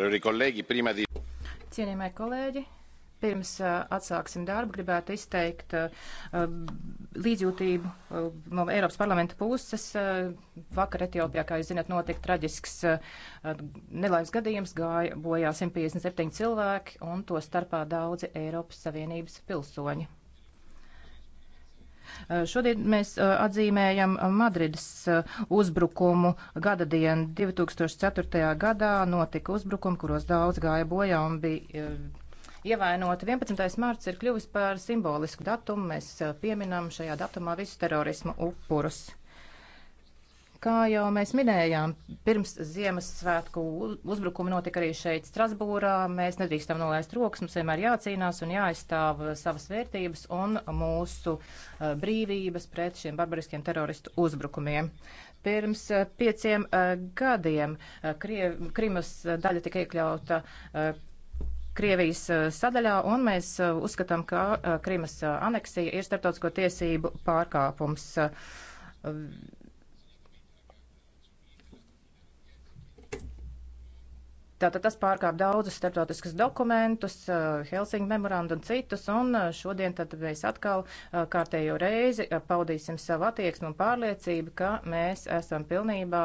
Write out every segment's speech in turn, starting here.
Cienījamie kolēģi, pirms uh, atsāksim darbu, gribētu izteikt uh, līdzjūtību uh, no Eiropas parlamenta puses. Vakar Etiopijā, kā jūs zināt, notika traģisks nelaimes gadījums, gāja bojā 157 cilvēki un to starpā daudzi Eiropas Savienības pilsoņi. Eh, šodien mēs eh, atzīmējam eh, Madrides uzbrukumu gada dienu. 2004. gadā notika uzbrukumi, kuros daudz gāja bojā un bija ievainoti. 11. mārts ir kļuvis par simbolisku datumu. Mēs pieminam šajā datumā visus terorismu upurus. Kā jau mēs minējām, pirms Ziemassvētku uzbrukumi notika arī šeit, Strasbūrā. Mēs nedrīkstam nolaist rokas, mums vienmēr jācīnās un jāaizstāv uh, savas vērtības un mūsu uh, brīvības pret šiem barbariskiem teroristu uzbrukumiem. Pirms uh, pieciem gadiem Krimas daļa tika iekļauta Krievijas sadaļā, un mēs uzskatām, ka Krimas aneksija ir starptautisko tiesību pārkāpums. Tātad tas pārkāp daudzus starptautiskus dokumentus, eh, Helsinki memorandu un citus, un eh, šodien tad mēs atkal eh, kārtējo reizi paudīsim savu attieksmi un pārliecību, ka mēs esam pilnībā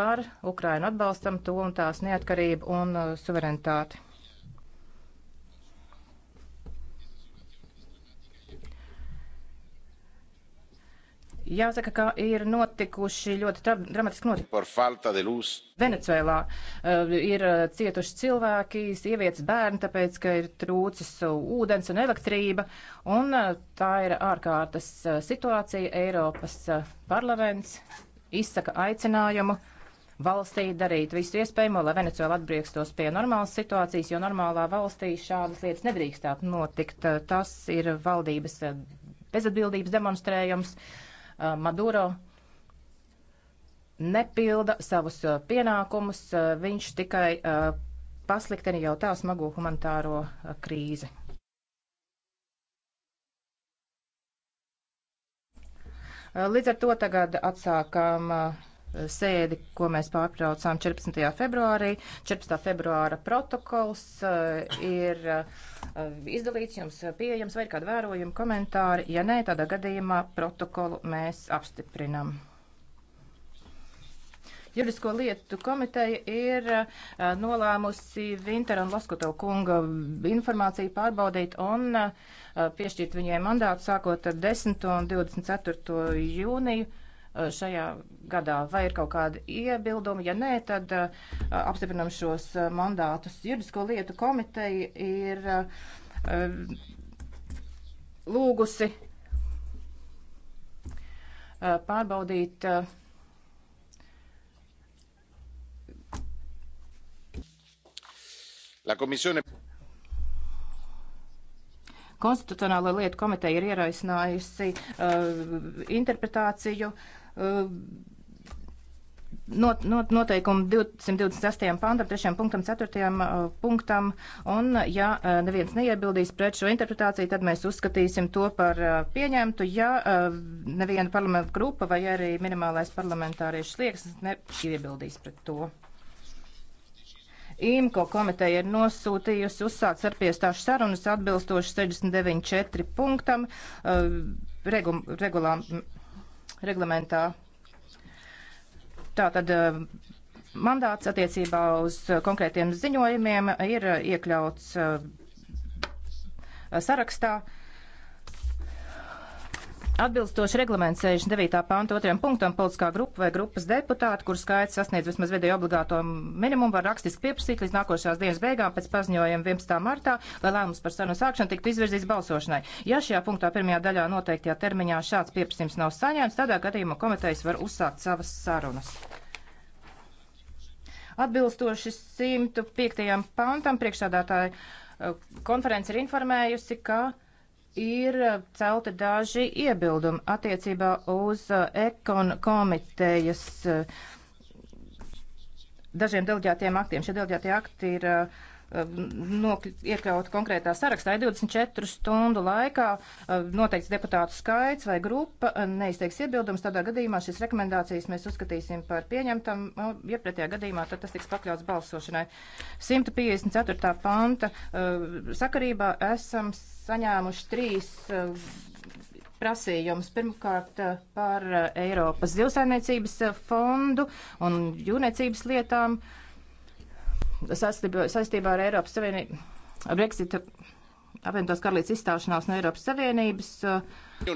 par Ukrainu atbalstam to un tās neatkarību un suverenitāti. Jāsaka, ka ir notikuši ļoti dramatiski notikumi. Venecuēlā uh, ir uh, cietuši cilvēki, sievietes, bērni, tāpēc, ka ir trūcis uh, ūdens un elektrība. Un uh, tā ir ārkārtas uh, situācija. Eiropas uh, parlaments izsaka aicinājumu valstī darīt visu iespējamo, lai Venecuēla atbriekstos pie normālas situācijas, jo normālā valstī šādas lietas nedrīkstētu notikt. Uh, tas ir valdības bezatbildības demonstrējums. Uh, Eh, Maduro nepilda savus eh, pienākumus, eh, viņš tikai pasliktina jau tā smago humanitāro krīzi. Līdz ar to tagad atsākam sēdi, ko mēs pārtraucām 14. februārī. 14. februāra protokols eh, ir eh, izdalīts jums pieejams vai kādu vērojumu komentāri. Ja nē, tādā gadījumā protokolu mēs apstiprinam. Juridisko lietu komiteja ir eh, nolēmusi Vintera un Laskotev kunga informāciju pārbaudīt un piešķirt viņiem mandātu sākot ar 10. un 24. jūniju. Eh, šajā gadā. Vai ir kaut kādi iebildumi? Ja nē, tad eh, apstiprinam šos eh, mandātus. Juridisko lietu komiteja ir lūgusi pārbaudīt La Commissione Konstitucionālo lietu komiteja ir ieraicinājusi uh, interpretāciju uh, Uh, not, not, noteikumu 228. pantam, 3. punktam, 4. Uh, punktam, un ja uh, neviens neiebildīs pret šo interpretāciju, tad mēs uzskatīsim to par pieņemtu, ja neviena parlamenta grupa vai arī minimālais parlamentāriešu slieksnis neiebildīs pret to. IMCO komiteja ir nosūtījusi uzsākt sarpiestāšu sarunas atbilstoši 69.4 punktam uh, regul regulām reglamentā. Tātad eh, mandāts attiecībā uz konkrētiem ziņojumiem ir iekļauts eh, sarakstā. Atbilstoši reglamentu 69. pānta 2. punktam politiskā grupa vai grupas deputāti, kur skaits sasniedz vismaz vidēju obligāto minimumu, var rakstiski pieprasīt līdz nākošās dienas beigām pēc paziņojuma 11. martā, lai lēmums par sarunu sākšanu tiktu izvirzīts balsošanai. Ja šajā punktā pirmajā daļā noteiktajā termiņā šāds pieprasījums nav saņēmts, tādā gadījumā komitejas var uzsākt savas sarunas. Atbilstoši 105. pantam priekšsādātāja eh, konference ir informējusi, ka ir eh, celti daži iebildumi attiecībā uz eh, ekon komitejas eh, dažiem delģētiem aktiem. Šie delģētie akti ir uh, iekļaut konkrētā sarakstā, ja 24 stundu laikā eh, noteikts deputātu skaits vai grupa eh, neizteiks iebildums, tādā gadījumā šīs rekomendācijas mēs uzskatīsim par pieņemtam, ja pretējā gadījumā tad tas tiks pakļauts balsošanai. 154. panta eh, sakarībā esam saņēmuši trīs prasījums pirmkārt par Eiropas zivsainiecības fondu un jūniecības lietām. Uh, saistībā ar Eiropas Savienību, Brexit apvienotās karalītes izstāšanās no Eiropas Savienības. Uh,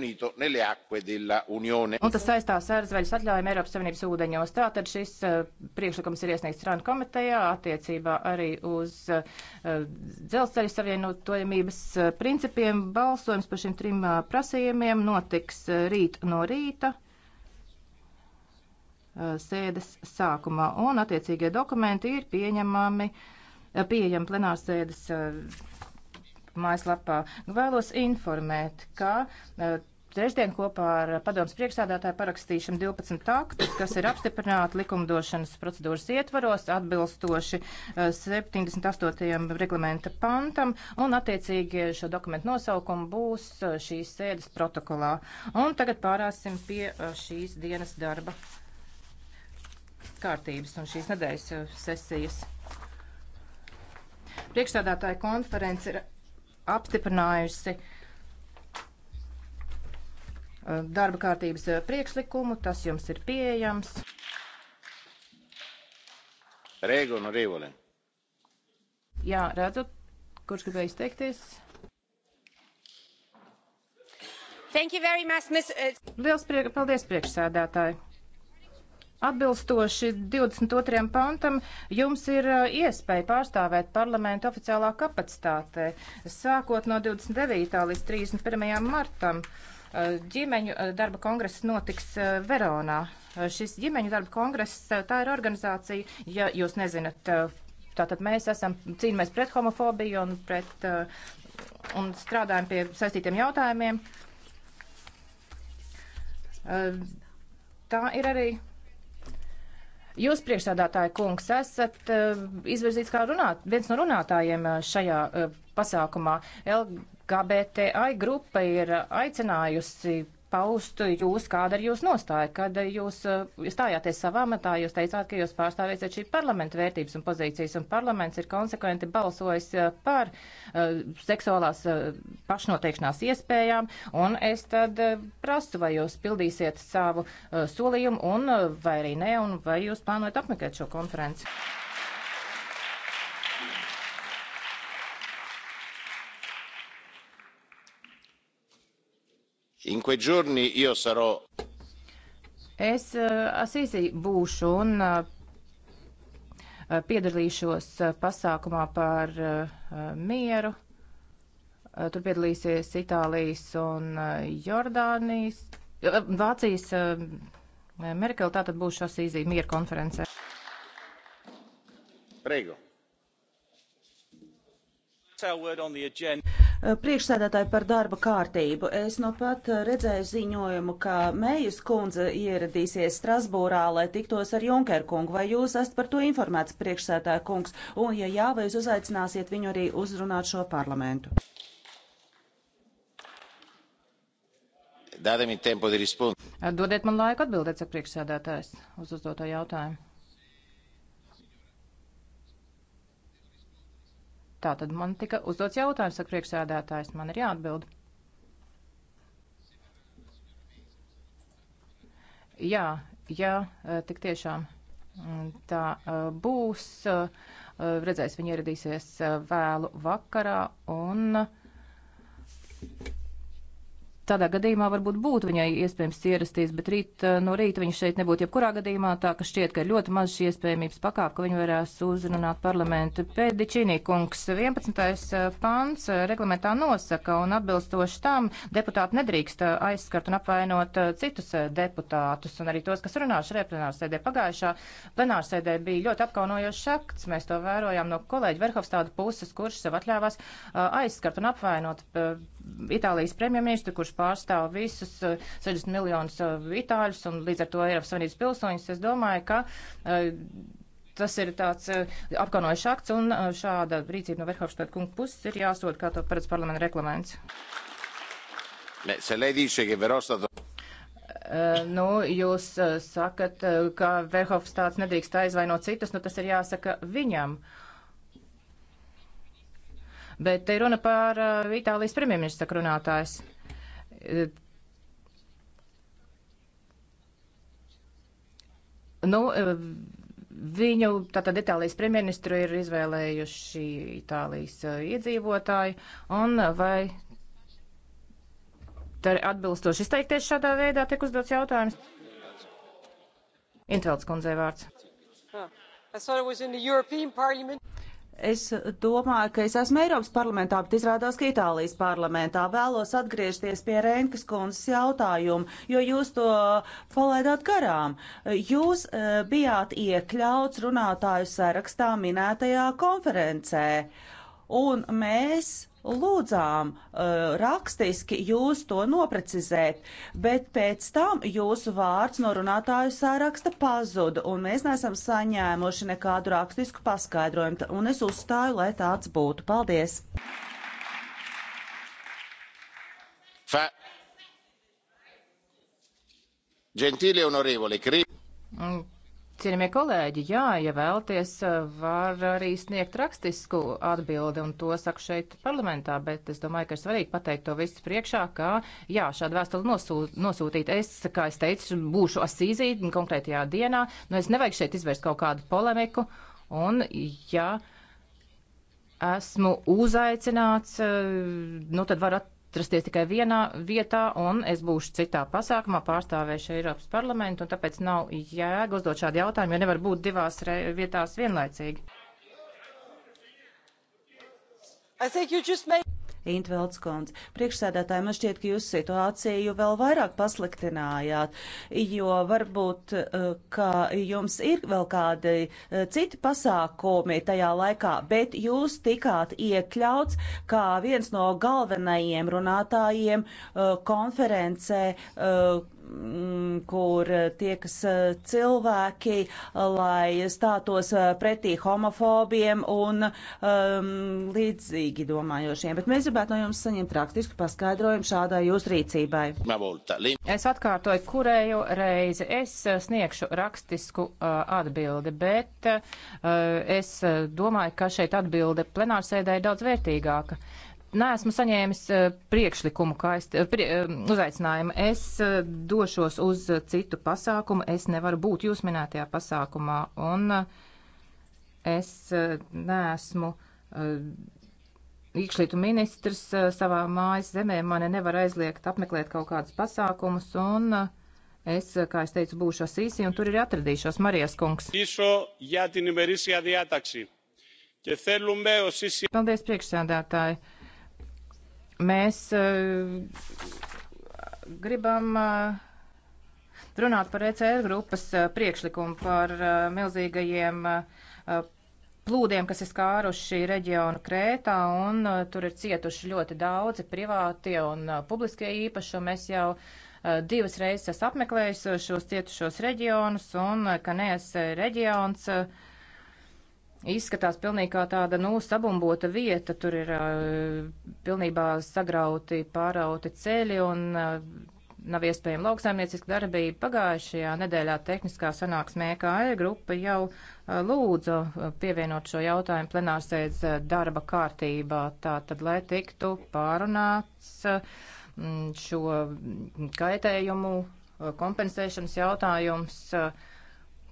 un tas saistās ar zveļas atļaujumu Eiropas Savienības ūdeņos. Tātad šis uh, priekšlikums ir iesniegts Trānu komitejā attiecībā arī uz uh, dzelzceļa savienotojamības principiem. Balsojums par šiem trim prasījumiem notiks rīt no rīta. Uh, sēdes sākumā, un attiecīgie dokumenti ir pieņemami, uh, pieejami plenārsēdes uh, mājaslapā. Vēlos informēt, ka trešdien kopā ar padomus priekšsādātāju parakstīšam 12 aktus, kas ir apstiprināti likumdošanas procedūras ietvaros atbilstoši 78. reglamenta pantam, un attiecīgi šo dokumentu nosaukumu būs šīs sēdes protokolā. Un tagad pārāsim pie šīs dienas darba kārtības un šīs nedēļas sesijas. Priekšstādātāja konference ir apstiprinājusi uh, darba kārtības uh, priekšlikumu. Tas jums ir pieejams. Rēgu un Rīvoli. Jā, redzat, kurš gribēja izteikties? Thank you very much, Miss. Uh, Liels priek paldies priekšsēdētāji. Atbilstoši 22. pantam jums ir uh, iespēja pārstāvēt parlamentu oficiālā kapacitātē, sākot no 29. līdz 31. martam. Uh, ģimeņu uh, darba kongress notiks Veronā. Šis ģimeņu darba kongress, tā ir organizācija, ja jūs nezinat, tātad mēs esam cīnāmies pret homofobiju un, pret, un strādājam pie saistītiem jautājumiem. Tā ir arī Jūs, priekšsādātāja kungs, esat uh, izvirzīts kā runāt, viens no runātājiem eh, šajā uh, pasākumā. LGBTI grupa ir aicinājusi paust jūs, kāda ir jūsu nostāja. Kad jūs uh, stājāties savā matā, jūs teicāt, ka jūs pārstāvēsiet šī parlamenta vērtības un pozīcijas, un parlaments ir konsekventi balsojis uh, par uh, seksuālās uh, pašnoteikšanās iespējām, un es tad uh, prasu, vai jūs pildīsiet savu uh, solījumu, un vai arī ne, un vai jūs plānojat apmeklēt šo konferenci. In quei giorni io sarò. Es uh, eh, Asīsī būšu un uh, piedalīšos uh, pasākumā par uh, mieru. Uh, tur piedalīsies Itālijas un uh, Jordānijas, uh, Vācijas uh, Merkele tātad būs Asīzī miera konferencē. Prego. Eh, priekšsēdētāji par darba kārtību. Es nu pat eh, redzēju ziņojumu, ka Mējas kundze ieradīsies Strasbūrā, lai tiktos ar Junkeru kungu. Vai jūs esat par to informēts, priekšsēdētāja kungs? Un, ja jā, vai jūs uzaicināsiet viņu arī uzrunāt šo parlamentu? Dodiet man laiku atbildēt, saka priekšsēdētājs, uz uzdoto jautājumu. Tā tad man tika uzdots jautājums, saka priekšsēdētājs, man ir jāatbild. Jā, jā, eh, tik tiešām mm, tā eh, būs. Eh, redzēs, viņi ieradīsies vēlu vakarā un. Tādā gadījumā varbūt būtu viņai iespējams ierasties, bet rīt eh, no rīta viņa šeit nebūtu jebkurā gadījumā, tā ka šķiet, ka ir ļoti maz šī iespējamības pakāp, ka viņa varēs uzrunāt parlamentu. Pēdiķinī kungs 11. Eh, pants eh, reglamentā nosaka un atbilstoši tam deputāti nedrīkst aizskart un apvainot citus deputātus un arī tos, kas runā šajā plenārsēdē. Pagājušā plenārsēdē bija ļoti apkaunojošs akts, mēs to vērojām no kolēģa Verhofstāda puses, kurš sev atļāvās aizskart un apvainot Itālijas premjerministru, kurš pārstāv visus 60 eh, miljonus eh, itāļus un līdz ar to Eiropas Savienības pilsoņus, es domāju, ka eh, tas ir tāds apkaunojušs akts un šāda rīcība no Verhofstadt kunga puses ir jāsod, kā to paredz parlamenta reglaments. Uh, nu, jūs uh, sakat, ka Verhofstāts nedrīkst aizvainot citus, nu tas ir jāsaka viņam. Uh, Bet te runa par uh, Itālijas premjerministra runātājs. Nu, viņu, tātad Itālijas premjerministru ir izvēlējuši Itālijas uh, iedzīvotāji, un vai atbilstoši izteikties šādā veidā, tiek uzdots jautājums. Intvelds kundzei vārds. Ah. Es domāju, ka es esmu Eiropas parlamentā, bet izrādās, ka Itālijas parlamentā vēlos atgriezties pie Rēnkas kundzes jautājumu, jo jūs to palaidāt garām. Jūs uh, bijāt iekļauts runātāju sarakstā minētajā konferencē, un mēs lūdzām uh, rakstiski jūs to noprecizēt, bet pēc tam jūsu vārds no runātāju sāraksta pazuda, un mēs neesam saņēmuši nekādu rakstisku paskaidrojumu, un es uzstāju, lai tāds būtu. Paldies! Fa... Gentile onorevole, cri... Mm. Cienījamie kolēģi, jā, ja vēlaties, var arī sniegt rakstisku atbildi, un to saku šeit parlamentā, bet es domāju, ka ir svarīgi pateikt to visu priekšā, ka, jā, šādu vēstuli nosū, nosūtīt es, kā es teicu, būšu asīzī konkrētajā dienā, nu es nevajag šeit izvērst kaut kādu polemiku, un, jā, esmu uzaicināts, nu tad varat atrasties tikai vienā vietā, un es būšu citā pasākumā pārstāvējuši Eiropas parlamentu, un tāpēc nav jēga uzdot šādu jautājumu, jo nevar būt divās vietās vienlaicīgi. Made... Intvelds kundze. Priekšsēdētāji, man šķiet, ka jūs situāciju vēl vairāk pasliktinājāt, jo varbūt, eh, ka jums ir vēl kādi eh, citi pasākumi tajā laikā, bet jūs tikāt iekļauts kā viens no galvenajiem runātājiem eh, konferencē Mm, kur tiekas eh, cilvēki, lai stātos eh, pretī homofobiem un um, līdzīgi domājošiem. Bet mēs gribētu no jums saņemt praktisku paskaidrojumu šādai jūsu rīcībai. Es atkārtoju, kurēju reizi es eh, sniegšu rakstisku uh, atbildi, bet uh, es domāju, ka šeit atbilde plenārsēdē ir daudz vērtīgāka. Uh, neesmu saņēmis eh, priekšlikumu, kā es eh, prie, eh, uzaicinājumu. Es došos uz citu pasākumu, es nevaru būt jūs minētajā pasākumā, un es neesmu iekšlietu ministrs savā mājas zemē, mani nevar aizliegt apmeklēt kaut kādus pasākumus, un es, kā es teicu, būšu asīsī, un tur ir atradīšos Marijas kungs. Paldies, priekšsēdētāji! Mēs eh, gribam eh, runāt par ECR grupas eh, priekšlikumu par milzīgajiem plūdiem, kas ir skāruši reģionu Krētā, un tur ir cietuši ļoti daudzi privātie un publiskie īpašumi. Es jau divas reizes esmu apmeklējis šos cietušos reģionus, un Kanēs reģions. Uh, izskatās pilnīgi kā tāda, nu, sabumbota vieta, tur ir uh, pilnībā sagrauti, pārauti ceļi un uh, nav iespējama lauksaimnieciska darbība. Pagājušajā nedēļā tehniskā sanāksmē EKE e grupa jau uh, lūdza uh, pievienot šo jautājumu plenārsēdz uh, darba kārtībā, tā tad, lai tiktu pārunāts uh, šo kaitējumu uh, kompensēšanas jautājums. Uh,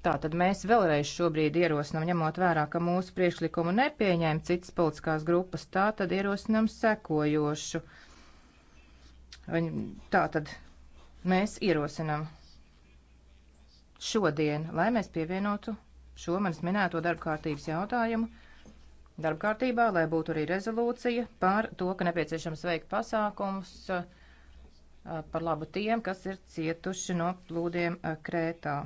Tātad mēs vēlreiz šobrīd ierosinam, ņemot vērā, ka mūsu priekšlikumu nepieņēma citas politiskās grupas, tātad ierosinam sekojošu. Tātad mēs ierosinam šodien, lai mēs pievienotu šo manis minēto darbkārtības jautājumu darbkārtībā, lai būtu arī rezolūcija par to, ka nepieciešams veikt pasākumus par labu tiem, kas ir cietuši no plūdiem Krētā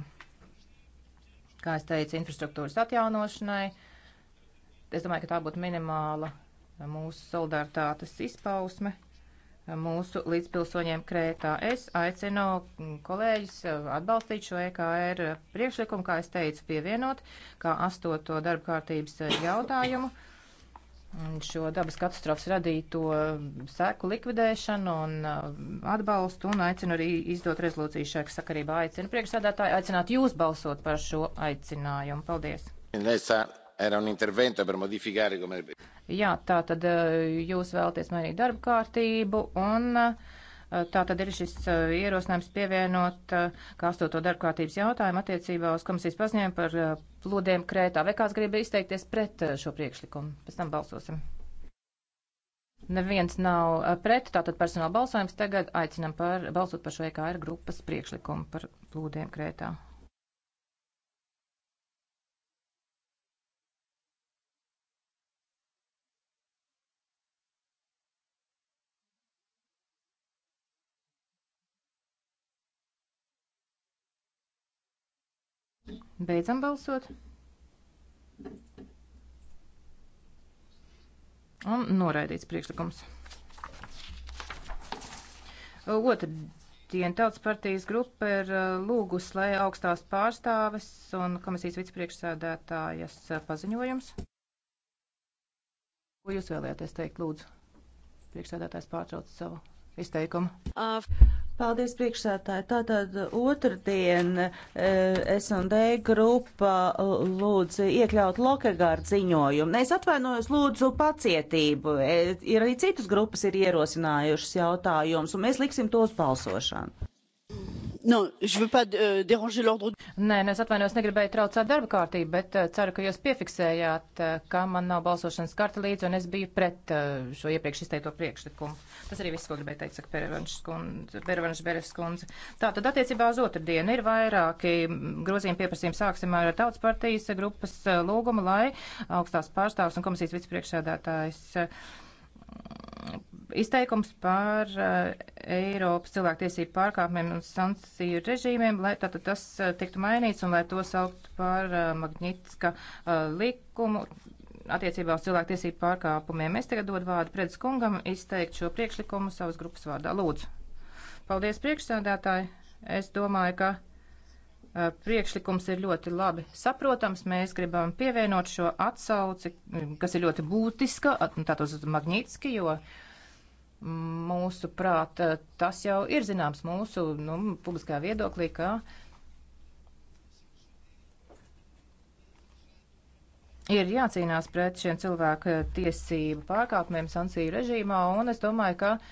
kā es teicu, infrastruktūras atjaunošanai. Es domāju, ka tā būtu minimāla mūsu solidaritātes izpausme mūsu līdzpilsoņiem Krētā. Es aicinu kolēģis atbalstīt šo EKR priekšlikumu, kā es teicu, pievienot kā astoto darba kārtības jautājumu šo dabas katastrofas radīto seku likvidēšanu un uh, atbalstu un aicinu arī izdot rezolūciju šajā sakarībā. Aicinu priekšsēdētāju aicināt jūs balsot par šo aicinājumu. Paldies! Jā, tā tad uh, jūs vēlaties mainīt darba kārtību un uh, Tā tad ir šis uh, ierosinājums pievienot uh, kā astoto darbkārtības jautājumu attiecībā uz komisijas paziņojumu par uh, plūdiem Krētā. Vai kāds grib izteikties pret šo priekšlikumu? Pēc tam balsosim. Neviens nav pret, tātad personāla balsojums tagad aicinam par, balsot par šo EKR grupas priekšlikumu par plūdiem Krētā. Beidzam balsot. Un noraidīts priekšlikums. Otra diena tautas partijas grupa ir uh, lūgus, lai augstās pārstāves un komisijas vicepriekšsēdētājas uh, paziņojums. Ko jūs vēlēties teikt, lūdzu? Priekšsēdētājs pārtrauc savu izteikumu. Uh. Paldies, priekšsētāji. Tātad otrdien e, S&D grupa lūdz iekļaut Lokegārdu ziņojumu. Es atvainojos, lūdzu pacietību. E, ir arī citas grupas ir ierosinājušas jautājumus, un mēs liksim tos balsošanu. Euh, nē, es atvainojos, negribēju traucēt darba kārtību, bet uh, ceru, ka jūs piefiksējāt, uh, ka man nav balsošanas karta līdzi un es biju pret uh, šo iepriekš izteikto priekšlikumu. Tas arī viss, ko gribēju teikt, saka Pervanšs Beres kundze. Tā tad attiecībā uz otru dienu ir vairāki grozījumi pieprasījumi. Sāksim ar Tautas partijas grupas lūgumu, lai augstās pārstāvs un komisijas vicepriekšsēdētājs izteikums par eh, Eiropas cilvēktiesību pārkāpumiem un sankciju režīmiem, lai tātad tas eh, tiktu mainīts un lai to saukt par eh, Magnitska likumu attiecībā uz cilvēktiesību pārkāpumiem. Es tagad dodu vārdu Predz kungam izteikt šo priekšlikumu savas grupas vārdā. Lūdzu. Paldies priekšsēdētāji. Es domāju, ka priekšlikums ir ļoti labi saprotams. Mēs gribam pievienot šo atsauci, mm, kas ir ļoti būtiska, tātad uz Magnitski, jo uh, Mūsu prāt, tas jau ir zināms mūsu nu, publiskā viedoklī, ka ir jācīnās pret šiem cilvēku tiesību pārkāpumiem sankciju režīmā, un es domāju, ka uh,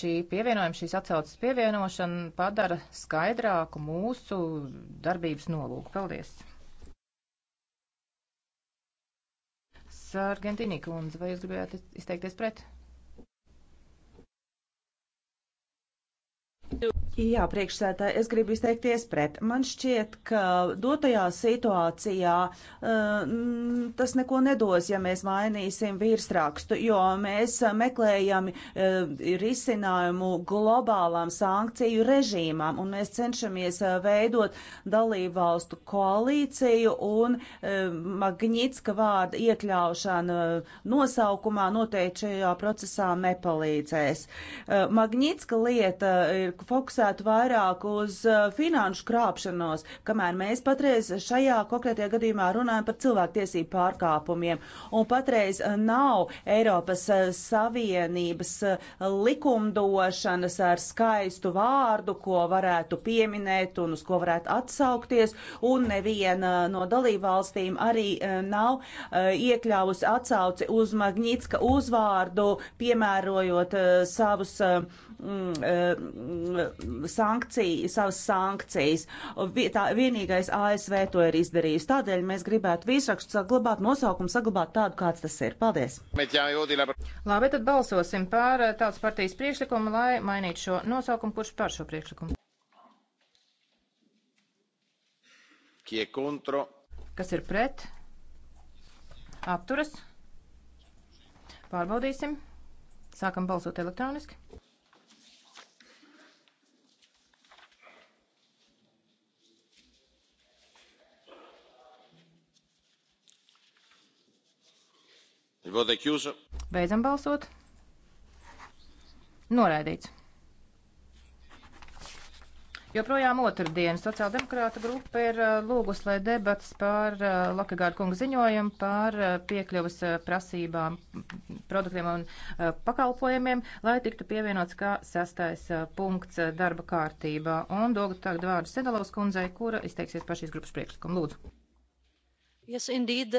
šī pievienojuma, šīs atcaucas pievienošana padara skaidrāku mūsu darbības nolūku. Paldies! Sargentīnī kundze, vai jūs gribējāt izteikties pret? Jā, priekšsētā es gribu izteikties pret. Man šķiet, ka dotajā situācijā uh, tas neko nedos, ja mēs mainīsim virsrakstu, jo mēs meklējam uh, risinājumu globālām sankciju režīmām un mēs cenšamies uh, veidot dalību valstu koalīciju un uh, Magnitska vārda iekļaušana nosaukumā noteikti šajā procesā nepalīdzēs. Uh, Magnitska lieta ir fokusēta fokusētu vairāk uz eh, finanšu krāpšanos, kamēr mēs patreiz šajā konkrētajā gadījumā runājam par cilvēktiesību pārkāpumiem. Un patreiz eh, nav Eiropas eh, Savienības likumdošanas ar skaistu vārdu, ko varētu pieminēt un uz ko varētu atsaukties, un neviena no dalībvalstīm arī nav iekļāvusi atsauci uz Magnitska uzvārdu, piemērojot savus mm, sankciju, savas sankcijas. Tā vienīgais ASV to ir izdarījis. Tādēļ mēs gribētu virsrakstu saglabāt, nosaukumu saglabāt tādu, kāds tas ir. Paldies! Labi, tad balsosim par eh, tautas partijas priekšlikumu, lai mainītu šo nosaukumu, kurš par šo priekšlikumu. Kas ir pret? Apturas. Pārbaudīsim. Sākam balsot elektroniski. Beidzam balsot. Noraidīts. Joprojām otrdien sociāldemokrāta grupa ir uh, lūgus, lai debats par uh, Lakagārdu kungu ziņojumu par uh, piekļuvas prasībām produktiem un pakalpojumiem, lai tiktu pievienots kā sastais punkts darba kārtībā. Un dodu tagad vārdu Sedalovas kundzei, kura izteiksies par šīs grupas priekšlikumu. Lūdzu. Yes, indeed.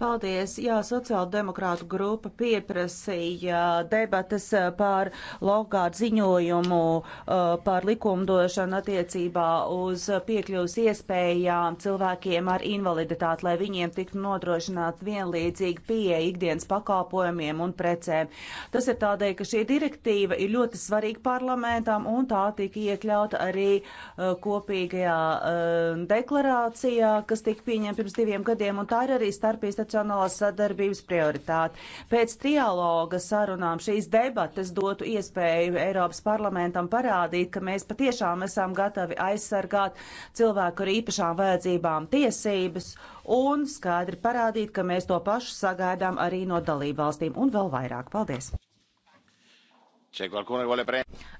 Paldies! Jā, sociāldemokrātu grupa pieprasīja debatas eh, par Lokgārdu ziņojumu eh, par likumdošanu attiecībā uz piekļuvas iespējām cilvēkiem ar invaliditāti, lai viņiem tiktu nodrošināt vienlīdzīgi pieeja ikdienas pakalpojumiem un precēm. Tas ir tādēļ, ka šī direktīva ir ļoti svarīga parlamentam un tā tika iekļauta arī eh, kopīgajā deklarācijā, kas tika pieņemta pirms diviem gadiem, un tā ir arī starp starpinstitucionālās sadarbības prioritāte. Pēc trialoga sarunām šīs debates dotu iespēju Eiropas parlamentam parādīt, ka mēs patiešām esam gatavi aizsargāt cilvēku ar īpašām vajadzībām tiesības un skaidri parādīt, ka mēs to pašu sagaidām arī no dalībvalstīm un vēl vairāk. Paldies!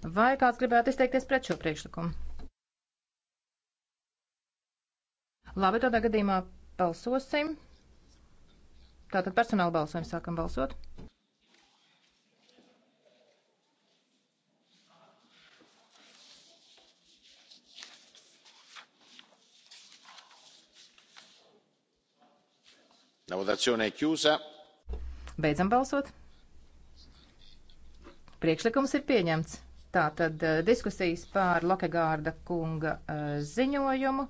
Vai kāds gribētu izteikties pret šo priekšlikumu? Labi, tādā gadījumā balsosim. Tātad personāla balsojums sākam balsot. La votazione è chiusa. Beidzam balsot. Priekšlikums ir pieņemts. Tātad eh, diskusijas pār Lokegārda kunga eh, ziņojumu.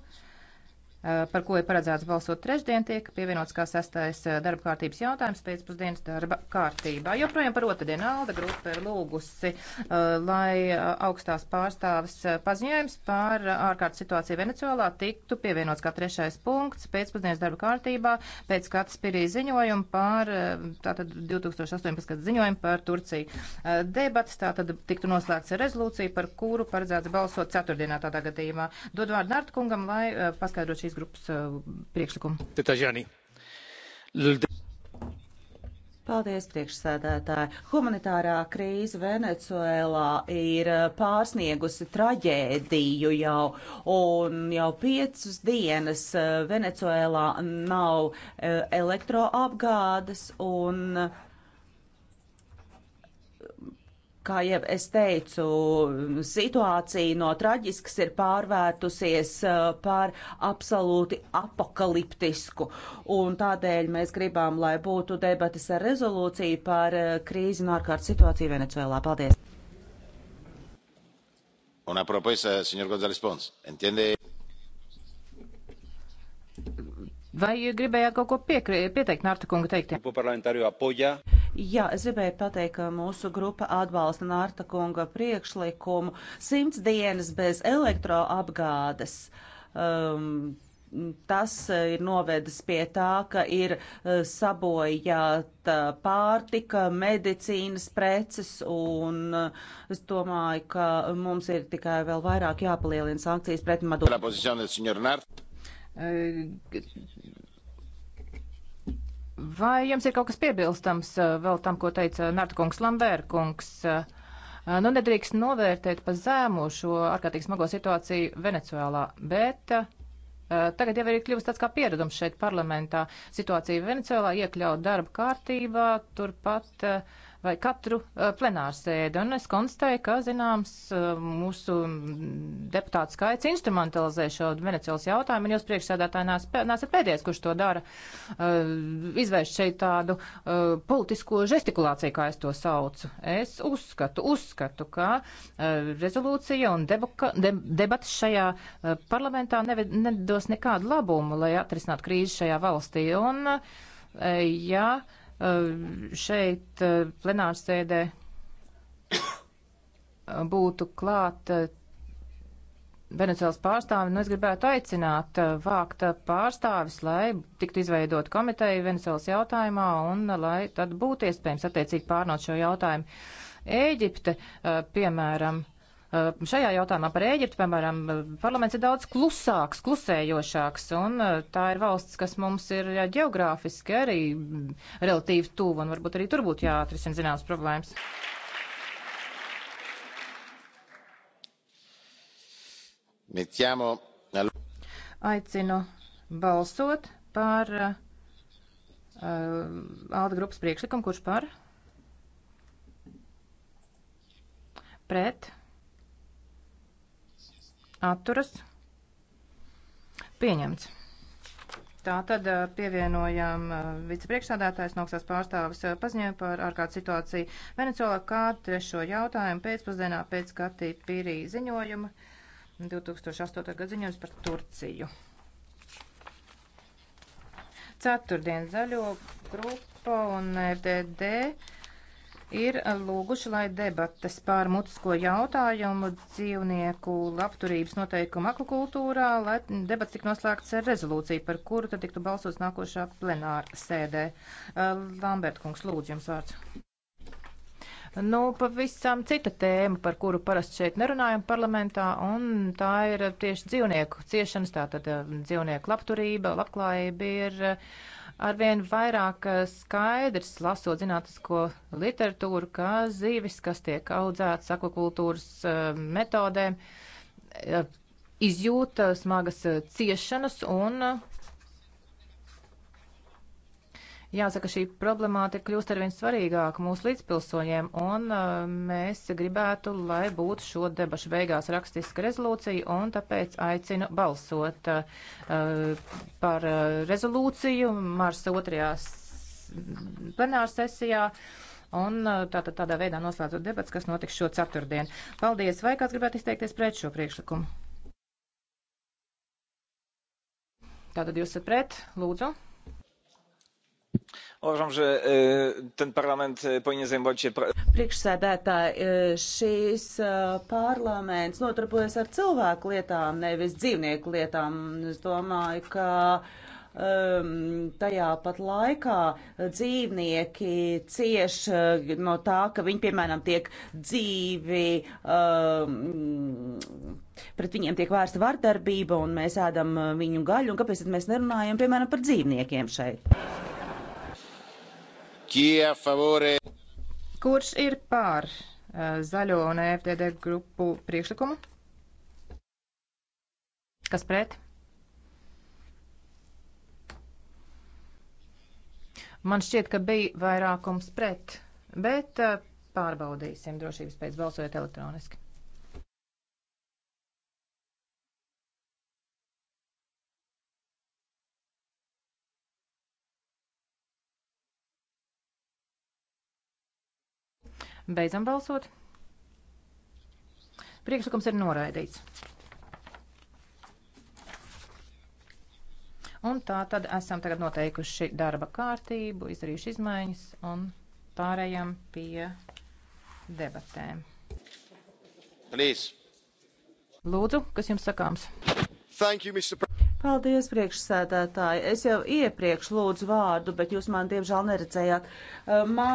Eh, par ko ir paredzēts balsot trešdien, tiek pievienots kā sastais eh, darba kārtības jautājums pēcpusdienas darba kārtībā. Joprojām par otrdienu Alda grupa ir lūgusi, eh, lai augstās pārstāvis paziņojums par ārkārtas situāciju Venecijolā tiktu pievienots kā trešais punkts pēcpusdienas darba kārtībā pēc kāds pirī ziņojuma par, tātad 2018. gada ziņojumu par Turciju. Debats tātad tiktu noslēgts ar rezolūciju, par kuru paredzēts balsot ceturtdienā tādā gadījumā. Dod vārdu Nartkungam, lai paskaidro šīs šīs grupas priekšlikumu. Tajani. Paldies, priekšsēdētāji. Humanitārā krīze Venecuēlā ir pārsniegusi traģēdiju jau, un jau piecas dienas Venecuēlā nav elektroapgādes, un Kā jau es teicu, situācija no traģiskas ir pārvērtusies eh, par absolūti apakaliptisku, un tādēļ mēs gribām, lai būtu debatas ar rezolūciju par eh, krīzi un ārkārtas situāciju Venecuēlā. Paldies! Una propuesta, señor González Pons. Entiende? Vai gribējāt kaut ko piekri, pieteikt Nārta kunga teiktiem? Jā, es gribēju pateikt, ka mūsu grupa atbalsta Nārta kunga priekšlikumu simts dienas bez elektroapgādes. Um, tas ir novedis pie tā, ka ir uh, sabojāta pārtika, medicīnas preces, un uh, es domāju, ka mums ir tikai vēl vairāk jāpalielina sankcijas pret Maduro. Vai jums ir kaut kas piebilstams eh, vēl tam, ko teica Nartkungs Lambērkungs? Eh, nu, nedrīkst novērtēt pa zēmu šo ārkārtīgi smago situāciju Venecuēlā, bet eh, Tagad jau ir kļuvis tāds kā pieredums šeit parlamentā. Situācija Venecijolā iekļaut darba kārtībā, turpat uh, vai katru eh, plenārsēdi. Un es konstatēju, ka, zināms, eh, mūsu deputātu skaits instrumentalizē šo Venecijas jautājumu, un jūs priekšsēdētāji nesat pēdējais, kurš to dara, eh, izvērst šeit tādu politisko žestikulāciju, kā es to saucu. Es uzskatu, uzskatu, ka rezolūcija un debuka, de, debatas šajā parlamentā neved, nedos nekādu labumu, lai atrisinātu krīzi šajā valstī. Un, ja Eh, šeit eh, plenārsēdē būtu klāt eh, Venecijas pārstāvi, nu es gribētu aicināt vākt pārstāvis, lai tiktu izveidot komiteju Venecijas jautājumā un lai tad būtu iespējams attiecīgi pārnot šo jautājumu. Ēģipte, piemēram, Šajā jautājumā par Ēģipti, piemēram, parlaments ir daudz klusāks, klusējošāks, un tā ir valsts, kas mums ir geogrāfiski arī relatīvi tuva, un varbūt arī tur būtu jāatrisina zināmas problēmas. Mettiamo... Aicinu balsot par uh, Alda grupas priekšlikumu, kurš par? Pret atturas pieņemts. Tā tad uh, pievienojam uh, vicepriekšsādātājs Noksās pārstāvis uh, paziņoja par ārkārtas situāciju Venecijolā kā trešo jautājumu pēcpusdienā pēc Katī Pīrī ziņojuma 2008. gada ziņojums par Turciju. Ceturtdien zaļo grupa un FDD ir eh, lūguši, lai debates pār mutisko jautājumu dzīvnieku labturības noteikumu akvakultūrā, lai debats tik noslēgts ar rezolūciju, par kuru tad tiktu balsots nākošā plenāra sēdē. Eh, Lambert kungs, lūdzu jums vārds. Nu, pavisam cita tēma, par kuru parasti šeit nerunājam parlamentā, un tā ir tieši dzīvnieku ciešanas, tātad eh, dzīvnieku labturība, labklājība ir. Uh, arvien vairāk eh, skaidrs, lasot zinātnisko literatūru, ka zīvis, kas tiek audzēts akvakultūras eh, metodēm, eh, izjūta smagas ciešanas un Jāsaka, šī problemātika kļūst arvien svarīgāka mūsu līdzpilsoņiem, un uh, mēs gribētu, lai būtu šo debašu beigās rakstiska rezolūcija, un tāpēc aicinu balsot uh, par uh, rezolūciju Marsa otrajās plenāra sesijā. Un tātad tādā veidā noslēdzot debats, kas notiks šo ceturtdienu. Paldies! Vai kāds gribētu izteikties pret šo priekšlikumu? Tātad jūs esat pret? Lūdzu! Uważam, że ten parlament powinien zajmować się. Priekšsēdētāji, šīs parlaments notarbojas ar cilvēku lietām, nevis dzīvnieku lietām. Es domāju, ka um, tajā pat laikā dzīvnieki cieš uh, no tā, ka viņi, piemēram, tiek dzīvi, um, pret viņiem tiek vērsta vardarbība un mēs ēdam uh, viņu gaļu, un kāpēc tad mēs nerunājam, piemēram, par dzīvniekiem šeit? Kurš ir pār eh, zaļo un EFTD grupu priekšlikumu? Kas pret? Man šķiet, ka bija vairākums pret, bet eh, pārbaudīsim drošības pēc balsojot elektroniski. Beidzam balsot. Priekšlikums ir noraidīts. Un tā tad esam tagad noteikuši darba kārtību, izdarījuši izmaiņas un pārējām pie debatēm. Please. Lūdzu, kas jums sakāms? Thank you, Mr. Pre Paldies, priekšsēdētāji. Es jau iepriekš lūdzu vārdu, bet jūs man diemžēl neredzējāt. Uh, mā,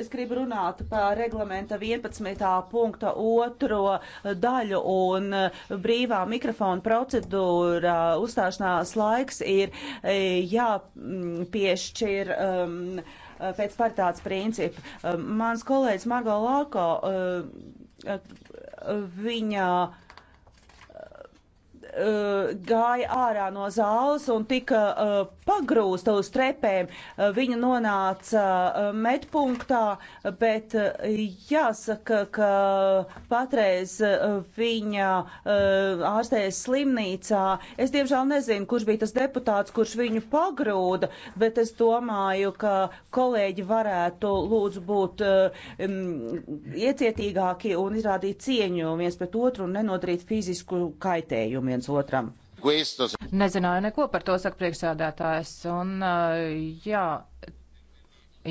es gribu runāt par reglamenta 11. punkta otro daļu un uh, brīvā mikrofona procedūra uzstāšanās laiks ir uh, jāpiešķir. Um, Pēc paritātes principa. Mans kolēģis Margo Lako, viņa uh, gāja ārā no zāles un tika uh, pagrūsta uz trepēm. Uh, viņa nonāca uh, medpunktā, bet uh, jāsaka, ka patreiz uh, viņa uh, ārstējas slimnīcā. Es diemžēl nezinu, kurš bija tas deputāts, kurš viņu pagrūda, bet es domāju, ka kolēģi varētu lūdzu būt uh, um, iecietīgāki un izrādīt cieņu viens pret otru un nenodarīt fizisku kaitējumu viens viens otram. Nezināju neko par to, saka priekšsādātājs. Un, uh, jā,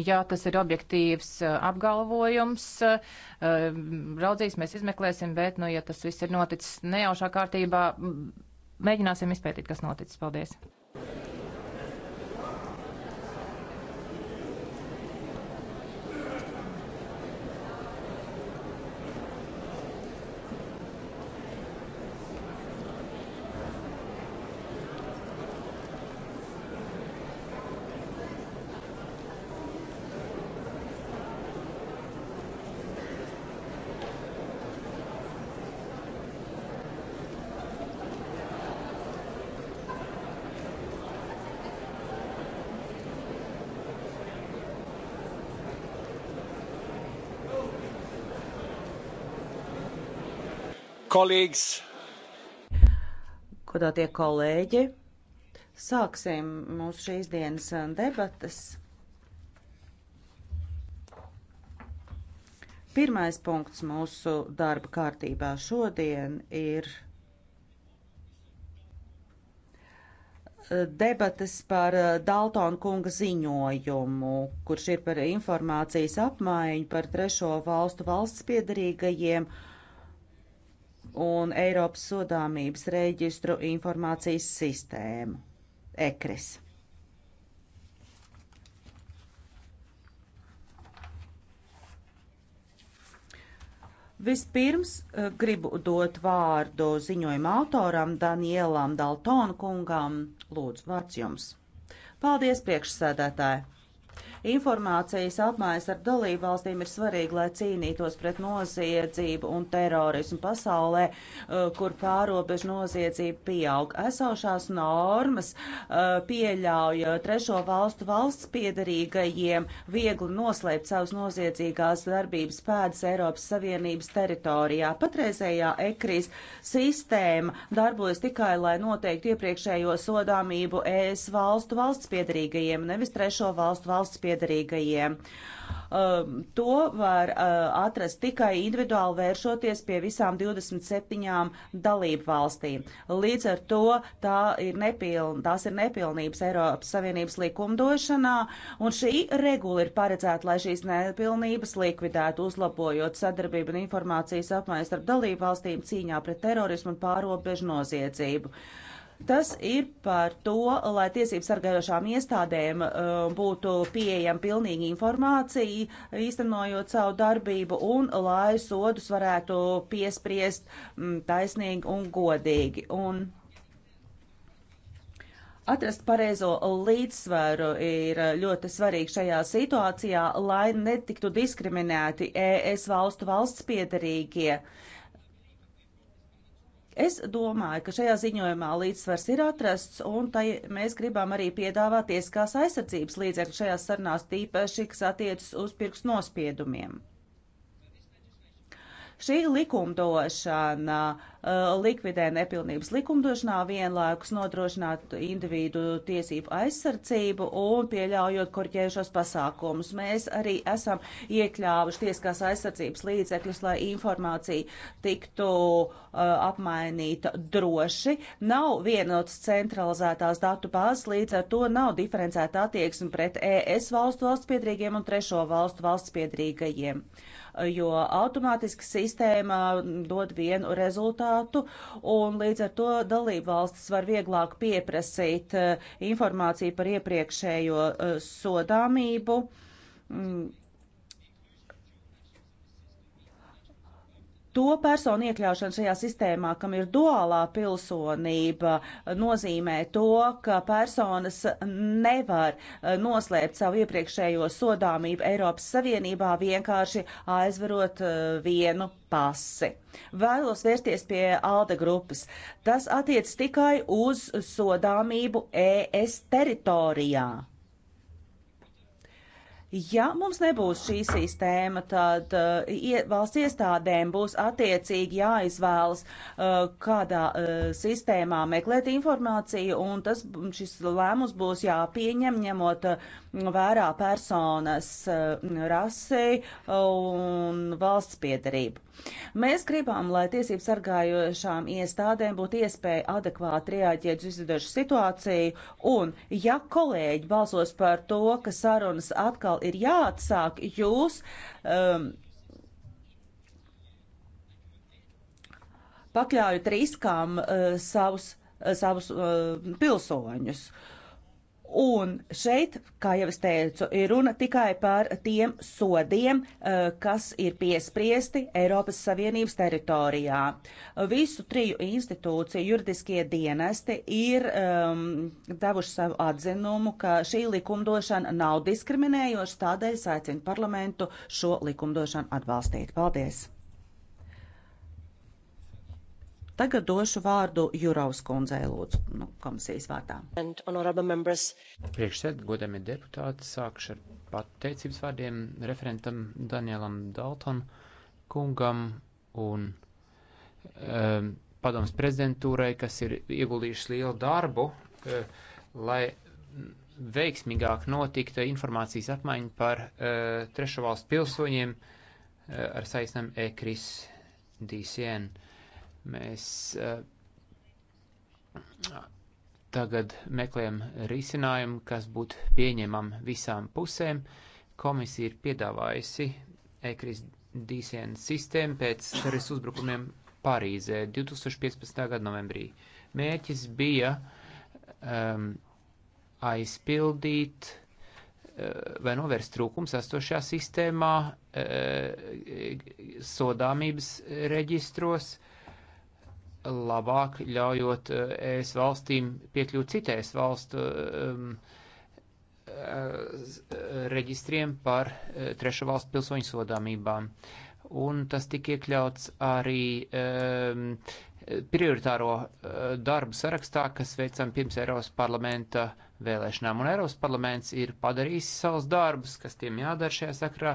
Jā, tas ir objektīvs uh, apgalvojums. Uh, Raudzīsimies, izmeklēsim, bet, nu, ja tas viss ir noticis nejaušā kārtībā, mēģināsim izpētīt, kas noticis. Paldies! kolēģis. Godātie kolēģi, sāksim mūsu šīs dienas uh, debatas. Pirmais punkts mūsu darba kārtībā šodien ir uh, debatas par uh, Daltona kunga ziņojumu, kurš ir par informācijas apmaiņu par trešo valstu valsts piedarīgajiem uh, un Eiropas sodāmības reģistru informācijas sistēmu - ECRIS. Vispirms eh, gribu dot vārdu ziņojuma autoram Danielam Daltonu kungam. Lūdzu, vārds jums. Paldies, priekšsēdētāji! Informācijas apmaiņas ar dalību valstīm ir svarīga, lai cīnītos pret noziedzību un terorismu pasaulē, eh, kur pārobežu noziedzība pieaug. Esošās normas eh, pieļauj eh, trešo valstu valsts piedarīgajiem viegli noslēpt savus noziedzīgās darbības pēdas Eiropas Savienības teritorijā. Patreizējā ekrīs sistēma darbojas tikai, lai noteiktu iepriekšējo sodāmību ES valstu valsts piedarīgajiem, nevis trešo valstu valsts piedarīgajiem piederīgajiem. Um, to var uh, atrast tikai individuāli vēršoties pie visām 27 dalību valstīm. Līdz ar to tā ir nepiln, tās ir nepilnības Eiropas Savienības likumdošanā, un šī regula ir paredzēta, lai šīs nepilnības likvidētu, uzlabojot sadarbību un informācijas apmaiņu starp dalību valstīm cīņā pret terorismu un pārobežu noziedzību. Uh, Tas ir par to, lai tiesību sargājošām iestādēm uh, būtu pieejama pilnīga informācija, īstenojot savu darbību, un lai sodus varētu piespriest mm, taisnīgi un godīgi. Un Atrast pareizo līdzsvaru ir ļoti svarīgi šajā situācijā, lai netiktu diskriminēti ES valstu valsts piedarīgie. Uh, Es domāju, ka šajā ziņojumā līdzsvars ir atrasts, un tai mēs gribam arī piedāvāt tieskās aizsardzības līdzekļu šajās sarunās tīpaši, kas attiecas uz pirkstu nospiedumiem. Šī likumdošana uh, likvidē nepilnības likumdošanā vienlaikus nodrošināt individu tiesību aizsardzību un pieļaujot korķējušos pasākumus. Mēs arī esam iekļāvuši tieskās aizsardzības līdzekļus, lai informācija tiktu uh, apmainīta droši. Nav vienotas centralizētās datu bāzes, līdz ar to nav diferencēta attieksme pret ES valstu valsts piedrīgiem un trešo valstu valsts piedrīgajiem. Uh, jo automātiski sistēma dod vienu rezultātu, un līdz ar to dalību valstis var vieglāk pieprasīt eh, informāciju par iepriekšējo eh, sodāmību mm, to personu iekļaušana šajā sistēmā, kam ir duālā pilsonība, nozīmē to, ka personas nevar eh, noslēpt savu iepriekšējo sodāmību Eiropas Savienībā vienkārši aizvarot eh, vienu pasi. Vēlos vērsties pie ALDE grupas. Tas attiec tikai uz sodāmību ES teritorijā. Ja mums nebūs šī sistēma, tad uh, valsts iestādēm būs attiecīgi jāizvēlas, uh, kādā uh, sistēmā meklēt informāciju, un tas, šis lēmums būs jāpieņem, ņemot uh, vērā personas uh, rasi un valsts piedarību. Mēs gribam, lai tiesību sargājošām iestādēm būtu iespēja adekvāti reaģēt uz izdošu situāciju, un ja kolēģi balsos par to, ka sarunas atkal ir jāatsāk, jūs. Um, pakļaujat riskām uh, savus, uh, savus uh, pilsoņus. Uh, Un šeit, kā jau es teicu, ir runa tikai par tiem sodiem, eh, kas ir piespriesti Eiropas Savienības teritorijā. Visu triju institūciju juridiskie dienesti ir um, devuši savu atzinumu, ka šī likumdošana nav diskriminējoša, tādēļ aicinu parlamentu šo likumdošanu atbalstīt. Paldies! Tagad došu vārdu Juraus kundzei lūdzu nu, komisijas vārdā. Priekšsēd, godami deputāti, sākšu ar pateicības vārdiem referentam Danielam Dalton kungam un um, ehm, padoms prezidentūrai, kas ir ieguldījuši lielu darbu, uh, lai veiksmīgāk notikta informācijas apmaiņa par uh, trešo valstu pilsoņiem uh, ar saistām ECRIS DCN. Uh, Mēs eh, tagad meklējam risinājumu, kas būtu pieņemam visām pusēm. Komisija ir piedāvājusi ekris dīsienas sistēmu pēc terorismu uzbrukumiem Parīzē 2015. gada novembrī. Mērķis bija um, aizpildīt uh, vai novērst trūkums esošajā sistēmā, uh, sodāmības reģistros, labāk ļaujot eh, ES valstīm piekļūt citēs valstu um, reģistriem par eh, trešo valstu pilsoņu sodāmībām. Un tas tika iekļauts arī um, prioritāro darbu sarakstā, kas veicam pirms Eiropas parlamenta uh, vēlēšanām, un Eiropas parlaments ir padarījis savus darbus, kas tiem jādara šajā sakrā.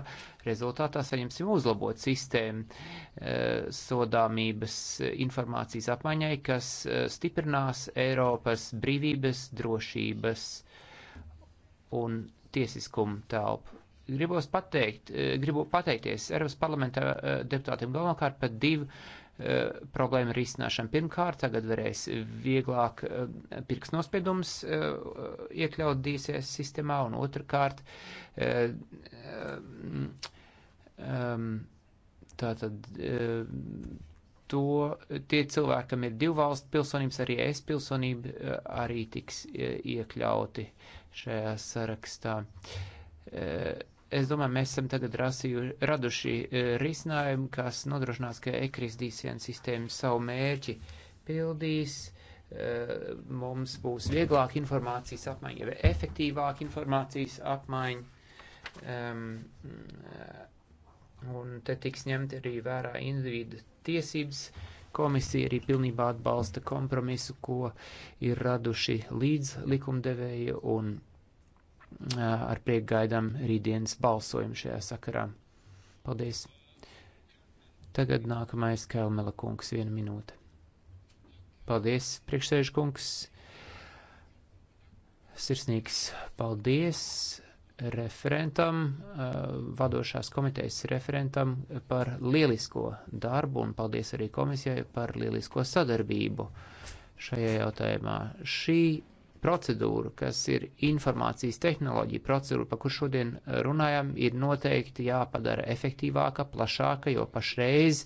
Rezultātā saņemsim uzlabot sistēmu eh, sodāmības eh, informācijas apmaiņai, kas eh, stiprinās Eiropas brīvības, drošības un tiesiskumu telpu. Gribos pateikt, gribu pateikties Eiropas parlamentā deputātiem galvenokārt par divu Eh, problēma risināšana. Pirmkārt, tagad varēs vieglāk eh, pirks nospiedumus eh, iekļaut DCS sistēmā, un otrkārt, tātad to tie cilvēki, kam ir divu valstu pilsonības, arī es pilsonība, arī tiks iekļauti šajā sarakstā. Uh, es domāju, mēs esam tagad rasīju, raduši e, risinājumu, kas nodrošinās, ka ekris dīsienas sistēma savu mērķi pildīs. E, mums būs vieglāk informācijas apmaiņa, ja efektīvāk informācijas apmaiņa. E, un te tiks ņemt arī vērā individu tiesības. Komisija arī pilnībā atbalsta kompromisu, ko ir raduši līdz likumdevēja un ar prieku gaidām rītdienas balsojumu šajā sakarā. Paldies! Tagad nākamais Kelmela kungs, viena minūte. Paldies, priekšsēžu kungs! Sirsnīgs paldies referentam, vadošās komitejas referentam par lielisko darbu un paldies arī komisijai par lielisko sadarbību šajā jautājumā. Šī procedūra, kas ir informācijas tehnoloģija procedūra, pa kur šodien runājam, ir noteikti jāpadara efektīvāka, plašāka, jo pašreiz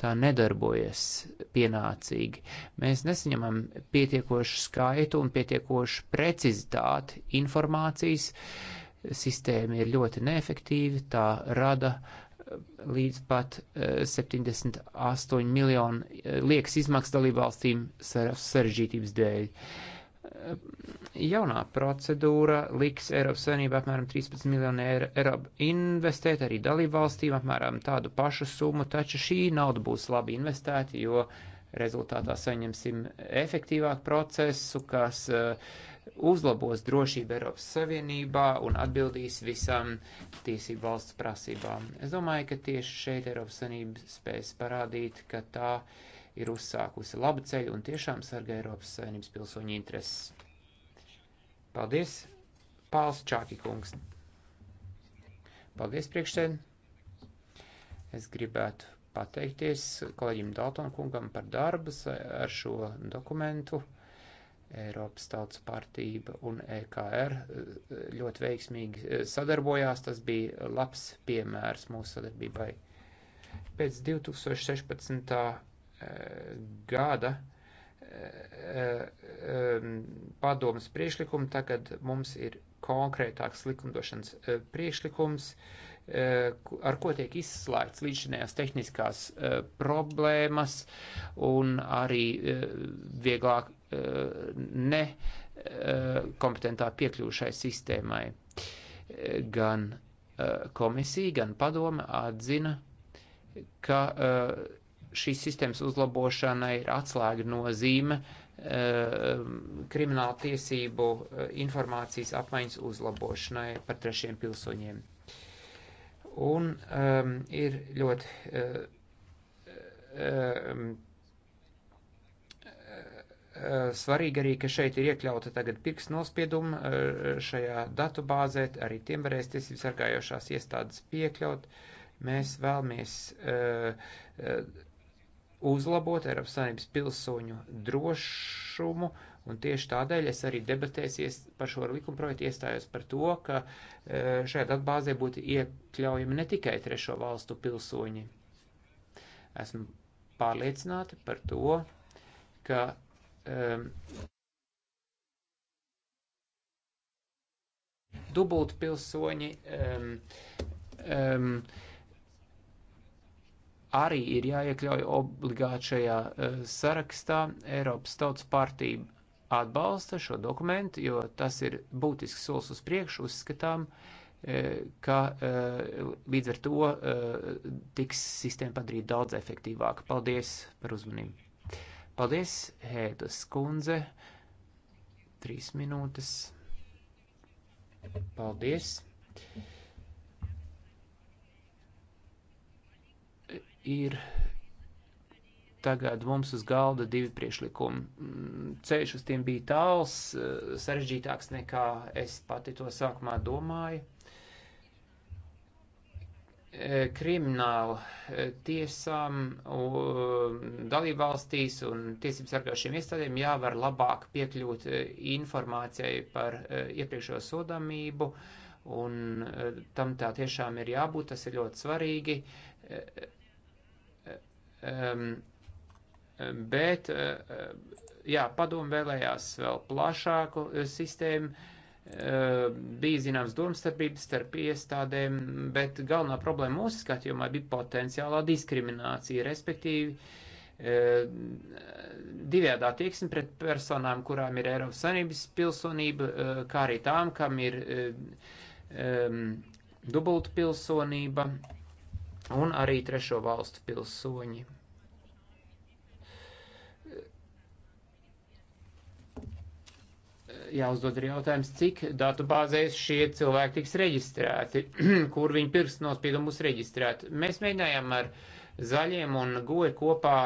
tā nedarbojas pienācīgi. Mēs nesaņemam pietiekošu skaitu un pietiekošu precizitāti informācijas. Sistēma ir ļoti neefektīva, tā rada eh, līdz pat 78 eh, miljonu eh, liekas izmaksas dalībvalstīm sarežģītības dēļ. Uh, Ehm, jaunā procedūra liks Eiropas Savienībā apmēram 13 miljonu eiro investēt, arī dalību valstīm apmēram tādu pašu summu, taču šī nauda būs labi investēta, jo rezultātā saņemsim efektīvāku procesu, kas ehm, uzlabos drošību Eiropas Savienībā un atbildīs visam tiesību valsts prasībām. Es domāju, ka tieši šeit Eiropas Savienība spēs parādīt, ka tā ir ir uzsākusi labu ceļu un tiešām sargā Eiropas Savienības pilsoņu intereses. Paldies, Pāls Čāki kungs. Paldies, priekšsēd. Es gribētu pateikties kolēģim Daltonkungam par darbas ar šo dokumentu. Eiropas Tautas partība un EKR eh, ļoti veiksmīgi eh, sadarbojās. Tas bija labs piemērs mūsu sadarbībai. Pēc 2016 gada eh, eh, padomas priešlikumu, tagad mums ir konkrētāks likumdošanas eh, priešlikums, ar ko tiek izslēgts līdzinējās tehniskās problēmas un arī vieglāk ne kompetentā piekļūšai sistēmai. Gan komisija, gan padome atzina, ka uh, šīs sistēmas uzlabošana ir atslēga nozīme eh, krimināla tiesību eh, informācijas apmaiņas uzlabošanai par trešiem pilsoņiem. Un um, ir ļoti uh, um, svarīgi arī, ka šeit ir iekļauta tagad pirksts nospieduma šajā datubāzē, arī tiem varēs tiesības sargājošās iestādes piekļaut. Mēs vēlamies uh, uh, uzlabot Eiropas Savienības pilsoņu drošumu, un tieši tādēļ es arī debatēsies par šo likumprojektu iestājos par to, ka e, šajā datbāzē būtu iekļaujami ne tikai trešo valstu pilsoņi. Esmu pārliecināta par to, ka um, dubultpilsoņi um, um, arī ir jāiekļauj obligāti šajā eh, sarakstā. Eiropas Tautas partija atbalsta šo dokumentu, jo tas ir būtisks solis uz priekšu, uzskatām, eh, ka eh, līdz ar to tiks sistēma padarīta daudz efektīvāka. Paldies par uzmanību. Paldies, Hēdas kundze. Trīs minūtes. Paldies. Thank you. ir tagad mums uz galda divi priekšlikumi. Mm, ceļš uz tiem bija tāls, eh, sarežģītāks nekā es pati to sākumā domāju. Eh, krimināla eh, tiesām dalībvalstīs un tiesības sargājušiem iestādēm jāvar labāk piekļūt informācijai par iepriekšējo sodāmību, un tam tā tiešām ir jābūt, tas ir ļoti svarīgi Um, bet, e, e, jā, padomu vēlējās vēl plašāku e, sistēmu. Bija zināms domstarpības starp iestādēm, bet galvenā problēma mūsu skatījumā bija potenciālā diskriminācija, respektīvi divējādā tieksme pret personām, kurām ir Eiropas Sanības pilsonība, kā arī tām, kam ir um, dubulta pilsonība un arī trešo valstu pilsoņi. Jāuzdod arī jautājums, cik datubāzēs šie cilvēki tiks reģistrēti, kur viņi pirkstu nospiedumus reģistrēt. Mēs mēģinājām ar zaļiem un goju kopā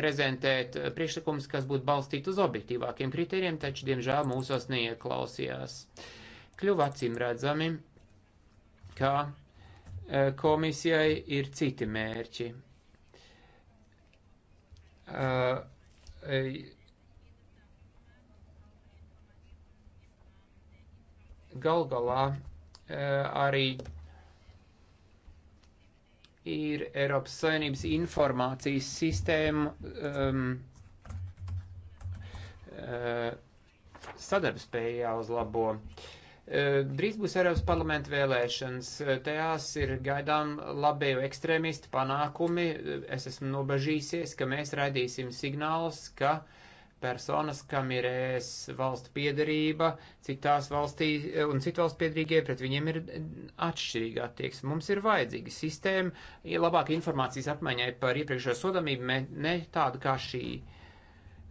prezentēt priekšlikumus, kas būtu balstīti uz objektīvākiem kritērijiem, taču, diemžēl, mūsos neieklausījās. Kļuva acīm redzami, ka Eh, komisijai ir citi mērķi. Eh, eh, gal galā arī ir Eiropas Savienības informācijas sistēma um, ehm, sadarbspēja jāuzlabo. Uh, Eh, drīz būs Eiropas parlamenta vēlēšanas. Eh, tajās ir gaidām labējo ekstrēmistu panākumi. Eh, es esmu nobažīsies, ka mēs raidīsim signālus, ka personas, kam ir ES valstu piedarība, citās valstī un citu valstu piedarīgie pret viņiem ir atšķirīga attieksme. Mums ir vajadzīga sistēma, ir labāka informācijas apmaiņai par iepriekšējo sodamību, ne tādu kā šī. Uh,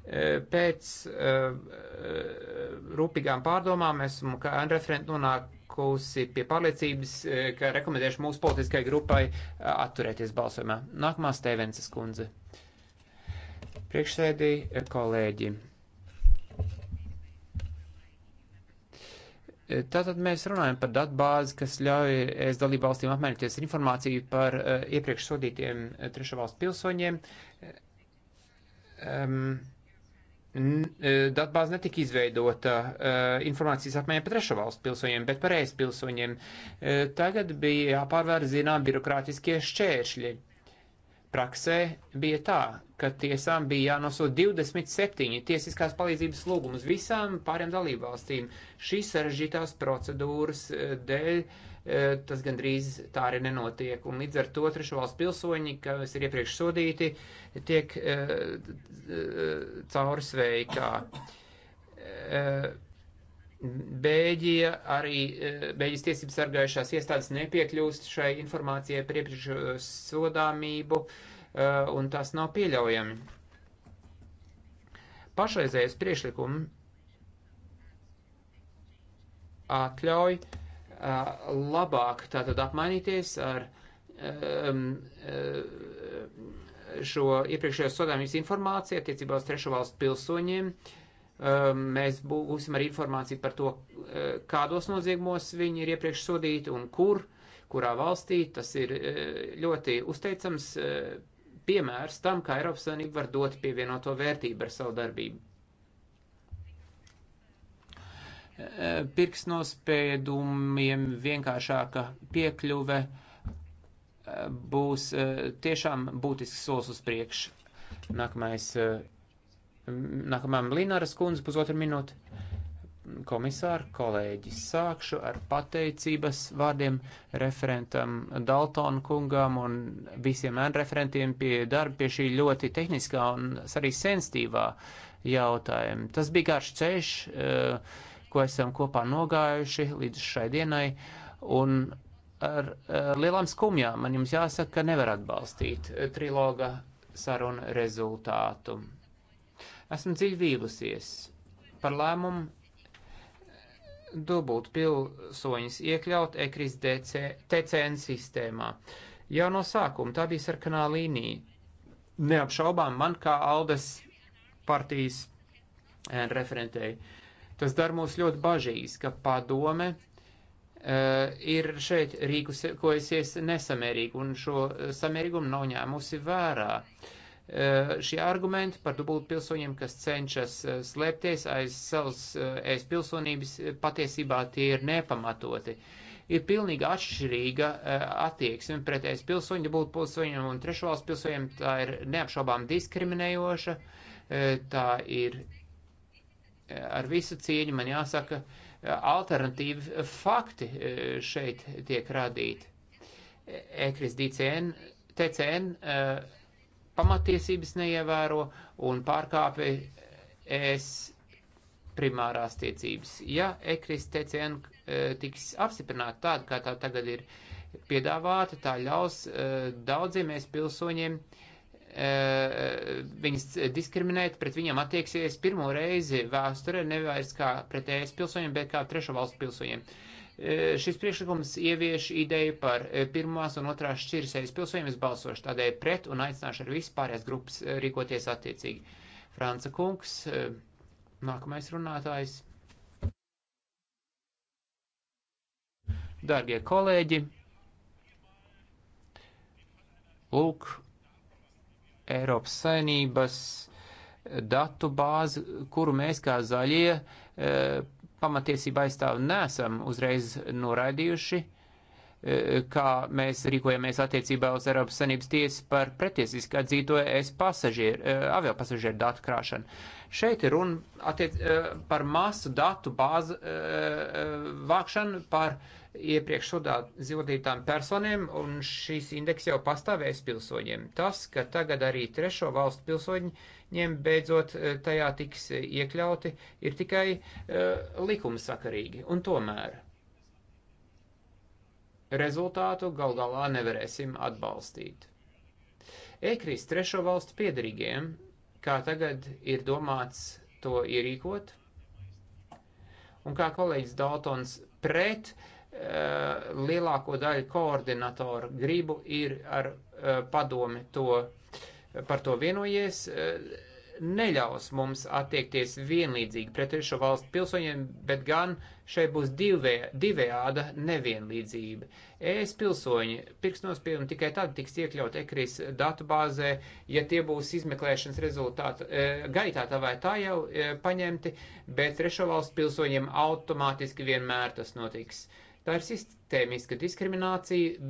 Eh, pēc eh, rūpīgām pārdomām esmu kā referenti nonākusi pie pārliecības, eh, ka rekomendēšu mūsu politiskajai grupai atturēties balsojumā. Nākamā Stevenses kundze. Priekšsēdī, kolēģi. Tātad mēs runājam par datbāzi, kas ļauj es dalību valstīm apmainīties ar informāciju par uh, iepriekš sodītiem trešo valstu pilsoņiem. Um, E, datbāze netika izveidota uh, informācijas apmaiņai par trešo valstu pilsoņiem, bet par ēst pilsoņiem. Uh, tagad bija jāpārvar zinām birokrātiskie šķēršļi. Praksē bija tā, ka tiesām bija jānosūta 27 tiesiskās palīdzības lūgumus visām pārējām dalībvalstīm. Šīs sarežģītās procedūras dēļ uh, Eh, tas gandrīz tā arī nenotiek. Un līdz ar to trešu valstu pilsoņi, kas ir iepriekš sodīti, tiek eh, eh, caursveikā. Bēļģija arī, Bēļģijas tiesības sargājušās iestādes nepiekļūst šai informācijai par iepriekšējo sodāmību, un tas nav pieļaujami. Pašreizējais priešlikums atļauj uh, labāk tātad apmainīties ar um, šo iepriekšējo sodāmības informāciju attiecībā uz trešo valstu pilsoņiem. Um, mēs būsim ar informāciju par to, kādos noziegumos viņi ir iepriekš sodīti un kur, kurā valstī. Tas ir ļoti uzteicams piemērs tam, kā Eiropas Savienība var dot pievienoto vērtību ar savu darbību pirksnospēdumiem vienkāršāka piekļuve eh, būs eh, tiešām būtisks solis uz priekšu. Nākamais, eh, nākamajam Linaras kundze pusotru minūti. Komisāri, kolēģi, sākšu ar pateicības vārdiem referentam Daltonu kungam un visiem ēn referentiem pie darba pie šī ļoti tehniskā un arī sensitīvā jautājuma. Tas bija garš ceļš. Uh, ko esam kopā nogājuši līdz šai dienai, un ar uh, lielām skumjām man jums jāsaka, ka nevar atbalstīt triloga sarunu rezultātu. Esmu dziļi vīlusies par lēmumu dubult pilsoņus iekļaut ekris DC, TCN sistēmā. Jau no sākuma tā bija sarkanā līnija. Neapšaubām man kā Aldes partijas referentei. Uh, Tas dar mūs ļoti bažīs, ka padome uh, ir šeit rīkojusies nesamērīgi un šo eh, samērīgumu nav ņēmusi vērā. Uh, šie argumenti par dubultpilsoņiem, kas cenšas uh, slēpties aiz savas uh, aiz pilsonības, patiesībā tie ir nepamatoti. Ir pilnīgi atšķirīga uh, attieksme pret aiz pilsoņu, dubultpilsoņiem un trešvalstu pilsoņiem. Tā ir neapšaubām diskriminējoša, uh, tā ir ar visu cieņu man jāsaka, alternatīvi fakti e, šeit tiek radīti. Ekris DCN, TCN e, pamatiesības neievēro un pārkāpja es primārās tiecības. Ja Ekris TCN e, tiks apstiprināta tāda, kā tā tagad ir piedāvāta, tā ļaus daudziem mēs pilsoņiem uh, Eh, eh, viņas diskriminēt, pret viņiem attieksies pirmo reizi vēsturē nevairs kā pret ES pilsoņiem, bet kā trešo valstu pilsoņiem. Eh, šis priekšlikums ievieš ideju par pirmās un otrās šķirsējas pilsoņiem, es balsošu tādēļ pret un aicināšu ar visu pārējās grupas rīkoties attiecīgi. Franca kungs, nākamais runātājs. Dārgie kolēģi, lūk, Eiropas saimnības datu bāzi, kuru mēs kā zaļie e, pamatiesība aizstāv nesam uzreiz noraidījuši, e, kā mēs rīkojamies attiecībā uz Eiropas Sanības tiesu par pretiesiski atzīto es pasažieru, e, avio pasažieru datu krāšanu. Šeit ir runa attiec, par masu datu bāzi vākšanu, par uh, iepriekš sodātītām personēm, un šīs indeks jau pastāvēs pilsoņiem. Tas, ka tagad arī trešo valstu pilsoņiem beidzot eh, tajā tiks iekļauti, ir tikai uh, likumsakarīgi. Un tomēr rezultātu gal galā nevarēsim atbalstīt. Ekrīs trešo valstu piedarīgiem, kā tagad ir domāts to ierīkot, un kā kolēģis Daltons pret uh, Eh, lielāko daļu koordinatoru gribu ir ar eh, padomi to, par to vienojies, eh, neļaus mums attiekties vienlīdzīgi pret trešo valstu pilsoņiem, bet gan šeit būs divē, divējāda nevienlīdzība. ES pilsoņi pirkstnospiedumi tikai tad tiks iekļaut ekris datubāzē, ja tie būs izmeklēšanas rezultātu e, gaitā tā vai tā jau e, paņemti, bet trešo valstu pilsoņiem automātiski vienmēr tas notiks. E, Tā ir sistēmiska diskriminācija,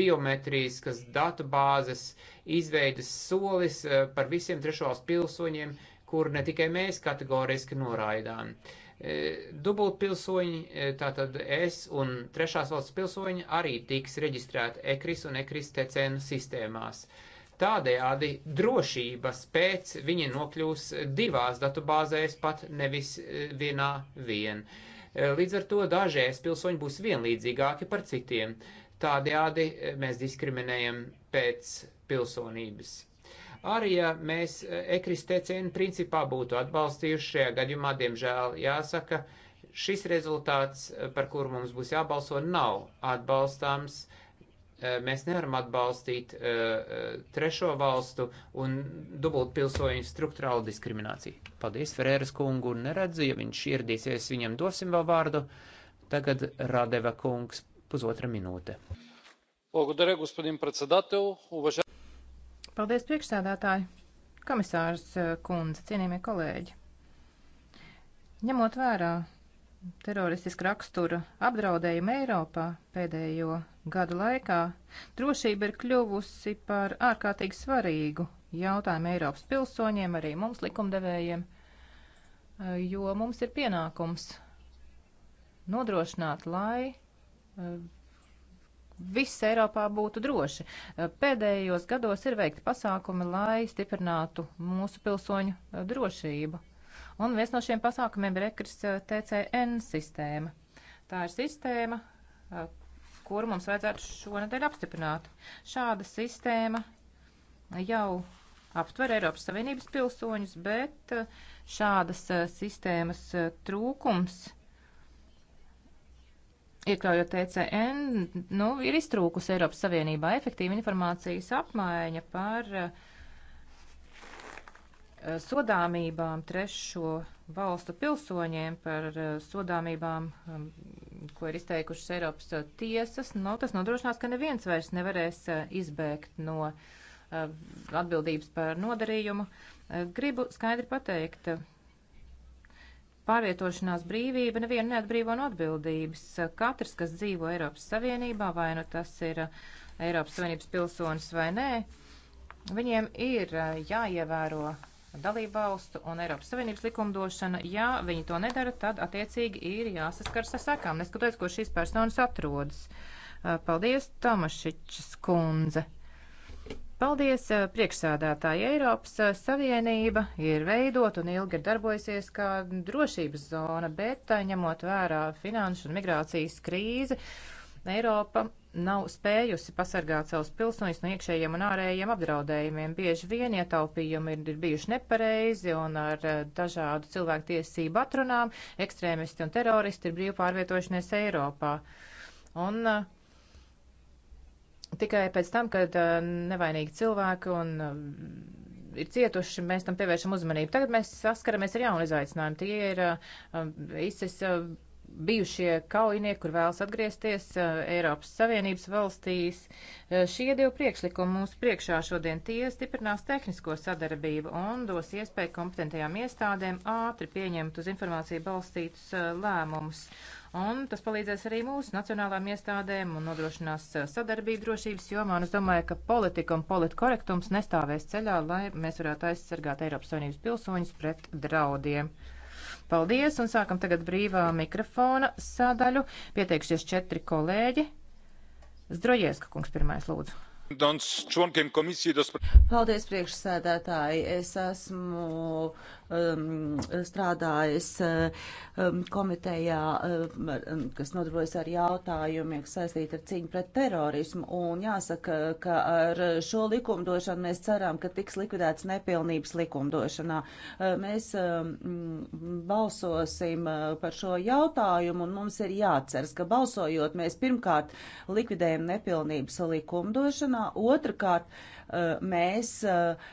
biometrijas datu bāzes izveidas solis eh, par visiem trešos pilsoņiem, kur ne tikai mēs kategoriski noraidām. Eh, dubultpilsoņi, eh, tātad es un trešās valsts pilsoņi arī tiks reģistrēti ECRIS un ECRIS TCN sistēmās. Tādējādi drošības pēc viņi nokļūs divās datubāzēs, pat nevis vienā vien. Uh, Eh, līdz ar to dažreiz pilsoņi būs vienlīdzīgāki par citiem. Tādējādi eh, mēs diskriminējam pēc pilsonības. Arī ja mēs eh, ekristēcienu principā būtu atbalstījuši šajā gadījumā, diemžēl jāsaka, šis rezultāts, par kuru mums būs jābalso, nav atbalstāms. Uh, Eh, mēs nevaram atbalstīt eh, eh, trešo valstu un dubult pilsoņu struktūrālu diskrimināciju. Paldies Ferēras kungu, neredzu, ja viņš ieradīsies, viņam dosim vēl vārdu. Tagad Radeva kungs pusotra minūte. Paldies priekšsēdētāji, komisārs kundze, cienījamie kolēģi. Ņemot vērā teroristiska rakstura apdraudējumu Eiropā pēdējo gadu laikā, drošība ir kļuvusi par ārkārtīgi svarīgu jautājumu Eiropas pilsoņiem, arī mums likumdevējiem, jo mums ir pienākums nodrošināt, lai eh, viss Eiropā būtu droši. Eh, pēdējos gados ir veikti pasākumi, lai stiprinātu mūsu pilsoņu eh, drošību. Un viens no šiem pasākumiem ir ekris eh, TCN sistēma. Tā ir sistēma, eh, kuru mums vajadzētu šonadēļ apstiprināt. Šāda sistēma jau aptver Eiropas Savienības pilsoņus, bet eh, šādas sistēmas trūkums, iekļaujot TCN, nu, ir iztrūkus Eiropas Savienībā efektīva informācijas apmaiņa par uh, sodāmībām trešo valstu pilsoņiem, par eh, sodāmībām, um, ko ir izteikušas Eiropas eh, tiesas, nu, tas nodrošinās, ka neviens vairs nevarēs eh, izbēgt no atbildības par nodarījumu. Gribu skaidri pateikt, pārvietošanās brīvība nevienu neatbrīvo no atbildības. Katrs, kas dzīvo Eiropas Savienībā, vai nu tas ir Eiropas Savienības pilsonis vai nē, viņiem ir jāievēro dalību valstu un Eiropas Savienības likumdošana. Ja viņi to nedara, tad attiecīgi ir jāsaskars ar sekām, neskatoties, kur šīs personas atrodas. Uh, paldies, Tomašičs kundze! Paldies, uh, priekšsādātāji Eiropas uh, Savienība ir veidot un ilgi ir darbojusies kā drošības zona, bet ņemot vērā finanšu un migrācijas krīzi, Eiropa nav spējusi pasargāt savus pilsoņus no iekšējiem un ārējiem apdraudējumiem. Bieži vien ietaupījumi ir, ir bijuši nepareizi un ar eh, dažādu cilvēktiesību atrunām ekstrēmisti un teroristi ir brīvi pārvietojušies Eiropā. Un uh, tikai pēc tam, kad uh, nevainīgi cilvēki un uh, ir cietuši, mēs tam pievēršam uzmanību. Tagad mēs saskaramies ar jaunu izaicinājumu. Tie ir uh, ISIS uh, bijušie kaujinieki, kur vēlas atgriezties eh, Eiropas Savienības valstīs. Eh, šie divi priekšlikumi mūsu priekšā šodien tie stiprinās tehnisko sadarbību un dos iespēju kompetentajām iestādēm ātri pieņemt uz informāciju balstītus eh, lēmumus. Un tas palīdzēs arī mūsu nacionālām iestādēm un nodrošinās sadarbību drošības jomā. Un es domāju, ka politika un politkorektums nestāvēs ceļā, lai mēs varētu aizsargāt Eiropas Savienības pilsoņus pret draudiem. Paldies, un sākam tagad brīvā mikrofona sadaļu. Pieteikšies četri kolēģi. Zdrojieska kungs pirmais lūdzu. Paldies, priekšsēdētāji. Es esmu um, strādājis uh, um, komitejā, um, um, kas nodarbojas ar jautājumiem, kas saistīti ar cīņu pret terorismu. Un jāsaka, ka ar šo likumdošanu mēs ceram, ka tiks likvidēts nepilnības likumdošanā. Uh, mēs um, balsosim uh, par šo jautājumu, un mums ir jāceras, ka balsojot mēs pirmkārt likvidējam nepilnības likumdošanā, otrkārt, Eh, mēs eh,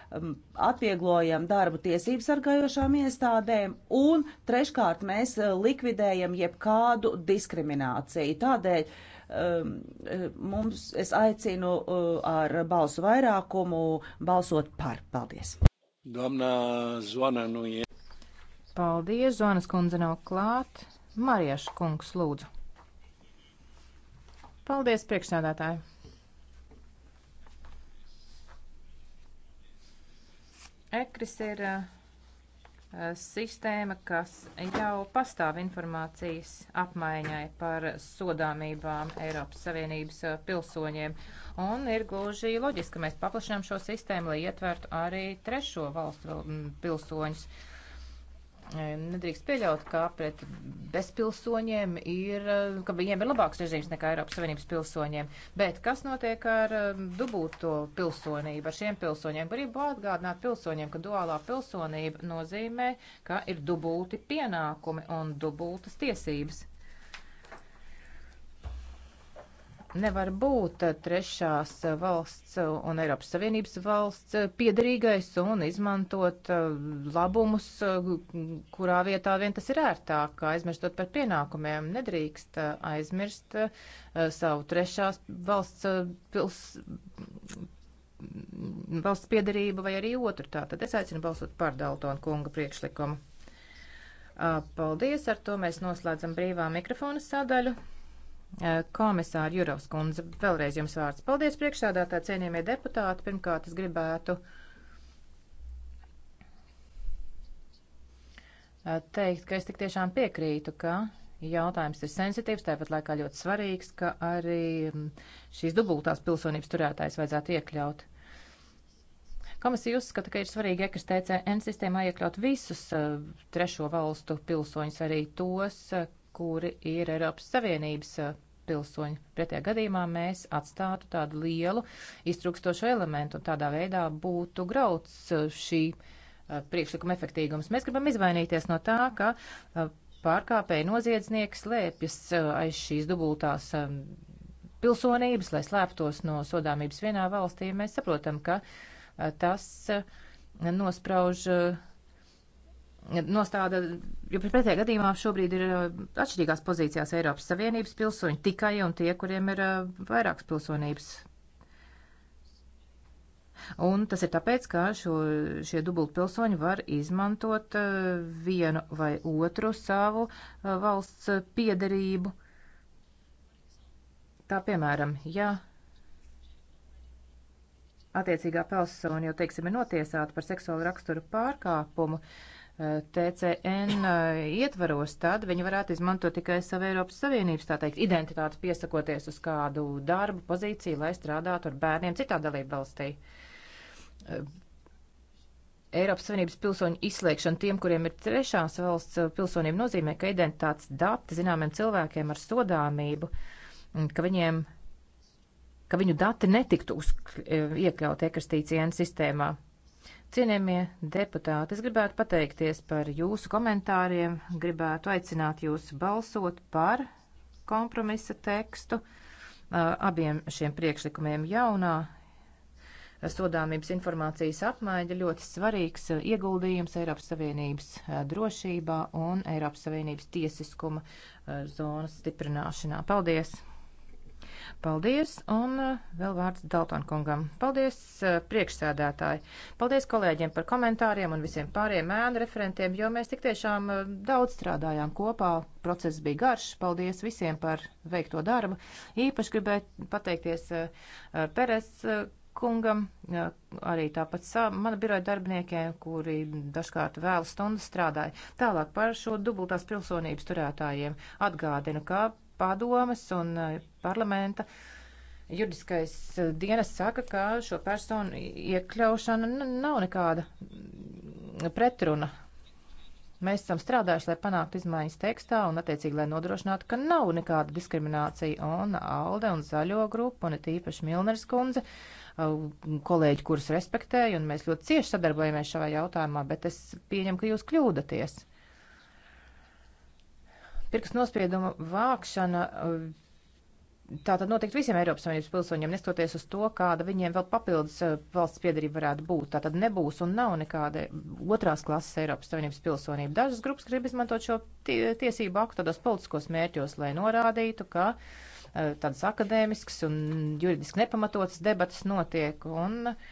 atvieglojam darbu tiesības sargājošām iestādēm un treškārt mēs eh, likvidējam jebkādu diskrimināciju. Tādēļ mums es aicinu ar balsu vairākumu balsot par. Paldies! Domnā Zvana Nujē. E- Paldies, Zonas kundze nav klāt. Marieša kungs, lūdzu. Paldies, priekšsēdētāji. Ekris ir uh, sistēma, kas jau pastāv informācijas apmaiņai par sodāmībām Eiropas Savienības eh, pilsoņiem. Un ir gluži loģiski, ka mēs paplašinām šo sistēmu, lai ietvertu arī trešo valstu mm, pilsoņus. Uh, E, nedrīkst pieļaut, ka pret bezpilsoņiem ir, ka viņiem ir labāks režīms nekā Eiropas Savienības pilsoņiem. Bet kas notiek ar um, dubūto pilsonību, ar šiem pilsoņiem? Gribu atgādināt pilsoņiem, ka duālā pilsonība nozīmē, ka ir dubulti pienākumi un dubultas tiesības. nevar būt eh, trešās valsts un Eiropas Savienības valsts eh, piederīgais un izmantot eh, labumus, kurā vietā vien tas ir ērtāk, aizmirstot par pienākumiem. Nedrīkst aizmirst savu trešās valsts pils valsts piedarību vai arī otru. Tātad es aicinu balsot par Daltona kunga priekšlikumu. Ah, paldies, ar to mēs noslēdzam brīvā mikrofona sadaļu. Eh, Komisāri Jurovs kundze, vēlreiz jums vārds. Paldies priekšsādātā cienījamie deputāti. Pirmkārt, es gribētu eh, teikt, ka es tik tiešām piekrītu, ka jautājums ir sensitīvs, tāpat laikā ļoti svarīgs, ka arī mm, šīs dubultās pilsonības turētājs vajadzētu iekļaut. Komisija uzskata, ka ir svarīgi EKSTCN e sistēmā iekļaut visus eh, trešo valstu pilsoņus, arī tos, kuri ir Eiropas Savienības eh, pilsoņi. Pretējā gadījumā mēs atstātu tādu lielu iztrukstošu elementu un tādā veidā būtu grauds eh, šī eh, priekšlikuma efektīgums. Mēs gribam izvainīties no tā, ka pārkāpēji noziedznieki slēpjas aiz šīs dubultās pilsonības, lai slēptos no sodāmības vienā valstī. Mēs saprotam, ka tas nosprauž nostāda, jo pretējā gadījumā šobrīd ir uh, atšķirīgās pozīcijās Eiropas Savienības pilsoņi tikai un tie, kuriem ir uh, vairākas pilsonības. Un tas ir tāpēc, ka šo, šie dubultpilsoņi var izmantot uh, vienu vai otru savu valsts piederību. Tā piemēram, ja attiecīgā persona jau, teiksim, ir notiesāta par seksuālu raksturu pārkāpumu, uh, TCN eh, ietvaros, tad viņi varētu izmantot tikai savu Eiropas Savienības, tā teikt, identitāti piesakoties uz kādu darbu pozīciju, lai strādātu ar bērniem citā dalība valstī. Eh, Eiropas Savienības pilsoņu izslēgšana tiem, kuriem ir trešās valsts pilsonība, nozīmē, ka identitātes dati zināmiem cilvēkiem ar sodāmību, mm, ka viņiem, ka viņu dati netiktu uz, eh, iekļaut ekristīcijēna sistēmā. Cienījamie deputāti, es gribētu pateikties par jūsu komentāriem, gribētu aicināt jūs balsot par kompromisa tekstu abiem šiem priekšlikumiem jaunā. Sodāmības informācijas apmaiņa ļoti svarīgs ieguldījums Eiropas Savienības drošībā un Eiropas Savienības tiesiskuma zonas stiprināšanā. Paldies! Paldies, un eh, vēl vārds Daltonkungam. Paldies, eh, priekšsēdētāji. Paldies kolēģiem par komentāriem un visiem pāriem ēnu referentiem, jo mēs tik tiešām eh, daudz strādājām kopā. Process bija garš. Paldies visiem par veikto darbu. Īpaši gribēju pateikties Peres kungam, arī tāpat mana biroja darbiniekiem, kuri dažkārt vēl stundu strādāja. Tālāk par šo dubultās pilsonības turētājiem atgādinu, ka padomas un eh, parlamenta juridiskais eh, dienas saka, ka šo personu iekļaušana nav nekāda pretruna. Mēs esam strādājuši, lai panāktu izmaiņas tekstā un, attiecīgi, lai nodrošinātu, ka nav nekāda diskriminācija. Un Alde un Zaļo grupa, un it īpaši Milners kundze, eh, kolēģi, kurus respektēju, un mēs ļoti cieši sadarbojamies šajā jautājumā, bet es pieņemu, ka jūs kļūdaties. Pirkstu nospiedumu vākšana eh, tā tad notikt visiem Eiropas Savienības pilsoņiem, nestoties uz to, kāda viņiem vēl papildus eh, valsts piedarība varētu būt. Tā tad nebūs un nav nekāda otrās klases Eiropas Savienības pilsonība. Dažas grupas grib izmantot šo tiesību aktu tādos politiskos mērķos, lai norādītu, ka eh, tādas akadēmiskas un juridiski nepamatotas debatas notiek. Un, uh,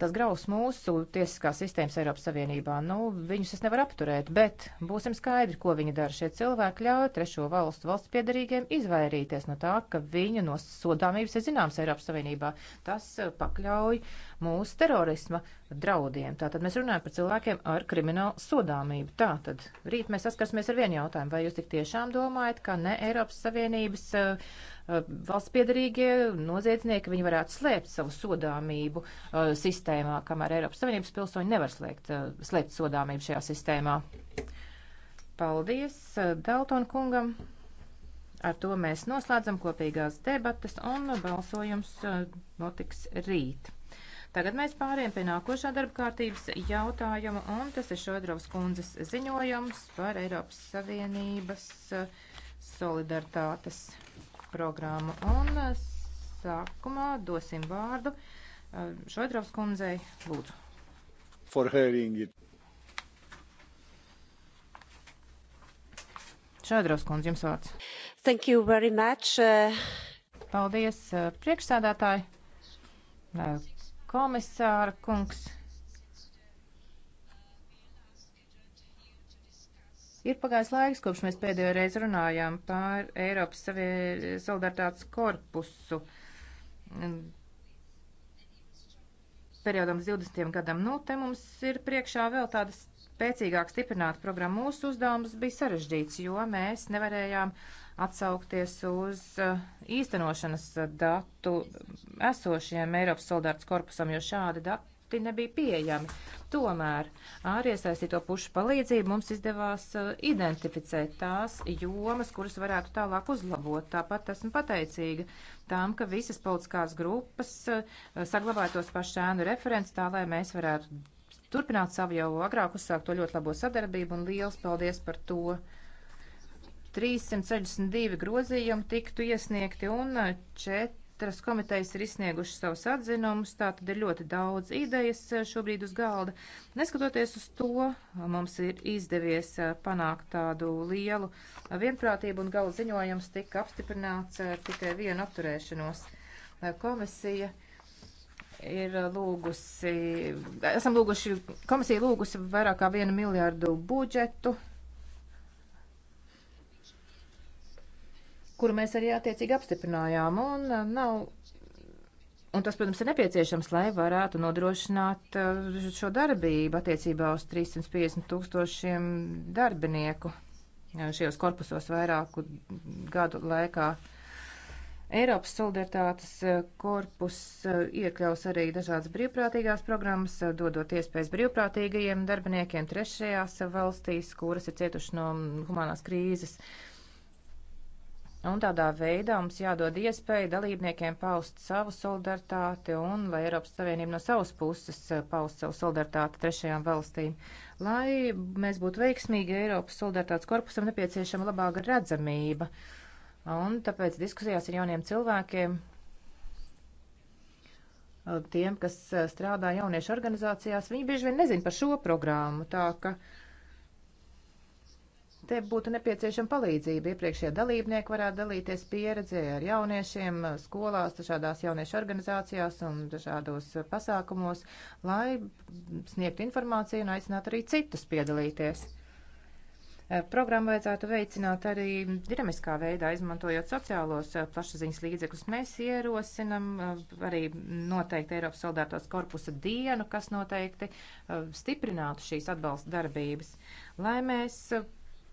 tas graus mūsu tiesiskās sistēmas Eiropas Savienībā. Nu, viņus es nevaru apturēt, bet būsim skaidri, ko viņi dara. Šie cilvēki ļauj trešo valstu valsts piedarīgiem izvairīties no tā, ka viņu nosodāmības ir zināms Eiropas Savienībā. Tas eh, pakļauj mūsu terorisma draudiem. Tātad mēs runājam par cilvēkiem ar kriminālu sodāmību. Tātad rīt mēs saskarsimies ar vienu jautājumu. Vai jūs tik tiešām domājat, ka ne Eiropas Savienības uh, uh valsts piedarīgie noziedznieki, viņi varētu slēpt savu sodāmību uh, sistēmā, kamēr Eiropas Savienības pilsoņi nevar slēgt, uh, slēpt sodāmību šajā sistēmā? Paldies uh, Dalton kungam. Ar to mēs noslēdzam kopīgās debatas un balsojums uh, notiks rīt. Tagad mēs pāriem pie nākošā darba kārtības jautājuma, un tas ir Šodrovs kundzes ziņojums par Eiropas Savienības eh, solidaritātes programmu. Un eh, sākumā dosim vārdu eh, Šodrovs kundzei. Lūdzu. For hearing it. Šodrovs kundze, jums vārds. Thank you very much. Paldies, priekšsādātāji komisāra kungs. Ir pagājis laiks, kopš mēs pēdējo reizi runājām par Eiropas savie, solidaritātes korpusu periodam 20. gadam. Nu, te mums ir priekšā vēl tādas spēcīgāk stiprināta programma. Mūsu uzdevums bija sarežģīts, jo mēs nevarējām uh, atsaukties uz eh, īstenošanas eh, datu esošiem Eiropas soldātas korpusam, jo šādi dati nebija pieejami. Tomēr ar iesaistīto pušu palīdzību mums izdevās eh, identificēt tās jomas, kuras varētu tālāk uzlabot. Tāpat esmu pateicīga tām, ka visas politiskās grupas saglabātos pašu ēnu referents, tā lai mēs varētu turpināt savu jau agrāk uzsākto ļoti labo sadarbību, un liels paldies par to! 362 grozījumi tiktu iesniegti un eh, četras komitejas ir izsniegušas savus atzinumus. Tā tad ir ļoti daudz idejas eh, šobrīd uz galda. Neskatoties uz to, mums ir izdevies eh, panākt tādu lielu vienprātību un gala ziņojums tika apstiprināts ar tikai vienu apturēšanos. Komisija ir lūgusi, esam lūguši, komisija lūgusi vairāk kā vienu miljārdu budžetu kuru mēs arī attiecīgi apstiprinājām, un uh, nav. Un tas, protams, ir nepieciešams, lai varētu nodrošināt uh, šo darbību attiecībā uz 350 tūkstošiem darbinieku uh, šajos korpusos vairāku gadu laikā. Eiropas solidaritātes korpus iekļaus arī dažādas brīvprātīgās programmas, dodot iespējas brīvprātīgajiem darbiniekiem trešajās valstīs, kuras ir cietuši no humanās krīzes. Uh, Un tādā veidā mums jādod iespēja dalībniekiem paust savu solidaritāti un lai Eiropas Savienība no savas puses eh, paust savu solidaritāti trešajām valstīm. Lai mēs būtu veiksmīgi, Eiropas solidaritātes korpusam nepieciešama labāka redzamība. Un tāpēc diskusijās ar jauniem cilvēkiem, eh, tiem, kas eh, strādā jauniešu organizācijās, viņi bieži vien nezin par šo programmu. Tā, ka, uh, Te būtu nepieciešama palīdzība. Iepriekšējie dalībnieki varētu dalīties pieredzē ar jauniešiem skolās, dažādās jauniešu organizācijās un dažādos pasākumos, lai sniegtu informāciju un aicinātu arī citus piedalīties. Eh, programmu vajadzētu veicināt arī dinamiskā veidā, izmantojot sociālos eh, plašsaziņas līdzekļus. Mēs ierosinam eh, arī noteikti Eiropas soldātos korpusa dienu, kas noteikti stiprinātu šīs atbalsta darbības, lai mēs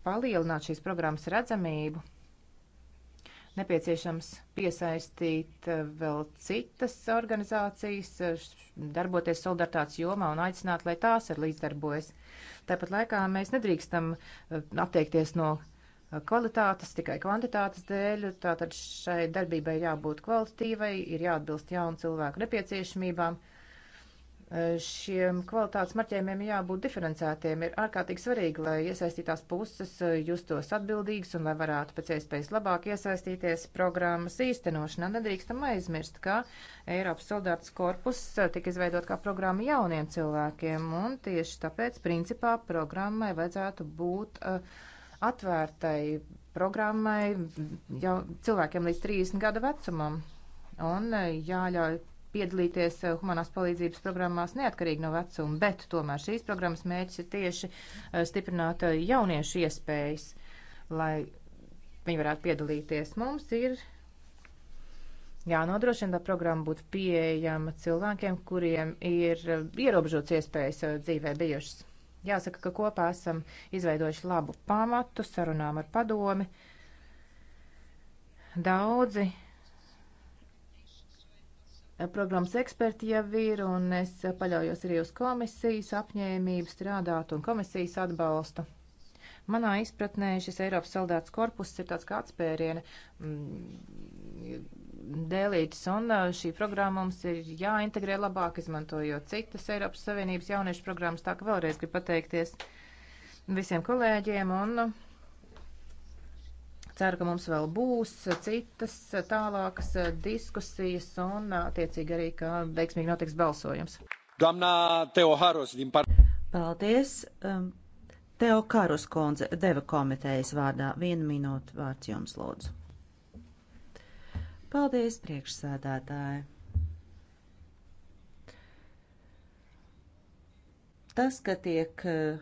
palielināt šīs programmas redzamību, nepieciešams piesaistīt eh, vēl citas organizācijas, eh, darboties solidaritātes jomā un aicināt, lai tās ir līdzdarbojas. Tāpat laikā mēs nedrīkstam eh, atteikties no kvalitātes tikai kvantitātes dēļ, tātad šai darbībai jābūt kvalitatīvai, ir jāatbilst jaunu cilvēku nepieciešamībām. Uh, šiem kvalitātes marķējumiem jābūt diferencētiem. Ir ārkārtīgi svarīgi, lai iesaistītās puses justos atbildīgas un lai varētu pēc iespējas labāk iesaistīties programmas īstenošanā. Nedrīkstam aizmirst, ka Eiropas soldātas korpus tika izveidot kā programma jauniem cilvēkiem, un tieši tāpēc principā programmai vajadzētu būt uh, atvērtai programmai jau cilvēkiem līdz 30 gada vecumam un uh, jāļauj piedalīties eh, humanās palīdzības programmās neatkarīgi no vecuma, bet tomēr šīs programmas mērķis ir tieši eh, stiprināt eh, jauniešu iespējas, lai viņi varētu piedalīties. Mums ir jānodrošina, lai programma būtu pieejama cilvēkiem, kuriem ir ierobežots iespējas dzīvē bijušas. Jāsaka, ka kopā esam izveidojuši labu pamatu sarunām ar padomi. Daudzi Programmas eksperti jau ir, un es paļaujos arī uz komisijas apņēmību strādāt un komisijas atbalstu. Manā izpratnē šis Eiropas saldāts korpus ir tāds kā atspēriena mm, dēlītis, un uh, šī programma mums ir jāintegrē labāk, izmantojot citas Eiropas Savienības jauniešu programmas. Tā ka vēlreiz gribu pateikties visiem kolēģiem un Ceru, ka mums vēl būs citas tālākas diskusijas un, attiecīgi, arī, ka veiksmīgi notiks balsojums. Domnā Teoharos, par... Paldies. Um, Teo Karus kundze deva komitejas vārdā. Vienu minūtu vārds jums lūdzu. Paldies, priekšsēdētāji. Tas, ka tiek uh,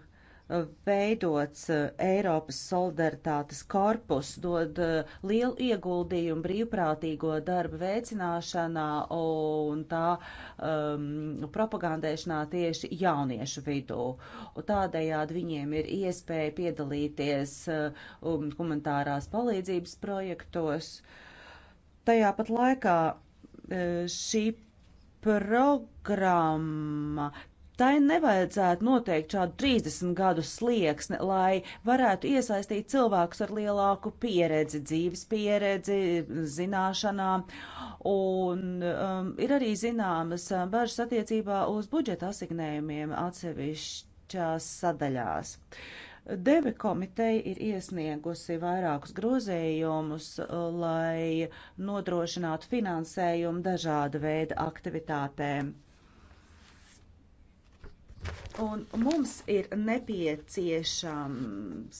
veidots eh, Eiropas solidaritātes korpus, dod eh, lielu ieguldījumu brīvprātīgo darbu veicināšanā un tā um, propagandēšanā tieši jauniešu vidū. Tādējādi viņiem ir iespēja piedalīties eh, um, humanitārās palīdzības projektos. Tajā pat laikā šī programma tai nevajadzētu noteikt šādu 30 gadu slieksni, lai varētu iesaistīt cilvēkus ar lielāku pieredzi, dzīves pieredzi, zināšanām. Un um, ir arī zināmas um, bažas attiecībā uz budžeta asignējumiem atsevišķās sadaļās. Deve komiteja ir iesniegusi vairākus grozējumus, lai nodrošinātu finansējumu dažāda veida aktivitātēm. Un mums ir nepieciešams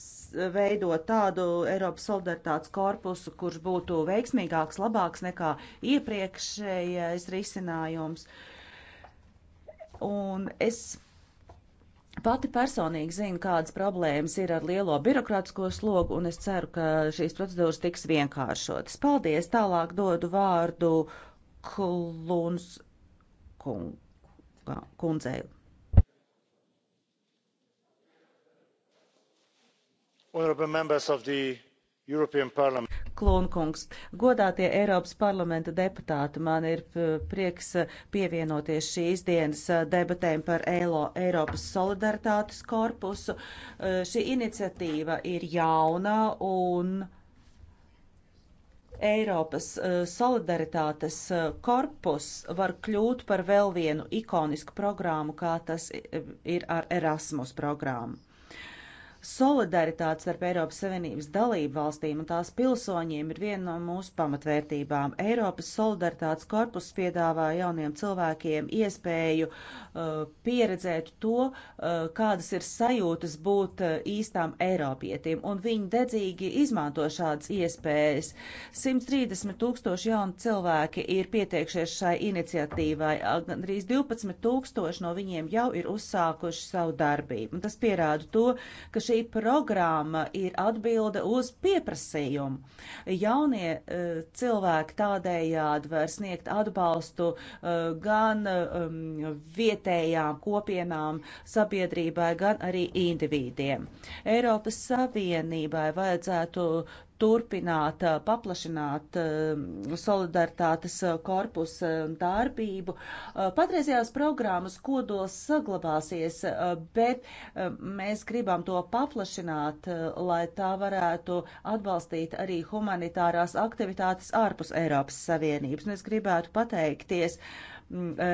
veidot tādu Eiropas solidaritātes korpusu, kurš būtu veiksmīgāks, labāks nekā iepriekšējais risinājums. Un es pati personīgi zinu, kādas problēmas ir ar lielo birokrātisko slogu, un es ceru, ka šīs procedūras tiks vienkāršotas. Paldies! Tālāk dodu vārdu Kluns kungam. Kundzei. Klūnkungs, godātie Eiropas parlamenta deputāti, man ir uh, prieks uh, pievienoties šīs dienas uh, debatēm par ELO, Eiropas solidaritātes korpusu. Šī iniciatīva ir jauna un Eiropas solidaritātes korpus var kļūt par vēl vienu ikonisku programmu, kā tas ir ar Erasmus programmu. Solidaritāte starp Eiropas Savienības dalību valstīm un tās pilsoņiem ir viena no mūsu pamatvērtībām. Eiropas solidaritātes korpus piedāvā jauniem cilvēkiem iespēju uh, pieredzēt to, uh, kādas ir sajūtas būt uh, īstām Eiropietim, un viņi dedzīgi izmanto šādas iespējas. 130 tūkstoši jauni cilvēki ir pieteikšies šai iniciatīvai, gandrīz 12 tūkstoši no viņiem jau ir uzsākuši savu darbību. Un tas pierāda to, ka šī programma ir atbilde uz pieprasījumu. Jaunie uh, cilvēki tādējādi var sniegt atbalstu uh, gan um, vietējām kopienām, sabiedrībai, gan arī individiem. Eiropas Savienībai vajadzētu turpināt, paplašināt solidaritātes korpusu darbību. Patreizējās programmas kodols saglabāsies, bet mēs gribam to paplašināt, lai tā varētu atbalstīt arī humanitārās aktivitātes ārpus Eiropas Savienības. Mēs gribētu pateikties uh,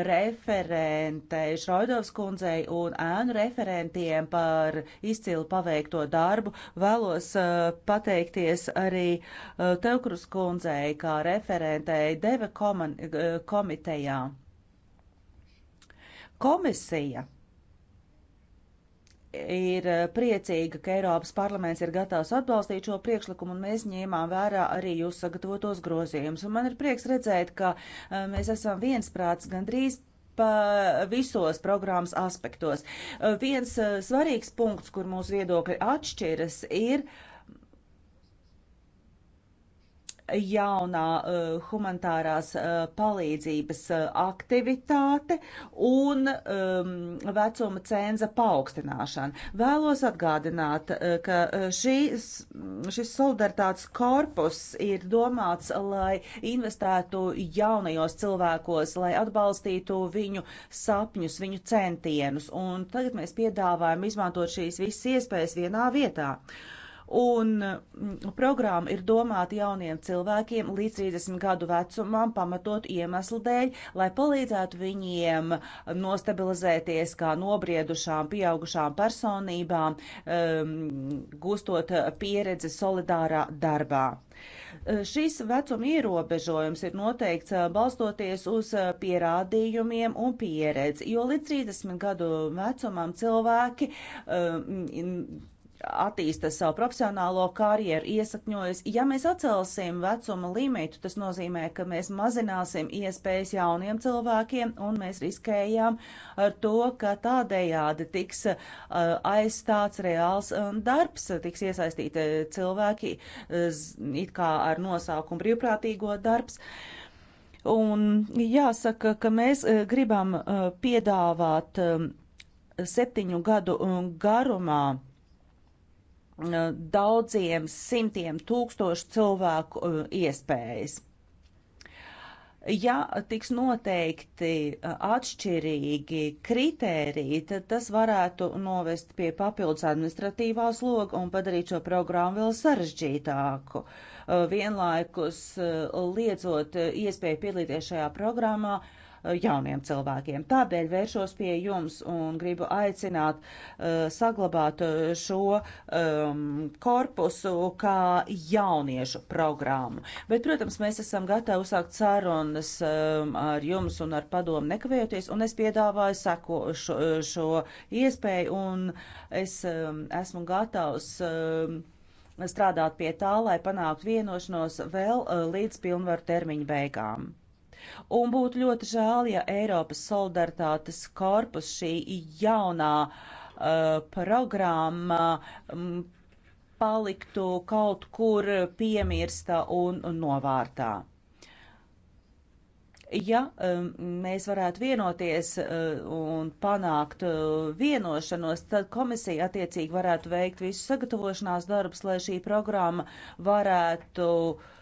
referentei Šraudovs kundzei un ēnu referentiem par izcilu paveikto darbu. Vēlos uh, pateikties arī uh, Teukrus kundzei kā referentei Deve koman, uh, komitejā. Komisija ir eh, priecīga, ka Eiropas parlaments ir gatavs atbalstīt šo priekšlikumu, un mēs ņēmām vērā arī jūs sagatavotos grozījumus. Un man ir prieks redzēt, ka eh, mēs esam viensprāts gandrīz visos programmas aspektos. Eh, viens svarīgs punkts, kur mūsu viedokļi atšķiras, ir uh, jaunā uh, humanitārās uh, palīdzības uh, aktivitāte un um, vecuma cenza paaugstināšana. Vēlos atgādināt, uh, ka šīs, šis solidaritātes korpus ir domāts, lai investētu jaunajos cilvēkos, lai atbalstītu viņu sapņus, viņu centienus. Un tagad mēs piedāvājam izmantot šīs visas iespējas vienā vietā. Uh, un mm, programma ir domāta jauniem cilvēkiem līdz 30 gadu vecumam pamatot iemeslu dēļ, lai palīdzētu viņiem nostabilizēties kā nobriedušām, pieaugušām personībām, um, gūstot pieredzi solidārā darbā. Eh, šis vecuma ierobežojums ir noteikts eh, balstoties uz eh, pierādījumiem un pieredzi, jo līdz 30 gadu vecumam cilvēki um, attīsta savu profesionālo karjeru, iesakņojas. Ja mēs atcelsim vecuma limitu, tas nozīmē, ka mēs mazināsim iespējas jauniem cilvēkiem, un mēs riskējām ar to, ka tādējādi tiks uh, aizstāts reāls um, darbs, tiks iesaistīti cilvēki uh, it kā ar nosaukumu brīvprātīgo darbs. Un jāsaka, ka mēs uh, gribam uh, piedāvāt um, septiņu gadu um, garumā daudziem simtiem tūkstošu cilvēku iespējas. Ja tiks noteikti atšķirīgi kritēriji, tad tas varētu novest pie papildus administratīvā sloga un padarīt šo programmu vēl sarežģītāku. Vienlaikus liedzot iespēju piedalīties šajā programmā, uh, jauniem cilvēkiem. Tādēļ vēršos pie jums un gribu aicināt uh, saglabāt eh, šo um, korpusu kā jauniešu programmu. Bet, protams, mēs esam gatavi uzsākt sarunas um, ar jums un ar padomu nekavējoties, un es piedāvāju seko šo, eh, šo iespēju, un es um, esmu gatavs. Um, strādāt pie tā, lai panāktu vienošanos vēl līdz pilnvaru termiņu beigām. Un būtu ļoti žēl, ja Eiropas solidaritātes korpus šī jaunā uh, programma um, paliktu kaut kur piemirsta un, un novārtā ja um, mēs varētu vienoties uh, un panākt uh, vienošanos, tad komisija attiecīgi varētu veikt visu sagatavošanās darbus, lai šī programma varētu uh,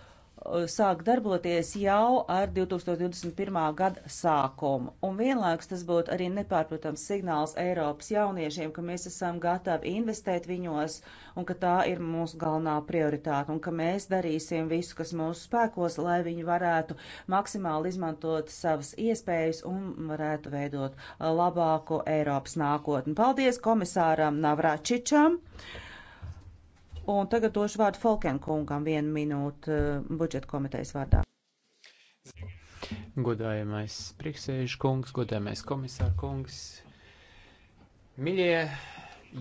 sāk darboties jau ar 2021. gada sākumu. Un vienlaikus tas būtu arī nepārprotams signāls Eiropas jauniešiem, ka mēs esam gatavi investēt viņos un ka tā ir mūsu galvenā prioritāte un ka mēs darīsim visu, kas mūsu spēkos, lai viņi varētu maksimāli izmantot savas iespējas un varētu veidot labāku Eiropas nākotni. Paldies komisāram Navračičam! Uh, Un tagad došu vārdu Falkenkungam vienu minūtu uh, budžeta komitejas vārdā. Godājamais priekšsēžu kungs, godājamais komisāra kungs, miļie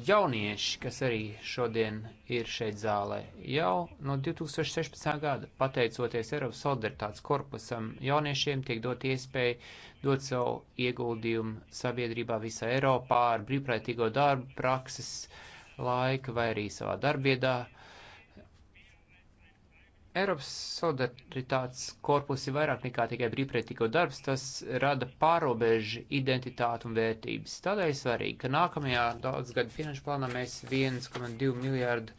jaunieši, kas arī šodien ir šeit zālē, jau no 2016. gada, pateicoties Eiropas solidaritātes korpusam, jauniešiem tiek dot iespēja dot savu ieguldījumu sabiedrībā visā Eiropā ar brīvprātīgo darbu, prakses, uh, laika vai arī savā darbiedā. Eiropas solidaritātes korpus ir vairāk nekā tikai brīvprātīgo darbs, tas rada pārobežu identitātu un vērtības. Tādēļ svarīgi, ka nākamajā daudzgada finanšu plānā mēs 1,2 miljārdu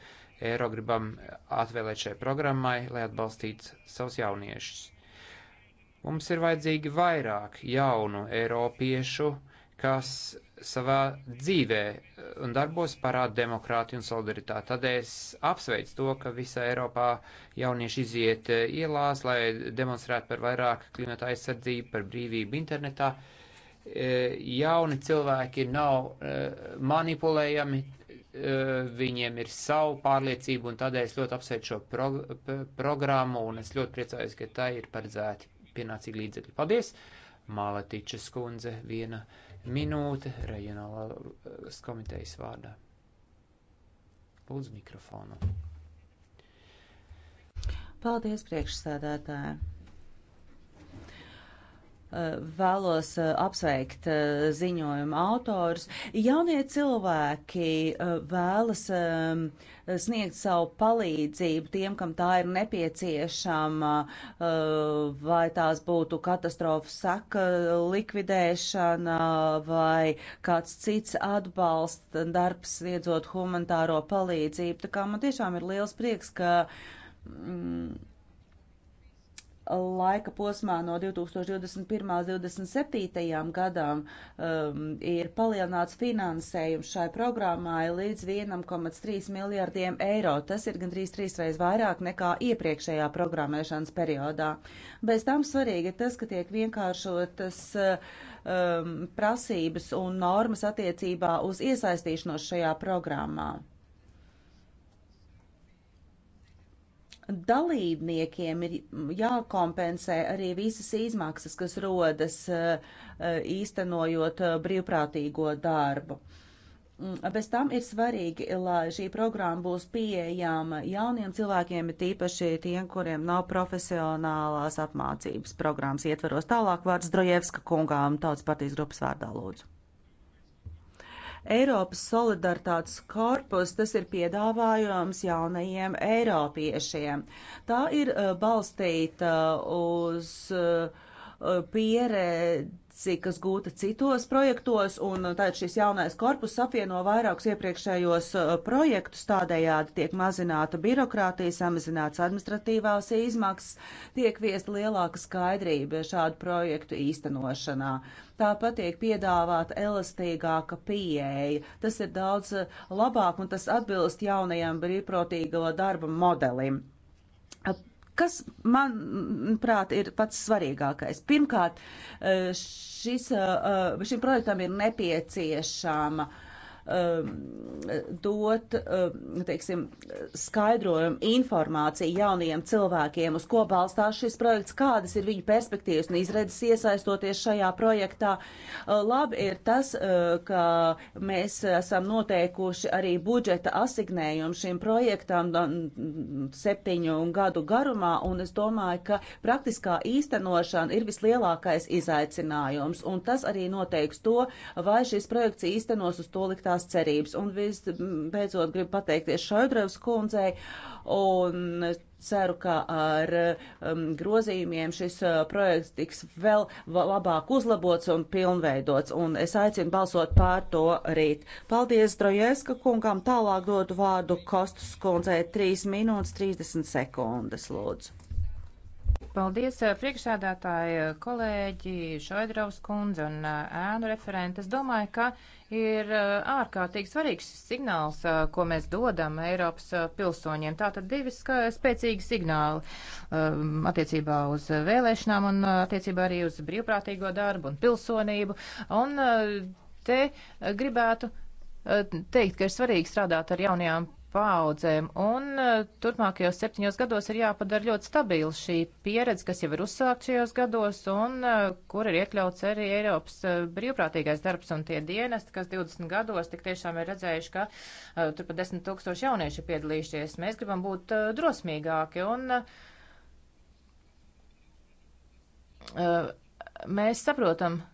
eiro gribam atvēlēt šai programmai, lai atbalstītu savus jauniešus. Mums ir vajadzīgi vairāk jaunu eiropiešu, uh, kas savā dzīvē uh, un darbos parāda demokrātiju un solidaritāti. Tādēļ es apsveicu to, ka visā Eiropā jaunieši iziet uh, ielās, lai demonstrētu par vairāk klimata aizsardzību, par brīvību internetā. Uh, jauni cilvēki nav manipulējami, viņiem ir savu pārliecību, un tādēļ es ļoti apsveicu šo prog programmu, un es ļoti priecājos, ka tai ir paredzēti pienācīgi līdzekļi. Paldies! Maletiča skundze, viena minūte reģionālās eh, komitejas vārdā. Lūdzu mikrofonu. Paldies, priekšsēdētāji! Eh, vēlos eh, apsveikt eh, ziņojuma autors. Jaunie cilvēki vēlas ehm, sniegt savu palīdzību tiem, kam tā ir nepieciešama, vai tās būtu katastrofas saka likvidēšana vai kāds cits atbalsts darbs sniedzot humanitāro palīdzību. Tā kā man tiešām ir liels prieks, ka. Mm, laika posmā no 2021. līdz 2027. gadam um, ir palielināts finansējums šai programmai līdz 1,3 miljardiem eiro. Tas ir gandrīz trīsreiz vairāk nekā iepriekšējā programmēšanas periodā. Bez tam svarīgi ir tas, ka tiek vienkāršotas um, prasības un normas attiecībā uz iesaistīšanos šajā programmā. dalībniekiem ir jākompensē arī visas izmaksas, kas rodas uh, uh, īstenojot uh, brīvprātīgo darbu. Mm, bez tam ir svarīgi, lai šī programma būs pieejama jauniem cilvēkiem, tīpaši tiem, kuriem nav profesionālās apmācības programmas ietveros. Tālāk vārds Drojevska kungām tautas partijas grupas vārdā lūdzu. Eiropas solidaritātes korpus, tas ir piedāvājums jaunajiem eiropiešiem. Tā ir eh, balstīta eh, uz eh, pieredzi pieredzi, kas gūta citos projektos, un tātad šis jaunais korpus apvieno vairākus iepriekšējos uh, projektus, tādējādi tiek mazināta birokrātija, samazināts administratīvās izmaksas, tiek viesta lielāka skaidrība šādu projektu īstenošanā. Tāpat tiek piedāvāta elastīgāka pieeja. Tas ir daudz uh, labāk un tas atbilst jaunajam brīvprātīgo darba modelim Kas, manuprāt, ir pats svarīgākais? Pirmkārt, eh, šis, eh, eh, šim projektam ir nepieciešama uh, Um, dot, um, teiksim, skaidrojumu informāciju jaunajiem cilvēkiem, uz ko balstās šis projekts, kādas ir viņu perspektīvas un izredzes iesaistoties šajā projektā. Uh, labi ir tas, uh, ka mēs esam noteikuši arī budžeta asignējumu šim projektam septiņu gadu garumā, un es domāju, ka praktiskā īstenošana ir vislielākais izaicinājums, un tas arī noteiks to, vai šis projekts īstenos uz to liktā lielās cerības. Un visbeidzot gribu pateikties Šaudrevs kundzei un ceru, ka ar um, grozījumiem šis uh, projekts tiks vēl labāk uzlabots un pilnveidots. Un es aicinu balsot pār to rīt. Paldies Drojeska kungam. Tālāk dodu vārdu Kostas kundzei 3 minūtes 30 sekundes, lūdzu. Paldies, priekšsēdētāji, kolēģi, Šoidravs kundze un ēnu referenti. Es domāju, ka ir ārkārtīgi svarīgs signāls, ko mēs dodam Eiropas pilsoņiem. Tātad divi spēcīgi signāli attiecībā uz vēlēšanām un attiecībā arī uz brīvprātīgo darbu un pilsonību. Un te gribētu teikt, ka ir svarīgi strādāt ar jaunajām paaudzēm, un e, turpmākajos septiņos gados ir jāpadara ļoti stabila šī pieredze, kas jau ir uzsākt šajos gados, un e, kur ir iekļauts arī Eiropas e, brīvprātīgais darbs un tie dienesti, kas 20 gados tik tiešām ir redzējuši, ka tur pat 10 tūkstoši jaunieši ir piedalījušies. Mēs gribam būt drosmīgāki, un mēs saprotam,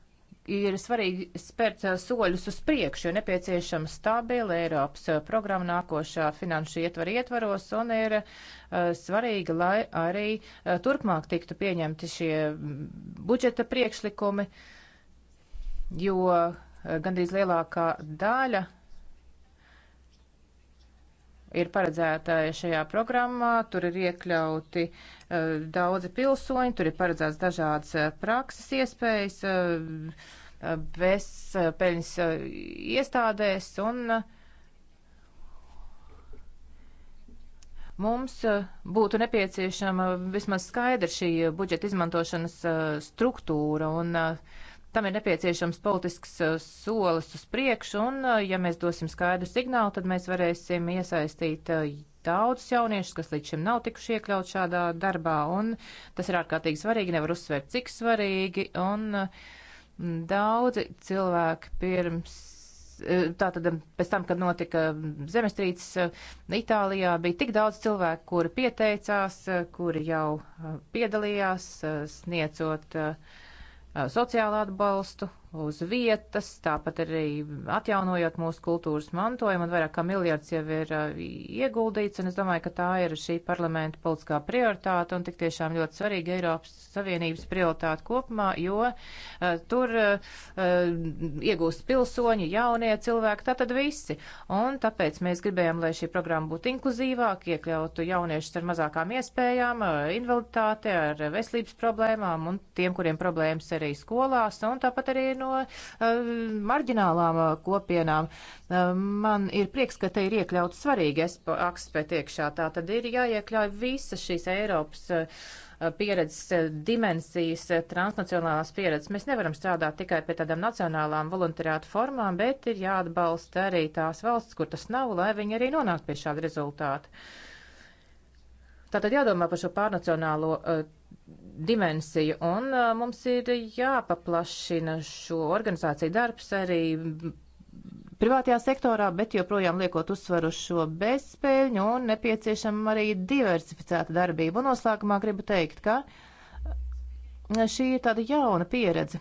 ir svarīgi spērt eh, soļus uz priekšu, jo nepieciešama stabila Eiropas eh, programma nākošā finanšu ietvara ietvaros un ir uh, eh, svarīgi, lai arī uh, turpmāk tiktu pieņemti šie mm, budžeta priekšlikumi, jo uh, gandrīz lielākā daļa ir paredzēta šajā programmā. Tur ir iekļauti uh, daudzi pilsoņi, tur ir paredzēts dažādas uh, prakses iespējas uh, eh, bezpeļņas uh, iestādēs un uh, Mums būtu nepieciešama vismaz skaidra šī budžeta izmantošanas struktūra un uh, Tam ir nepieciešams politisks uh, solis uz priekšu, un uh, ja mēs dosim skaidru signālu, tad mēs varēsim iesaistīt uh, daudzus jauniešus, kas līdz šim nav tikuši iekļaut šādā darbā, un tas ir ārkārtīgi svarīgi, nevar uzsvērt, cik svarīgi, un daudzi cilvēki pirms tātad um, pēc tam, kad notika um, zemestrīces Itālijā, bija tik daudz cilvēku, kuri pieteicās, kuri jau piedalījās, sniedzot uh, Uh, sociālu atbalstu uz vietas, tāpat arī atjaunojot mūsu kultūras mantojumu, un vairāk kā miljards jau ir ieguldīts, un es domāju, ka tā ir šī parlamenta politiskā prioritāte, un tik tiešām ļoti svarīga Eiropas Savienības prioritāte kopumā, jo uh, tur uh, iegūst pilsoņi, jaunie cilvēki, tātad visi, un tāpēc mēs gribējām, lai šī programma būtu inkluzīvāka, iekļautu jauniešus ar mazākām iespējām, uh, invaliditāti, ar veselības problēmām, un tiem, kuriem problēmas arī skolās, un tāpat arī no eh, marģinālām eh, kopienām. Eh, man ir prieks, ka te ir iekļauts svarīgi aspekti iekšā. Tā tad ir jāiekļauj visas šīs Eiropas pieredzes dimensijas, transnacionālās pieredzes. Mēs nevaram strādāt tikai pie tādām nacionālām voluntariātu formām, bet ir jāatbalsta arī tās valsts, kur tas nav, lai viņi arī nonāktu pie šāda rezultāta. Tātad jādomā par šo pārnacionālo uh, dimensiju, un uh, mums ir jāpaplašina šo organizāciju darbs arī privātajā sektorā, bet joprojām liekot uzsvaru uz šo bezspēļņu un nepieciešama arī diversificēta darbība. Un noslēgumā gribu teikt, ka šī ir tāda jauna pieredze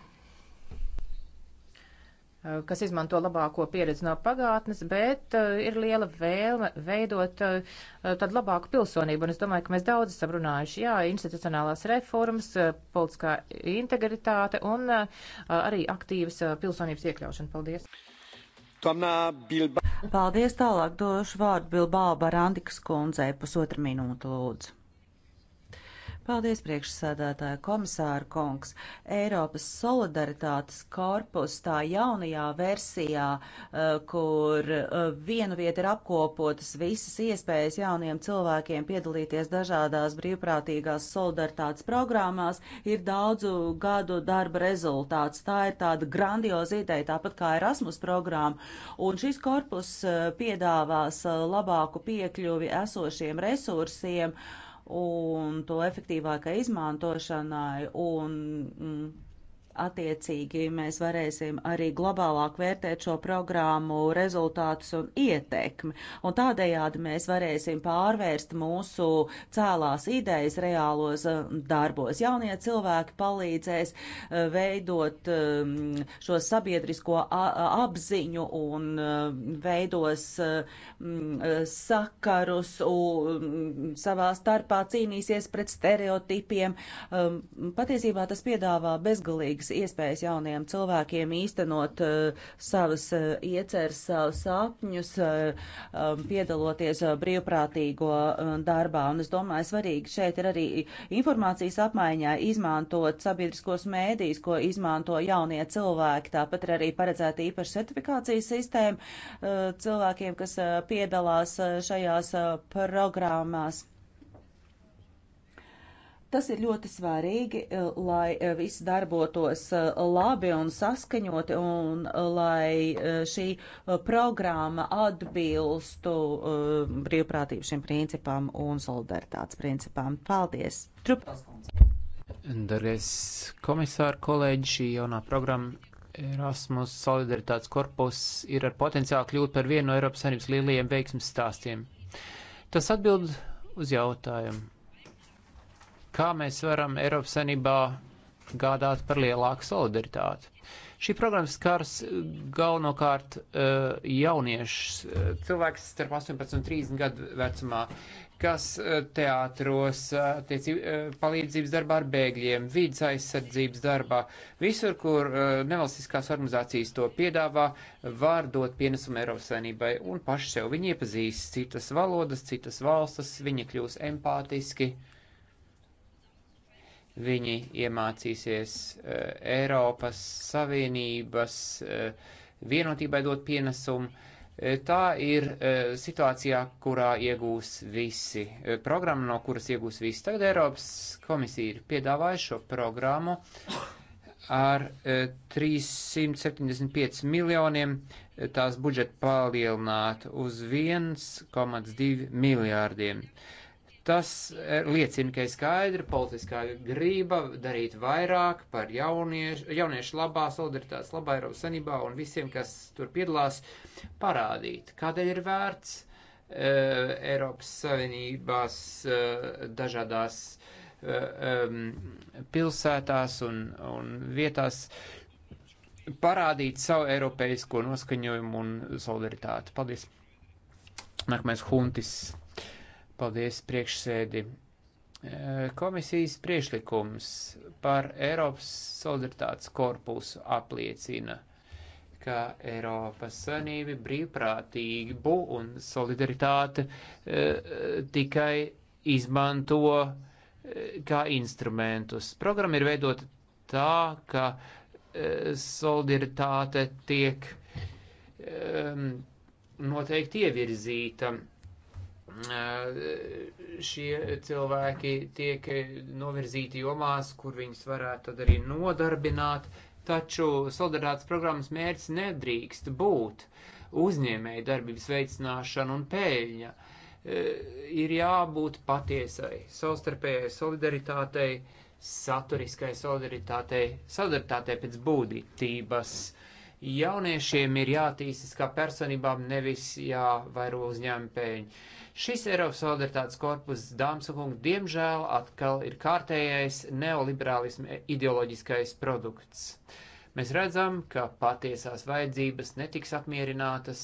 Eh, kas izmanto labāko pieredzi no pagātnes, bet eh, ir liela vēlme veidot eh, tad labāku pilsonību. Un es domāju, ka mēs daudz esam runājuši, jā, institucionālās reformas, politiskā integritāte un arī aktīvas pilsonības iekļaušana. Paldies! Tomnā Bilba. Paldies tālāk došu vārdu Bilbao Barandikas kundzei pusotra minūte lūdzu. Paldies, priekšsēdētāja komisāra kungs. Eiropas solidaritātes korpus tā jaunajā versijā, eh, kur eh, vienu vietu ir apkopotas visas iespējas jauniem cilvēkiem piedalīties dažādās brīvprātīgās solidaritātes programmās, ir daudzu gadu darba rezultāts. Tā ir tāda grandioza ideja, tāpat kā Erasmus programma. Un šis korpus eh, piedāvās labāku piekļuvi esošiem resursiem. Uh, un to efektīvākai izmantošanai un mm, attiecīgi mēs varēsim arī globālāk vērtēt šo programmu rezultātus un ietekmi. Un tādējādi mēs varēsim pārvērst mūsu cēlās idejas reālos um, darbos. Jaunie cilvēki palīdzēs uh, veidot um, šo sabiedrisko apziņu un um, veidos uh, mm, sakarus mm, savā starpā cīnīsies pret stereotipiem. Patiesībā tas piedāvā bezgalīgas sniegs iespējas jauniem cilvēkiem īstenot uh, savas uh, ieceres, savus sapņus, uh, um, piedaloties uh, brīvprātīgo uh, darbā. Un es domāju, svarīgi šeit ir arī informācijas apmaiņā izmantot sabiedriskos mēdīs, ko izmanto jaunie cilvēki. Tāpat ir arī paredzēta īpaša certifikācijas sistēma uh, cilvēkiem, kas uh, piedalās uh, šajās uh, programmās. Tas ir ļoti svarīgi, eh, lai eh, viss darbotos eh, labi un saskaņoti un lai šī programma atbilstu brīvprātību šim principam un solidaritātes principam. Paldies! Trupels kundze! Dargais komisāra kolēģi, šī jaunā programma Erasmus Solidaritātes korpus ir ar potenciālu kļūt par vienu no Eiropas Savienības lielajiem veiksmes stāstiem. Tas atbild uz jautājumu kā mēs varam Eiropas Sanībā gādāt par lielāku solidaritāti. Šī programma skars galvenokārt uh, jauniešus, uh, eh, cilvēks starp 18 un 30 gadu vecumā, kas uh, teātros, uh, tiec, uh, palīdzības darbā ar bēgļiem, vidas aizsardzības darbā, visur, kur uh, nevalstiskās organizācijas to piedāvā, var dot pienesumu Eiropas saimnībai un paši sev. Viņi iepazīst citas valodas, citas valstas, viņi kļūs empātiski. Uh, Viņi iemācīsies eh, Eiropas Savienības eh, vienotībai dot pienesumu. Eh, tā ir situācijā, kurā iegūs visi. Programma, no kuras iegūs visi. Tagad Eiropas komisija ir piedāvājuši šo programmu ar 375 miljoniem tās budžeta palielināt uz 1,2 miljārdiem. Uh, Tas eh, liecina, ka ir skaidra politiskā grība darīt vairāk par jauniešu, jauniešu labā, solidaritātes labā Eiropas sanībā un visiem, kas tur piedalās, parādīt, kādēļ ir vērts uh, Eiropas Savienībās uh, eh, dažādās uh, um, pilsētās un, un vietās parādīt savu eiropeisko noskaņojumu un solidaritāti. Paldies! Nākamais huntis. Paldies priekšsēdi. Komisijas priešlikums par Eiropas solidaritātes korpusu apliecina, ka Eiropas Sanība brīvprātību un solidaritāte tikai izmanto kā instrumentus. Programma ir veidota tā, ka solidaritāte tiek noteikti ievirzīta šie cilvēki tiek novirzīti jomās, kur viņus varētu tad arī nodarbināt, taču solidaritātes programmas mērķis nedrīkst būt uzņēmēja darbības veicināšana un pēļņa. Ir jābūt patiesai, savstarpējai solidaritātei, saturiskai solidaritātei, solidaritātei pēc būtības. Uh, jauniešiem ir jātīstas kā personībām, nevis jāvairo uzņēmuma pēļņi. Šis Eiropas solidaritātes korpus, dāmas un kungi, diemžēl atkal ir kārtējais neoliberālisma ideoloģiskais produkts. Mēs redzam, ka patiesās vajadzības netiks apmierinātas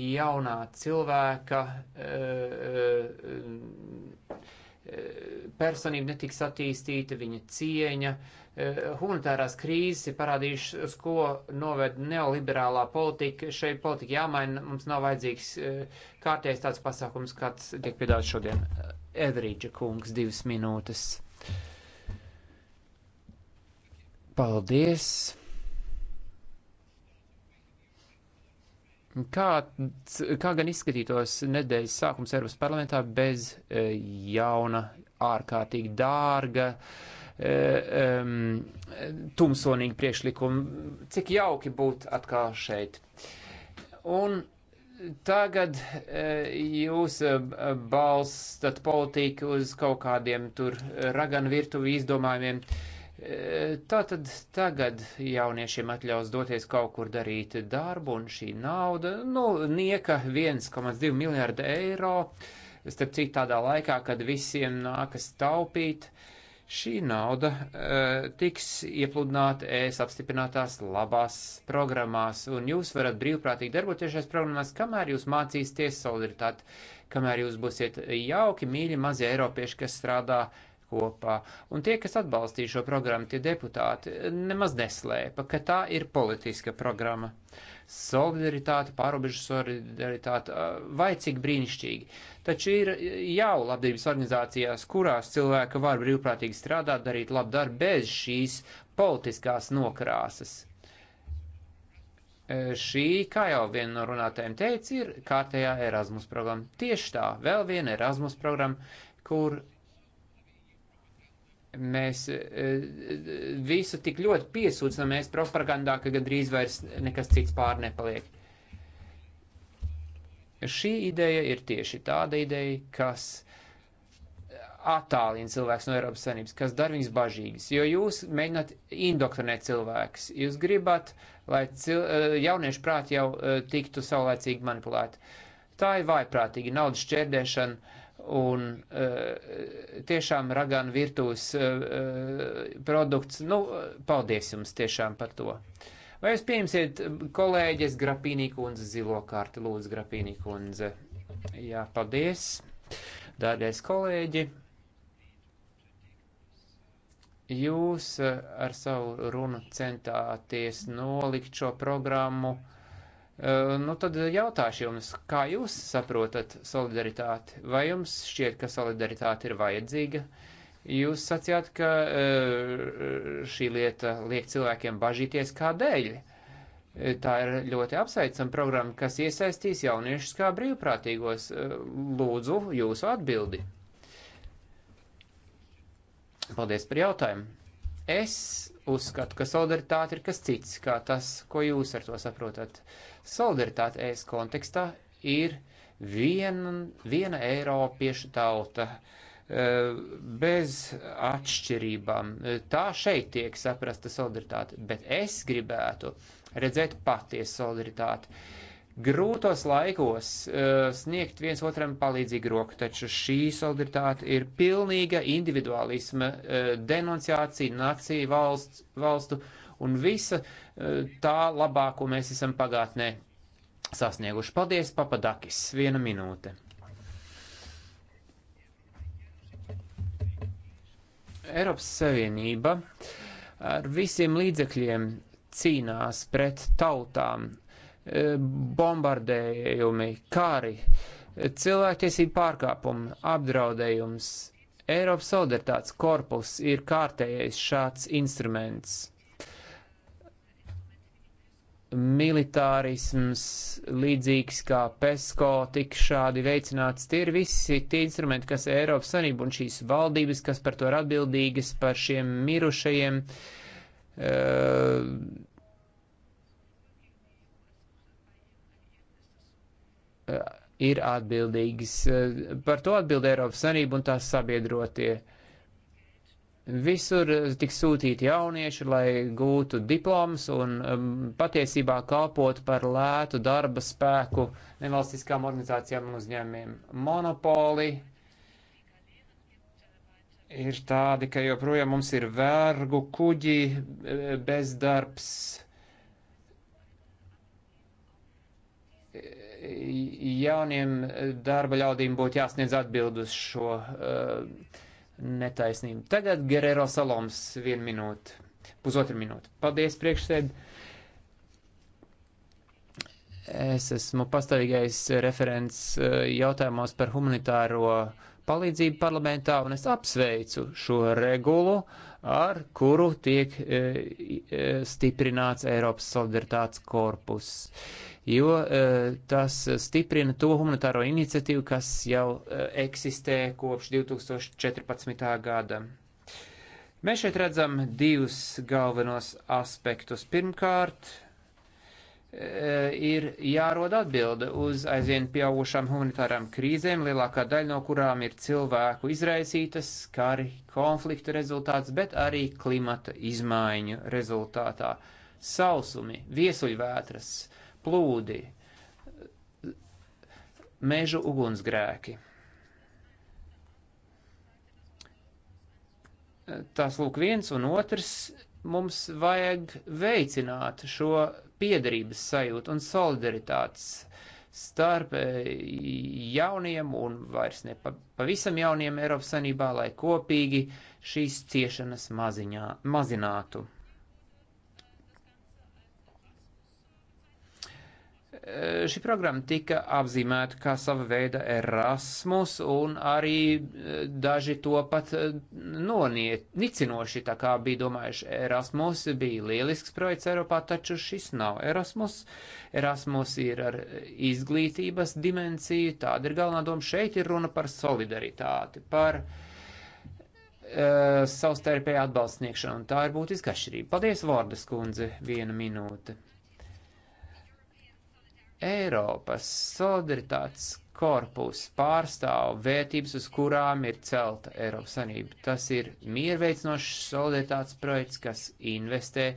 jaunā cilvēka. Uh, uh, personība netiks attīstīta, viņa cieņa. E, humanitārās krīzes ir parādījušas, ko noved neoliberālā politika. Šai politika jāmaina, mums nav vajadzīgs e, kārtējs tāds pasākums, kāds tiek piedāts šodien. Edrīča kungs, divas minūtes. Paldies! Kā, kā gan izskatītos nedēļas sākums Eiropas parlamentā bez e, jauna, ārkārtīgi dārga, e, e, tumsonīga priekšlikuma? Cik jauki būt atkal šeit? Un tagad e, jūs e, balstat politiku uz kaut kādiem tur raganu virtuvi izdomājumiem. E, E, tātad tagad jauniešiem atļaus doties kaut kur darīt darbu, un šī nauda, nu, nieka 1,2 miljārda eiro, starp citu tādā laikā, kad visiem nākas taupīt, šī nauda uh, tiks iepludināta ES apstiprinātās labās programmās, un jūs varat brīvprātīgi darboties šajās programmās, kamēr jūs mācīsieties solidaritāti, kamēr jūs būsiet jauki, mīļi, mazie eiropieši, kas strādā uh, kopā. Un tie, kas atbalstīja šo programmu, tie deputāti, nemaz neslēpa, ka tā ir politiska programma. Solidaritāte, pārobežu solidaritāte, vai cik brīnišķīgi. Taču ir jau labdarības organizācijās, kurās cilvēki var brīvprātīgi strādāt, darīt labu darbu bez šīs politiskās nokrāsas. Šī, kā jau viena no runātājiem teica, ir kārtējā Erasmus programma. Tieši tā, vēl viena Erasmus programma, kur mēs e, e, visu tik ļoti piesūcamies propagandā, ka gandrīz vairs nekas cits pār nepaliek. Šī ideja ir tieši tāda ideja, kas attālina cilvēks no Eiropas Savienības, kas dara viņus bažīgus, jo jūs mēģināt indoktrinēt cilvēkus. Jūs gribat, lai cil, e, jauniešu prāti jau tiktu saulēcīgi manipulēti. Tā ir vaiprātīga naudas šķērdēšana un uh, tiešām raganu virtuves uh, eh, produkts. Nu, paldies jums tiešām par to. Vai jūs pieņemsiet kolēģis Grapīnī kundze zilo karti, lūdzu, Grapīnī kundze? Jā, paldies. Dārgais kolēģi, jūs eh, ar savu runu centāties nolikt šo programmu uh, Eh, nu, tad jautāšu jums, kā jūs saprotat solidaritāti? Vai jums šķiet, ka solidaritāte ir vajadzīga? Jūs sacījāt, ka eh, šī lieta liek cilvēkiem bažīties kādēļ. Eh, tā ir ļoti apsveicama programma, kas iesaistīs jauniešus kā brīvprātīgos. Lūdzu, jūsu atbildi. Paldies par jautājumu. Es uzskatu, ka solidaritāte ir kas cits, kā tas, ko jūs ar to saprotat. Solidaritāte ES kontekstā ir viena, viena Eiropiešu tauta eh, bez atšķirībām. Tā šeit tiek saprasta solidaritāte, bet es gribētu redzēt patiesu solidaritāti grūtos laikos uh, sniegt viens otram palīdzīgu roku, taču šī solidaritāte ir pilnīga individualisma uh, eh, denunciācija nācija valsts, valstu un visa uh, tā labā, ko mēs esam pagātnē sasnieguši. Paldies, papadakis, viena minūte. Eiropas Savienība ar visiem līdzekļiem cīnās pret tautām E, bombardējumi, kari, cilvēktiesību pārkāpumi, apdraudējums. Eiropas solidaritātes korpus ir kārtējais šāds instruments. Militārisms, līdzīgs kā PESCO, tik šādi veicināts, tie ir visi tie instrumenti, kas Eiropas Sanība un šīs valdības, kas par to ir atbildīgas, par šiem mirušajiem. Uh, Eh, ir atbildīgas. Eh, par to atbild Eiropas Sanība un tās sabiedrotie. Visur eh, tik sūtīti jaunieši, lai gūtu diplomas un um, patiesībā kalpot par lētu darba spēku nevalstiskām organizācijām un uzņēmiem. Monopoli ir tādi, ka joprojām mums ir vergu kuģi, bezdarbs jauniem darba ļaudīm būtu jāsniedz atbild uz šo uh, netaisnību. Tagad Gerero Saloms vienu minūti, pusotru minūti. Paldies priekšsēd. Es esmu pastāvīgais referents eh, jautājumos par humanitāro palīdzību parlamentā, un es apsveicu šo regulu, ar kuru tiek e, e, stiprināts Eiropas solidaritātes korpus. E, jo eh, tas stiprina to humanitāro iniciatīvu, kas jau eh, eksistē kopš 2014. gada. Mēs šeit redzam divus galvenos aspektus. Pirmkārt, eh, ir jārod atbilde uz aizvien pieaugušām humanitārām krīzēm, lielākā daļa no kurām ir cilvēku izraisītas, kā arī konfliktu rezultāts, bet arī klimata izmaiņu rezultātā. Sausumi, viesuļvētras, uh, plūdi, mežu ugunsgrēki. Tas lūk viens un otrs mums vajag veicināt šo piederības sajūtu un solidaritātes starp e, jauniem un vairs ne pavisam jauniem Eiropas sanībā, lai kopīgi šīs ciešanas maziņā, mazinātu. Eh, šī programma tika apzīmēta kā sava veida Erasmus, un arī eh, daži to pat eh, nonicinoši, tā kā bija domājuši, Erasmus bija lielisks projekts Eiropā, taču šis nav Erasmus. Erasmus ir ar izglītības dimensiju, tāda ir galvenā doma. Šeit ir runa par solidaritāti, par uh, savstarpēju atbalstu sniegšanu, un tā ir būtiska atšķirība. Paldies, Vārdas kundze, viena minūte. Eiropas solidaritātes korpus pārstāv vērtības, uz kurām ir celta Eiropas Sanība. Tas ir mierveicinošs solidaritātes projekts, kas investē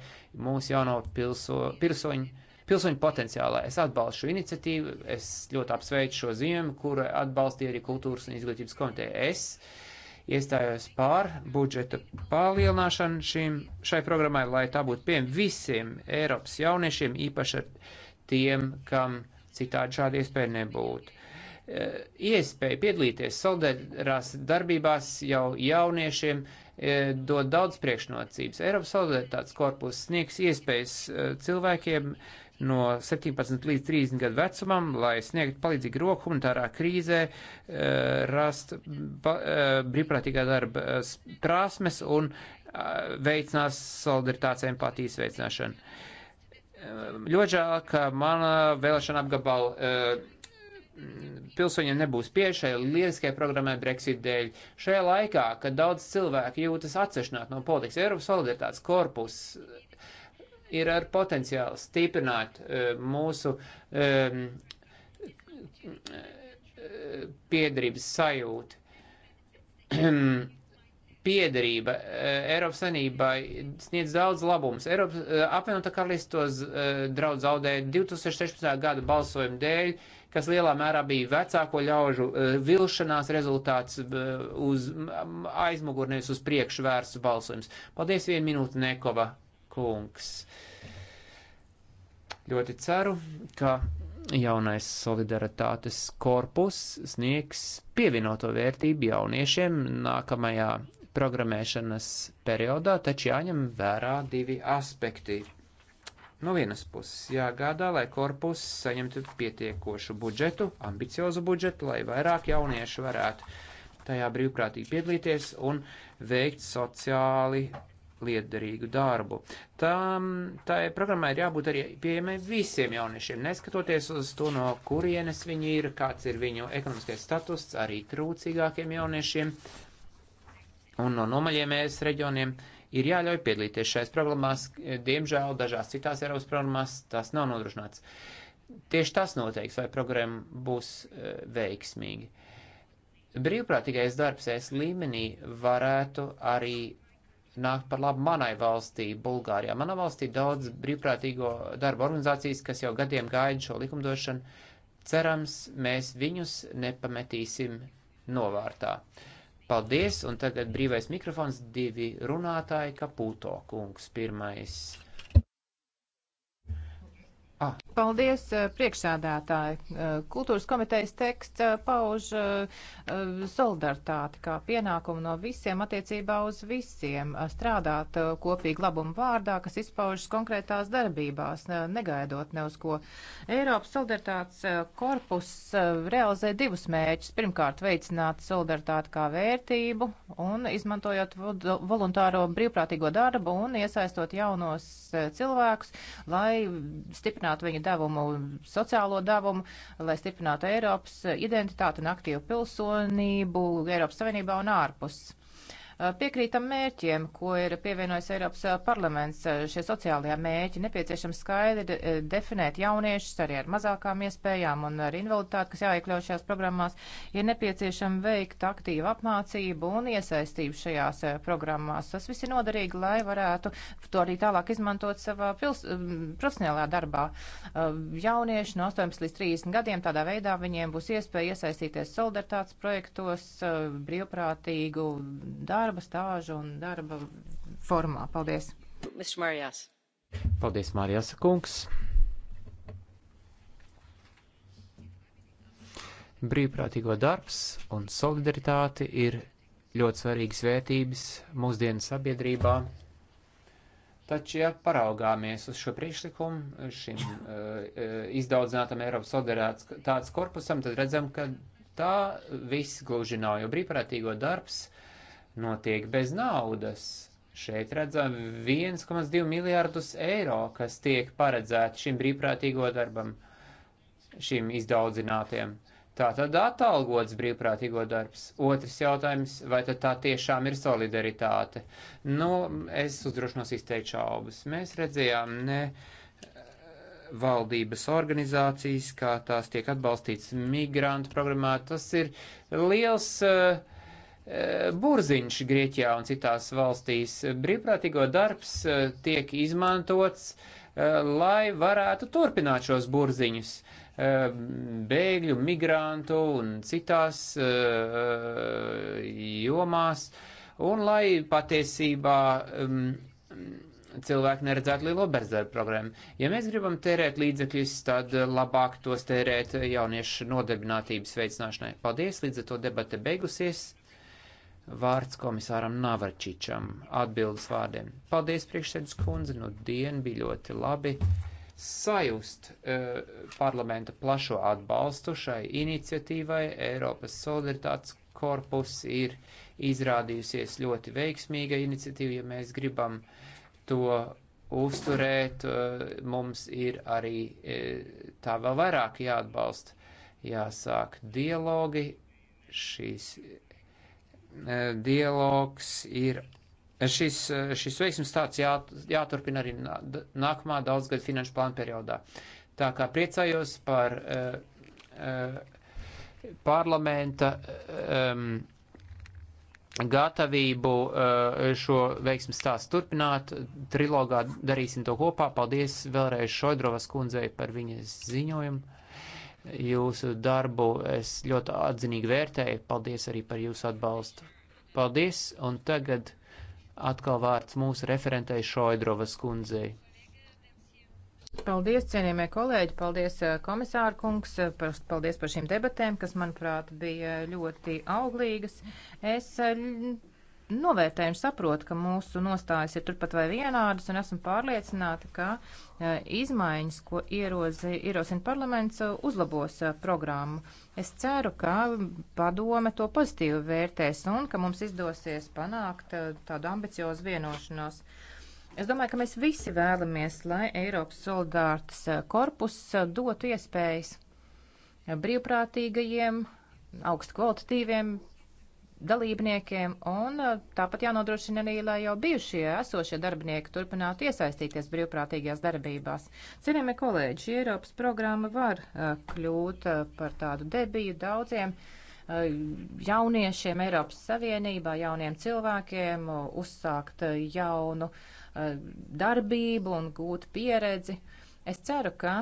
mūsu jauno pilso, pilsoņu, pilsoņu potenciālā. Es atbalstu šo iniciatīvu, es ļoti apsveicu šo ziemu, kuru atbalstīja arī Kultūras un Izglītības komiteja. Es iestājos pār budžeta palielināšanu šim, šai programmai, lai tā būtu pieejama visiem Eiropas jauniešiem, īpaši ar tiem, kam citādi šāda iespēja nebūtu. Eh, iespēja piedalīties solidārās darbībās jau jauniešiem eh, dod daudz priekšnocības. Eiropas solidaritātes korpus sniegs iespējas eh, cilvēkiem no 17 līdz 30 gadu vecumam, lai sniegtu palīdzīgu roku humanitārā krīzē, rast brīvprātīgā darba prasmes un veicinās solidaritātes empātijas veicināšanu Ļoti žēl, ka mana vēlēšana apgabala eh, pilsoņiem nebūs pieeja šai lieliskajai programmai Brexit dēļ. Šajā laikā, kad daudz cilvēku jūtas atsešanāt no politikas, Eiropas solidaritātes korpus ir ar potenciālu stiprināt eh, mūsu um, ehm, eh, piedarības sajūtu. piederība eh, Eiropas Sanībai sniedz daudz labumus. Eiropas eh, apvienotā karalistos eh, draudz zaudēja 2016. gada balsojumu dēļ, kas lielā mērā bija vecāko ļaužu vilšanās rezultāts uz aizmugurnies uz priekšu vērsts balsojums. Paldies vienu minūti Nekova kungs. Ļoti ceru, ka jaunais solidaritātes korpus sniegs pievienoto vērtību jauniešiem nākamajā programmēšanas periodā, taču jāņem vērā divi aspekti. No vienas puses jāgādā, lai korpus saņemtu pietiekošu budžetu, ambiciozu budžetu, lai vairāk jauniešu varētu tajā brīvprātīgi piedalīties un veikt sociāli liederīgu darbu. Tām, tai programmai ir jābūt arī pieejamai visiem jauniešiem, neskatoties uz to, no kurienes viņi ir, kāds ir viņu ekonomiskais status, arī trūcīgākiem jauniešiem, un no nomaļiemējas reģioniem ir jāļauj piedalīties šajās programmās. Diemžēl dažās citās Eiropas programmās tas nav nodrošināts. Tieši tas noteiks, vai programma būs e, veiksmīga. Brīvprātīgais darbs es līmenī varētu arī nāk par labu manai valstī, Bulgārijā. Manā valstī daudz brīvprātīgo darba organizācijas, kas jau gadiem gaida šo likumdošanu. Cerams, mēs viņus nepametīsim novārtā. Uh, Paldies, un tagad brīvais mikrofons divi runātāji, Kaputo kungs pirmais. Ah, Paldies, eh, priekšsādātāji. Eh, Kultūras komitejas teksts eh, pauž solidaritāti kā pienākumu no visiem attiecībā uz visiem strādāt kopīgi labumu vārdā, kas izpaužas konkrētās darbībās, negaidot ne uz ko. Eiropas solidaritātes korpus realizē divus mēģus. Pirmkārt, veicināt solidaritāti kā vērtību un izmantojot voluntāro brīvprātīgo darbu un iesaistot jaunos cilvēkus, lai stiprinātu viņu devumu, sociālo devumu, lai stiprinātu Eiropas identitāti un aktīvu pilsonību Eiropas Savienībā un ārpus. Eh, piekrītam mērķiem, ko ir pievienojis Eiropas eh, parlaments. Eh, šie sociālajā mērķi nepieciešams skaidri definēt jauniešus arī ar mazākām iespējām un ar invaliditāti, kas jāiekļauj šajās programmās. Ir nepieciešama veikt aktīvu apmācību un iesaistību šajās programmās. Tas viss ir noderīgi, lai varētu to arī tālāk izmantot savā pils, mm, profesionālajā darbā. Jaunieši no 18 līdz 30 gadiem tādā veidā viņiem būs iespēja iesaistīties solidaritātes projektos, brīvprātīgu darbu darba stāžu un darba formā. Paldies! Marijas. Paldies, Mārijas kungs! Brīvprātīgo darbs un solidaritāte ir ļoti svarīgas vērtības mūsdienu sabiedrībā. Taču, ja paraugāmies uz šo priekšlikumu, šim uh, uh, izdaudzinātam Eiropas solidaritātes korpusam, tad redzam, ka tā viss gluži nav, jo brīvprātīgo darbs uh, notiek bez naudas. Šeit redzam 1,2 miljārdus eiro, kas tiek paredzēti šim brīvprātīgo darbam, šim izdaudzinātiem. Tā tad atalgots brīvprātīgo darbs. Otrs jautājums, vai tad tā tiešām ir solidaritāte? Nu, es uzdrošinos izteikt šaubas. Mēs redzējām ne eh, valdības organizācijas, kā tās tiek atbalstītas migrantu programmā. Tas ir liels uh, E, burziņš Grieķijā un citās valstīs. Brīvprātīgo darbs e, tiek izmantots, e, lai varētu turpināt šos burziņus bēgļu, migrantu un citās jomās, un lai patiesībā cilvēki neredzētu lielo bezdarba problēmu. Ja mēs gribam tērēt līdzekļus, tad labāk tos tērēt jauniešu nodarbinātības veicināšanai. Paldies, līdz ar to debate beigusies. Vārds komisāram Navračičam atbildes vārdiem. Paldies, priekšsēdus kundze, nu dien bija ļoti labi sajust eh, parlamenta plašo atbalstu šai iniciatīvai. Eiropas solidaritātes korpus ir izrādījusies ļoti veiksmīga iniciatīva, ja mēs gribam to uzturēt, eh, mums ir arī eh, tā vēl vairāk jāatbalsta, jāsāk dialogi, šīs Eh, dialogs ir eh, šis, eh, šis veiksmes tāds jā, jāturpina arī nākamā daudzgada finanšu plāna periodā. Tā kā priecājos par uh, uh, parlamenta um, gatavību uh, šo veiksmes stāstu turpināt. Trilogā darīsim to kopā. Paldies vēlreiz Šoidrovas kundzei par viņas ziņojumu jūsu darbu. Es ļoti atzinīgi vērtēju. Paldies arī par jūsu atbalstu. Paldies, un tagad atkal vārds mūsu referentei Šoidrovas kundzei. Paldies, cienījamie kolēģi, paldies eh, komisāra kungs, paldies par šīm debatēm, kas, manuprāt, bija ļoti auglīgas. Es eh, novērtējumu saprot, ka mūsu nostājas ir turpat vai vienādas, un esmu pārliecināta, ka e, izmaiņas, ko ierozi, ierosina parlaments, e, uzlabos e, programmu. Es ceru, ka padome to pozitīvi vērtēs un ka mums izdosies panākt tādu ambiciozu vienošanos. Es domāju, ka mēs visi vēlamies, lai Eiropas solidārtas korpus dotu iespējas brīvprātīgajiem, augstu kvalitatīviem dalībniekiem, un uh, tāpat jānodrošina arī, lai jau bijušie esošie darbinieki turpinātu iesaistīties brīvprātīgajās darbībās. Cienījamie kolēģi, šī Eiropas programma var uh, kļūt uh, par tādu debiju daudziem jauniešiem Eiropas Savienībā, jauniem cilvēkiem, uzsākt jaunu darbību un gūt pieredzi. Es ceru, ka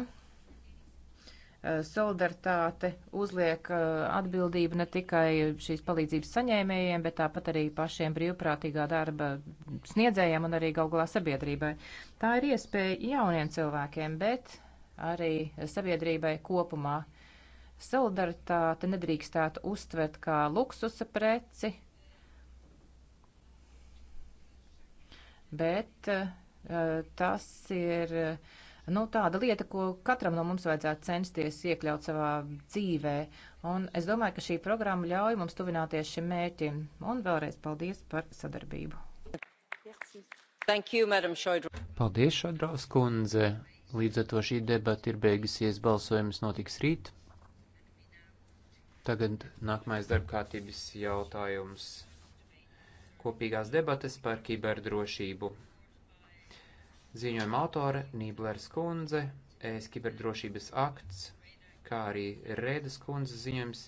Eh, solidaritāte uzliek eh, atbildību ne tikai šīs palīdzības saņēmējiem, bet tāpat arī pašiem brīvprātīgā darba sniedzējiem un arī galgulā sabiedrībai. Tā ir iespēja jauniem cilvēkiem, bet arī sabiedrībai kopumā. Solidaritāte nedrīkstētu uztvert kā luksusa preci, bet uh, tas ir uh, Nu, tāda lieta, ko katram no mums vajadzētu censties iekļaut savā dzīvē. Un es domāju, ka šī programma ļauj mums tuvināties šim mērķim. Un vēlreiz paldies par sadarbību. Thank you, paldies, Šadrās kundze. Līdz ar to šī debata ir beigusies. Balsojums notiks rīt. Tagad nākamais darbkārtības jautājums. Kopīgās debates par kiberdrošību. Ziņojuma autore Nīblers kundze, ES kiberdrošības akts, kā arī Rēdas kundze ziņojums,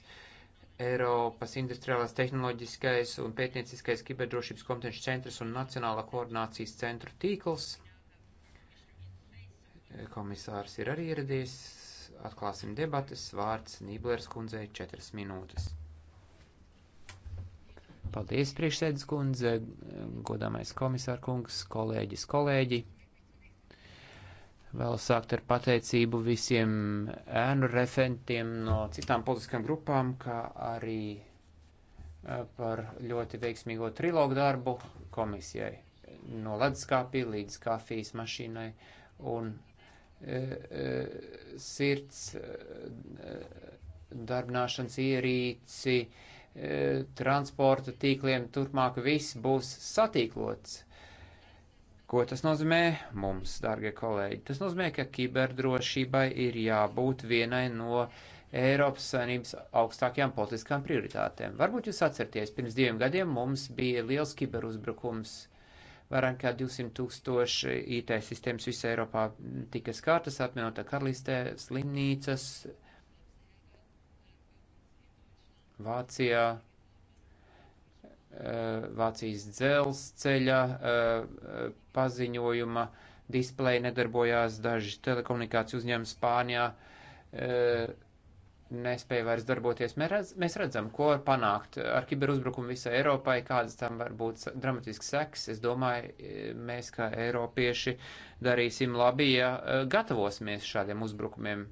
Eiropas industriālās tehnoloģiskais un pētnieciskais kiberdrošības kompetenci centrs un Nacionālā koordinācijas centru tīkls. Komisārs ir arī ieradies. Atklāsim debatas. Vārds Nīblers kundzei četras minūtes. Paldies, priekšsēdus kundze, godāmais komisār kungs, kolēģis, kolēģi. kolēģi Vēl sākt ar pateicību visiem ēnu referentiem no citām politiskām grupām, kā arī par ļoti veiksmīgo trilogu darbu komisijai. No leduskapī līdz kafijas mašīnai un e, e, sirds e, darbināšanas ierīci, e, transporta tīkliem turpmāk viss būs satīklots Ko tas nozīmē mums, dārgie kolēģi? Tas nozīmē, ka kiberdrošībai ir jābūt vienai no Eiropas Savienības augstākajām politiskām prioritātēm. Varbūt jūs atcerieties, pirms diviem gadiem mums bija liels kiberuzbrukums. Vairāk kā 200 tūkstoši IT sistēmas visā Eiropā tika skārtas, apvienotā karalistē, slimnīcas, Vācijā, Eh, Vācijas dzelzceļa eh, eh, paziņojuma displeja nedarbojās, daži telekomunikāciju uzņēmumi Spānijā nespēja vairs darboties. Mēs redzam, ko var panākt ar kiberuzbrukumu visai Eiropai, kādas tam var būt dramatisks seks. Es domāju, mēs kā eiropieši darīsim labi, ja gatavosimies šādiem uzbrukumiem.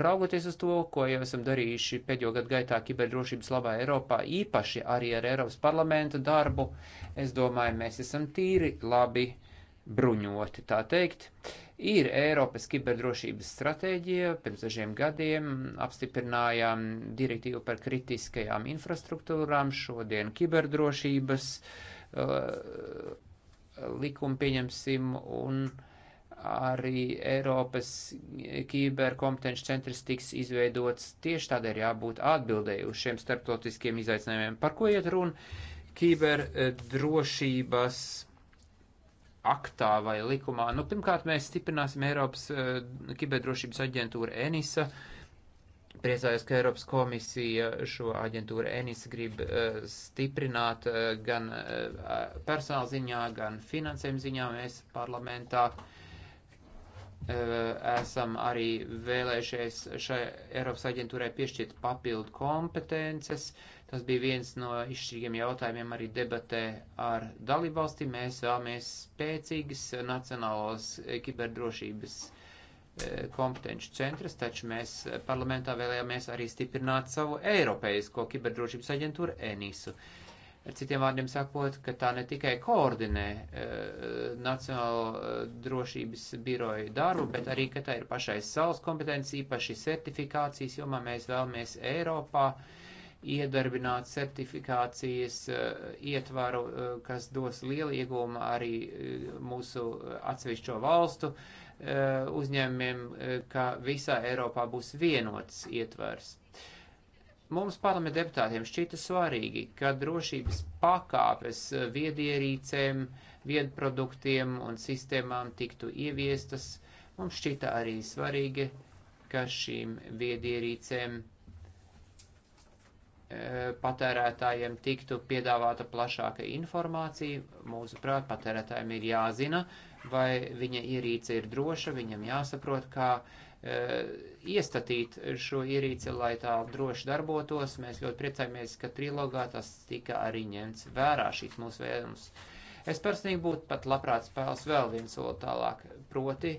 Raugoties uz to, ko jau esam darījuši pēdējo gadu gaitā kiberdrošības labā Eiropā, īpaši arī ar Eiropas parlamenta darbu, es domāju, mēs esam tīri labi bruņoti, tā teikt. Ir Eiropas kiberdrošības stratēģija, pirms dažiem gadiem apstiprinājām direktīvu par kritiskajām infrastruktūrām, šodien kiberdrošības uh, likumu pieņemsim un uh, arī Eiropas kiberkompetenci centrs tiks izveidots tieši tādēļ jābūt atbildēju uz šiem starptautiskiem izaicinājumiem. Par ko iet runa kiberdrošības aktā vai likumā? Nu, pirmkārt, mēs stiprināsim Eiropas eh, kiberdrošības aģentūru ENISA. Priecājos, ka Eiropas komisija šo aģentūru ENIS grib uh, stiprināt uh, gan uh, personāla ziņā, gan finansējuma ziņā. Mēs parlamentā uh, esam arī vēlējušies šai Eiropas aģentūrai piešķirt papildu kompetences. Tas bija viens no izšķirīgiem jautājumiem arī debatē ar dalībvalsti. Mēs vēlamies spēcīgas nacionālos kiberdrošības kompetenci centras, taču mēs parlamentā vēlējāmies arī stiprināt savu Eiropeisko kiberdrošības aģentūru ENISU. Uh, Ar citiem vārdiem sakot, ka tā ne tikai koordinē e, Nacionālo e, drošības biroju darbu, bet arī, ka tā ir pašai savas kompetences, īpaši certifikācijas jomā mēs vēlamies Eiropā iedarbināt certifikācijas e, ietvaru, e, kas dos lielu iegūmu arī e, mūsu atsevišķo valstu e, uzņēmumiem, e, ka visā Eiropā būs vienots ietvers. E, Mums parlamenta deputātiem šķita svarīgi, ka drošības pakāpes viedierīcēm, viedproduktiem un sistēmām tiktu ieviestas. Mums šķita arī svarīgi, ka šīm viedierīcēm e, patērētājiem tiktu piedāvāta plašāka informācija. Mūsuprāt, patērētājiem ir jāzina, vai viņa ierīce ir droša, viņam jāsaprot, kā uh, Eh, iestatīt šo ierīci, lai tā droši darbotos. Mēs ļoti priecājamies, ka trilogā tas tika arī ņemts vērā šīs mūsu vēlmes. Es personīgi būtu pat labprāt spēles vēl viens soli tālāk, proti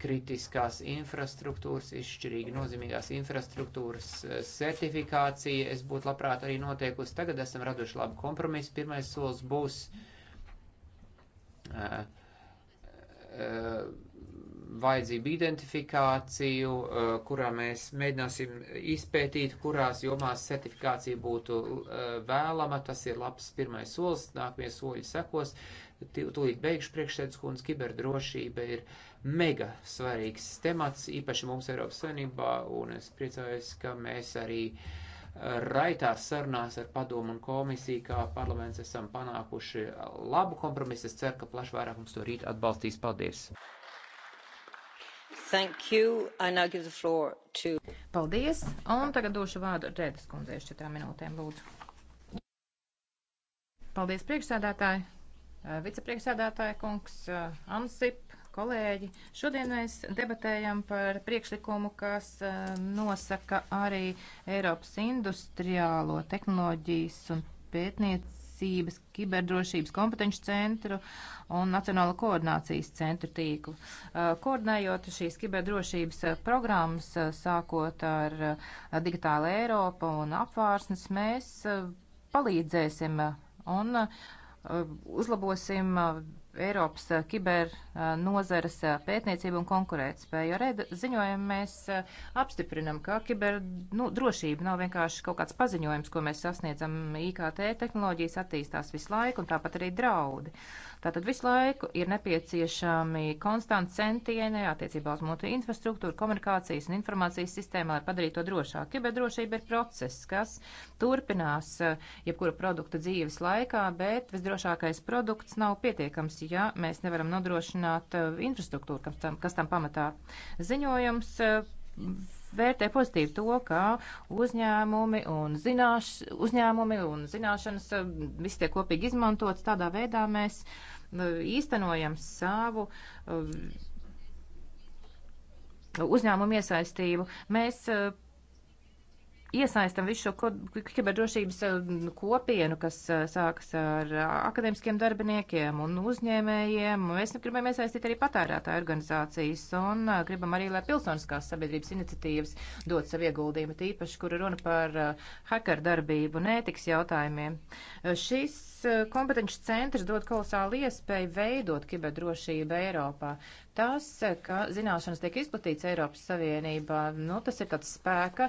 kritiskās infrastruktūras, izšķirīgi nozīmīgās infrastruktūras eh, certifikācija. Es būtu labprāt arī noteikusi, tagad esam raduši labu kompromisu. Pirmais solis būs. Uh, uh, vajadzību identifikāciju, eh, kurā mēs mēģināsim izpētīt, kurās jomās certifikācija būtu eh, vēlama. Tas ir labs pirmais solis, nākamie soļi sekos. Tūlīt beigšu priekšsēdus kundz, kiberdrošība ir mega svarīgs temats, īpaši mums Eiropas Savienībā, un es priecājos, ka mēs arī eh, raitās sarunās ar padomu un komisiju, kā parlaments esam panākuši labu kompromisu. Es ceru, ka plašvairākums to rīt atbalstīs. Paldies! To... Paldies, un tagad došu vārdu Rēdas kundzei uz četrām minūtēm, lūdzu. Paldies, priekšsēdētāji, eh, vicepriekšsēdētāja kungs, eh, Ansip, kolēģi. Šodien mēs debatējam par priekšlikumu, kas eh, nosaka arī Eiropas industriālo tehnoloģijas un pētniecību tiesības, kiberdrošības kompetenci centru un Nacionālo koordinācijas centru tīklu. Uh, koordinējot šīs kiberdrošības uh, programmas, uh, sākot ar Digitāla Eiropa un apvārsnes, mēs palīdzēsim un uzlabosim Eiropas eh, kiber eh, nozares eh, pētniecību un konkurētspēju. Ar ziņojumu mēs apstiprinam, ka kiber nu, drošība nav vienkārši kaut kāds paziņojums, ko mēs sasniedzam. IKT tehnoloģijas attīstās visu laiku un tāpat arī draudi. Tātad visu laiku ir nepieciešami konstanti centieni attiecībā uz mūtu infrastruktūru, komunikācijas un informācijas sistēmu, lai padarītu to drošāk. Kiberdrošība ir process, kas turpinās eh, jebkura produkta dzīves laikā, bet visdrošākais produkts nav pietiekams, ja mēs nevaram nodrošināt eh, infrastruktūru, kas tam, kas tam pamatā. Ziņojums eh, vērtē pozitīvi to, ka uzņēmumi un, zināš, uzņēmumi un zināšanas viss tiek kopīgi izmantots. Tādā veidā mēs uh, īstenojam savu uzņēmumu iesaistību. Mēs iesaistam visu šo kiberdrošības eh, kopienu, kas eh, sākas ar eh, akadēmiskiem darbiniekiem un uzņēmējiem. Mēs gribam iesaistīt arī patērētāju organizācijas un gribam arī, lai pilsoniskās sabiedrības iniciatīvas dod savu ieguldījumu, tīpaši, kur runa par hacker darbību un ētikas jautājumiem. Šis kompetenci centrs dod kolosālu iespēju veidot kiberdrošību Eiropā tas, ka zināšanas tiek izplatīts Eiropas Savienībā, nu, tas ir tāds spēka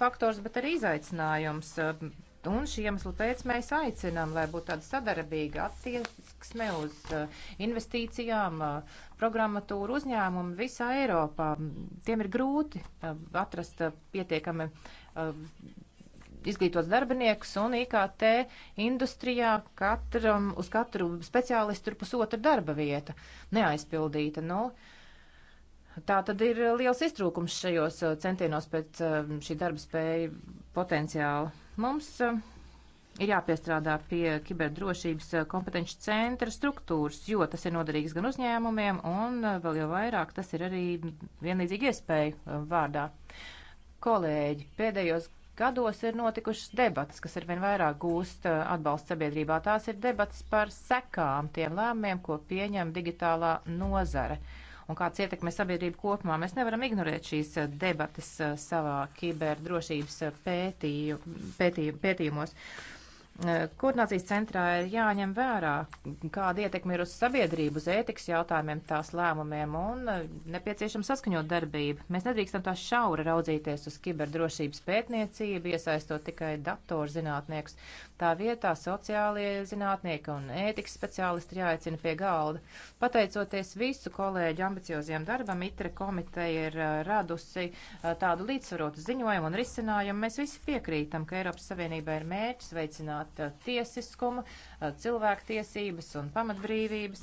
faktors, bet arī izaicinājums. Un šī iemesla pēc mēs aicinām, lai būtu tāda sadarbīga attieksme uz investīcijām, programmatūru uzņēmumu visā Eiropā. Tiem ir grūti atrast pietiekami izglītots darbinieks un IKT industrijā katram, uz katru speciālistu ir pusotra darba vieta neaizpildīta. Nu, tā tad ir liels iztrūkums šajos uh, centienos pēc uh, šī darba spēja potenciāla. Mums uh, ir jāpiestrādā pie kiberdrošības kompetenci centra struktūras, jo tas ir noderīgs gan uzņēmumiem, un vēl jau vairāk tas ir arī vienlīdzīgi iespēju vārdā. Kolēģi, pēdējos gados ir notikušas debatas, kas arvien vairāk gūst eh, atbalstu sabiedrībā. Tās ir debatas par sekām tiem lēmumiem, ko pieņem digitālā nozare un kāds ietekmē sabiedrību kopumā. Mēs nevaram ignorēt šīs eh, debatas eh, savā kiberdrošības pētīju, pētīju, pētījumos. Koordinācijas centrā ir jāņem vērā, kāda ietekme ir uz sabiedrību, uz ētikas jautājumiem, tās lēmumiem un eh, nepieciešama saskaņot darbību. Mēs nedrīkstam tā šaura raudzīties uz kiberdrošības pētniecību, iesaistot tikai datorzinātniekus. Tā vietā sociālie zinātnieki un ētikas speciālisti jāaicina pie galda. Pateicoties visu kolēģu ambiciozajam darbam, ITRE komiteja ir eh, radusi eh, tādu līdzsvarotu ziņojumu un risinājumu. Mēs visi piekrītam, ka Eiropas Savienībā ir mērķis veicināt nodrošināt eh, tiesiskumu, eh, cilvēktiesības un pamatbrīvības.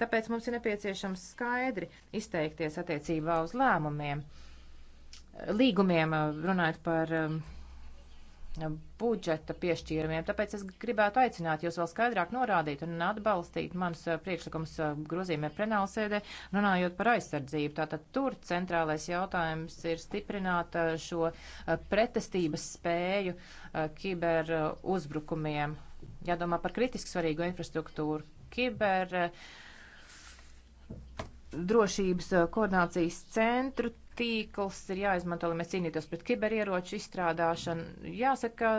Tāpēc mums ir nepieciešams skaidri izteikties attiecībā uz lēmumiem, eh, līgumiem, runājot par budžeta piešķīrumiem. Tāpēc es gribētu aicināt jūs vēl skaidrāk norādīt un atbalstīt manus eh, priekšlikumus eh, grozījumiem plenālsēdē, runājot par aizsardzību. Tātad tur centrālais jautājums ir stiprināt eh, šo pretestības spēju kiber uzbrukumiem. Jādomā par kritiski svarīgu infrastruktūru. Kiber drošības koordinācijas centru tīkls ir jāizmanto, lai mēs cīnītos pret kiberieroču izstrādāšanu. Jāsaka,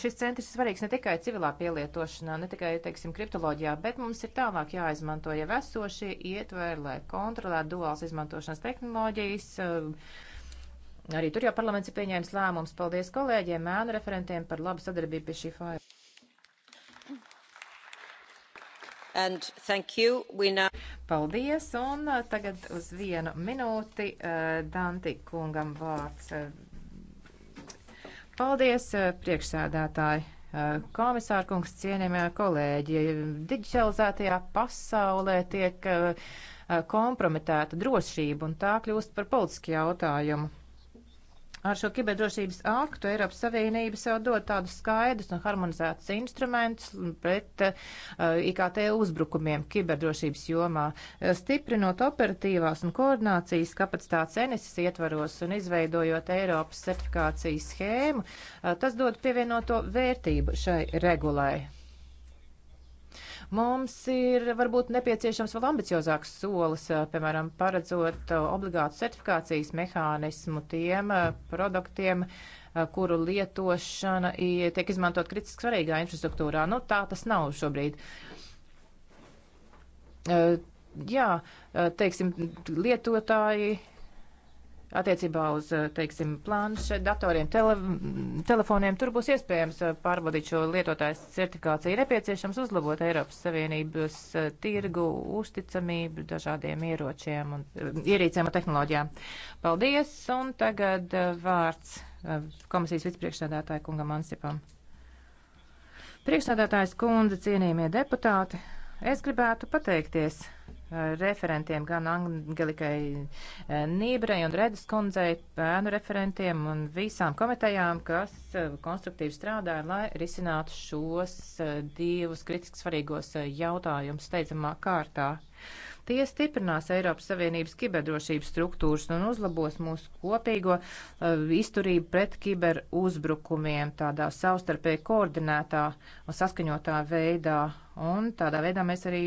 šis centrs ir svarīgs ne tikai civilā pielietošanā, ne tikai, teiksim, kriptoloģijā, bet mums ir tālāk jāizmanto jau esošie ietveri, lai kontrolētu duāls izmantošanas tehnoloģijas. Arī tur jau parlaments ir pieņēmis lēmums. Paldies kolēģiem, mēnu referentiem par labu sadarbību pie šī faila. Now... Paldies, un uh, tagad uz vienu minūti uh, Danti kungam vārds. Uh. Paldies, priekšsēdētāji. Komisāra kungs, cienījamie kolēģi, digitalizētajā pasaulē tiek kompromitēta drošība, un tā kļūst par politisku jautājumu. Ar šo kiberdrošības aktu Eiropas Savienība sev dod tādus skaidrus un harmonizētus instrumentus pret uh, eh, IKT uzbrukumiem kiberdrošības jomā, eh, stiprinot operatīvās un koordinācijas kapacitātes NSS ietvaros un izveidojot Eiropas certifikācijas schēmu. Uh, tas dod pievienoto vērtību šai regulai. Mums ir varbūt nepieciešams vēl ambiciozāks solis, piemēram, paredzot obligātu certifikācijas mehānismu tiem produktiem, kuru lietošana tiek izmantot kritiski svarīgā infrastruktūrā. Nu, tā tas nav šobrīd. Jā, teiksim, lietotāji attiecībā uz, eh, teiksim, planšet, datoriem, tele, telefoniem, tur būs iespējams eh, pārbaudīt šo lietotājs certifikāciju. Ir nepieciešams uzlabot Eiropas Savienības eh, tirgu uzticamību dažādiem ieročiem un ierīcēm un tehnoloģijām. Paldies, un tagad vārds komisijas vicepriekšsēdētāja kungam Ansipam. Priekšsēdētājs kundze, cienījamie deputāti, es gribētu pateikties referentiem, gan Angelikai eh, Nībrei un Redas kundzei, pēnu referentiem un visām komitejām, kas eh, konstruktīvi strādāja, lai risinātu šos eh, divus kritiski svarīgos jautājumus steidzamā kārtā. Tie stiprinās Eiropas Savienības kiberdrošības struktūras un uzlabos mūsu kopīgo uh, izturību pret kiberuzbrukumiem tādā savstarpēji koordinētā un saskaņotā veidā un tādā veidā mēs arī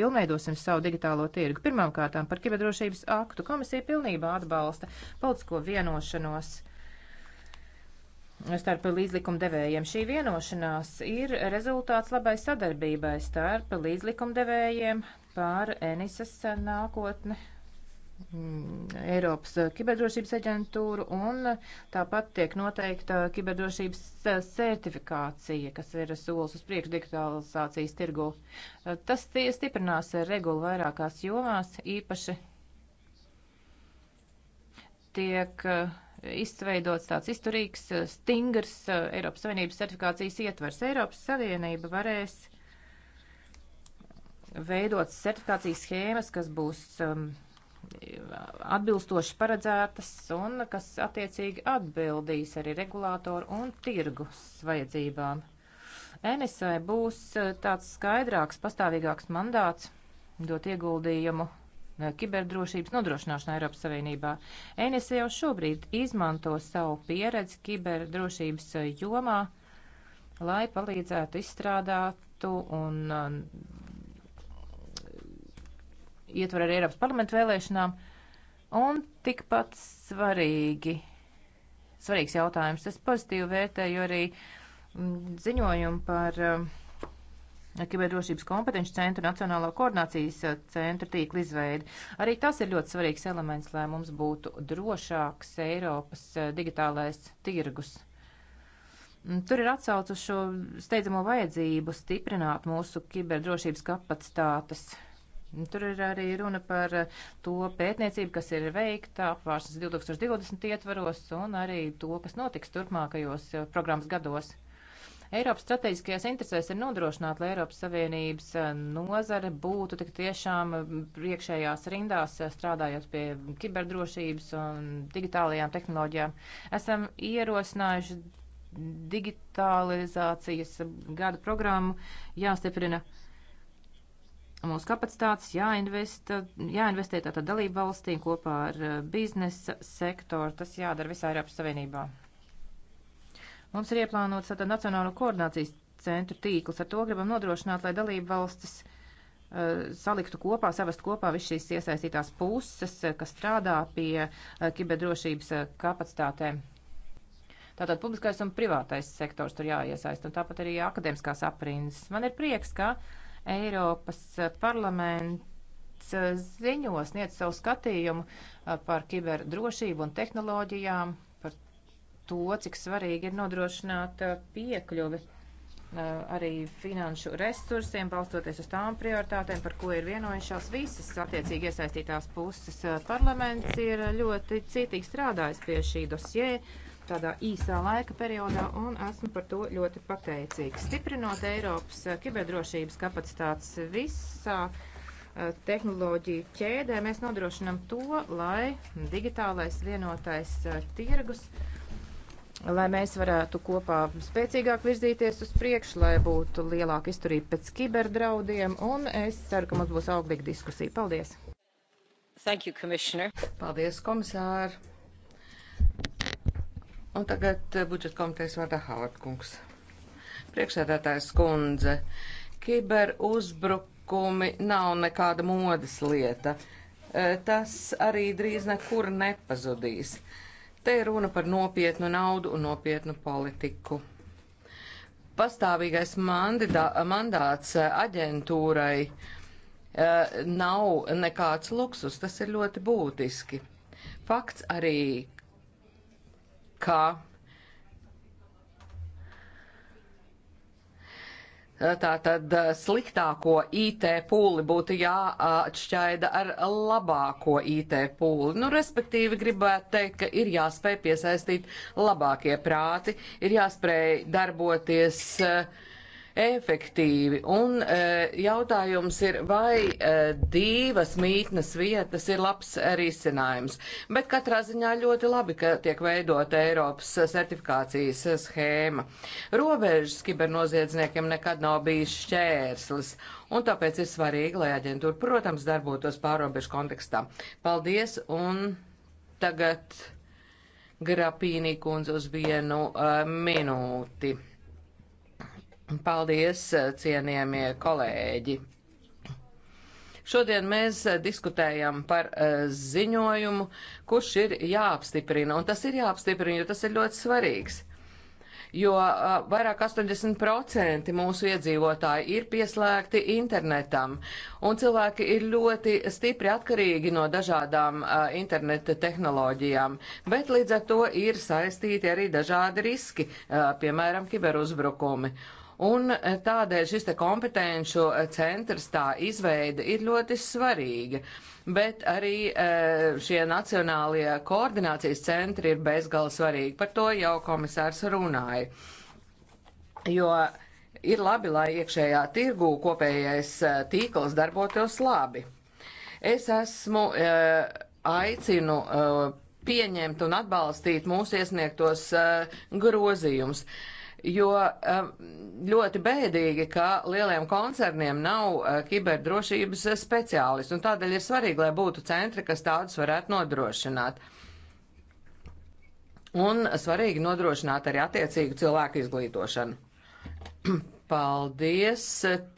pilnveidosim savu digitālo tirgu. Pirmkārt, par kiberdrošības aktu komisija pilnībā atbalsta politisko vienošanos. Starp līdzlikumdevējiem šī vienošanās ir rezultāts labai sadarbībai starp līdzlikumdevējiem, pār Enisas nākotni, mm, Eiropas kiberdrošības aģentūru un tāpat tiek noteikta kiberdrošības certifikācija, kas ir solis uz priekšu digitalizācijas tirgu. Tas stiprinās regulu vairākās jomās, īpaši tiek izveidots tāds izturīgs, stingrs Eiropas Savienības certifikācijas ietvers. Eiropas Savienība varēs veidot certifikācijas schēmas, kas būs um, atbilstoši paredzētas un kas attiecīgi atbildīs arī regulātoru un tirgus vajadzībām. NSA būs uh, tāds skaidrāks, pastāvīgāks mandāts dot ieguldījumu uh, kiberdrošības nodrošināšanā Eiropas Savienībā. NSA jau šobrīd izmanto savu pieredzi kiberdrošības uh, jomā, lai palīdzētu izstrādātu un ietver arī Eiropas parlamentu vēlēšanām. Un tikpat svarīgi, svarīgs jautājums. Es pozitīvi vērtēju arī mm, ziņojumu par mm, kiberdrošības kompetenci centru Nacionālo koordinācijas mm, centru tīkla izveidi. Arī tas ir ļoti svarīgs elements, lai mums būtu drošāks Eiropas digitālais tirgus. Tur ir atsauc uz šo steidzamo vajadzību stiprināt mūsu kiberdrošības kapacitātes Tur ir arī runa par eh, to pētniecību, kas ir veikta apvāršanas 2020 ietvaros un arī to, kas notiks turpmākajos eh, programmas gados. Eiropas strateģiskajās interesēs ir nodrošināt, lai Eiropas Savienības eh, nozare būtu tik tiešām priekšējās rindās, strādājot pie kiberdrošības un digitālajām tehnoloģijām. Esam ierosinājuši digitalizācijas gada programmu jāstiprina mūsu kapacitātes jāinvestē, jāinvestē tātad dalību valstīm kopā ar eh, biznesa sektoru. Tas jādara visā Eiropas Savienībā. Mums ir ieplānots tātad Nacionālo koordinācijas centru tīkls. Ar to gribam nodrošināt, lai dalību valstis uh, saliktu kopā, savest kopā visu šīs iesaistītās puses, eh, kas strādā pie uh, kiberdrošības uh, kapacitātēm. Tātad publiskais un privātais sektors tur jāiesaist, un tāpat arī akadēmiskās aprindas. Man ir prieks, ka uh, Eiropas eh, parlaments eh, ziņo, sniedz savu skatījumu eh, par kiberdrošību un tehnoloģijām, par to, cik svarīgi ir nodrošināt piekļuvi arī finanšu resursiem, balstoties uz tām prioritātēm, par ko ir vienojušās visas attiecīgi iesaistītās puses. Parlaments ir ļoti cītīgi strādājis pie šī dosjē tādā īsā laika periodā, un esmu par to ļoti pateicīgs. Stiprinot Eiropas eh, kiberdrošības kapacitātes visā eh, tehnoloģiju ķēdē, mēs nodrošinam to, lai digitālais vienotais eh, tirgus, lai mēs varētu kopā spēcīgāk virzīties uz priekšu, lai būtu lielāka izturība pēc kiberdraudiem, un es ceru, ka mums būs auglīga diskusija. Paldies! Thank you, Commissioner. Paldies, komisār! Un tagad eh, budžeta komitejas vārdā Hāvardkungs. Priekšsēdētājs kundze, kiberuzbrukumi nav nekāda modas lieta. Eh, tas arī drīz nekur nepazudīs. Te ir runa par nopietnu naudu un nopietnu politiku. Pastāvīgais mandidā, mandāts eh, aģentūrai nav nekāds luksus, tas ir ļoti būtiski. Fakts arī, ka eh, Tātad eh, sliktāko IT pūli būtu jāatšķaida ar labāko IT pūli. Nu, respektīvi, gribētu teikt, ka ir jāspēj piesaistīt labākie prāti, ir jāspēj darboties uh, efektīvi. Un eh, jautājums ir, vai eh, divas mītnes vietas ir labs eh, risinājums. Bet katrā ziņā ļoti labi, ka tiek veidot Eiropas certifikācijas schēma. Robežas kibernoziedzniekiem nekad nav bijis šķērslis. Un tāpēc ir svarīgi, lai aģentūra, protams, darbotos pārobežu kontekstā. Paldies! Un tagad Grapīnī kundze uz vienu uh, minūti. Paldies, eh, cienījamie kolēģi! Šodien mēs eh, diskutējam par eh, ziņojumu, kurš ir jāapstiprina, un tas ir jāapstiprina, jo tas ir ļoti svarīgs. Jo vairāk 80% mūsu iedzīvotāji ir pieslēgti internetam, un cilvēki ir ļoti stipri atkarīgi no dažādām interneta tehnoloģijām, bet līdz ar to ir saistīti arī dažādi riski, piemēram, kiberuzbrukumi. Un eh, tādēļ šis te kompetenšu eh, centrs tā izveida ir ļoti svarīga, bet arī eh, šie nacionālie koordinācijas centri ir bezgala svarīgi. Par to jau komisārs runāja. Jo ir labi, lai iekšējā tirgū kopējais tīkls darbotos labi. Es esmu aicinu pieņemt un atbalstīt mūsu iesniegtos grozījumus jo um, ļoti bēdīgi, ka lieliem koncerniem nav uh, kiberdrošības uh, speciālisti, un tādēļ ir svarīgi, lai būtu centri, kas tādus varētu nodrošināt. Un svarīgi nodrošināt arī attiecīgu cilvēku izglītošanu. Paldies!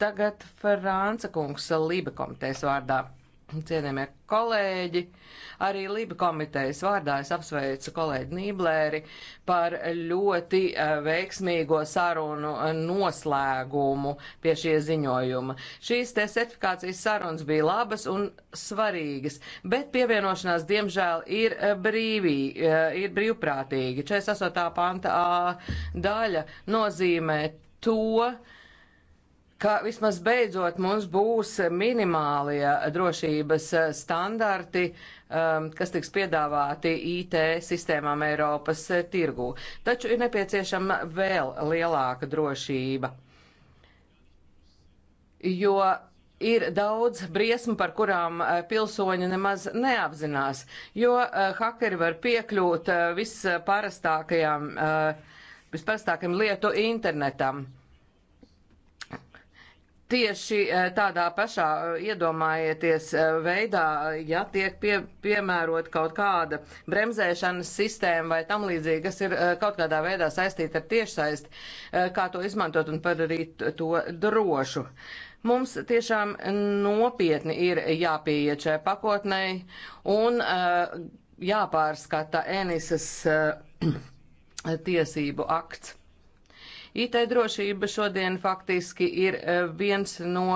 Tagad Franca kungs Lība komitejas vārdā. Cienījamie kolēģi, arī Lība komitejas vārdā es apsveicu kolēģi Nīblēri par ļoti eh, veiksmīgo sarunu eh, noslēgumu pie šie ziņojuma. Šīs te certifikācijas sarunas bija labas un svarīgas, bet pievienošanās diemžēl ir eh, brīvī, ir brīvprātīgi. 48. panta daļa nozīmē to, ka vismaz beidzot mums būs minimālie drošības standarti, um, kas tiks piedāvāti IT sistēmām Eiropas tirgū. Taču ir nepieciešama vēl lielāka drošība, jo ir daudz briesmu, par kurām uh, pilsoņi nemaz neapzinās, jo uh, hakeri var piekļūt uh, visparastākajām, visparastākajām lietu internetam. Tieši eh, tādā pašā eh, iedomājieties eh, veidā, ja tiek pie, piemērot kaut kāda bremzēšanas sistēma vai tam līdzīgi, kas ir kaut kādā veidā saistīta ar tiešsaisti, kā to izmantot un padarīt to drošu. Mums tiešām nopietni ir jāpieiet šai pakotnei un jāpārskata Enisas tiesību akts. IT drošība šodien faktiski ir e, viens no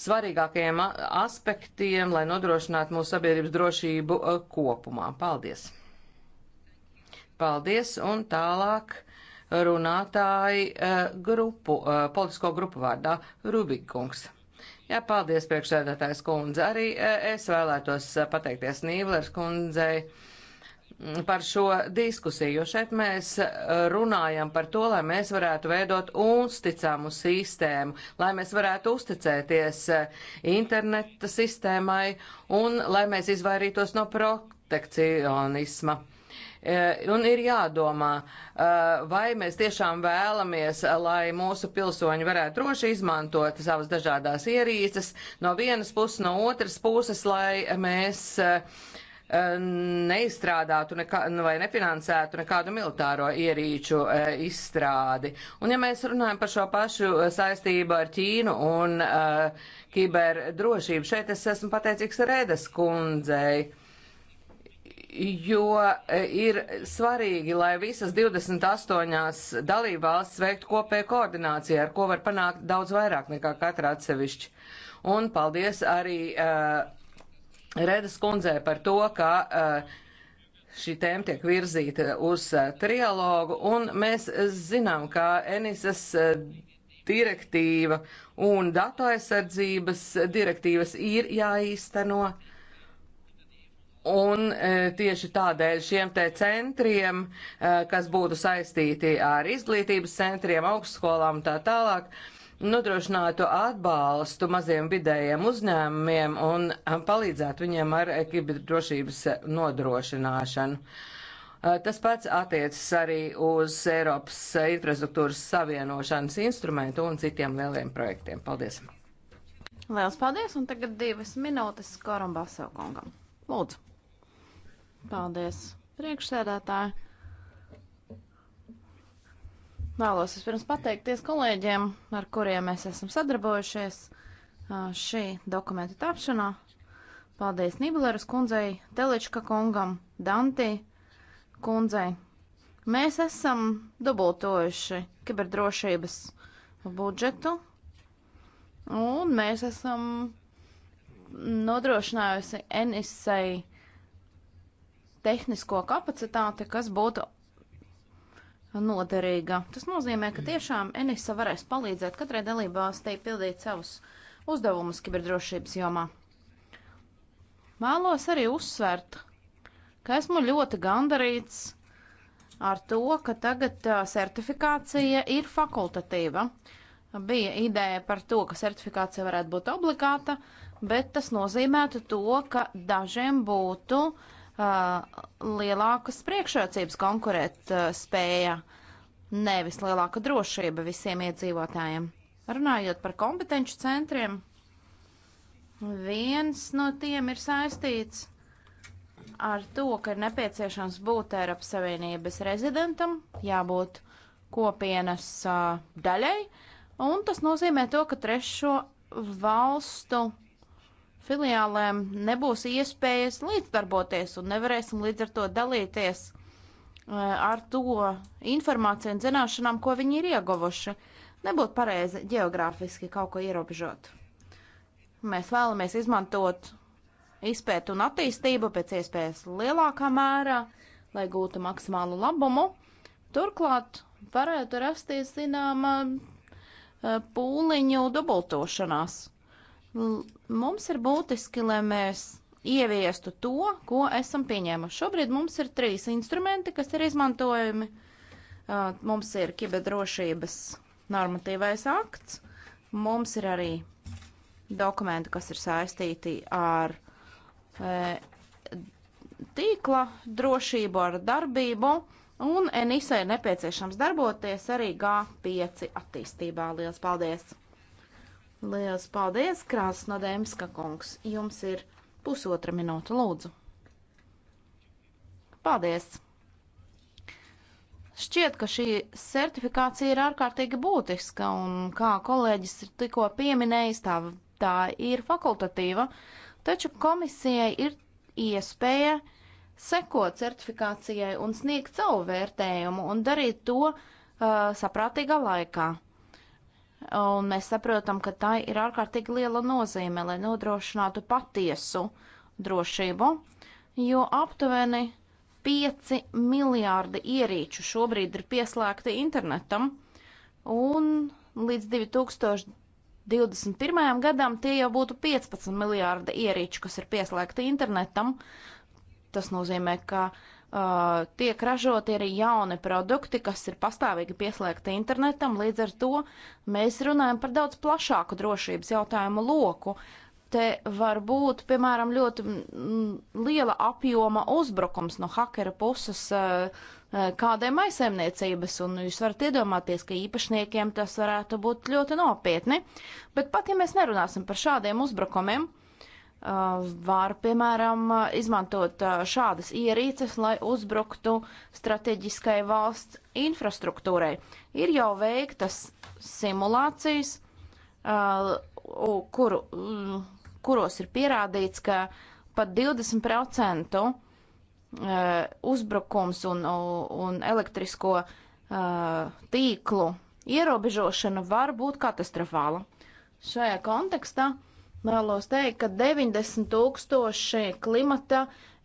svarīgākajiem aspektiem, lai nodrošinātu mūsu sabiedrības drošību e, kopumā. Paldies! Paldies! Un tālāk runātāji e, grupu, politisko grupu vārdā Rubikungs. Jā, paldies priekšsēdētājs kundze. Arī es vēlētos pateikties Nīvlers kundzei par šo diskusiju, jo šeit mēs runājam par to, lai mēs varētu veidot uzticamu sistēmu, lai mēs varētu uzticēties interneta sistēmai un lai mēs izvairītos no protekcionisma. E, un ir jādomā, e, vai mēs tiešām vēlamies, lai mūsu pilsoņi varētu droši izmantot savas dažādās ierīces no vienas puses, no otras puses, lai mēs uh, neizstrādātu nekā, nu, vai nefinansētu nekādu militāro ierīču e, izstrādi. Un ja mēs runājam par šo pašu saistību ar Ķīnu un uh, kiberdrošību, šeit es esmu pateicīgs Rēdes kundzei jo e, ir svarīgi, lai visas 28 dalībvalstis veiktu kopēju koordināciju, ar ko var panākt daudz vairāk nekā katra atsevišķi. Un paldies arī uh, Redas kundzē par to, ka uh, šī tēma tiek virzīta uz uh, trialogu, un mēs zinām, ka Enisas uh, direktīva un datu aizsardzības direktīvas ir jāīsteno. Un e, tieši tādēļ šiem te centriem, e, kas būtu saistīti ar izglītības centriem, augstskolām un tā tālāk, e, nodrošinātu atbalstu maziem vidējiem uzņēmumiem un eh, palīdzētu viņiem ar eh, kiberdrošības eh, nodrošināšanu. Tas pats attiecas arī uz Eiropas infrastruktūras savienošanas instrumentu un citiem lieliem projektiem. Paldies! Lielas paldies! Un tagad divas minūtes Koram Basovkongam. Lūdzu! Paldies, priekšsēdētāji! Vēlos vispirms pateikties kolēģiem, ar kuriem mēs esam sadarbojušies šī dokumenta tapšanā. Paldies Nibeleras kundzei, Telečka kungam, Dantī kundzei. Mēs esam dubultojuši kiberdrošības budžetu, un mēs esam nodrošinājusi NSA tehnisko kapacitāti, kas būtu noderīga. Tas nozīmē, ka tiešām Enisa varēs palīdzēt katrai dalībvalstī pildīt savus uzdevumus kiberdrošības jomā. Vēlos arī uzsvērt, ka esmu ļoti gandarīts ar to, ka tagad certifikācija ir fakultatīva. Bija ideja par to, ka certifikācija varētu būt obligāta, bet tas nozīmētu to, ka dažiem būtu uh, uh, lielākas priekšrocības konkurēt uh, spēja, nevis lielāka drošība visiem iedzīvotājiem. Runājot par kompetenci centriem, viens no tiem ir saistīts ar to, ka ir nepieciešams būt Eiropas Savienības rezidentam, jābūt kopienas uh, daļai, un tas nozīmē to, ka trešo valstu filiālēm nebūs iespējas līdzdarboties un nevarēsim līdz ar to dalīties eh, ar to informāciju un zināšanām, ko viņi ir ieguvuši. Nebūtu pareizi geogrāfiski kaut ko ierobežot. Mēs vēlamies izmantot izpētu un attīstību pēc iespējas lielākā mērā, lai gūtu maksimālu labumu. Turklāt varētu rasties zināma eh, pūliņu dubultošanās. Mums ir būtiski, lai mēs ieviestu to, ko esam pieņēmuši. Šobrīd mums ir trīs instrumenti, kas ir izmantojami. Mums ir kiberdrošības normatīvais akts, mums ir arī dokumenti, kas ir saistīti ar e, tīkla drošību, ar darbību, un NISA e ir nepieciešams darboties arī G5 attīstībā. Lielas paldies! Lielas paldies, Krasnodēmska kungs. Jums ir pusotra minūte, lūdzu. Paldies! Šķiet, ka šī certifikācija ir ārkārtīgi būtiska, un kā kolēģis ir tikko pieminējis, tā, tā ir fakultatīva, taču komisijai ir iespēja sekot certifikācijai un sniegt savu vērtējumu un darīt to uh, saprātīgā laikā un mēs saprotam, ka tai ir ārkārtīgi liela nozīme, lai nodrošinātu patiesu drošību, jo aptuveni 5 miljārdi ierīču šobrīd ir pieslēgti internetam, un līdz 2000. 21. gadam tie jau būtu 15 miljārdi ierīču, kas ir pieslēgti internetam. Tas nozīmē, ka uh, Uh, tiek ražoti arī jauni produkti, kas ir pastāvīgi pieslēgti internetam. Līdz ar to mēs runājam par daudz plašāku drošības jautājumu loku. Te var būt, piemēram, ļoti liela apjoma uzbrukums no hakera puses uh, uh, kādai maisaimniecības, un jūs varat iedomāties, ka īpašniekiem tas varētu būt ļoti nopietni. Bet pat ja mēs nerunāsim par šādiem uzbrukumiem, Uh, var, piemēram, uh, izmantot uh, šādas ierīces, lai uzbruktu strateģiskai valsts infrastruktūrai. Ir jau veiktas simulācijas, kuru, mm, kuros ir pierādīts, ka pat 20% uzbrukums un, un elektrisko tīklu ierobežošana var būt katastrofāla. Šajā kontekstā uh, Vēlos teikt, ka 90 tūkstoši klimata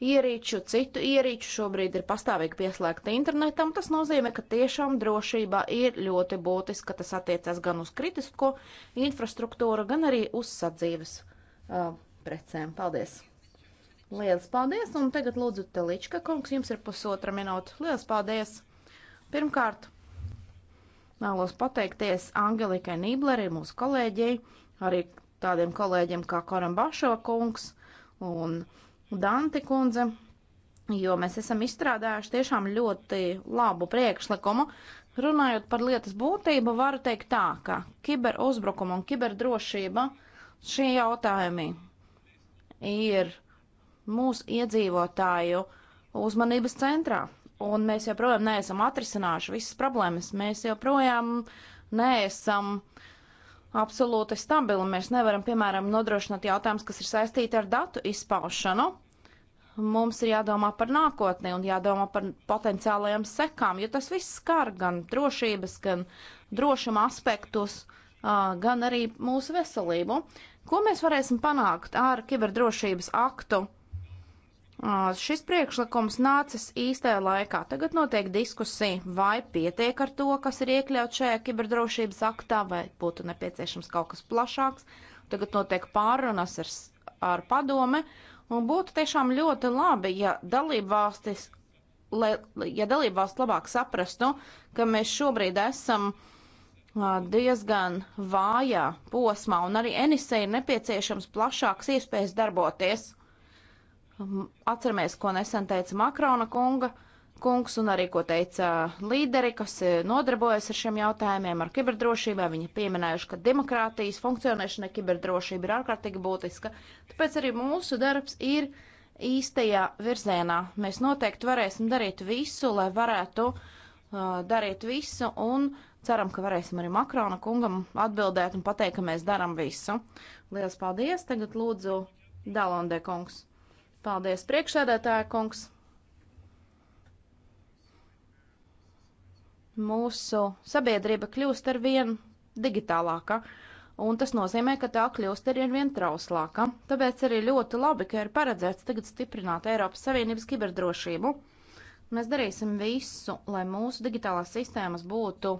ierīču, citu ierīču šobrīd ir pastāvīgi pieslēgti internetam. Tas nozīmē, ka tiešām drošība ir ļoti būtiska. Tas attiecas gan uz kritisko infrastruktūru, gan arī uz sadzīves uh, precēm. Paldies! Lielas paldies! Un tagad lūdzu Telička kungs, jums ir pusotra minūte. Lielas paldies! Pirmkārt, vēlos pateikties Angelikai Nīblerim, mūsu kolēģei, arī tādiem kolēģiem kā Karambašo kungs un Dante kundze, jo mēs esam izstrādājuši tiešām ļoti labu priekšlikumu. Runājot par lietas būtību, varu teikt tā, ka kiberuzbrukuma un kiberdrošība šie jautājumi ir mūsu iedzīvotāju uzmanības centrā. Un mēs joprojām neesam atrisinājuši visas problēmas. Mēs joprojām neesam uh, absolūti stabila. Mēs nevaram, piemēram, nodrošināt jautājumus, kas ir saistīti ar datu izpaušanu. Mums ir jādomā par nākotni un jādomā par potenciālajām sekām, jo tas viss skar gan drošības, gan drošuma aspektus, gan arī mūsu veselību. Ko mēs varēsim panākt ar kiberdrošības aktu? Šis priekšlikums nācis īstajā laikā. Tagad notiek diskusija, vai pietiek ar to, kas ir iekļauts šajā kiberdrošības aktā, vai būtu nepieciešams kaut kas plašāks. Tagad notiek pārunas ar, ar padome, un būtu tiešām ļoti labi, ja dalībvalstis, lai, ja dalībvalsts labāk saprastu, ka mēs šobrīd esam diezgan vājā posmā, un arī Enisei ir nepieciešams plašāks iespējas darboties. Um, atceramies, ko nesen teica Makrona kunga, kungs un arī, ko teica līderi, kas e, nodarbojas ar šiem jautājumiem, ar kiberdrošībā. Viņi pieminējuši, ka demokrātijas funkcionēšana kiberdrošība ir ārkārtīgi būtiska. Tāpēc arī mūsu darbs ir īstajā virzienā. Mēs noteikti varēsim darīt visu, lai varētu uh, darīt visu un ceram, ka varēsim arī Makrona kungam atbildēt un pateikt, ka mēs darām visu. Lielas paldies! Tagad lūdzu Dalondē kungs. Paldies, priekšsēdētāja kungs! Mūsu sabiedrība kļūst ar vien digitālāka, un tas nozīmē, ka tā kļūst ar vien trauslāka. Tāpēc arī ļoti labi, ka ir paredzēts tagad stiprināt Eiropas Savienības kiberdrošību. Mēs darīsim visu, lai mūsu digitālās sistēmas būtu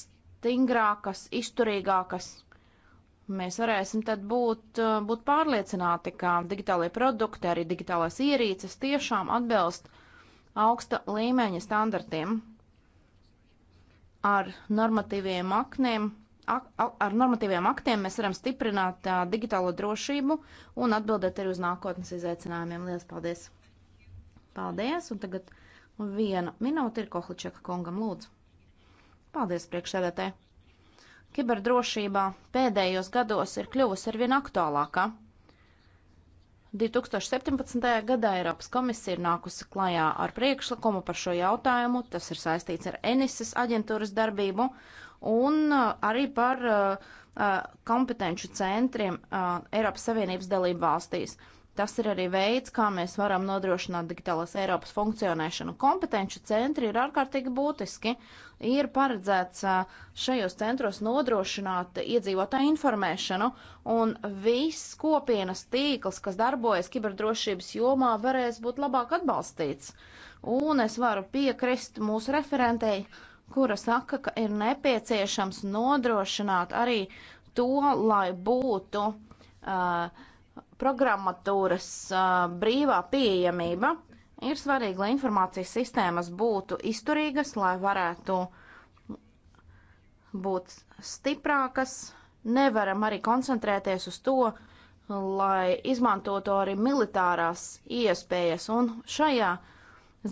stingrākas, izturīgākas Mēs varēsim tad būt, uh, būt pārliecināti, ka digitālie produkti, arī digitālās ierīces tiešām atbilst augsta līmeņa standartiem ar normatīviem akniem. Ak, ar normatīviem aktiem mēs varam stiprināt uh, digitālo drošību un atbildēt arī uz nākotnes izaicinājumiem. Lielas paldies! Paldies! Un tagad viena minūte ir Kohličeka kungam lūdzu. Paldies priekšsēdētāji! Kiberdrošībā pēdējos gados ir kļuvusi arvien aktuālāka. 2017. gadā Eiropas komisija ir nākusi klajā ar priekšlikumu par šo jautājumu, tas ir saistīts ar Enises aģentūras darbību un uh, arī par uh, uh kompetenču centriem uh, Eiropas Savienības dalību valstīs. Uh, Tas ir arī veids, kā mēs varam nodrošināt digitālās Eiropas funkcionēšanu. Kompetenču centri ir ārkārtīgi būtiski. Ir paredzēts šajos centros nodrošināt iedzīvotāju informēšanu, un viss kopienas tīkls, kas darbojas kiberdrošības jomā, varēs būt labāk atbalstīts. Un es varu piekrist mūsu referentei, kura saka, ka ir nepieciešams nodrošināt arī to, lai būtu uh, programmatūras brīvā pieejamība ir svarīga, lai informācijas sistēmas būtu izturīgas, lai varētu būt stiprākas. Nevaram arī koncentrēties uz to, lai izmantotu arī militārās iespējas, un šajā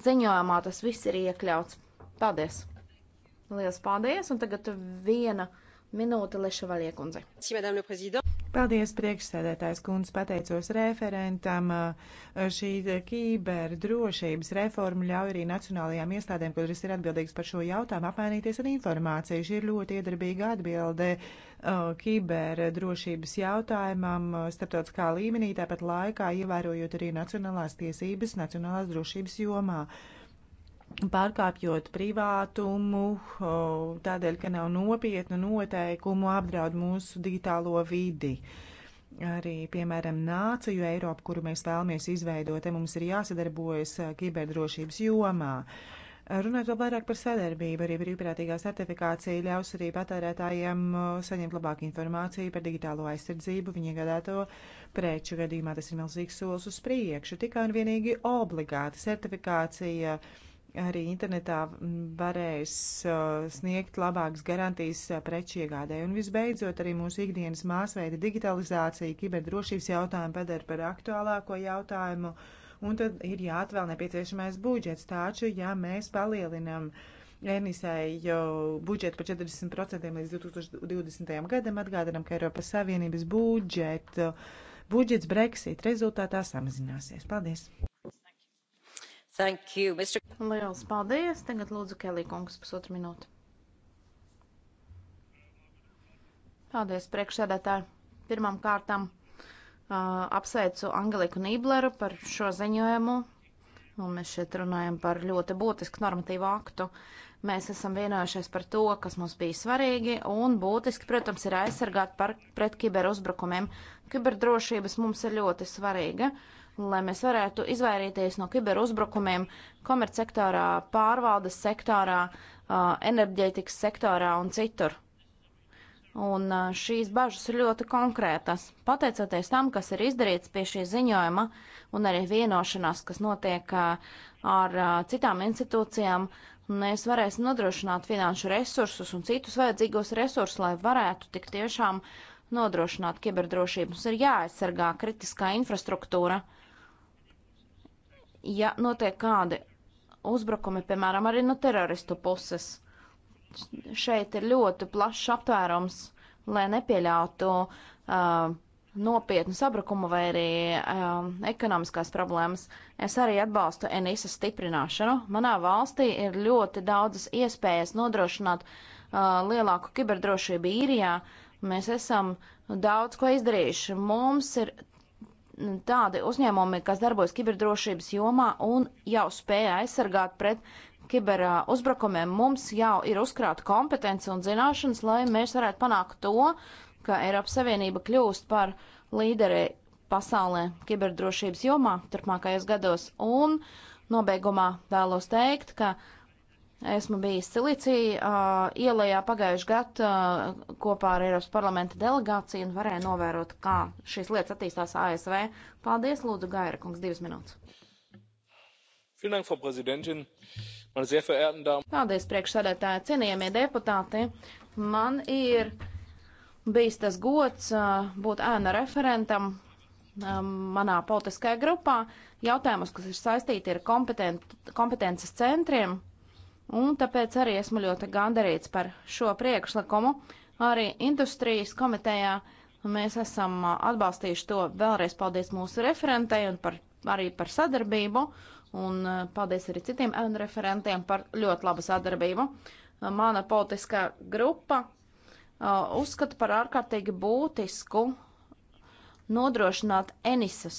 ziņojumā tas viss ir iekļauts. Paldies! Lielas paldies, un tagad viena minūte Leša Vaļiekundze. Paldies, priekšsēdētājs kundze, pateicos referentam. Eh, šī kiberdrošības reforma ļauj arī nacionālajām iestādēm, kuras ir atbildīgas par šo jautājumu, apmainīties ar informāciju. Šī ir ļoti iedarbīga atbilde eh, kiberdrošības jautājumam eh, starptautiskā līmenī, tāpat laikā ievērojot arī nacionālās tiesības, nacionālās drošības jomā pārkāpjot privātumu, tādēļ, ka nav nopietnu noteikumu, apdraud mūsu digitālo vidi. Arī, piemēram, nāciju Eiropu, kuru mēs vēlamies izveidot, te mums ir jāsadarbojas e, kiberdrošības jomā. Runājot vēl vairāk par sadarbību, arī brīvprātīgā certifikācija ļaus arī patērētājiem saņemt labāku informāciju par digitālo aizsardzību viņa iegādāto preču gadījumā. Tas ir milzīgs solis uz priekšu. Tikai un vienīgi obligāta certifikācija uh, arī internetā varēs uh, sniegt labākas garantijas uh, preču iegādē. Un visbeidzot, arī mūsu ikdienas māsveida digitalizācija, kiberdrošības jautājumu padara par aktuālāko jautājumu, un tad ir jāatvēl nepieciešamais budžets. Taču, ja mēs palielinam Enisai jau budžetu par 40% līdz 2020. gadam, atgādinam, ka Eiropas Savienības budžetu, budžets Brexit rezultātā samazināsies. Paldies! Thank you, Mr. Liels paldies. Tagad lūdzu Kelī kungs pusotru minūtu. Paldies, priekšsēdētāji. Pirmām kārtām uh, apsveicu Angeliku Nībleru par šo ziņojumu. Un mēs šeit runājam par ļoti būtisku normatīvu aktu. Mēs esam vienojušies par to, kas mums bija svarīgi, un būtiski, protams, ir aizsargāt par, pret kiberuzbrukumiem. Kiberdrošības mums ir ļoti svarīga. Uh, lai mēs varētu izvairīties no kiberuzbrukumiem komercsektorā, pārvaldes sektorā, enerģētikas sektorā un citur. Un šīs bažas ir ļoti konkrētas. Pateicoties tam, kas ir izdarīts pie šī ziņojuma un arī vienošanās, kas notiek ar citām institūcijām, mēs varēsim nodrošināt finanšu resursus un citus vajadzīgos resursus, lai varētu tik tiešām nodrošināt kiberdrošību. Mums ir jāaizsargā kritiskā infrastruktūra ja notiek kādi uzbrukumi, piemēram, arī no teroristu puses. Šeit ir ļoti plašs aptvērums, lai nepieļautu uh, nopietnu sabrukumu vai arī um, ekonomiskās problēmas. Es arī atbalstu NISA stiprināšanu. Manā valstī ir ļoti daudzas iespējas nodrošināt uh, lielāku kiberdrošību īrijā. Mēs esam daudz ko izdarījuši. Mums ir tādi uzņēmumi, kas darbojas kiberdrošības jomā un jau spēja aizsargāt pret kiber uzbrukumiem. Mums jau ir uzkrāta kompetence un zināšanas, lai mēs varētu panākt to, ka Eiropas Savienība kļūst par līderi pasaulē kiberdrošības jomā turpmākajos gados. Un nobeigumā vēlos teikt, ka Esmu bijis Silicija uh, ielējā pagājušajā gadā uh, kopā ar Eiropas parlamenta delegāciju un varēju novērot, kā šīs lietas attīstās ASV. Paldies, Lūdzu, Gaira kungs, divas minūtes. Dank, Frau Präsidentin, meine sehr verehrten Damen. Paldies, priekšsēdētāji, cienījamie deputāti. Man ir bijis tas gods uh, būt ēna referentam manā politiskajā grupā. Jautājumus, kas ir saistīti ar kompetences centriem Un tāpēc arī esmu ļoti gandarīts par šo priekšlikumu. Arī industrijas komitejā mēs esam atbalstījuši to. Vēlreiz paldies mūsu referentei un par, arī par sadarbību. Un paldies arī citiem referentiem par ļoti labu sadarbību. Mana politiskā grupa uzskata par ārkārtīgi būtisku nodrošināt Enisas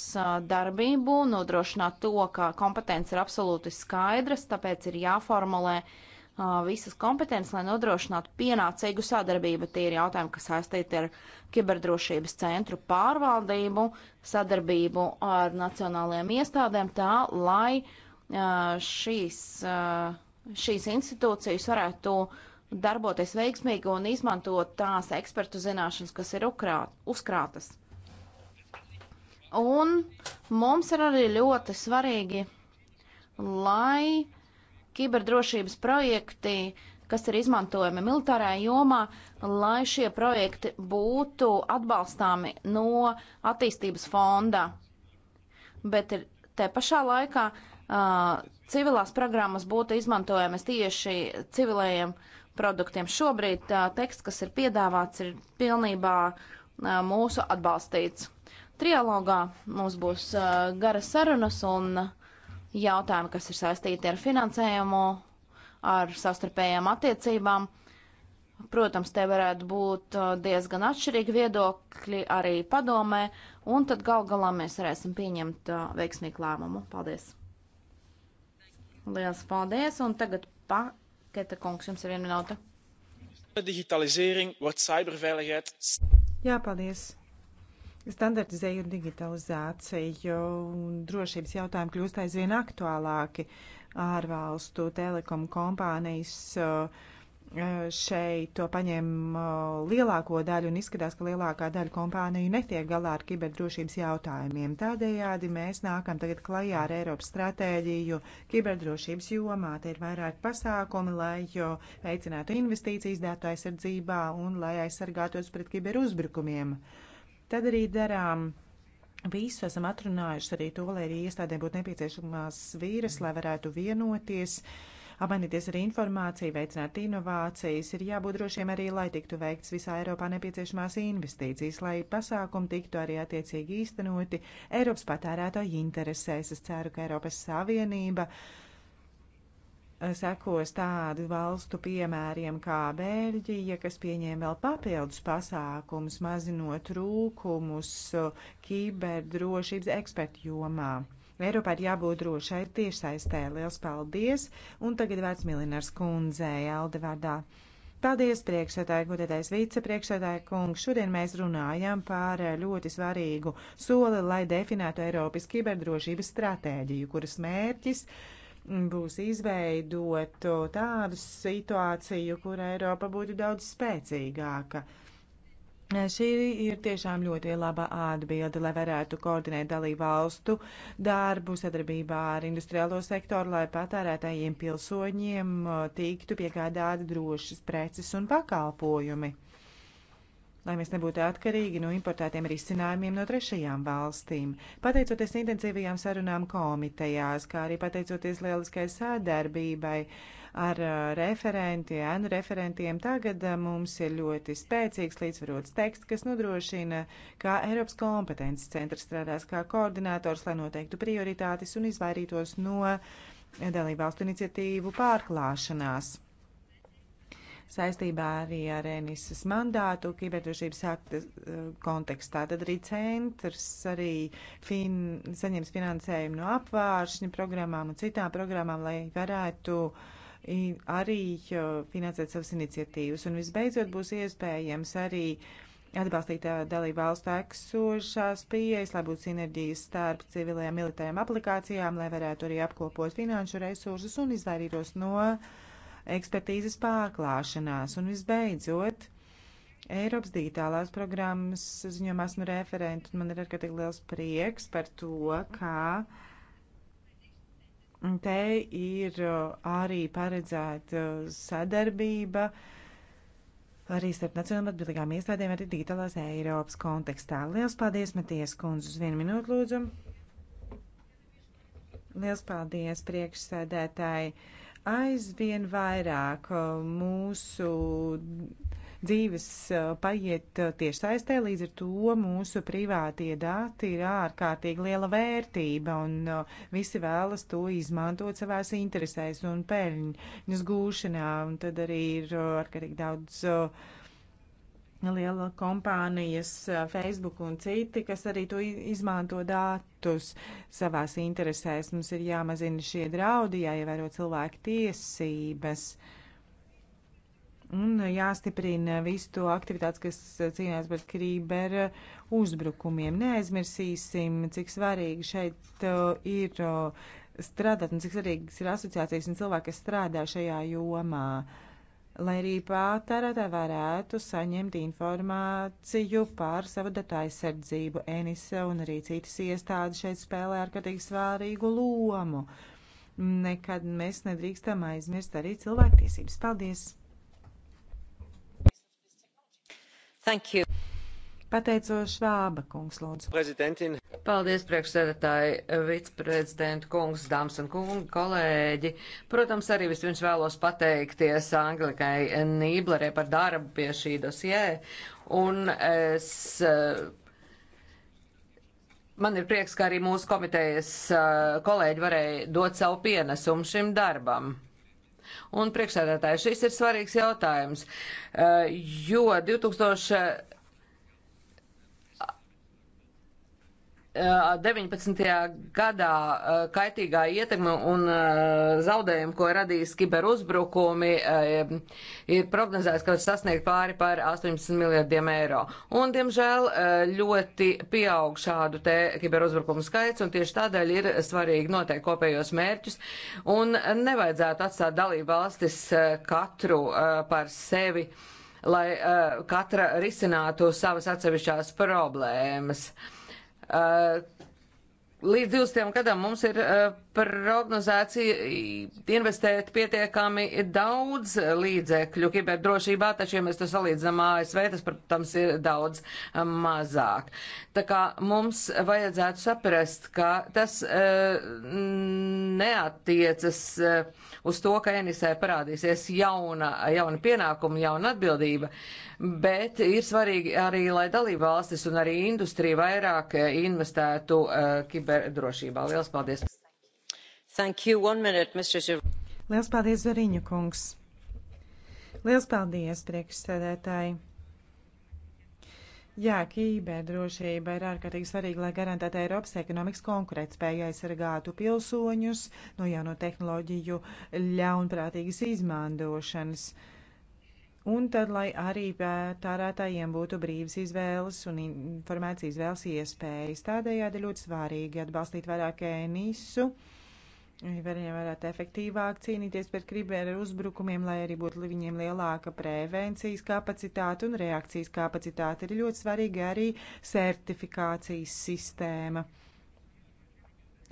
darbību, nodrošināt to, ka kompetence ir absolūti skaidras, tāpēc ir jāformulē visas kompetences, lai nodrošinātu pienācīgu sadarbību. Tie ir jautājumi, kas saistīti ar kiberdrošības centru pārvaldību, sadarbību ar nacionālajiem iestādēm, tā lai šīs, šīs institūcijas varētu darboties veiksmīgi un izmantot tās ekspertu zināšanas, kas ir ukrāt, uzkrātas. Un mums ir arī ļoti svarīgi, lai kiberdrošības projekti, kas ir izmantojami militārajā jomā, lai šie projekti būtu atbalstāmi no attīstības fonda. Bet ir te pašā laikā uh, civilās programmas būtu izmantojamas tieši civilējiem produktiem. Šobrīd uh, teksts, kas ir piedāvāts, ir pilnībā uh, mūsu atbalstīts trialogā. Mums būs uh, gara sarunas un jautājumi, kas ir saistīti ar finansējumu, ar savstarpējām attiecībām. Protams, te varētu būt diezgan atšķirīgi viedokļi arī padomē, un tad gal galā mēs varēsim pieņemt uh, veiksmīgu lēmumu. Paldies! Lielas paldies, un tagad paketa kungs, jums ir viena minūte. Digitalizēring, what cyberveiligheid. Jā, paldies. Standartizēju un digitalizāciju un drošības jautājumi kļūst aizvien aktuālāki ārvalstu telekomu kompānijas. Uh, uh, šeit to paņem uh, lielāko daļu un izskatās, ka lielākā daļa kompāniju netiek galā ar kiberdrošības jautājumiem. Tādējādi mēs nākam tagad klajā ar Eiropas stratēģiju kiberdrošības jomā. Te ir vairāk pasākumi, lai veicinātu investīcijas datu aizsardzībā un lai aizsargātos pret kiberuzbrukumiem. Uh, tad arī darām. Visu esam atrunājuši arī to, lai arī iestādēm būtu nepieciešamās vīras, lai varētu vienoties, apmainīties ar informāciju, veicināt inovācijas. Ir jābūt drošiem arī, lai tiktu veikts visā Eiropā nepieciešamās investīcijas, lai pasākumi tiktu arī attiecīgi īstenoti Eiropas patērētāju interesēs. Es ceru, ka Eiropas Savienība uh, sekos tādu valstu piemēriem kā Bēļģija, kas pieņēma vēl papildus pasākumus, mazinot trūkumus uh, kiberdrošības ekspertu jomā. Eiropā ir jābūt drošai tiešsaistē. Liels paldies! Un tagad vārds Milinars kundzei Alde vārdā. Paldies, priekšsētāji, godētais vicepriekšsētāji kungs. Šodien mēs runājam par uh, ļoti svarīgu soli, lai definētu Eiropas kiberdrošības stratēģiju, kuras mērķis ir būs izveidot tādu situāciju, kur Eiropa būtu daudz spēcīgāka. E, šī ir tiešām ļoti laba atbilde, lai varētu koordinēt dalību valstu darbu sadarbībā ar industriālo sektoru, lai patērētājiem pilsoņiem tiktu piegādāti drošas preces un pakalpojumi lai mēs nebūtu atkarīgi no importētiem risinājumiem no trešajām valstīm. Pateicoties intensīvajām sarunām komitejās, kā arī pateicoties lieliskai sadarbībai ar uh, referenti, ēnu referentiem, tagad uh, mums ir ļoti spēcīgs līdzsvarots teksts, kas nodrošina, ka Eiropas kompetences centrs strādās kā koordinators, lai noteiktu prioritātes un izvairītos no dalībvalstu iniciatīvu pārklāšanās saistībā arī ar ENISAS mandātu kiberdrošības akta eh, kontekstā. Tad arī centrs arī fin, saņems finansējumu no apvāršņa programmām un citām programmām, lai varētu arī finansēt savas iniciatīvas. Un visbeidzot būs iespējams arī atbalstīt eh, dalību valstu eksošās pieejas, lai būtu sinerģijas starp civilajām militārajām aplikācijām, lai varētu arī apkopot finanšu resursus un izvairītos no uh, ekspertīzes pārklāšanās. Un visbeidzot, Eiropas digitālās programmas ziņojumā esmu referenta, un man ir ārkārtīgi liels prieks par to, ka te ir uh, arī paredzēta uh, sadarbība arī starp nacionālām atbildīgām iestādēm, arī digitālās Eiropas kontekstā. Liels paldies, Matijas kundze, uz vienu minūtu lūdzu. Liels paldies, priekšsēdētāji. Uh, Aizvien vairāk uh, mūsu dzīves uh, paiet uh, tieši saistē, līdz ar to mūsu privātie dati ir ārkārtīgi liela vērtība un visi vēlas to izmantot savās interesēs un peļņas gūšanā, un tad arī ir ārkārtīgi daudz uh, neliela kompānijas eh, Facebook un citi, kas arī to izmanto datus savās interesēs. Mums ir jāmazina šie draudi, jāievēro cilvēku tiesības. Un jāstiprina visu to aktivitātes, kas cīnās pret krīber uzbrukumiem. Neaizmirsīsim, cik svarīgi šeit eh, ir eh, strādāt un cik svarīgas ir asociācijas un cilvēki, kas strādā šajā jomā. Uh, lai arī patērētāji varētu saņemt informāciju par savu datu aizsardzību. Enisa un arī citas iestādes šeit spēlē ārkārtīgi svārīgu lomu. Nekad mēs nedrīkstam aizmirst arī cilvēktiesības. Paldies! Thank you. Pateicos Švāba kungs, lūdzu. Prezidentin. Paldies, priekšsēdētāji, viceprezidenta kungs, dāmas un kungi, kolēģi. Protams, arī vispirms vēlos pateikties Anglikai Nīblerē par darbu pie šī dosjē. Un es eh, Man ir prieks, ka arī mūsu komitejas eh, kolēģi varēja dot savu pienesumu šim darbam. Un priekšsēdētāji, šis ir svarīgs jautājums, eh, jo 2000. 19. Eh, gadā eh, kaitīgā ietekme un eh, zaudējumi, ko radīs kiberuzbrukumi, ir prognozēts, ka sasniegt pāri par 18 miljardiem eiro. Un, diemžēl, ļoti pieaug šādu te kiberuzbrukumu skaits, un tieši tādēļ ir svarīgi noteikt kopējos mērķus, un nevajadzētu atstāt dalību valstis katru par sevi, lai katra risinātu savas atsevišķās problēmas. Uh, Eh, līdz 20. gadam mums ir eh, prognozēcija investēt pietiekami daudz līdzekļu kiberdrošībā, taču, ja mēs to salīdzinām ASV, tas, protams, ir daudz eh, mazāk. Tā kā mums vajadzētu saprast, ka tas neatiecas uz to, ka NSA parādīsies jauna, jauna pienākuma, jauna atbildība bet ir svarīgi arī, lai dalība valstis un arī industrija vairāk eh, investētu uh, kiberdrošībā. Lielas paldies! Thank you. One minute, Mr. Zir Lielas paldies, Zariņa kungs! Lielas paldies, priekšsēdētāji! Jā, kiberdrošība ir ārkārtīgi svarīga, lai garantētu Eiropas ekonomikas konkurētspēju, aizsargātu pilsoņus no jauno tehnoloģiju ļaunprātīgas izmantošanas. Uh, Un tad, lai arī tērētājiem būtu brīvas izvēles un informētas izvēles iespējas, tādējādi ļoti svarīgi atbalstīt vairāk ēnisu, variem varētu efektīvāk cīnīties pret kriberu uzbrukumiem, lai arī būtu viņiem lielāka prevencijas kapacitāte un reakcijas kapacitāte. Ir ļoti svarīgi arī sertifikācijas sistēma.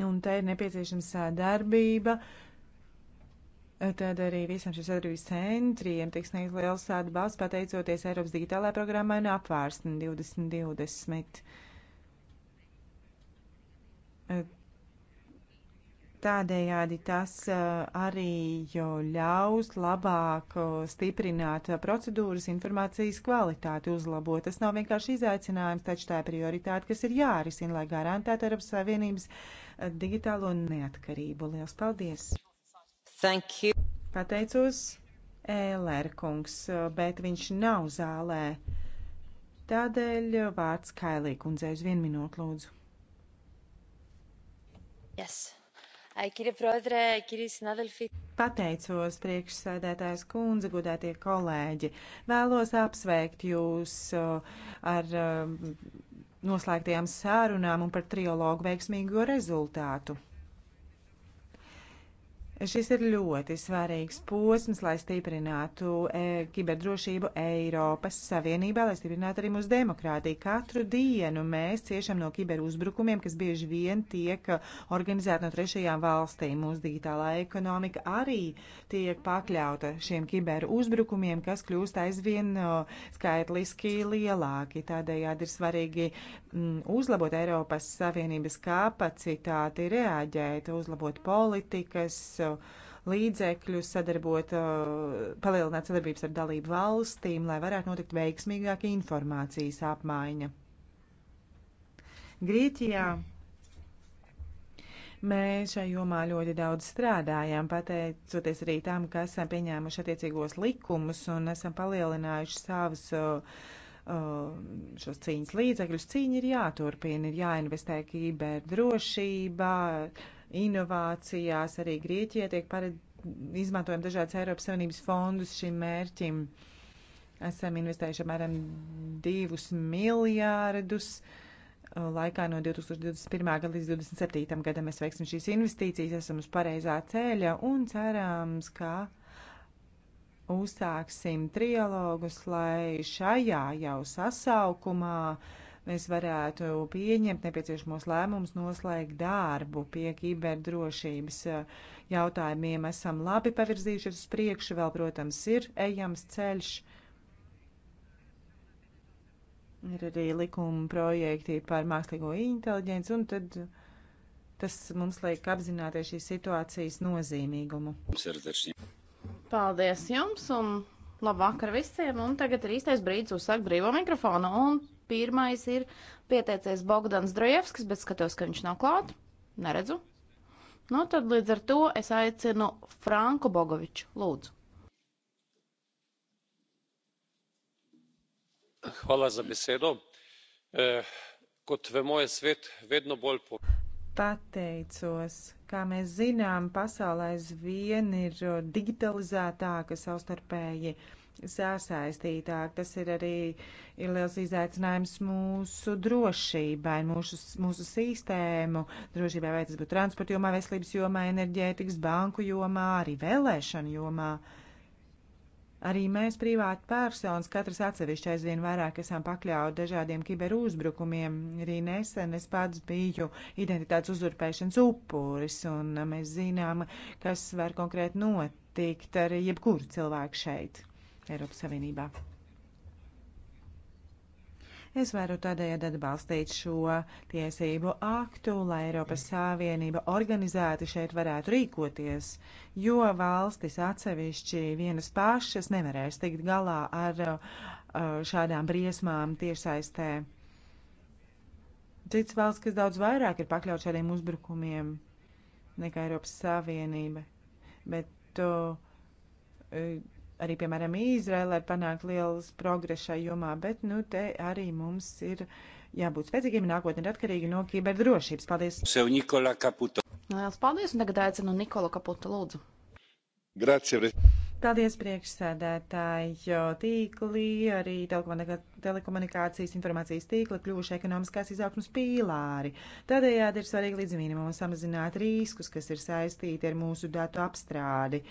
Un te ir nepieciešama sadarbība. Uh, Eh, tad arī visam šiem sadarbības centriem tiek sniegt liels atbalsts pateicoties Eiropas digitālajā programmā un apvārsni 2020. Eh, tādējādi tas eh, arī ļaus labāk stiprināt procedūras informācijas kvalitāti uzlabot. Tas nav vienkārši izaicinājums, taču tā ir prioritāte, kas ir jārisina, lai garantētu Eiropas Savienības digitālo neatkarību. Lielas paldies! Thank you. Pateicos Ēlēra kungs, bet viņš nav zālē. Tādēļ vārds Kailī kundzei uz vienu minūtu lūdzu. Yes. Pateicos priekšsēdētājs kundze, godētie kolēģi. Vēlos apsveikt jūs uh, ar um, noslēgtajām sārunām un par triologu veiksmīgo rezultātu. Šis ir ļoti svarīgs posms, lai stiprinātu e, kiberdrošību Eiropas Savienībā, lai stiprinātu arī mūsu demokrātiju. Katru dienu mēs ciešam no kiberuzbrukumiem, kas bieži vien tiek organizēti no trešajām valstīm. Mūsu digitālā ekonomika arī tiek pakļauta šiem kiberuzbrukumiem, kas kļūst aizvien skaitliski lielāki. Tādējādi ir svarīgi m, uzlabot Eiropas Savienības kapacitāti, reaģēt, uzlabot politikas līdzekļus, sadarbot, uh, palielināt sadarbības ar dalību valstīm, lai varētu notikt veiksmīgāka informācijas apmaiņa. Grieķijā mēs šai jomā ļoti daudz strādājām, pateicoties arī tam, ka esam pieņēmuši attiecīgos likumus un esam palielinājuši savus uh, uh šos cīņas līdzekļus. Cīņa ir jāturpina, ir jāinvestē kiberdrošībā, uh, inovācijās. Arī Grieķijai tiek pared, izmantojam dažādas Eiropas Savienības fondus šim mērķim. Esam investējuši apmēram divus miljārdus uh, laikā no 2021. gada līdz 2027. gadam. Mēs veiksim šīs investīcijas, esam uz pareizā ceļa un cerams, ka uzsāksim trialogus, lai šajā jau sasaukumā uh, mēs varētu pieņemt nepieciešamos lēmumus, noslēgt darbu pie kiberdrošības uh, jautājumiem. Esam labi pavirzījušies uz priekšu, vēl, protams, ir ejams ceļš. Ir arī likuma projekti par mākslīgo inteliģenci, un tad tas mums liek apzināties šīs situācijas nozīmīgumu. Paldies jums, un labvakar visiem, un tagad ir īstais brīdis uzsākt brīvo mikrofonu, un Pirmais ir pieteicies Bogdans Drojevskis, bet skatos, ka viņš nav klāt. Neredzu. Nu, tad līdz ar to es aicinu Franku Bogoviču. Lūdzu. Hvala za besedo. Eh, kot vemo, je svet vedno bolj po... Pateicos. Kā mēs zinām, pasaulē aizvien ir digitalizētāka savstarpēji. Eh, sasaistītāk. Tas ir arī ir liels izaicinājums mūsu drošībai, mūsu, mūsu sistēmu drošībai, vai tas būtu transporta jomā, veselības jomā, enerģētikas, banku jomā, arī vēlēšanu jomā. Arī mēs, privāti personas, katrs atsevišķi aizvien vairāk esam pakļauti dažādiem kiberuzbrukumiem. Arī nesen es pats biju identitātes uzurpēšanas upuris, un mēs zinām, kas var konkrēti notikt ar jebkuru cilvēku šeit. Eiropas Savienībā. Es varu tādējādi atbalstīt šo tiesību aktu, lai Eiropas Savienība organizēti šeit varētu rīkoties, jo valstis atsevišķi vienas pašas nevarēs tikt galā ar uh, šādām briesmām tiešsaistē. Cits valsts, kas daudz vairāk ir pakļaut šādiem uzbrukumiem nekā Eiropas Savienība, bet uh, arī, piemēram, Īzrēlē panākt lielas progresā jomā, bet, nu, te arī mums ir jābūt spēcīgiem nākotnē ir atkarīgi no kiberdrošības. Paldies! Sev Nikola Kaputo. Lielas paldies, un tagad aicinu Nikola Kaputo, lūdzu. Grazie. Paldies priekšsēdētāji tīkli, arī telekomunikācijas informācijas tīkli kļuvuši ekonomiskās izaugsmas pīlāri. Tādējādi ir svarīgi līdz minimumam samazināt riskus, kas ir saistīti ar mūsu datu apstrādi,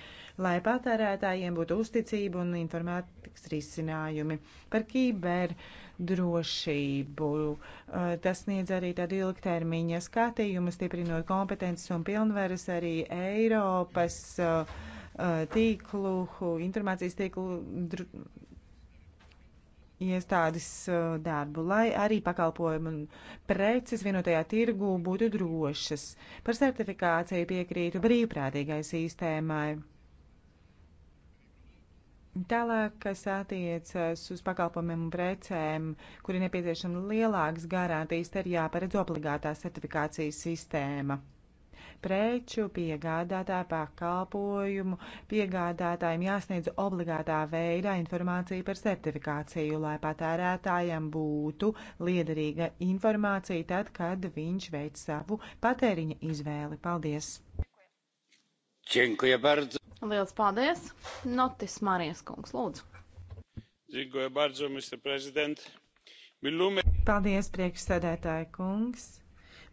lai patērētājiem būtu uzticība un informātikas risinājumi par kiber drošību. Tas sniedz arī tādu ilgtermiņa skatījumu, stiprinot kompetences un pilnveres arī Eiropas uh, Uh, tīklu, informācijas tīklu iestādes uh, darbu, lai arī pakalpojumu un preces vienotajā tirgū būtu drošas. Par certifikāciju piekrītu brīvprātīgai sistēmai. Tālāk, kas attiecas uz pakalpojumiem un precēm, kuri nepieciešama lielākas garantijas, te ir jāparedz obligātā certifikācijas sistēma preču piegādātāju pakalpojumu piegādātājiem jāsniedz obligātā veidā informācija par certifikāciju, lai patērētājiem būtu liederīga informācija tad, kad viņš veic savu patēriņa izvēli. Paldies! Liels paldies! Notis Marijas kungs, lūdzu! Paldies, priekšsēdētāja kungs!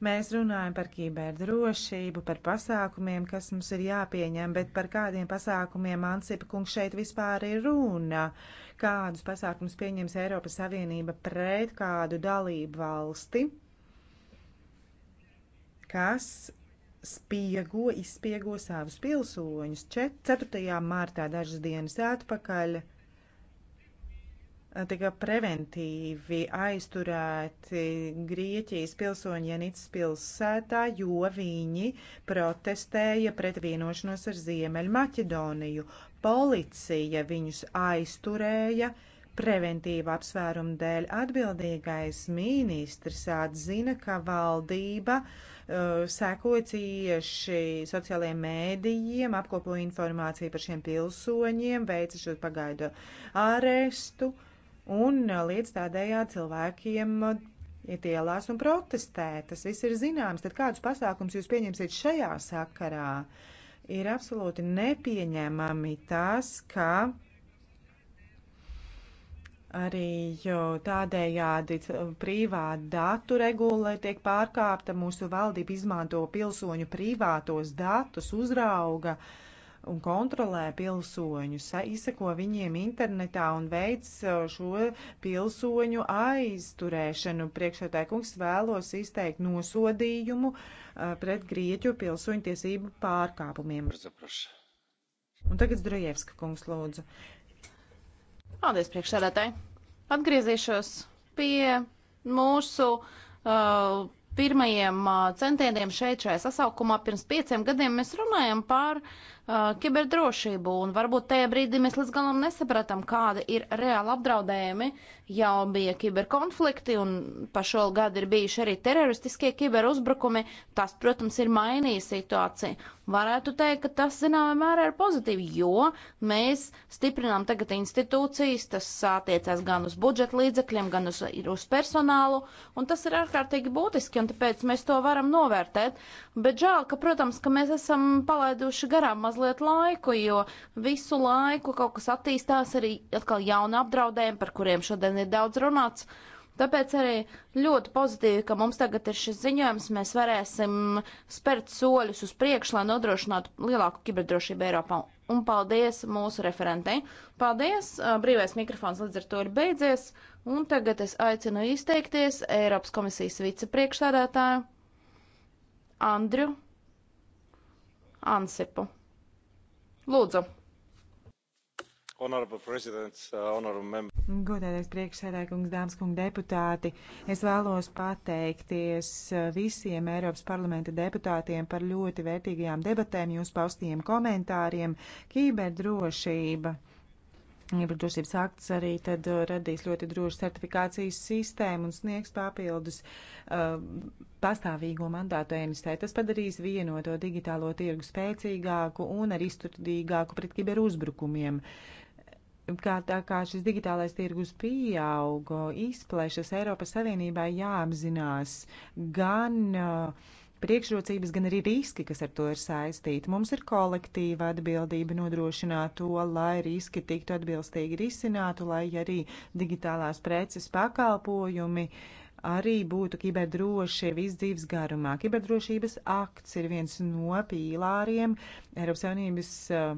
Mēs runājam par kiberdrošību, par pasākumiem, kas mums ir jāpieņem, bet par kādiem pasākumiem Ansipa kungs šeit vispār ir runa? Kādus pasākumus pieņems Eiropas Savienība pret kādu dalību valsti? kas spiego, izspiego savus pilsoņus. 4. martā dažas dienas atpakaļ uh, Eh, tika preventīvi aizturēti Grieķijas pilsoņi Janits pilsētā, jo viņi protestēja pret vienošanos ar Ziemeļmaķedoniju. Policija viņus aizturēja preventīva apsvēruma dēļ. Atbildīgais ministrs atzina, ka valdība uh, sekoja cieši sociālajiem mēdījiem, apkopoja informāciju par šiem pilsoņiem, veica šo pagaidu arestu. Uh, un eh, liedz tādējādi cilvēkiem eh, iet ielās un protestē. Tas viss ir zināms. Tad kādus pasākums jūs pieņemsiet šajā sakarā? Ir absolūti nepieņemami tas, ka Arī tādējādi privāta datu regula tiek pārkāpta. Mūsu valdība izmanto pilsoņu privātos datus, uzrauga uh, un kontrolē pilsoņus, izseko viņiem internetā un veids uh, šo pilsoņu aizturēšanu. Priekšētāji kungs vēlos izteikt nosodījumu uh, pret Grieķu pilsoņu tiesību pārkāpumiem. Un tagad Zdrojevska kungs lūdzu. Paldies, priekšsēdētāji. Atgriezīšos pie mūsu uh, pirmajiem uh, centieniem šeit šajā sasaukumā pirms pieciem gadiem mēs runājam par uh, kiberdrošību, un varbūt tajā brīdī mēs līdz galam nesapratām, kāda ir reāla apdraudējumi. Jau bija kiberkonflikti, un pa šo gadu ir bijuši arī teroristiskie kiberuzbrukumi. Tas, protams, ir mainījis situāciju. Varētu teikt, ka tas, zināmā mērā, ir pozitīvi, jo mēs stiprinām tagad institūcijas, tas attiecās gan uz budžeta līdzekļiem, gan uz, uz personālu, un tas ir ārkārtīgi būtiski, un tāpēc mēs to varam novērtēt. Bet žēl, ka, protams, ka mēs esam palaiduši garām mazliet mazliet laiku, jo visu laiku kaut kas attīstās arī atkal jauni apdraudējumi, par kuriem šodien ir daudz runāts. Tāpēc arī ļoti pozitīvi, ka mums tagad ir šis ziņojums, mēs varēsim spērt soļus uz priekšu, lai nodrošinātu lielāku kiberdrošību Eiropā. Un paldies mūsu referentei. Paldies, brīvais mikrofons līdz ar to ir beidzies. Un tagad es aicinu izteikties Eiropas komisijas vicepriekšsēdētāju Andriu Ansipu. Lūdzu. Uh, Godētais priekšsēdētājs, dāmas un deputāti, es vēlos pateikties uh, visiem Eiropas parlamenta deputātiem par ļoti vērtīgajām debatēm, jūsu paustiem komentāriem. Kiberdrošība Iebruķosības akts arī tad uh, radīs ļoti drošu certifikācijas sistēmu un sniegs papildus uh, pastāvīgo mandātu ENSTē. Tas padarīs vienoto digitālo tirgu spēcīgāku un arī izturīgāku pret kiberuzbrukumiem. Kā tā kā šis digitālais tirgus pieaugo, izplešas Eiropas Savienībā jāapzinās gan uh, priekšrocības, gan arī riski, kas ar to ir saistīti. Mums ir kolektīva atbildība nodrošināt to, lai riski tiktu atbilstīgi risinātu, lai arī digitālās preces pakalpojumi arī būtu kiberdroši visu dzīves garumā. Kiberdrošības akts ir viens no pīlāriem Eiropas Savienības eh,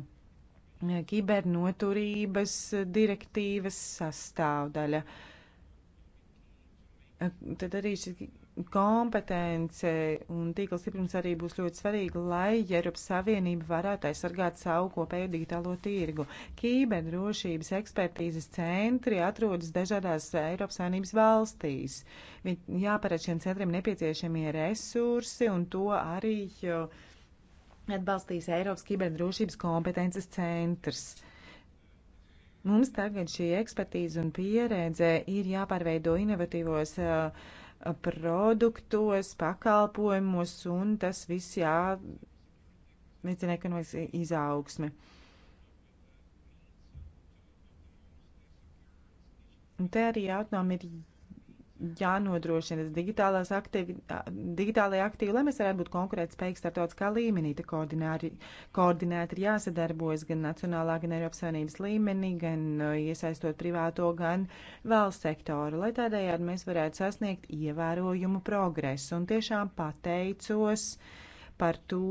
kibernoturības direktīvas sastāvdaļa. Eh, tad arī šis kompetence un tīkla stiprums arī būs ļoti svarīgi, lai Eiropas Savienība varētu aizsargāt savu kopējo digitālo tirgu. Kīberdrošības ekspertīzes centri atrodas dažādās Eiropas Savienības valstīs. Jāparāda šiem centriem nepieciešamie resursi un to arī atbalstīs Eiropas kiberdrošības kompetences centrs. Mums tagad šī ekspertīze un pieredze ir jāpārveido inovatīvos uh, produktos, pakalpojumos, un tas viss jāveicina ekonomikas izaugsme. Un te arī jautājumi ir jānodrošina digitālās aktīvi, digitālajā aktīvi, lai mēs varētu būt konkurētspējīgi starptautiskā līmenī. Te koordinēti ir jāsadarbojas gan nacionālā, gan Eiropas Savienības līmenī, gan iesaistot privāto, gan valsts sektoru, lai tādējādi mēs varētu sasniegt ievērojumu progresu. Un tiešām pateicos par to,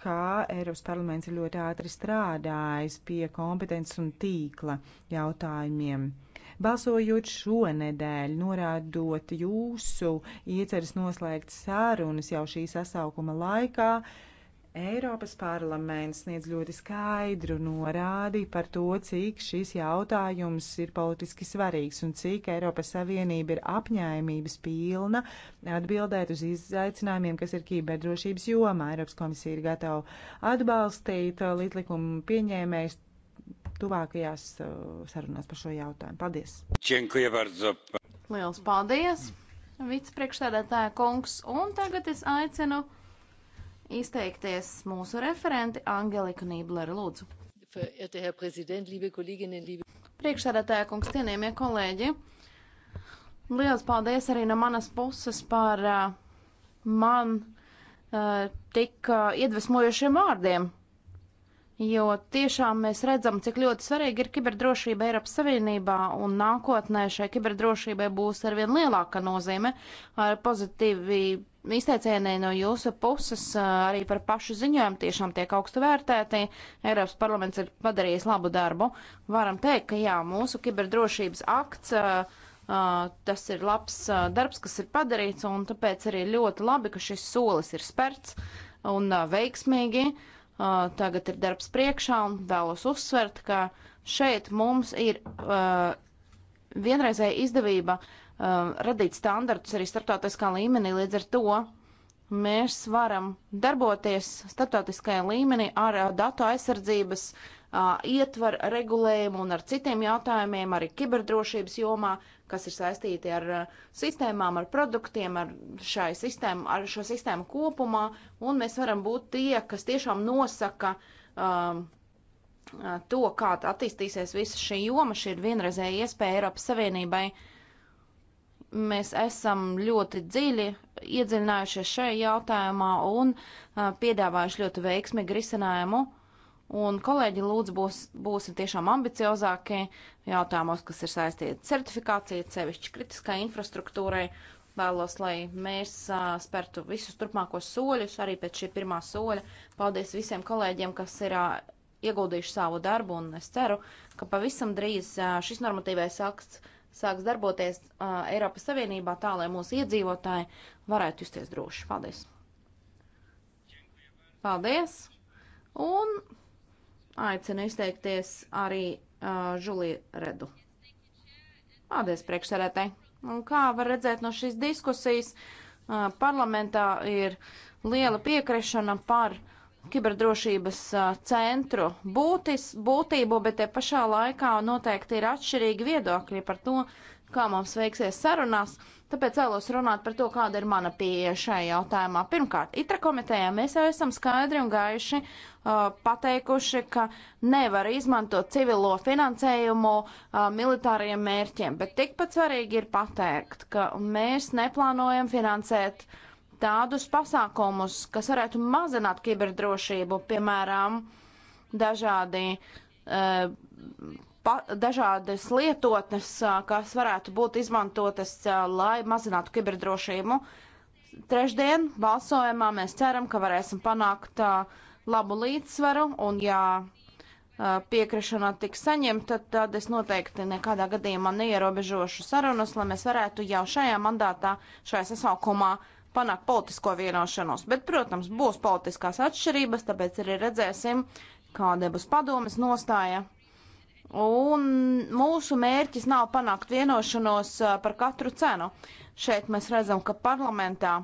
ka Eiropas parlaments ir ļoti ātri strādājis pie kompetences un tīkla jautājumiem. Balsojot šonedēļ, norādot jūsu ieceres noslēgt sārunas jau šī sasaukuma laikā, Eiropas parlaments sniedz ļoti skaidru norādi par to, cik šis jautājums ir politiski svarīgs un cik Eiropas Savienība ir apņēmības pilna atbildēt uz izaicinājumiem, kas ir kiberdrošības jomā. Eiropas komisija ir gatava atbalstīt līdzlikumu pieņēmējs tuvākajās uh, sarunās par šo jautājumu. Paldies! Liels paldies, vicepriekšsēdētāja kungs! Un tagad es aicinu izteikties mūsu referenti Angeliku Nībleru lūdzu. Priekšsēdētāja kungs, cienījamie kolēģi, liels paldies arī no manas puses par uh, man uh, tik uh, iedvesmojošiem vārdiem jo tiešām mēs redzam, cik ļoti svarīgi ir kiberdrošība Eiropas Savienībā, un nākotnē šai kiberdrošībai būs arvien lielāka nozīme ar pozitīvi izteicienī no jūsu puses arī par pašu ziņojumu tiešām tiek augstu vērtēti. Eiropas parlaments ir padarījis labu darbu. Varam teikt, ka jā, mūsu kiberdrošības akts, tas ir labs darbs, kas ir padarīts, un tāpēc arī ļoti labi, ka šis solis ir sperts un veiksmīgi. Uh, Uh, tagad ir darbs priekšā un vēlos uzsvert, ka šeit mums ir uh, vienreizēja izdevība uh, radīt standartus arī starptautiskā līmenī. Līdz ar to mēs varam darboties starptautiskajā līmenī ar uh, datu aizsardzības uh, ietver regulējumu un ar citiem jautājumiem, arī kiberdrošības jomā, kas ir saistīti ar sistēmām, ar produktiem, ar, sistēmu, ar šo sistēmu kopumā, un mēs varam būt tie, kas tiešām nosaka um, to, kā attīstīsies visa šī joma. Šī ir vienreizēja iespēja Eiropas Savienībai. Mēs esam ļoti dziļi iedziļinājušies šajā jautājumā un uh, piedāvājuši ļoti veiksmīgu risinājumu uh, Un kolēģi lūdzu būs, būsim tiešām ambiciozākie jautājumos, kas ir saistīti ar certifikāciju, sevišķi kritiskai infrastruktūrai. Vēlos, lai mēs uh, spērtu visus turpmākos soļus, arī pēc šī pirmā soļa. Paldies visiem kolēģiem, kas ir uh, ieguldījuši savu darbu, un es ceru, ka pavisam drīz uh, šis normatīvais akts sāks darboties uh, Eiropas Savienībā tā, lai mūsu iedzīvotāji varētu justies droši. Paldies! Paldies! Un Aicinu izteikties arī uh, Žuliju Redu. Paldies, priekšsarētai. Un kā var redzēt no šīs diskusijas, uh, parlamentā ir liela piekrišana par kiberdrošības uh, centru būtis, būtību, bet te pašā laikā noteikti ir atšķirīgi viedokļi par to, kā mums veiksies sarunās, tāpēc vēlos runāt par to, kāda ir mana pieeja šajā jautājumā. Pirmkārt, ITRA komitejā mēs jau esam skaidri un gaiši uh, pateikuši, ka nevar izmantot civilo finansējumu uh, militāriem mērķiem, bet tikpat svarīgi ir pateikt, ka mēs neplānojam finansēt tādus pasākumus, kas varētu mazināt kiberdrošību, piemēram, dažādi uh, pa, dažādas lietotnes, kas varētu būt izmantotas, lai mazinātu kiberdrošību. Trešdien balsojumā mēs ceram, ka varēsim panākt labu līdzsvaru, un ja piekrišana tiks saņemta, tad es noteikti nekādā gadījumā neierobežošu sarunas, lai mēs varētu jau šajā mandātā, šajā sasaukumā panākt politisko vienošanos. Bet, protams, būs politiskās atšķirības, tāpēc arī redzēsim, kāda būs padomas nostāja Un mūsu mērķis nav panākt vienošanos par katru cenu. Šeit mēs redzam, ka parlamentā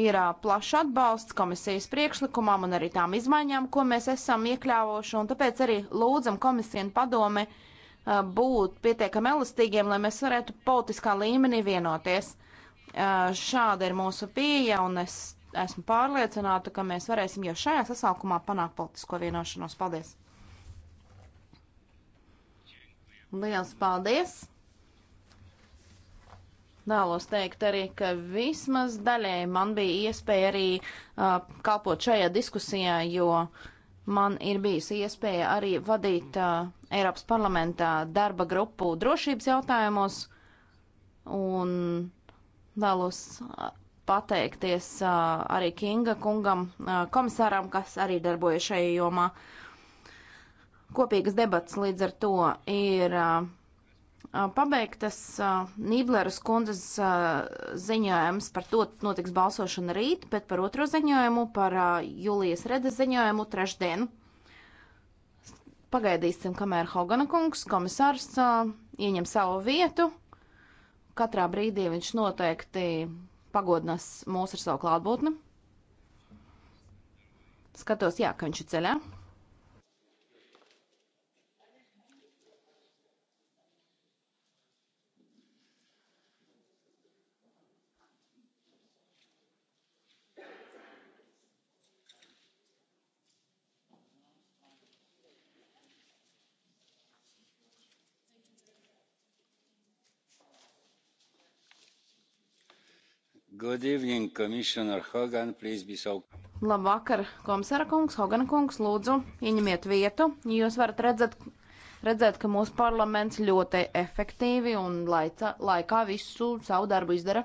ir plašs atbalsts komisijas priekšlikumam un arī tām izmaiņām, ko mēs esam iekļāvoši, un tāpēc arī lūdzam komisiju un padomi būt pietiekami elastīgiem, lai mēs varētu politiskā līmenī vienoties. Šāda ir mūsu pieeja, un es esmu pārliecināta, ka mēs varēsim jau šajā sasaukumā panākt politisko vienošanos. Paldies! Liels paldies! Vēlos teikt arī, ka vismaz daļēji man bija iespēja arī uh, kalpot šajā diskusijā, jo man ir bijusi iespēja arī vadīt uh, Eiropas parlamentā darba grupu drošības jautājumos. Un vēlos pateikties uh, arī Kinga kungam, uh, komisāram, kas arī darbojas šajā jomā. Uh, Kopīgas debats līdz ar to ir pabeigtas Nībleras kundzes ziņojums par to notiks balsošana rīt, bet par otro ziņojumu, par Julijas Redes ziņojumu trešdien. Pagaidīsim, kamēr Hogana kungs, komisārs, ieņem savu vietu. Katrā brīdī viņš noteikti pagodinās mūs ar savu klātbūtni. Skatos, jā, ka viņš ir ceļā. Good evening, Commissioner Hogan, please be so. Labvakar, komisāra kungs, Hogana kungs, lūdzu, ieņemiet vietu. Jūs varat redzēt, redzēt, ka mūsu parlaments ļoti efektīvi un laica, laikā visu savu darbu izdara.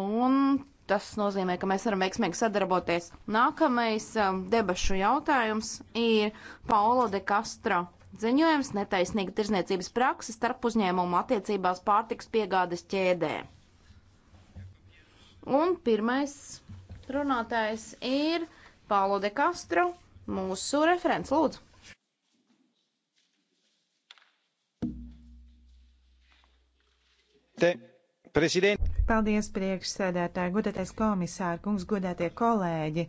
Un tas nozīmē, ka mēs varam veiksmīgi sadarboties. Nākamais um, debašu jautājums ir Paulo de Castro Ziņojums netaisnīga tirzniecības praksa starp uzņēmumu attiecībās pārtiks piegādes ķēdē. Un pirmais runātājs ir Paulo de Castro, mūsu referents. Lūdzu! Prezident. Paldies, priekšsēdētāji, godētais komisāri, kungs, godētie kolēģi.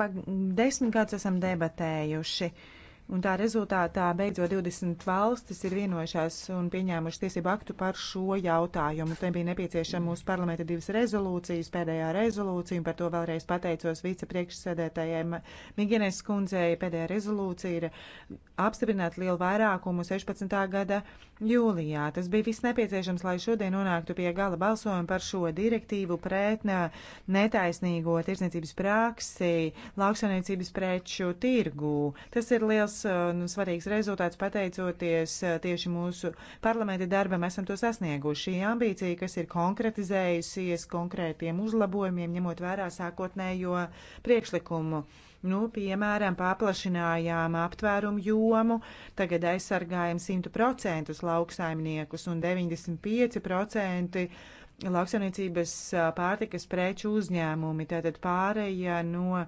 Pa desmit gadus esam debatējuši. Uh, Un tā rezultātā beidzot 20 valstis ir vienojušās un pieņēmuši tiesību aktu par šo jautājumu. Te bija nepieciešama mūsu parlamenta divas rezolūcijas, pēdējā rezolūcija, un par to vēlreiz pateicos vicepriekšsēdētājai Migenes skundzei. Pēdējā rezolūcija ir apstiprināt lielu vairākumu 16. gada jūlijā. Tas bija viss nepieciešams, lai šodien nonāktu pie gala balsojuma par šo direktīvu pret netaisnīgo tirdzniecības praksi, lauksaimniecības preču tirgū. Tas ir liels Uh, nu, svarīgs rezultāts pateicoties uh, tieši mūsu parlamenta darbam esam to sasnieguši. Šī ambīcija, kas ir konkretizējusies konkrētiem uzlabojumiem, ņemot vērā sākotnējo priekšlikumu. Nu, piemēram, paplašinājām aptvērumu jomu, tagad aizsargājam 100% lauksaimniekus un 95% lauksaimniecības uh, pārtikas preču uzņēmumi. Tātad pārējā no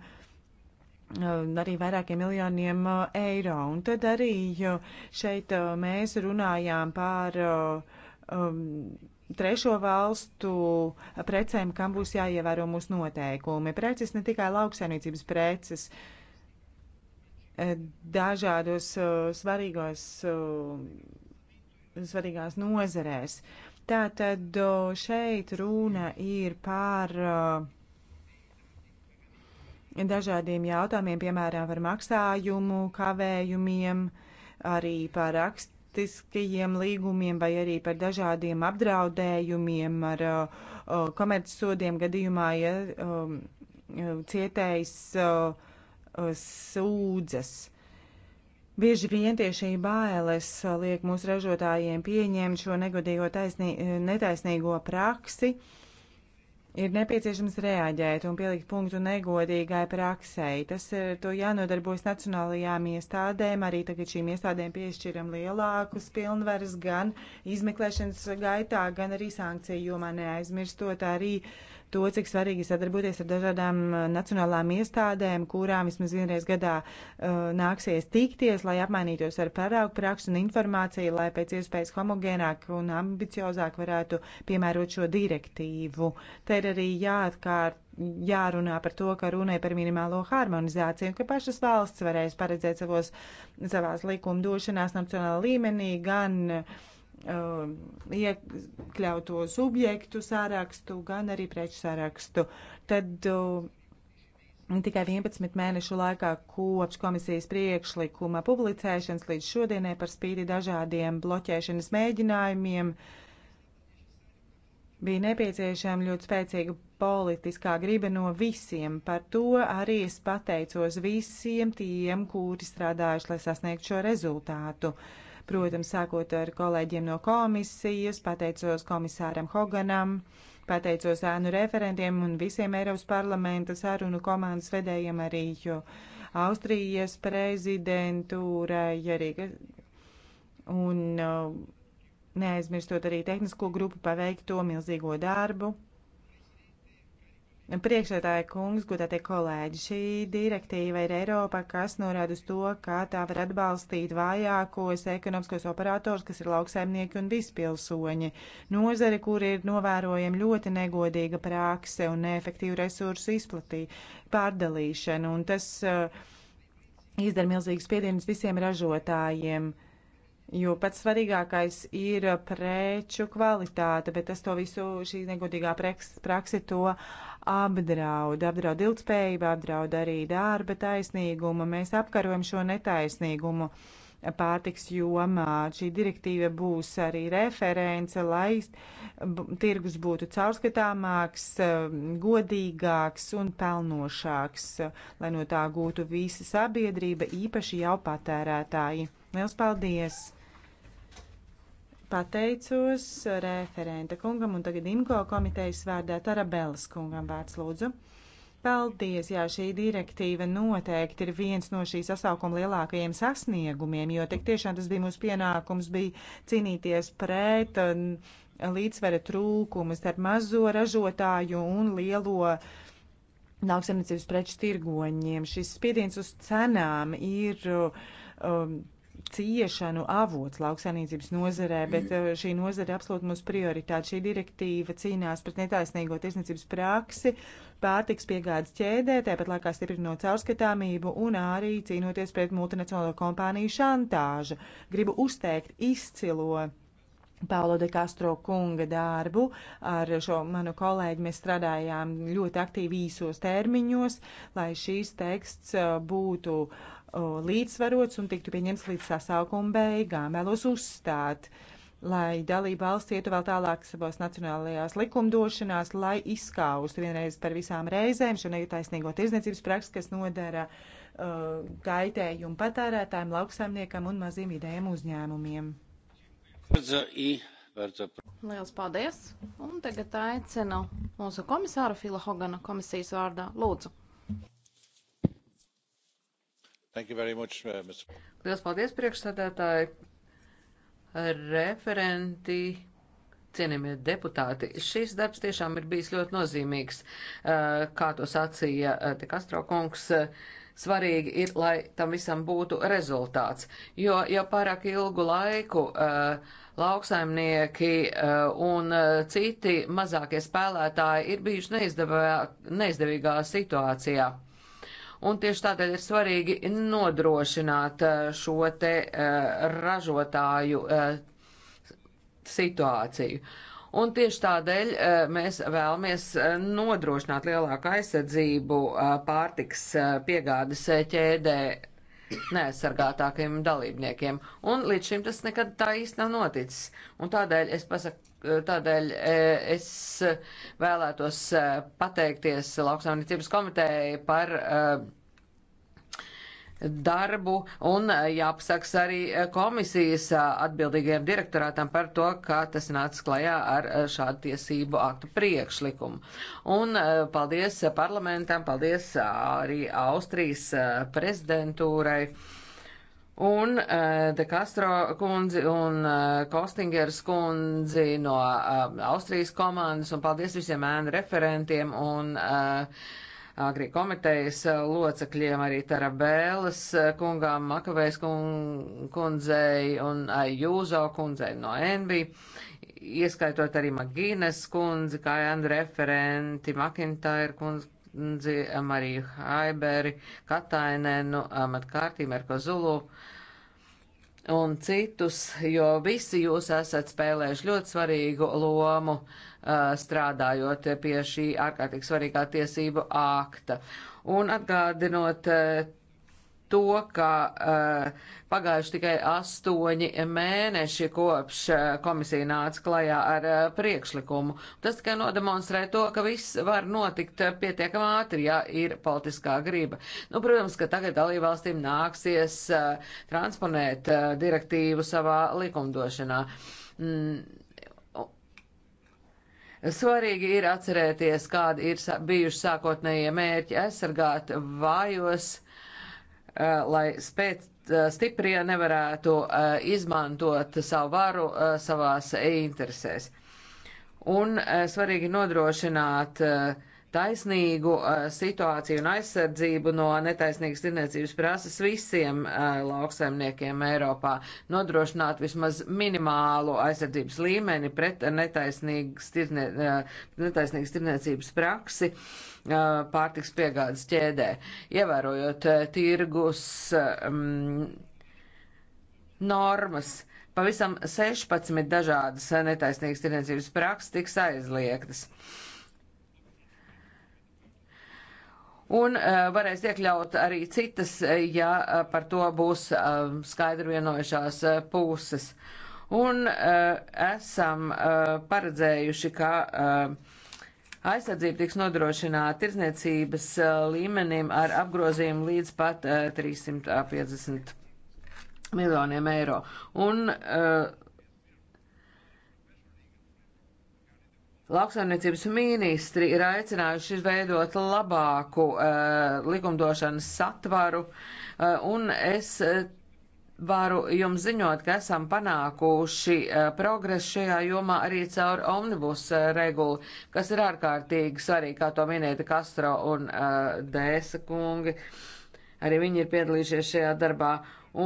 Ehm, arī vairākiem miljoniem eh, eiro. Un tad arī šeit eh, mēs runājām par um, trešo valstu precēm, kam būs jāievēro mūsu noteikumi. Preces ne tikai lauksainīcības preces dažādos uh, svarīgos, uh, svarīgās nozerēs. Tātad uh, šeit runa ir par uh, dažādiem jautājumiem, piemēram, par maksājumu, kavējumiem, arī par rakstiskajiem līgumiem vai arī par dažādiem apdraudējumiem ar uh, komercsodiem gadījumā, ja um, cietējs uh, sūdzas. Bieži vien tieši bailes liek mūsu ražotājiem pieņemt šo negodīgo taisnī, netaisnīgo praksi, uh, ir nepieciešams reaģēt un pielikt punktu negodīgai praksei. Tas ir eh, to jānodarbojas nacionālajām iestādēm, arī tagad šīm iestādēm piešķiram lielākus pilnvaras gan izmeklēšanas gaitā, gan arī sankciju jomā neaizmirstot arī uh, to, cik svarīgi sadarboties ar dažādām eh, nacionālām iestādēm, kurām vismaz vienreiz gadā uh, nāksies tikties, lai apmainītos ar paraugu praksu un informāciju, lai pēc iespējas homogēnāk un ambiciozāk varētu piemērot šo direktīvu. Te ir arī jāatkārt. Jārunā par to, ka runai par minimālo harmonizāciju, ka pašas valsts varēs paredzēt savos, savās likumdošanās nacionālā līmenī gan uh, Um, iekļautu subjektu sārakstu, gan arī preču sārakstu. Tad um, tikai 11 mēnešu laikā kopš komisijas priekšlikuma publicēšanas līdz šodienai par spīti dažādiem bloķēšanas mēģinājumiem bija nepieciešama ļoti spēcīga politiskā griba no visiem. Par to arī es pateicos visiem tiem, kuri strādājuši, lai sasniegtu šo rezultātu. Uh, Protams, sākot ar kolēģiem no komisijas, pateicos komisāram Hoganam, pateicos ēnu referentiem un visiem Eiropas parlamenta sarunu komandas vedējiem arī, jo Austrijas prezidentūrai arī. Un uh, neaizmirstot arī tehnisko grupu paveikto milzīgo darbu. Priekšsēdētāja kungs, godātie kolēģi, šī direktīva ir Eiropa, kas norāda uz to, kā tā var atbalstīt vājākos ekonomiskos operators, kas ir lauksaimnieki un vispilsoņi. Nozari, kur ir novērojama ļoti negodīga prakse un neefektīva resursu izplatī, pārdalīšana, un tas uh, izdara milzīgas spiedienas visiem ražotājiem. Jo pats svarīgākais ir preču kvalitāte, bet tas to visu, šī negodīgā prakse to apdraud, apdraud ilgspējību, apdraud arī darba taisnīgumu. Mēs apkarojam šo netaisnīgumu pārtiks jomā. Šī direktīva būs arī reference, lai tirgus būtu caurskatāmāks, godīgāks un pelnošāks, lai no tā gūtu visa sabiedrība, īpaši jau patērētāji. Liels paldies! Pateicos referenta kungam un tagad IMKO komitejas vārdā Tarabēlas kungam vārds lūdzu. Paldies, jā, šī direktīva noteikti ir viens no šī sasaukuma lielākajiem sasniegumiem, jo tik tiešām tas bija mūsu pienākums, bija cīnīties pret um, līdzsvera trūkumu starp mazo ražotāju un lielo lauksaimniecības preču tirgoņiem. Šis spiediens uz cenām ir. Um, ciešanu avots lauksainīcības nozarē, bet eh, šī nozara absolūti mūsu prioritāte. Šī direktīva cīnās pret netaisnīgo tirsniecības praksi, pārtiks piegādes ķēdē, tāpat laikā stiprinot caurskatāmību un arī cīnoties pret multinacionālo kompāniju šantāžu. Gribu uzteikt izcilo Paulo de Castro kunga darbu. Ar šo manu kolēģi mēs strādājām ļoti aktīvi īsos termiņos, lai šīs teksts eh, būtu uh, līdzsvarots un tiktu pieņemts līdz sasaukuma beigām. Vēlos uzstāt, lai dalība valsts ietu vēl tālāk savās nacionālajās likumdošanās, lai izskaustu vienreiz par visām reizēm šo netaisnīgo tirdzniecības praksi, kas nodara uh, kaitējumu patērētājiem, lauksaimniekam un maziem vidējiem uzņēmumiem. Liels paldies! Un tagad aicinu mūsu komisāru Fila Hogana komisijas vārdā. Lūdzu! Much, uh, Lielas paldies, priekšsēdētāji, referenti, cienījamie deputāti. Šis darbs tiešām ir bijis ļoti nozīmīgs, uh, kā to sacīja te uh, Kastro kungs. Svarīgi ir, lai tam visam būtu rezultāts, jo jau pārāk ilgu laiku uh, lauksaimnieki un citi mazākie spēlētāji ir bijuši neizdevīgā situācijā. Un tieši tādēļ ir svarīgi nodrošināt eh, šo te eh, ražotāju eh, situāciju. Un tieši tādēļ mēs vēlamies nodrošināt lielāku aizsardzību pārtiks piegādes ķēdē neaizsargātākajiem dalībniekiem. Un līdz šim tas nekad tā īsti nav noticis. Un tādēļ es pasaku Tādēļ e, es vēlētos e, pateikties lauksaunicības komitejai par e, darbu un jāpasaks arī komisijas atbildīgajiem direktorātam par to, kā tas nāca klajā ar šādu tiesību aktu priekšlikumu. Un paldies parlamentam, paldies arī Austrijas prezidentūrai Un uh, De Castro kundzi un uh, Kostingers kundzi no uh, Austrijas komandas un paldies visiem ēnu referentiem un uh, Agri komitejas locekļiem arī Tarabēlas kungām, Makavējas kundzei un uh, Jūzo kundzei no Envi, ieskaitot arī Magīnes kundzi, kā ēnu referenti, Makintāra kundzi, Mariju Haiberi, Katainenu, Amat Kārtīm, Erko Zulu, un citus, jo visi jūs esat spēlējuši ļoti svarīgu lomu strādājot pie šī ārkārtīgi svarīgā tiesību akta. Un atgādinot to, ka uh, pagājuši tikai astoņi mēneši kopš uh, komisija nāca klajā ar uh, priekšlikumu. Tas tikai nodemonstrē to, ka viss var notikt pietiekam ātri, ja ir politiskā griba. Nu, protams, ka tagad dalībvalstīm nāksies uh, transponēt uh, direktīvu savā likumdošanā. Mm. Svarīgi ir atcerēties, kādi ir bijuši sākotnējie mērķi aizsargāt vājos Eh, lai spēc, eh, stiprie nevarētu eh, izmantot savu varu savās interesēs. Un svarīgi nodrošināt taisnīgu situāciju un aizsardzību no netaisnīgas tirniecības prasas visiem lauksaimniekiem Eiropā, nodrošināt vismaz minimālu aizsardzības līmeni pret netaisnīgas, tirnie, netaisnīgas tirniecības praksi. Uh, pārtiks piegādes ķēdē, ievērojot tirgus um, normas. Pavisam 16 dažādas netaisnīgas tirdzniecības prakses tiks aizliegtas. Un uh, varēs iekļaut arī citas, ja uh, par to būs uh, skaidri vienojušās uh, puses. Un uh, esam uh, paredzējuši, ka uh, Aizsardzība tiks nodrošināta tirzniecības uh, līmenim ar apgrozījumu līdz pat 350 uh, miljoniem eiro. Un, uh, Lauksaimniecības ministri ir aicinājuši izveidot labāku uh, likumdošanas satvaru, uh, un es Varu jums ziņot, ka esam panākuši eh, progresu šajā jomā arī caur omnibus eh, regulu, kas ir ārkārtīgi svarīgi, kā to minēta Kastro un uh, Dēsa kungi. Arī viņi ir piedalījušies šajā darbā.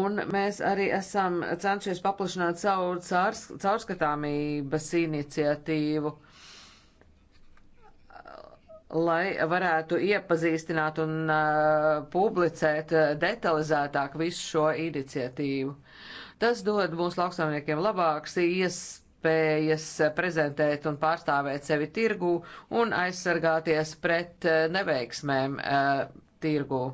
Un mēs arī esam cenšies paplašināt savu caurs, caurskatāmības iniciatīvu lai varētu iepazīstināt un uh, publicēt detalizētāk visu šo iniciatīvu. Tas dod mūsu lauksaimniekiem labāks iespējas prezentēt un pārstāvēt sevi tirgū un aizsargāties pret uh, neveiksmēm uh, tirgū.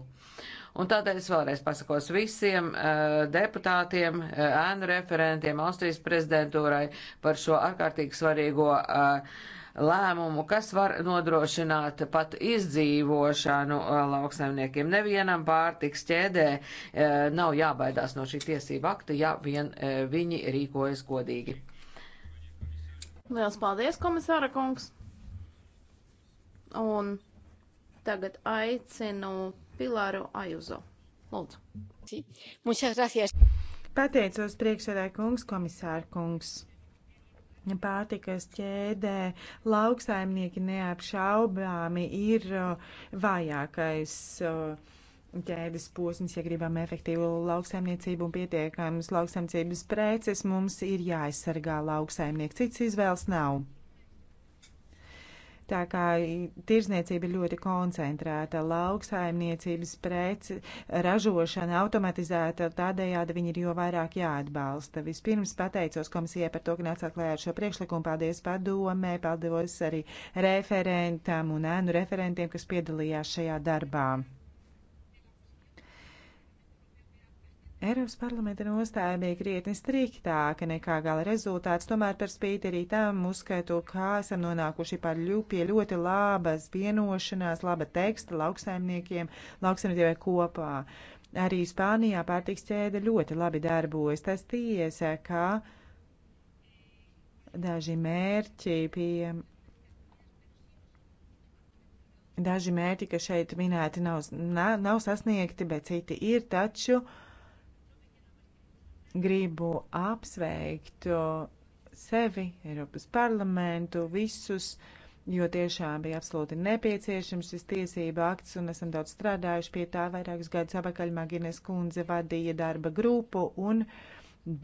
Un tādēļ es vēlreiz pasakos visiem uh, deputātiem, ēnu uh, referentiem, Austrijas prezidentūrai par šo ārkārtīgi svarīgo uh, lēmumu, kas var nodrošināt pat izdzīvošanu uh, lauksaimniekiem. Nevienam pārtiks ķēdē uh, nav jābaidās no šī tiesība akta, ja vien uh, viņi rīkojas godīgi. Liels paldies, komisāra kungs! Un tagad aicinu Pilāru Ajuzo. Lūdzu. Muchas gracias. Pateicos priekšsēdē kungs, komisāra kungs pārtikas ķēdē lauksaimnieki neapšaubāmi ir vājākais ķēdes posms, ja gribam efektīvu lauksaimniecību un pietiekamas lauksaimniecības preces, mums ir jāaizsargā lauksaimnieks. Cits izvēles nav. Tā kā tirzniecība ir ļoti koncentrēta, lauksaimniecības preci, ražošana automatizēta, tādējādi viņi ir jo vairāk jāatbalsta. Vispirms pateicos komisijai par to, ka nācāt klējā ar šo priekšlikumu. Paldies padomē, paldies arī referentam un ēnu referentiem, kas piedalījās šajā darbā. Eiropas parlamenta nostāja bija krietni striktāka nekā gala rezultāts, tomēr par spīti arī tam uzskaitu, kā esam nonākuši par ļupie ļoti labas vienošanās, laba teksta lauksaimniekiem, lauksaimniekiem kopā. Arī Spānijā pārtiks ķēde ļoti labi darbojas. Tas tiesa, ka daži mērķi pie. Daži mērķi, kas šeit minēti, nav, nav sasniegti, bet citi ir taču. Uh, Gribu apsveikt sevi, Eiropas parlamentu, visus, jo tiešām bija absolūti nepieciešams šis tiesība akts, un esam daudz strādājuši pie tā. Vairākus gadus apakaļ Magines kundze vadīja darba grupu, un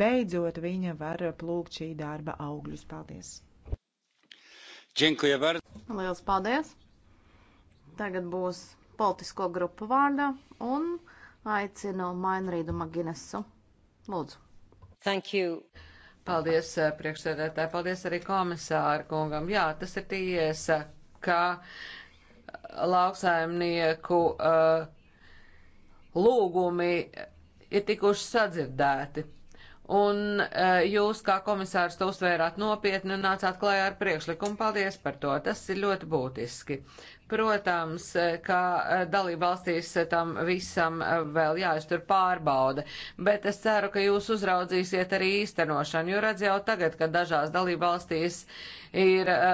beidzot viņa var plūkt šī darba augļus. Paldies! Lielas paldies! Tagad būs politisko grupu vārda un aicinu Mainrīdu Maginesu. Lūdzu. Thank you. Paldies, eh, priekšsēdētāji, paldies arī komisāru kungam. Jā, tas ir tiesa, eh, ka lauksaimnieku uh, lūgumi ir tikuši sadzirdēti. Un uh, jūs, kā komisārs, to uztvērāt nopietni un nācāt klajā ar priekšlikumu. Paldies par to. Tas ir ļoti būtiski. Protams, ka eh, dalība valstīs eh, tam visam eh, vēl jāiztur pārbauda, bet es ceru, ka jūs uzraudzīsiet arī īstenošanu, jo redz jau tagad, ka dažās dalība valstīs ir eh,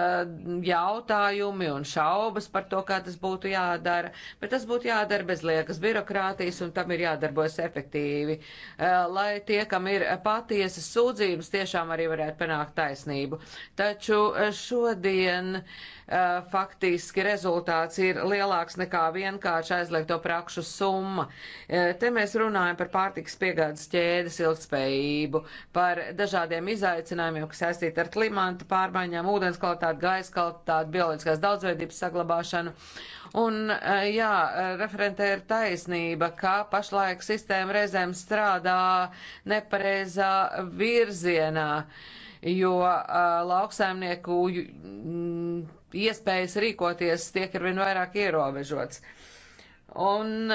jautājumi un šaubas par to, kā tas būtu jādara, bet tas būtu jādara bez liekas birokrātijas un tam ir jādarbojas efektīvi, eh, lai tie, kam ir patiesas sūdzības, tiešām arī varētu panākt taisnību. Taču eh, šodien faktiski rezultāts ir lielāks nekā vienkārši aizliegto prakšu summa. Te mēs runājam par pārtikas piegādes ķēdes ilgspējību, par dažādiem izaicinājumiem, kas saistīti ar klimata pārmaiņām, uzlabošanām, ūdens kvalitāti, gaisa kvalitāti, bioloģiskās daudzveidības saglabāšanu. Un, eh, jā, referentē ir taisnība, ka pašlaik sistēma reizēm strādā nepareizā virzienā, jo uh, lauksaimnieku mm, iespējas rīkoties tiek arvien vairāk ierobežots. Un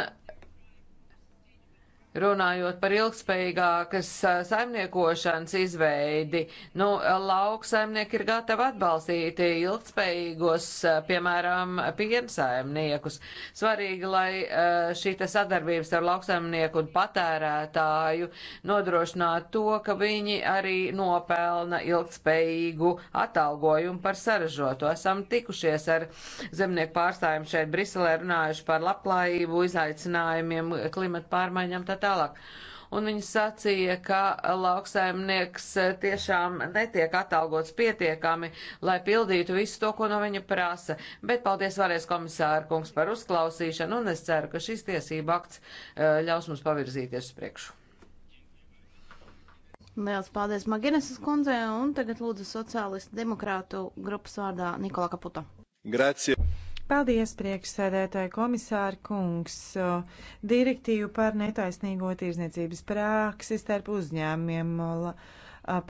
Runājot par ilgspējīgākas saimniekošanas izveidi, nu, lauksaimnieki ir gatavi atbalstīt ilgspējīgos, piemēram, piensaimniekus. Svarīgi, lai šī sadarbības ar lauksaimnieku un patērētāju nodrošinātu to, ka viņi arī nopelna ilgspējīgu atalgojumu par saražoto. Esam tikušies ar zemnieku pārstāvjiem šeit Briselē runājuši par labklājību, izaicinājumiem, klimata pārmaiņām, tā tā tālāk. Un viņi sacīja, ka lauksaimnieks eh, tiešām netiek atalgots pietiekami, lai pildītu visu to, ko no viņa prasa. Bet paldies vēlreiz komisāra kungs par uzklausīšanu, un es ceru, ka šis tiesība akts eh, ļaus mums pavirzīties uz priekšu. Liels paldies Maginesas kundzei, un tagad lūdzu sociālistu demokrātu grupas vārdā Nikola Kaputo. Grazie. Paldies, priekšsēdētāji komisāri kungs. Direktīvu par netaisnīgo tirzniecības prāksi starp uzņēmiem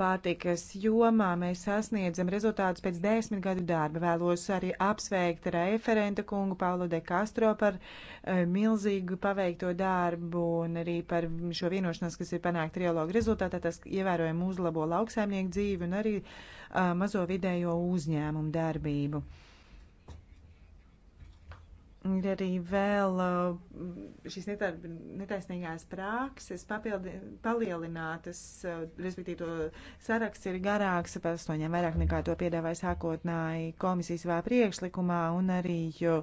pārtikas jomā mēs sasniedzam rezultātus pēc desmit gadu darba. Vēlos arī apsveikt referenta kungu Paulu de Castro par milzīgu paveikto darbu un arī par šo vienošanos, kas ir panākt trialogu rezultātā. Tas ievērojami uzlabo lauksaimnieku dzīvi un arī mazo vidējo uzņēmumu darbību. Ir arī vēl uh, šīs netaisnīgās prakses papildi, palielinātas, uh, respektīvi to saraksts ir garāks par astoņiem vairāk nekā to piedāvāja sākotnēji komisijas vēl priekšlikumā un arī jo.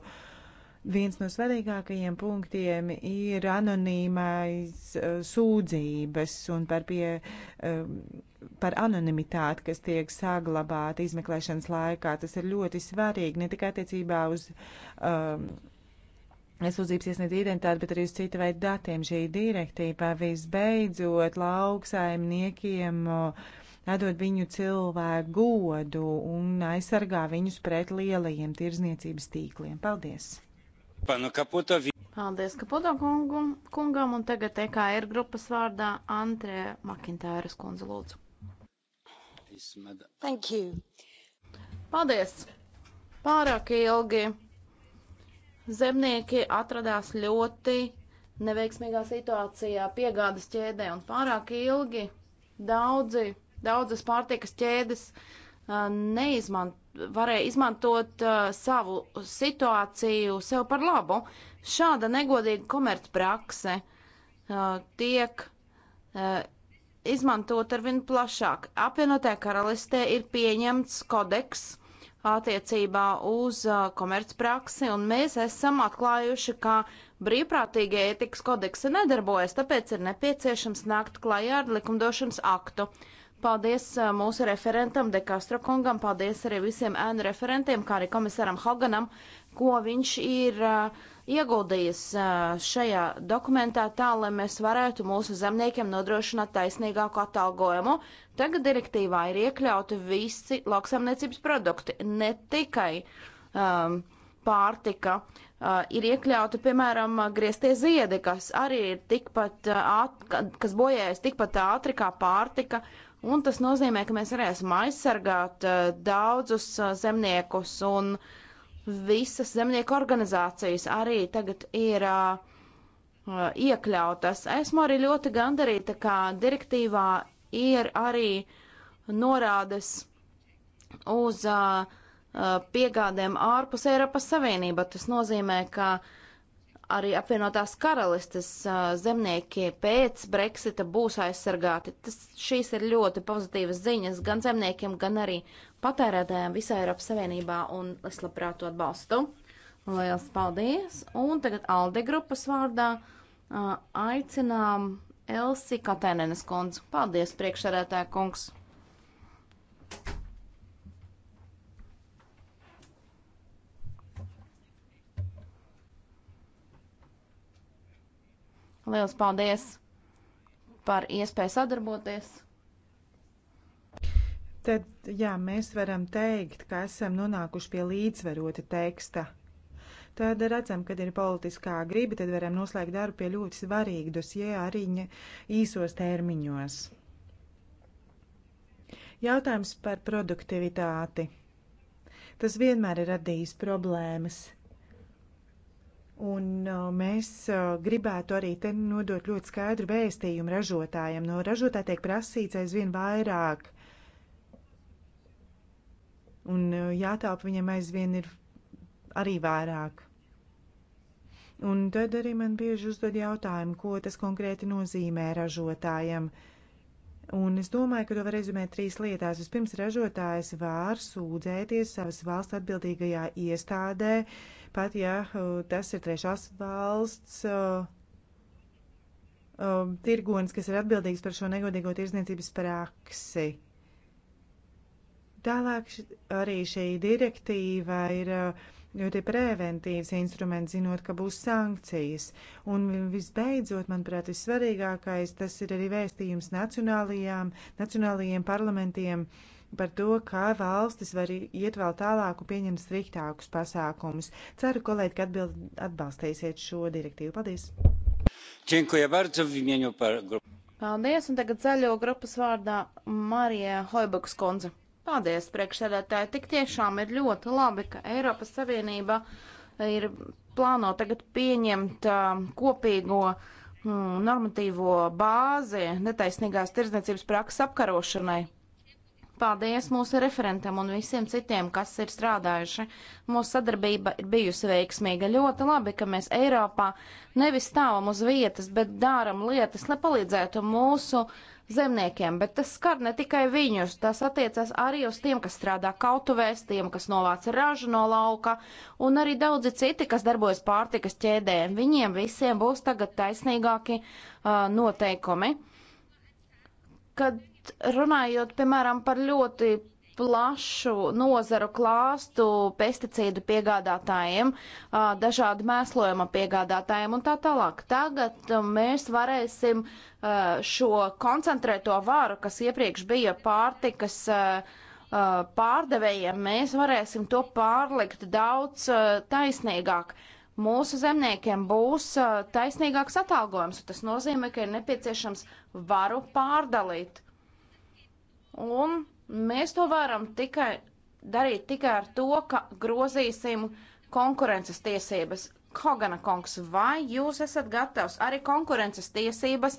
Viens no svarīgākajiem punktiem ir anonīmais uh, sūdzības un par pie, uh, par anonimitāti, kas tiek saglabāta izmeklēšanas laikā. Tas ir ļoti svarīgi ne tikai attiecībā uz um, sūdzības iesniedz identitāti, bet arī uz cita veida datiem. Šī direktīva visbeidzot lauksaimniekiem atdod viņu cilvēku godu un aizsargā viņus pret lielajiem tirzniecības tīkliem. Paldies! Panu Kaputo. Paldies Kaputo kungu, kungam un tagad EKR grupas vārdā Antrē Makintāras kundze lūdzu. Paldies! Pārāk ilgi zemnieki atradās ļoti neveiksmīgā situācijā piegādas ķēdē un pārāk ilgi daudzi, daudzas pārtikas ķēdes uh, neizmanto, varēja izmantot uh, savu situāciju sev par labu. Šāda negodīga komercprakse uh, tiek uh, izmantot arvien plašāk. Apvienotajā karalistē ir pieņemts kodeks attiecībā uz uh, komercpraksi, un mēs esam atklājuši, ka brīvprātīgie etikas kodeksi nedarbojas, tāpēc ir nepieciešams nākt klajā ar likumdošanas aktu. Paldies uh, mūsu referentam Dekastro kungam, paldies arī visiem ēnu referentiem, kā arī komisaram Hoganam ko viņš ir uh, ieguldījis uh, šajā dokumentā tā, lai mēs varētu mūsu zemniekiem nodrošināt taisnīgāku atalgojumu. Tagad direktīvā ir iekļauti visi lauksamniecības produkti, ne tikai um, pārtika. Uh, ir iekļauti, piemēram, grieztie ziedi, kas arī ir tikpat, uh, kas bojājas tikpat ātri kā pārtika, un tas nozīmē, ka mēs varēsim aizsargāt uh, daudzus uh, zemniekus un uh, visas zemnieku organizācijas arī tagad ir uh, iekļautas. Esmu arī ļoti gandarīta, ka direktīvā ir arī norādes uz uh, piegādēm ārpus Eiropas Savienība. Tas nozīmē, ka uh, arī apvienotās karalistes zemnieki pēc Brexita būs aizsargāti. Tas, šīs ir ļoti pozitīvas ziņas gan zemniekiem, gan arī patērētājiem visā Eiropas Savienībā, un es labprāt to atbalstu. Lielas paldies! Un tagad Alde grupas vārdā aicinām Elsi Katēnenes kundzi. Paldies, priekšsarētāja kungs! Liels paldies par iespēju sadarboties. Tad, jā, mēs varam teikt, ka esam nonākuši pie līdzsvarota teksta. Tad redzam, kad ir politiskā griba, tad varam noslēgt darbu pie ļoti svarīga dosie arī īsos termiņos. Jautājums par produktivitāti. Tas vienmēr ir radījis problēmas Un uh, mēs uh, gribētu arī te nodot ļoti skaidru vēstījumu ražotājiem. No ražotāja tiek prasīts aizvien vairāk. Un uh, jātāpa viņam aizvien ir arī vairāk. Un tad arī man bieži uzdod jautājumu, ko tas konkrēti nozīmē ražotājiem. Un es domāju, ka to var rezumēt trīs lietās. Vispirms ražotājs var sūdzēties savas valsts atbildīgajā iestādē pat ja tas ir trešās valsts tirgonis, kas ir atbildīgs par šo negodīgo tirzniecības praksi. Tālāk arī šī direktīva ir ļoti preventīvs instruments, zinot, ka būs sankcijas. Un visbeidzot, manuprāt, vissvarīgākais tas ir arī vēstījums nacionālajiem parlamentiem uh, par to, kā valstis var iet vēl tālāk un pieņemt striktākus pasākumus. Ceru, kolēģi, ka atbild, atbalstīsiet šo direktīvu. Paldies! Paldies, un tagad zaļo grupas vārdā Marija Hoibaks konze. Paldies, priekšsēdētāji, tik tiešām ir ļoti labi, ka Eiropas Savienība ir plāno tagad pieņemt uh, kopīgo mm, normatīvo bāzi netaisnīgās tirdzniecības prakses apkarošanai. Paldies mūsu referentam un visiem citiem, kas ir strādājuši. Mūsu sadarbība ir bijusi veiksmīga. Ļoti labi, ka mēs Eiropā nevis stāvam uz vietas, bet dāram lietas, lai palīdzētu mūsu zemniekiem. Bet tas skar ne tikai viņus, tas attiecas arī uz tiem, kas strādā kautuvēs, tiem, kas novāc ražu no lauka, un arī daudzi citi, kas darbojas pārtikas ķēdē. Viņiem visiem būs tagad taisnīgāki uh, noteikumi. Kad Bet runājot, piemēram, par ļoti plašu nozaru klāstu pesticīdu piegādātājiem, dažādu mēslojuma piegādātājiem un tā tālāk. Tagad mēs varēsim šo koncentrēto varu, kas iepriekš bija pārtikas pārdevējiem, mēs varēsim to pārlikt daudz taisnīgāk. Mūsu zemniekiem būs taisnīgāks atalgojums, un tas nozīmē, ka ir nepieciešams varu pārdalīt Un mēs to varam tikai darīt tikai ar to, ka grozīsim konkurences tiesības. Hogana kungs, vai jūs esat gatavs arī konkurences tiesības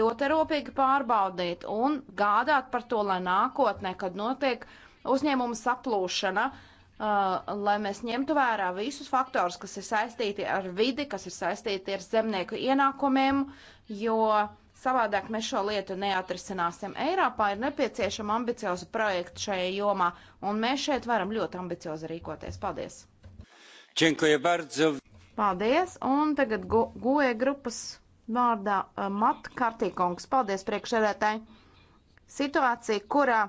ļoti rūpīgi pārbaudīt un gādāt par to, lai nākotnē, kad notiek uzņēmuma saplūšana, uh, lai mēs ņemtu vērā visus faktorus, kas ir saistīti ar vidi, kas ir saistīti ar zemnieku ienākumiem, jo uh, Savādāk mēs šo lietu neatrisināsim. Eiropā ir nepieciešama ambicioza projekta šajā jomā, un mēs šeit varam ļoti ambiciozi rīkoties. Paldies! Paldies! Un tagad go, goja grupas vārdā eh, Mat Kartīkungs. Paldies priekšsēdētāji! Situācija, kurā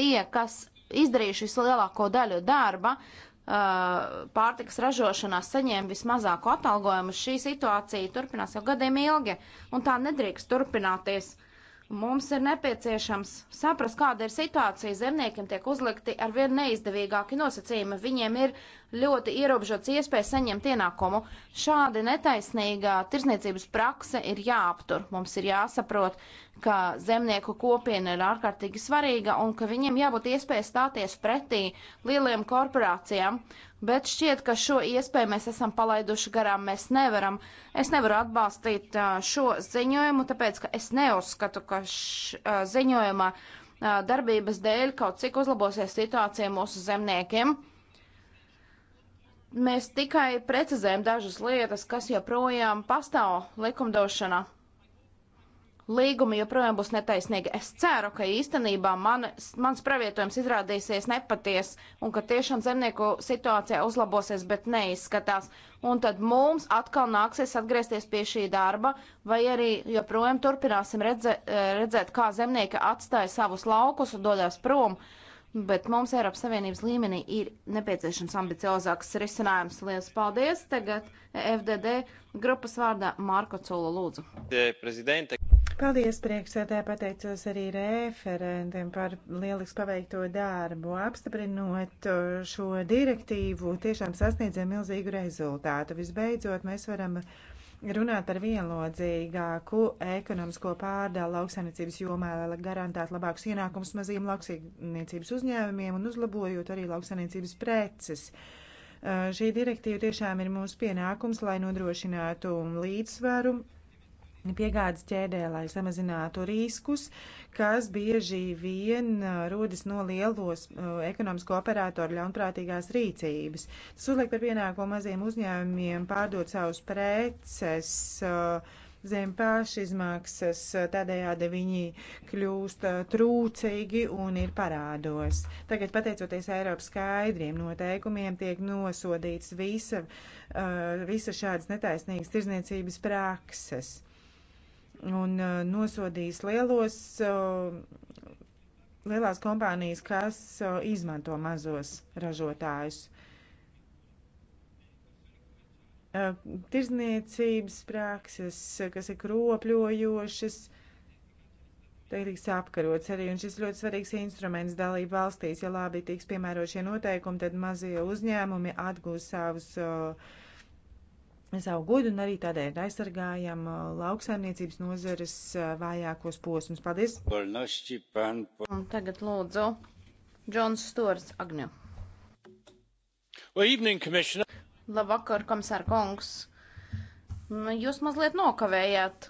tie, kas izdarījuši vislielāko daļu darba, uh, pārtikas ražošanā saņēma vismazāko atalgojumu. Šī situācija turpinās jau gadiem ilgi, un tā nedrīkst turpināties. Mums ir nepieciešams saprast, kāda ir situācija. Zemniekiem tiek uzlikti ar vien neizdevīgāki nosacījumi. Viņiem ir ļoti ierobežots iespējas saņemt ienākumu. Šāda netaisnīgā tirzniecības prakse ir jāaptur. Mums ir jāsaprot, ka zemnieku kopiena ir ārkārtīgi svarīga un ka viņiem jābūt iespēja stāties pretī lieliem korporācijām. Bet šķiet, ka šo iespēju mēs esam palaiduši garām. Mēs nevaram, es nevaru atbalstīt šo ziņojumu, tāpēc, ka es neuzskatu, ka ziņojumā darbības dēļ kaut cik uzlabosies situācija mūsu zemniekiem. Mēs tikai precizējam dažas lietas, kas joprojām pastāv likumdošanā. Līgumi joprojām būs netaisnīgi. Es ceru, ka īstenībā man, mans pravietojums izrādīsies nepaties un ka tiešām zemnieku situācija uzlabosies, bet neizskatās. Un tad mums atkal nāksies atgriezties pie šī darba, vai arī joprojām turpināsim redze, eh, redzēt, kā zemnieki atstāja savus laukus un dodas prom. Uh, Bet mums Eiropas Savienības līmenī ir nepieciešams ambiciozāks risinājums. Lielas paldies! Tagad FDD grupas vārdā Marko Cola lūdzu. Paldies, priekšsēdē, pateicos arī referentiem par lielisku paveikto darbu. Apstiprinot šo direktīvu, tiešām sasniedzam milzīgu rezultātu. Visbeidzot, mēs varam uh, runāt par vienlodzīgāku ekonomisko pārdalu lauksainicības jomā, lai garantētu labākus ienākumus maziem lauksainicības uzņēmumiem un uzlabojot arī lauksainicības preces. Šī direktīva tiešām ir mūsu pienākums, lai nodrošinātu līdzsvaru piegādes ķēdē, lai samazinātu riskus. Uh, kas bieži vien rodas no lielos ekonomisko operātoru ļaunprātīgās rīcības. Tas uzliek par pienākumu maziem uzņēmumiem pārdot savus preces zem pašizmaksas, tādējādi viņi kļūst trūcīgi un ir parādos. Tagad, pateicoties Eiropas skaidriem noteikumiem, tiek nosodīts visa, visa šādas netaisnīgas tirzniecības prakses un uh, nosodīs lielos, uh, lielās kompānijas, kas uh, izmanto mazos ražotājus. Tirzniecības prakses, kas ir kropļojošas, tiek tiks apkarots arī, un šis ļoti svarīgs instruments dalību valstīs, ja labi tiks piemērot šie noteikumi, tad mazie uzņēmumi atgūs savus uh, savu godu un arī tādēļ aizsargājam uh, lauksaimniecības nozares uh, vājākos posmus. Paldies! Un tagad lūdzu Džons Stors Agņu. Labvakar, komisār kungs! Nu, jūs mazliet nokavējāt.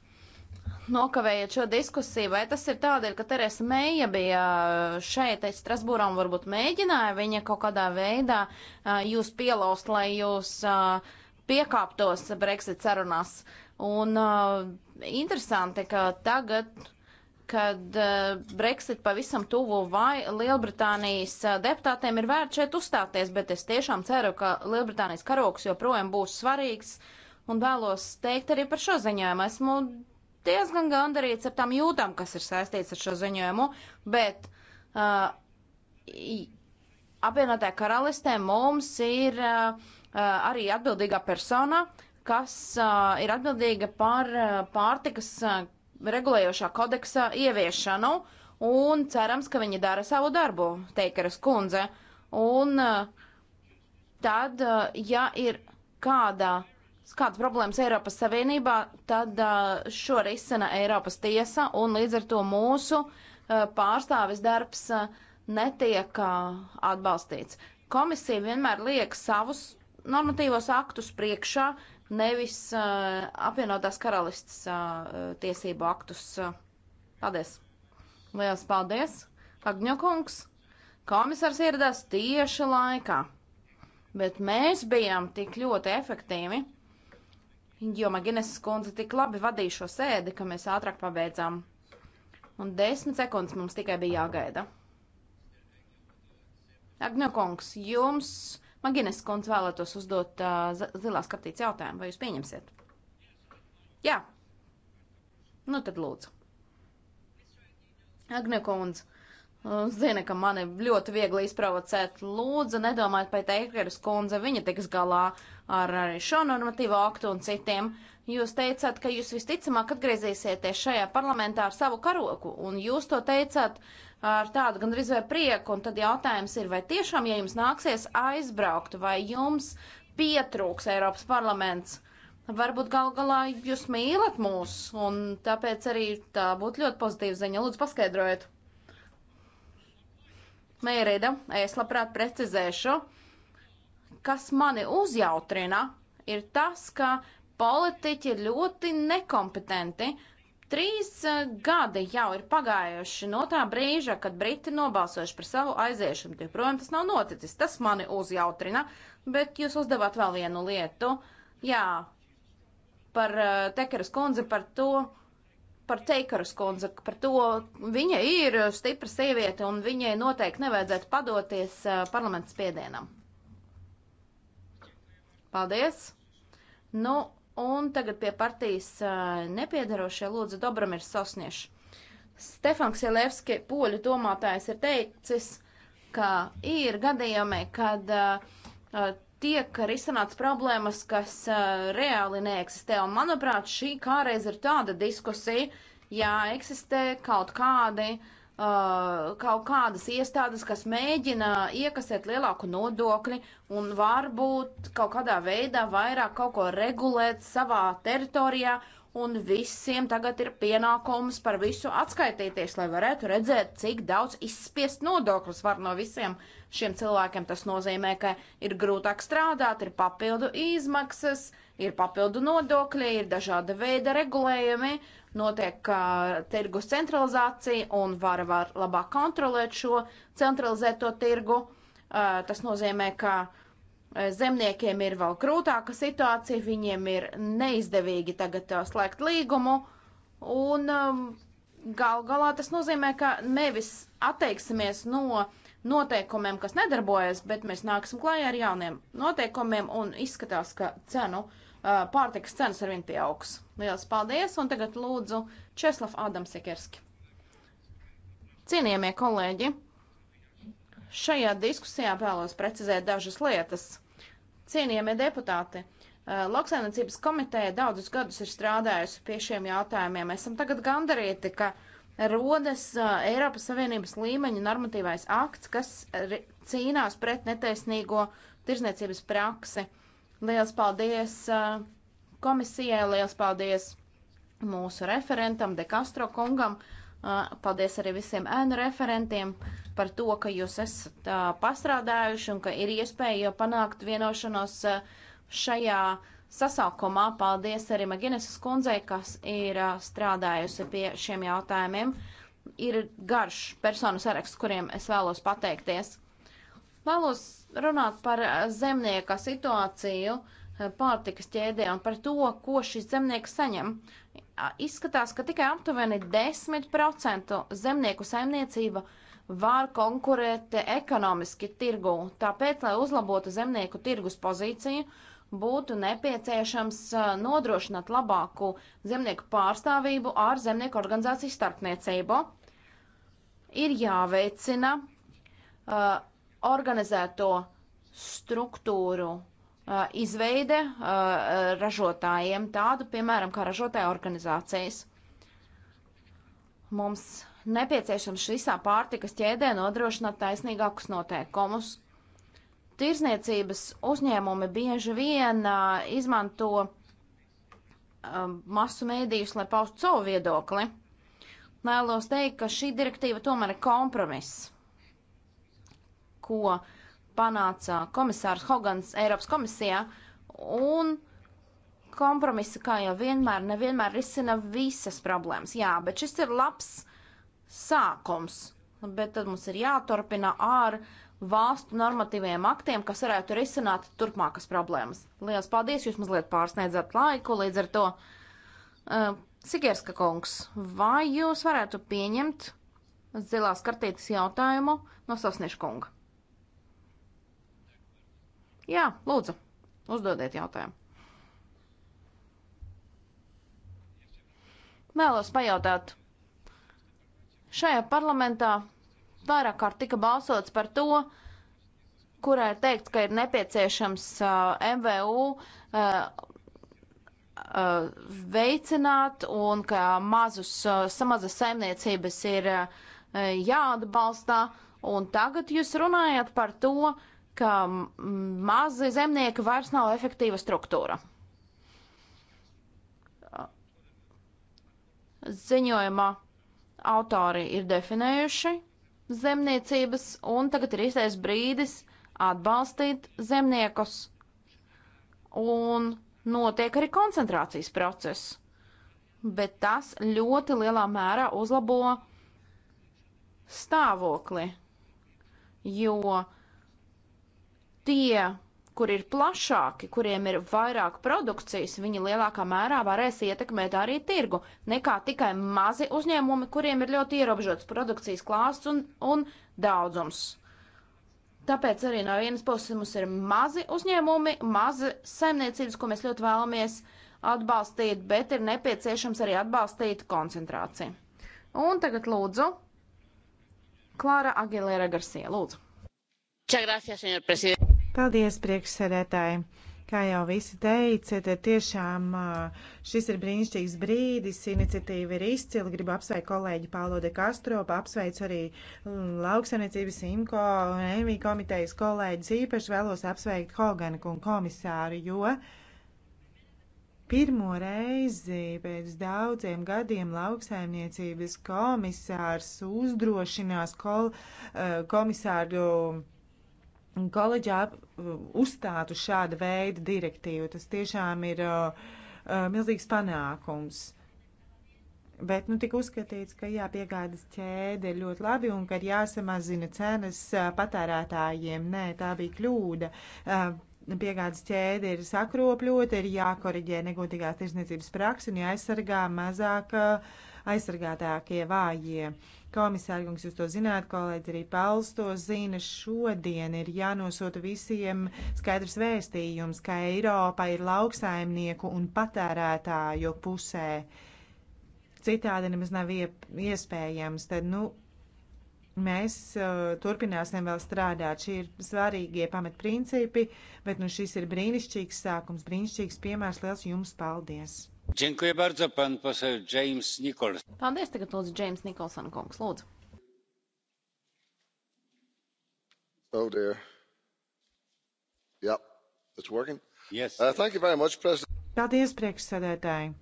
Nokavējot šo diskusiju, vai tas ir tādēļ, ka Teresa Meija bija uh, šeit, Strasbūrā, un varbūt mēģināja viņa kaut kādā veidā jūs pielaust, lai jūs uh, piekāptos Brexit sarunās. Un uh, interesanti, ka tagad, kad uh, Brexit pavisam tuvu vai Lielbritānijas uh, deputātiem ir vērts šeit uzstāties, bet es tiešām ceru, ka Lielbritānijas karoks joprojām būs svarīgs un vēlos teikt arī par šo ziņojumu. Esmu diezgan gandarīts ar tām jūtām, kas ir saistīts ar šo ziņojumu, bet uh, apvienotā karalistē mums ir uh, Eh, arī atbildīgā persona, kas eh, ir atbildīga par eh, pārtikas regulējošā kodeksa ieviešanu, un cerams, ka viņi dara savu darbu, Teikeres kundze. Un tad, ja ir kāda, kādas problēmas Eiropas Savienībā, tad šo risina Eiropas tiesa, un līdz ar to mūsu pārstāvis darbs netiek atbalstīts. Komisija vienmēr liek savus normatīvos aktus priekšā, nevis uh, apvienotās karalistas uh, eh, tiesību aktus. Uh, paldies! Lielas paldies! Agņokungs! Komisārs ieradās tieši laikā, bet mēs bijām tik ļoti efektīvi, jo Magineses kundze tik labi vadīja šo sēdi, ka mēs ātrāk pabeidzām. Un desmit sekundes mums tikai bija jāgaida. Agņokungs, jums! Magines kundze vēlētos uzdot uh, zilās kartītes jautājumu, vai jūs pieņemsiet? Jā. Nu tad lūdzu. Agne kundze, Uh, zina, ka mani ļoti viegli izprovocēt. Lūdzu, nedomājiet par Teikeres kundze, viņa tiks galā ar arī šo normatīvo aktu un citiem. Jūs teicāt, ka jūs visticamāk atgriezīsieties šajā parlamentā ar savu karoku, un jūs to teicāt ar tādu gandrīz vai prieku, un tad jautājums ir, vai tiešām, ja jums nāksies aizbraukt, vai jums pietrūks Eiropas parlaments? Varbūt gal galā jūs mīlat mūs, un tāpēc arī tā būtu ļoti pozitīva ziņa. Lūdzu, paskaidrojiet! Mērida, es labprāt precizēšu, kas mani uzjautrina, ir tas, ka politiķi ir ļoti nekompetenti. Trīs eh, gadi jau ir pagājuši no tā brīža, kad Briti nobalsojuši par savu aiziešanu. Joprojām tas nav noticis. Tas mani uzjautrina, bet jūs uzdevāt vēl vienu lietu. Jā, par eh, Tekeras kundzi par to, uh, par Teikaras kundzi, par to viņa ir stipra sieviete un viņai noteikti nevajadzētu padoties eh, parlaments spiedienam. Paldies! Nu, un tagad pie partijas eh, nepiedarošie lūdzu Dobramirs Sosnieši. Stefans Jelevski, poļu domātājs, ir teicis, ka ir gadījumi, kad uh, tiek risināts problēmas, kas uh, reāli neeksistē. Un, manuprāt, šī kāreiz ir tāda diskusija, ja eksistē kaut kādi. Uh, kaut kādas iestādes, kas mēģina iekasēt lielāku nodokli un varbūt kaut kādā veidā vairāk kaut ko regulēt savā teritorijā, un visiem tagad ir pienākums par visu atskaitīties, lai varētu redzēt, cik daudz izspiest nodoklis var no visiem uh, Šiem cilvēkiem tas nozīmē, ka ir grūtāk strādāt, ir papildu izmaksas, ir papildu nodokļi, ir dažāda veida regulējumi, notiek uh, tirgus centralizācija un var, var labāk kontrolēt šo centralizēto tirgu. Uh, tas nozīmē, ka zemniekiem ir vēl grūtāka situācija, viņiem ir neizdevīgi tagad slēgt līgumu, un um, gal galā tas nozīmē, ka nevis atteiksimies no noteikumiem, kas nedarbojas, bet mēs nāksim klājā ar jauniem noteikumiem un izskatās, ka cenu, pārtikas cenas arvien pieaugs. Lielas paldies un tagad lūdzu Česlav Adams Sikerski. Cienījamie kolēģi, šajā diskusijā vēlos precizēt dažas lietas. Cienījamie deputāti, Lauksaimniecības komiteja daudzus gadus ir strādājusi pie šiem jautājumiem. Esam tagad gandarīti, ka uh, rodas Eiropas Savienības līmeņa normatīvais akts, kas cīnās pret netaisnīgo tirzniecības praksi. Liels paldies komisijai, liels paldies mūsu referentam, De Castro kungam. Paldies arī visiem ēnu referentiem par to, ka jūs esat pastrādājuši un ka ir iespēja panākt vienošanos šajā sasaukumā. Paldies arī Maginesas kundzei, kas ir strādājusi pie šiem jautājumiem. Ir garš personu saraksts, kuriem es vēlos pateikties. Vēlos runāt par zemnieka situāciju pārtikas ķēdē un par to, ko šis zemnieks saņem. Izskatās, ka tikai aptuveni 10% zemnieku saimniecība var konkurēt ekonomiski tirgū. Tāpēc, lai uzlabotu zemnieku tirgus pozīciju būtu nepieciešams nodrošināt labāku zemnieku pārstāvību ar zemnieku organizāciju starpniecību. Ir jāveicina uh, organizēto struktūru uh, izveide uh, ražotājiem, tādu, piemēram, kā ražotāja organizācijas. Mums nepieciešams visā pārtikas ķēdē nodrošināt taisnīgākus noteikumus, tirzniecības uzņēmumi bieži vien uh, izmanto uh, masu mēdījus, lai paustu savu viedokli. Vēlos teikt, ka šī direktīva tomēr ir kompromiss, ko panāca komisārs Hogans Eiropas komisijā, un kompromisi, kā jau vienmēr, nevienmēr risina visas problēmas. Jā, bet šis ir labs sākums, bet tad mums ir jāturpina ar uh, valstu normatīviem aktiem, kas varētu risināt turpmākas problēmas. Lielas paldies, jūs mazliet pārsniedzat laiku, līdz ar to uh, eh, Sikierska kungs, vai jūs varētu pieņemt zilās kartītes jautājumu no Sasnieša kunga? Jā, lūdzu, uzdodiet jautājumu. Vēlos pajautāt, šajā parlamentā vairāk kārt tika balsots par to, kurā ir teikts, ka ir nepieciešams uh, MVU uh, uh, veicināt un ka mazus, uh, samazas saimniecības ir uh, jāatbalstā. Un tagad jūs runājat par to, ka mazi zemnieki vairs nav efektīva struktūra. Ziņojumā autori ir definējuši, zemniecības, un tagad ir īstais brīdis atbalstīt zemniekus. Un notiek arī koncentrācijas process, bet tas ļoti lielā mērā uzlabo stāvokli, jo tie kur ir plašāki, kuriem ir vairāk produkcijas, viņi lielākā mērā varēs ietekmēt arī tirgu, nekā tikai mazi uzņēmumi, kuriem ir ļoti ierobežots produkcijas klāsts un, un daudzums. Tāpēc arī no vienas puses mums ir mazi uzņēmumi, mazi saimniecības, ko mēs ļoti vēlamies atbalstīt, bet ir nepieciešams arī atbalstīt koncentrāciju. Un tagad lūdzu, Klāra Agilēra Garsie, lūdzu. Ča, gracias, señor presidente. Paldies, priekšsēdētāji! Kā jau visi teica, tad tiešām šis ir brīnišķīgs brīdis, iniciatīva ir izcila, gribu apsveikt kolēģi Pālo de Castro, apsveicu arī lauksaimniecības imko un EMI komitejas kolēģis, īpaši vēlos apsveikt Hogana kungu komisāru, jo pirmo reizi pēc daudziem gadiem lauksaimniecības komisārs uzdrošinās kol, komisāru koledžā eh, uzstātu šāda veida direktīvu. Tas tiešām ir uh, milzīgs panākums. Bet nu, tika uzskatīts, ka jā, piegādes ķēde ir ļoti labi un ka ir jāsamazina cenas patērētājiem. Nē, tā bija kļūda. Piegādes ķēde ir sakropļota, ir jākoriģē negodīgās tirsniecības praksa un jāaizsargā mazāk aizsargātākie vājie. Uh, Komisārkungs, jūs to zināt, kolēģi arī Pels to zina, šodien ir jānosūta visiem skaidrs vēstījums, ka Eiropa ir lauksaimnieku un patērētāju pusē. Citādi nemaz nav iespējams. Tad, nu, mēs uh, turpināsim vēl strādāt. Šie ir svarīgie pamatprincipi, bet nu, šis ir brīnišķīgs sākums, brīnišķīgs piemērs. Liels jums paldies! Paldies, tagad lūdzu, Džeims Nikolson kungs, lūdzu. Oh dear. Yeah, it's working. Yes. Uh, thank you very much, President. Paldies, priekšsēdētāji.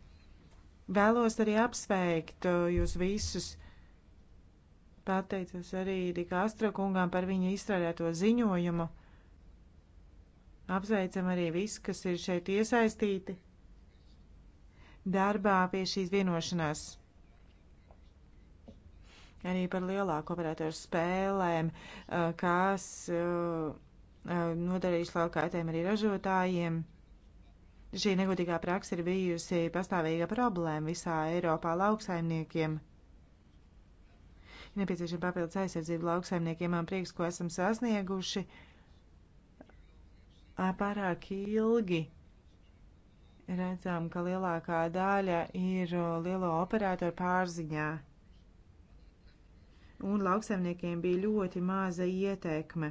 Vēlos arī apsveikt uh, jūs visus. Pateicos arī Rika Astrokungām par viņa izstrādāto ziņojumu. Apsveicam arī visus, kas ir šeit iesaistīti darbā pie šīs vienošanās. Arī par lielāku operatoru spēlēm, eh, kas eh, eh, nodarīs lielu kaitējumu arī ražotājiem. Šī negodīgā praksa ir bijusi pastāvīga problēma visā Eiropā lauksaimniekiem. Ir nepieciešama papildus aizsardzība lauksaimniekiem, man prieks, ko esam sasnieguši pārāk ilgi redzam, ka lielākā daļa ir uh, lielo operātoru pārziņā. Un lauksaimniekiem bija ļoti maza ietekme,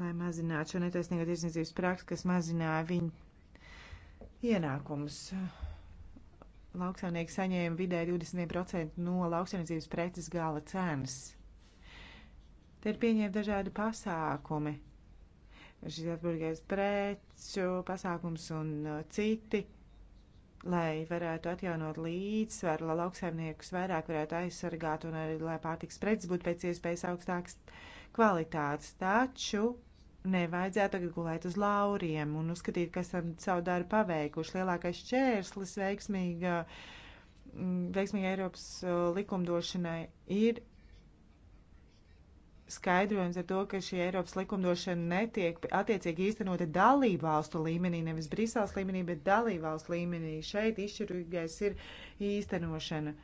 lai mazinātu šo netaisnīgo tirsniecības praksi, kas mazināja viņu ienākumus. Lauksaimnieki saņēma vidē 20% no lauksaimniecības preces gala cenas. Te ir pieņemti dažādi pasākumi, šis atbildīgais preču pasākums un uh, citi, lai varētu atjaunot līdzsvaru, lai lauksaimniekus vairāk varētu aizsargāt un arī, lai pārtiks preces būtu pēc iespējas augstāks kvalitātes. Taču nevajadzētu tagad gulēt uz lauriem un uzskatīt, ka esam savu darbu paveikuši. Lielākais čērslis veiksmīga, mm, veiksmīga Eiropas uh, likumdošanai ir skaidrojums ar to, ka šī Eiropas likumdošana netiek attiecīgi īstenota dalību valstu līmenī, nevis Brīseles līmenī, bet dalību valstu līmenī. Šeit izšķirīgais ir īstenošana.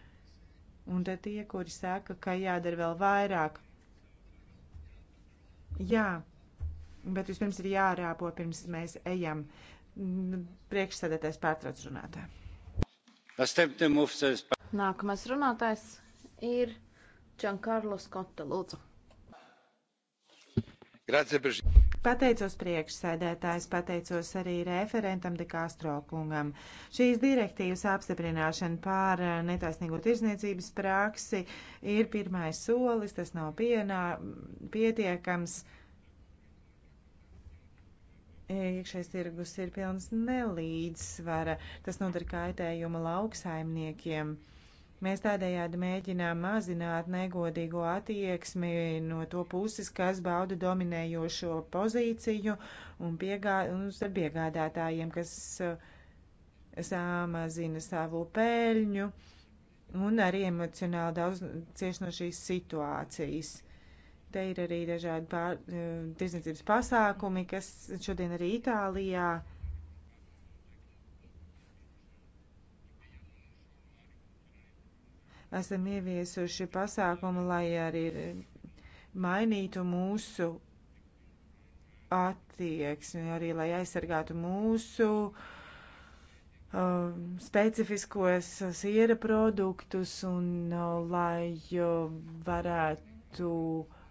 Un tad tie, kuri saka, ka jādara vēl vairāk. Jā, bet vispirms ir jārāpo, pirms mēs ejam. Nu, priekšsēdētājs pārtrauc runātāju. Nākamais runātājs ir Čankarlo Skotta Lūdzu. Pateicos priekšsēdētājs, pateicos arī referentam De Castro kungam. Šīs direktīvas apstiprināšana pār eh, netaisnīgo tirzniecības praksi ir pirmais solis, tas nav pienā, pietiekams. Iekšējais tirgus ir pilns nelīdzsvara, tas nodara kaitējumu lauksaimniekiem. Uh, Mēs tādējādi mēģinām mazināt negodīgo attieksmi no to puses, kas bauda dominējošo pozīciju un, piegā, un starp iegādātājiem, kas eh, samazina savu peļņu un arī emocionāli daudz cieš no šīs situācijas. Te ir arī dažādi pār, eh, tirdzniecības pasākumi, kas šodien arī Itālijā uh, esam ieviesuši pasākumu, lai arī mainītu mūsu attieksmi, arī lai aizsargātu mūsu uh, specifiskos siera produktus un uh, lai uh, varētu uh,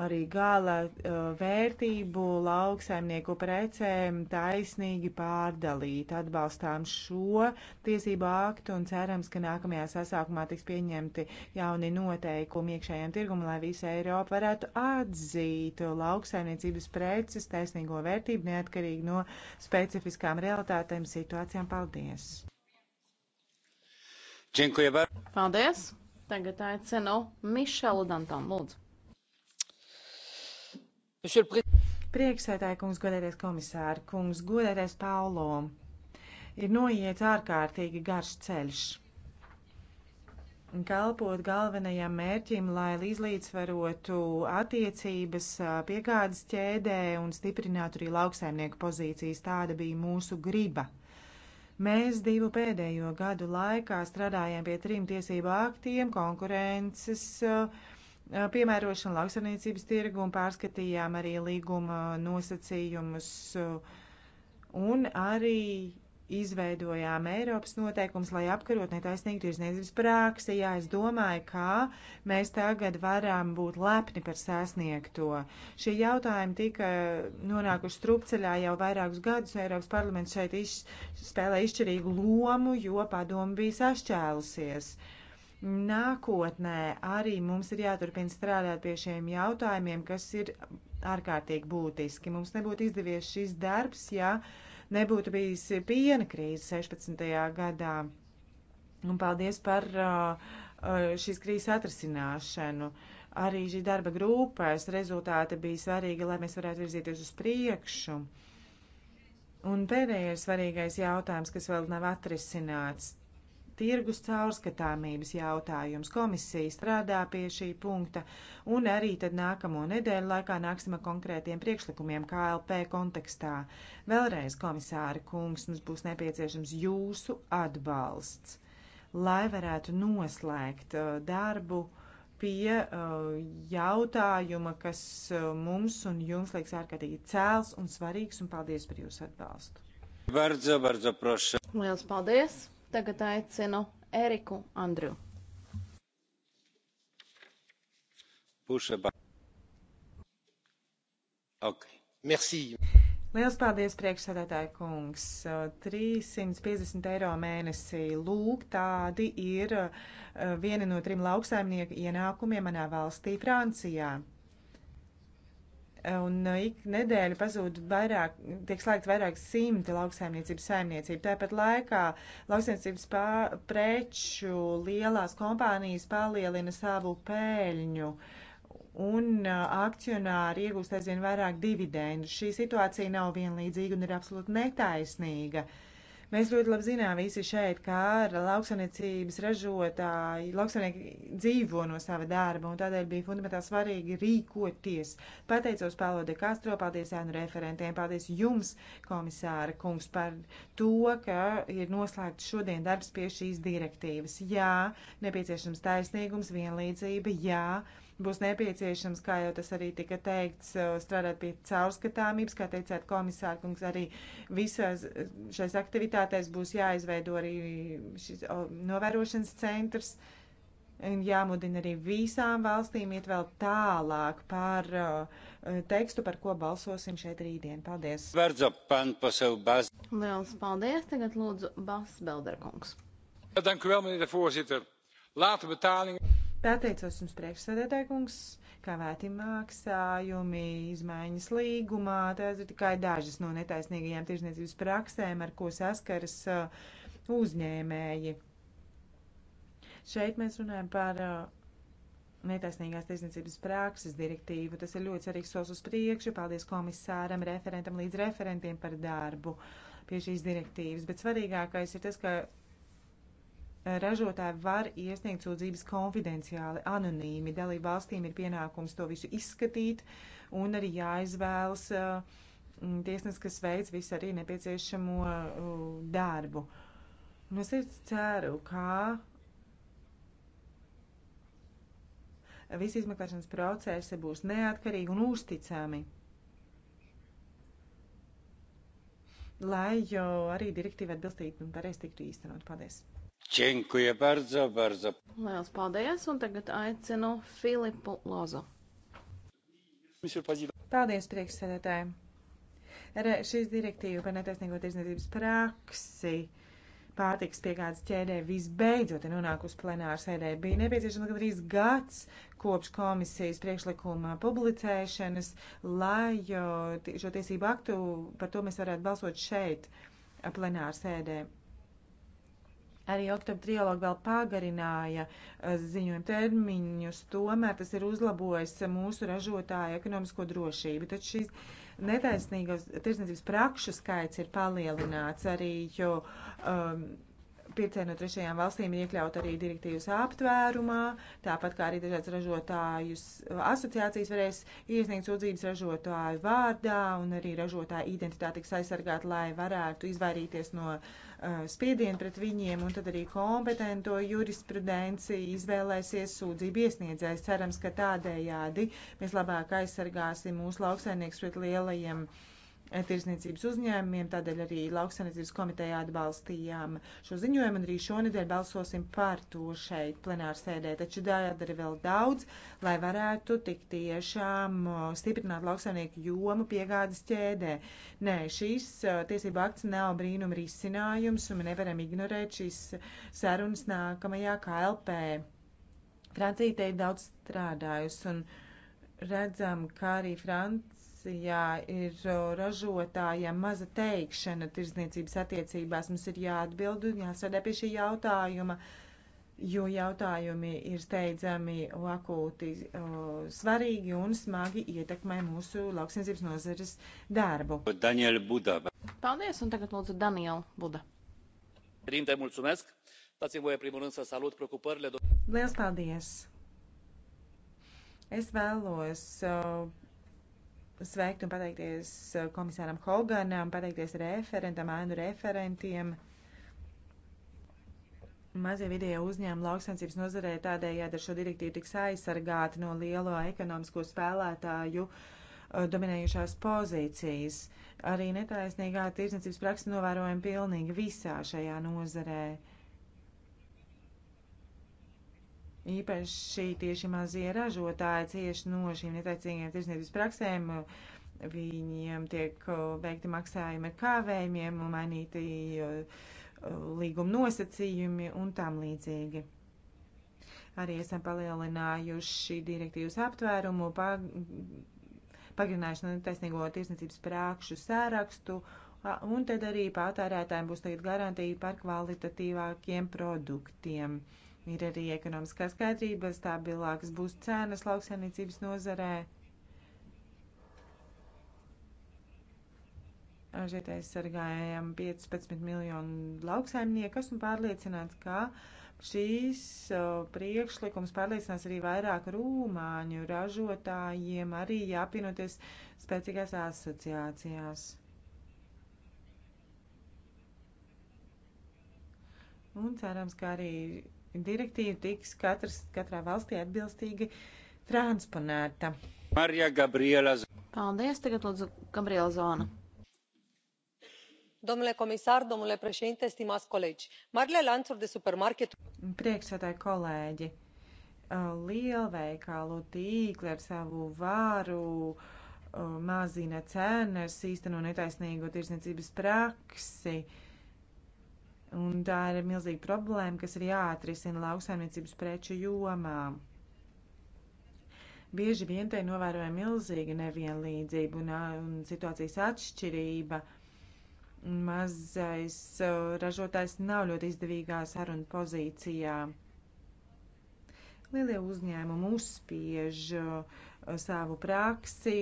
arī gala uh, vērtību lauksaimnieku precēm taisnīgi pārdalīt. Atbalstām šo tiesību aktu un cerams, ka nākamajā sasākumā tiks pieņemti jauni noteikumi iekšējiem tirgumam, lai visa Eiropa varētu atzīt lauksaimniecības preces taisnīgo vērtību neatkarīgi no specifiskām realitātēm situācijām. Paldies! Paldies! Tagad aicinu Mišelu Dantam, lūdzu. Prieksētāji kungs, godēties komisāri, kungs, godēties Paulo, ir noiet ārkārtīgi garš ceļš. Kalpot galvenajam mērķim, lai izlīdzvarotu attiecības piegādes ķēdē un stiprinātu arī lauksaimnieku pozīcijas, tāda bija mūsu griba. Mēs divu pēdējo gadu laikā strādājām pie trim tiesību aktiem - konkurences, uh, Eh, piemērošanu lauksaimniecības tirgu un pārskatījām arī līguma nosacījumus eh, un arī izveidojām Eiropas noteikums, lai apkarot netaisnīgu tirzniecības prāksi. Jā, es domāju, kā mēs tagad varam būt lepni par sasniegto. Šie jautājumi tika nonākuši strupceļā jau vairākus gadus. Eiropas parlaments šeit iz, spēlē izšķirīgu lomu, jo padomu bija sašķēlusies. Uh, Nākotnē arī mums ir jāturpina strādāt pie šiem jautājumiem, kas ir ārkārtīgi būtiski. Mums nebūtu izdevies šis darbs, ja nebūtu bijis piena krīze 16. gadā. Un paldies par uh, uh, šīs krīzes atrasināšanu. Arī šī darba grupas rezultāti bija svarīgi, lai mēs varētu virzīties uz priekšu. Un pēdējais svarīgais jautājums, kas vēl nav atrisināts, tirgus caurskatāmības jautājums. Komisija strādā pie šī punkta un arī tad nākamo nedēļu laikā nāksim ar konkrētiem priekšlikumiem KLP kontekstā. Vēlreiz, komisāri kungs, mums būs nepieciešams jūsu atbalsts, lai varētu noslēgt uh, darbu pie uh, jautājuma, kas uh, mums un jums liekas ārkārtīgi cēls un svarīgs, un paldies par jūsu atbalstu. Bardzo, bardzo prošu. Liels paldies! Tagad aicinu Eriku Andriu. Okay. Merci. Liels paldies, priekšsēdētāji kungs. 350 eiro mēnesī. Lūk, tādi ir eh, vieni no trim lauksaimnieku ienākumiem manā valstī, Francijā. Un uh, ik nedēļu pazūd vairāk, tiek slēgt vairāk simti lauksaimniecības saimniecību. Tāpat laikā lauksaimniecības pā, preču lielās kompānijas palielina savu pēļņu. Un uh, akcionāri iegūst aizvien vairāk dividendu. Šī situācija nav vienlīdzīga un ir absolūti netaisnīga. Uh, Mēs ļoti labi zinām visi šeit, kā lauksaimniecības ražotāji, lauksaimnieki dzīvo no sava darba, un tādēļ bija fundamentāli svarīgi rīkoties. Pateicos Pālo de Castro, paldies ēnu referentiem, paldies jums, komisāra kungs, par to, ka ir noslēgts šodien darbs pie šīs direktīvas. Jā, nepieciešams taisnīgums, vienlīdzība, jā būs nepieciešams, kā jau tas arī tika teikts, eh, strādāt pie caurskatāmības, kā teicāt komisārkungs, arī visās eh, šais aktivitātēs būs jāizveido arī šis novērošanas centrs, jāmudina arī visām valstīm iet vēl tālāk par eh, tekstu, par ko balsosim šeit rītdien. Paldies! Liels paldies! Tagad lūdzu Bas Belderkungs. Dank u wel, meneer de voorzitter. Late betalingen. Pateicos jums priekšsēdētāji kungs, kā vēti maksājumi, izmaiņas līgumā, tās ir tikai dažas no netaisnīgajām tirzniecības praksēm, ar ko saskaras uh, uzņēmēji. Šeit mēs runājam par uh, netaisnīgās tirzniecības prakses direktīvu. Tas ir ļoti svarīgs solis uz priekšu. Paldies komisāram, referentam līdz referentiem par darbu pie šīs direktīvas. Bet svarīgākais ir tas, ka Ražotāji var iesniegt sūdzības konfidenciāli, anonīmi. Dalību valstīm ir pienākums to visu izskatīt un arī jāizvēlas mm, tiesneskas veids visu arī nepieciešamo mm, darbu. Nu, es ceru, ka visi izmeklēšanas procesi būs neatkarīgi un uzticami. Lai arī direktīva atbilstīgi un pareizi tiktu īstenot. Paldies! Bardzo, bardzo. Lielas paldies, un tagad aicinu Filipu Lozu. Paldies, priekšsēdētāji. Ar šīs direktīvu par netaisnīgo tirzniecības praksi pārtiks piegādes ķēdē visbeidzot ir nonākusi plenāra sēdē. Bija nepieciešams gandrīz gads kopš komisijas priekšlikuma publicēšanas, lai šo tiesību aktu par to mēs varētu balsot šeit plenāra sēdē. Arī oktobra trialogi vēl pagarināja eh, ziņojumu termiņus, tomēr tas ir uzlabojis mūsu ražotāju ekonomisko drošību. Taču šīs netaisnīgas tirsniecības prakšu skaits ir palielināts arī, jo um, pircēji no trešajām valstīm ir iekļauti arī direktīvas aptvērumā, tāpat kā arī dažādas ražotājus asociācijas varēs iesniegt sūdzības ražotāju vārdā un arī ražotāju identitāti tiks aizsargāt, lai varētu izvairīties no uh, spiediena pret viņiem, un tad arī kompetento jurisprudenci izvēlēsies sūdzību iesniedzējs. Cerams, ka tādējādi mēs labāk aizsargāsim mūsu lauksainieks pret lielajiem uh, tirsniecības uzņēmumiem, tādēļ arī lauksaimniecības komitejā atbalstījām šo ziņojumu un arī šonedēļ balsosim par to šeit plenārsēdē. Taču jādara vēl daudz, lai varētu tik tiešām stiprināt lauksaimnieku jomu piegādes ķēdē. Nē, šīs tiesība akts nav brīnuma risinājums un nevaram ignorēt šīs sarunas nākamajā KLP. Francija te ir daudz strādājusi un redzam, kā arī Francija Francijā ir ražotājiem maza teikšana tirzniecības attiecībās. Mums ir jāatbild un jāsādē pie šī jautājuma, jo jautājumi ir steidzami, akūti, svarīgi un smagi ietekmē mūsu lauksniecības nozares darbu. Daniela Buda. Paldies, un tagad lūdzu Daniela Buda. Rinte, mulțumesc. Dați-mi voie, primul rând, să salut preocupările. Liels paldies! Es vēlos sveikt un pateikties uh, komisāram Hoganam, pateikties referentam, ēnu referentiem. Mazie vidējo uzņēmumu lauksaimniecības nozarē tādējādi ar šo direktīvu tiks aizsargāti no lielo ekonomisko spēlētāju uh, dominējušās pozīcijas. Arī netaisnīgā tirdzniecības praksa novērojama pilnīgi visā šajā nozarē. Uh, Īpaši tieši mazie ražotāji cieši no šīm netaicīgiem tirsniecības praksēm. Viņiem tiek uh, veikti maksājumi kāvējumiem, mainīti uh, līguma nosacījumi un tam līdzīgi. Arī esam palielinājuši direktīvas aptvērumu, pag pagarinājuši netaisnīgo tirsniecības prākšu sārakstu, un tad arī patērētājiem būs tagad garantīja par kvalitatīvākiem produktiem. Uh, Ir arī ekonomiskā skaidrība, stabilākas būs cenas lauksainīcības nozarē. Šeit aizsargājam 15 miljonu lauksaimniekus un pārliecināts, ka šīs priekšlikums pārliecinās arī vairāk rūmāņu ražotājiem, arī jāpienoties spēcīgās asociācijās. Un cerams, ka arī direktīva tiks katras, katrā valstī atbilstīgi transponēta. Marija Gabriela. Paldies, tagad lūdzu Gabriela Zona. Domnule comisar, domnule președinte, stimați colegi, marile lanțuri de supermarketuri. Priekšsēdētāji kolēģi, lielveikalu tīkli ar savu varu mazina cenas, īsteno netaisnīgo tirsniecības praksi. Uh, Un tā ir milzīga problēma, kas ir jāatrisina lauksaimniecības preču jomā. Bieži vien te novērojam milzīga nevienlīdzība un, un situācijas atšķirība. Mazais ražotājs nav ļoti izdevīgā saruna pozīcijā. Lielie uzņēmumi uzspiež savu praksi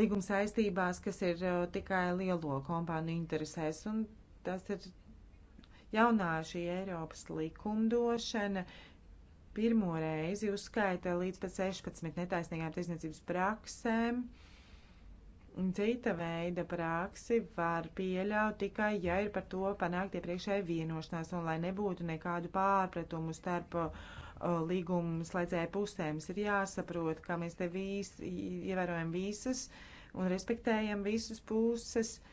līguma saistībās, kas ir tikai lielo kompāniju interesēs, un tas ir Jaunā šī Eiropas likumdošana pirmo reizi uzskaita līdz pat 16 netaisnīgām tiesniecības praksēm. Cita veida praksi var pieļaut tikai, ja ir par to panākt iepriekšēja vienošanās un lai nebūtu nekādu pārpratumu starp līgumu slēdzēju pusēm. Ir jāsaprot, ka mēs te visi ievērojam visas un respektējam visas puses. Uh,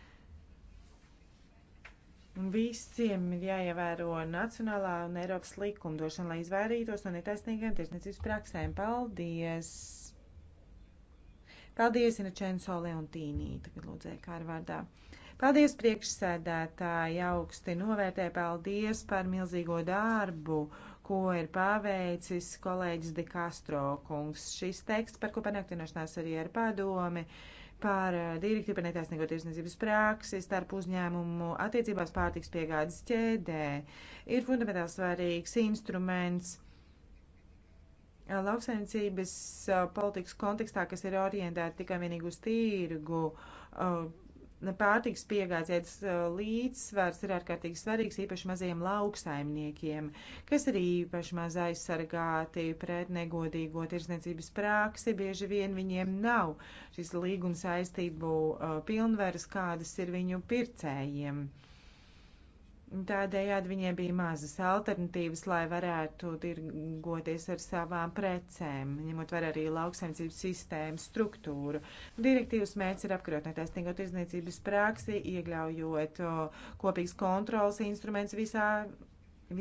Visiem ir jāievēro nacionālā un Eiropas likumdošana, lai izvairītos no netaisnīgiem tirsniecības praksēm. Paldies! Paldies, Inačēnso Leontīnī, tagad lūdzēja kārvārdā. Paldies priekšsēdētāji, augsti novērtē, paldies par milzīgo darbu, ko ir paveicis kolēģis De Castro kungs. Šis teksts, par ko panāktināšanās arī ar padomi, uh, par eh, direktīvu par netaisnīgo tirsniecības praksi starp uzņēmumu attiecībās pārtiks piegādes ķēdē ir fundamentāli svarīgs instruments eh, lauksaimniecības eh, politikas kontekstā, kas ir orientēta tikai vienīgi uz tīrgu pārtiks piegādzētas uh, līdzsvars ir ārkārtīgi svarīgs īpaši mazajiem lauksaimniekiem, kas ir īpaši maz aizsargāti pret negodīgo tirsniecības praksi. Bieži vien viņiem nav šīs līguma saistību uh, pilnvaras, kādas ir viņu pircējiem. Uh, Tādējādi viņiem bija mazas alternatīvas, lai varētu tirgoties ar savām precēm, ņemot vērā arī lauksaimniecības sistēmas struktūru. Direktīvas mērķis ir apkarot netaisnīgo tirdzniecības praksi, iekļaujot kopīgas kontrolas instruments visā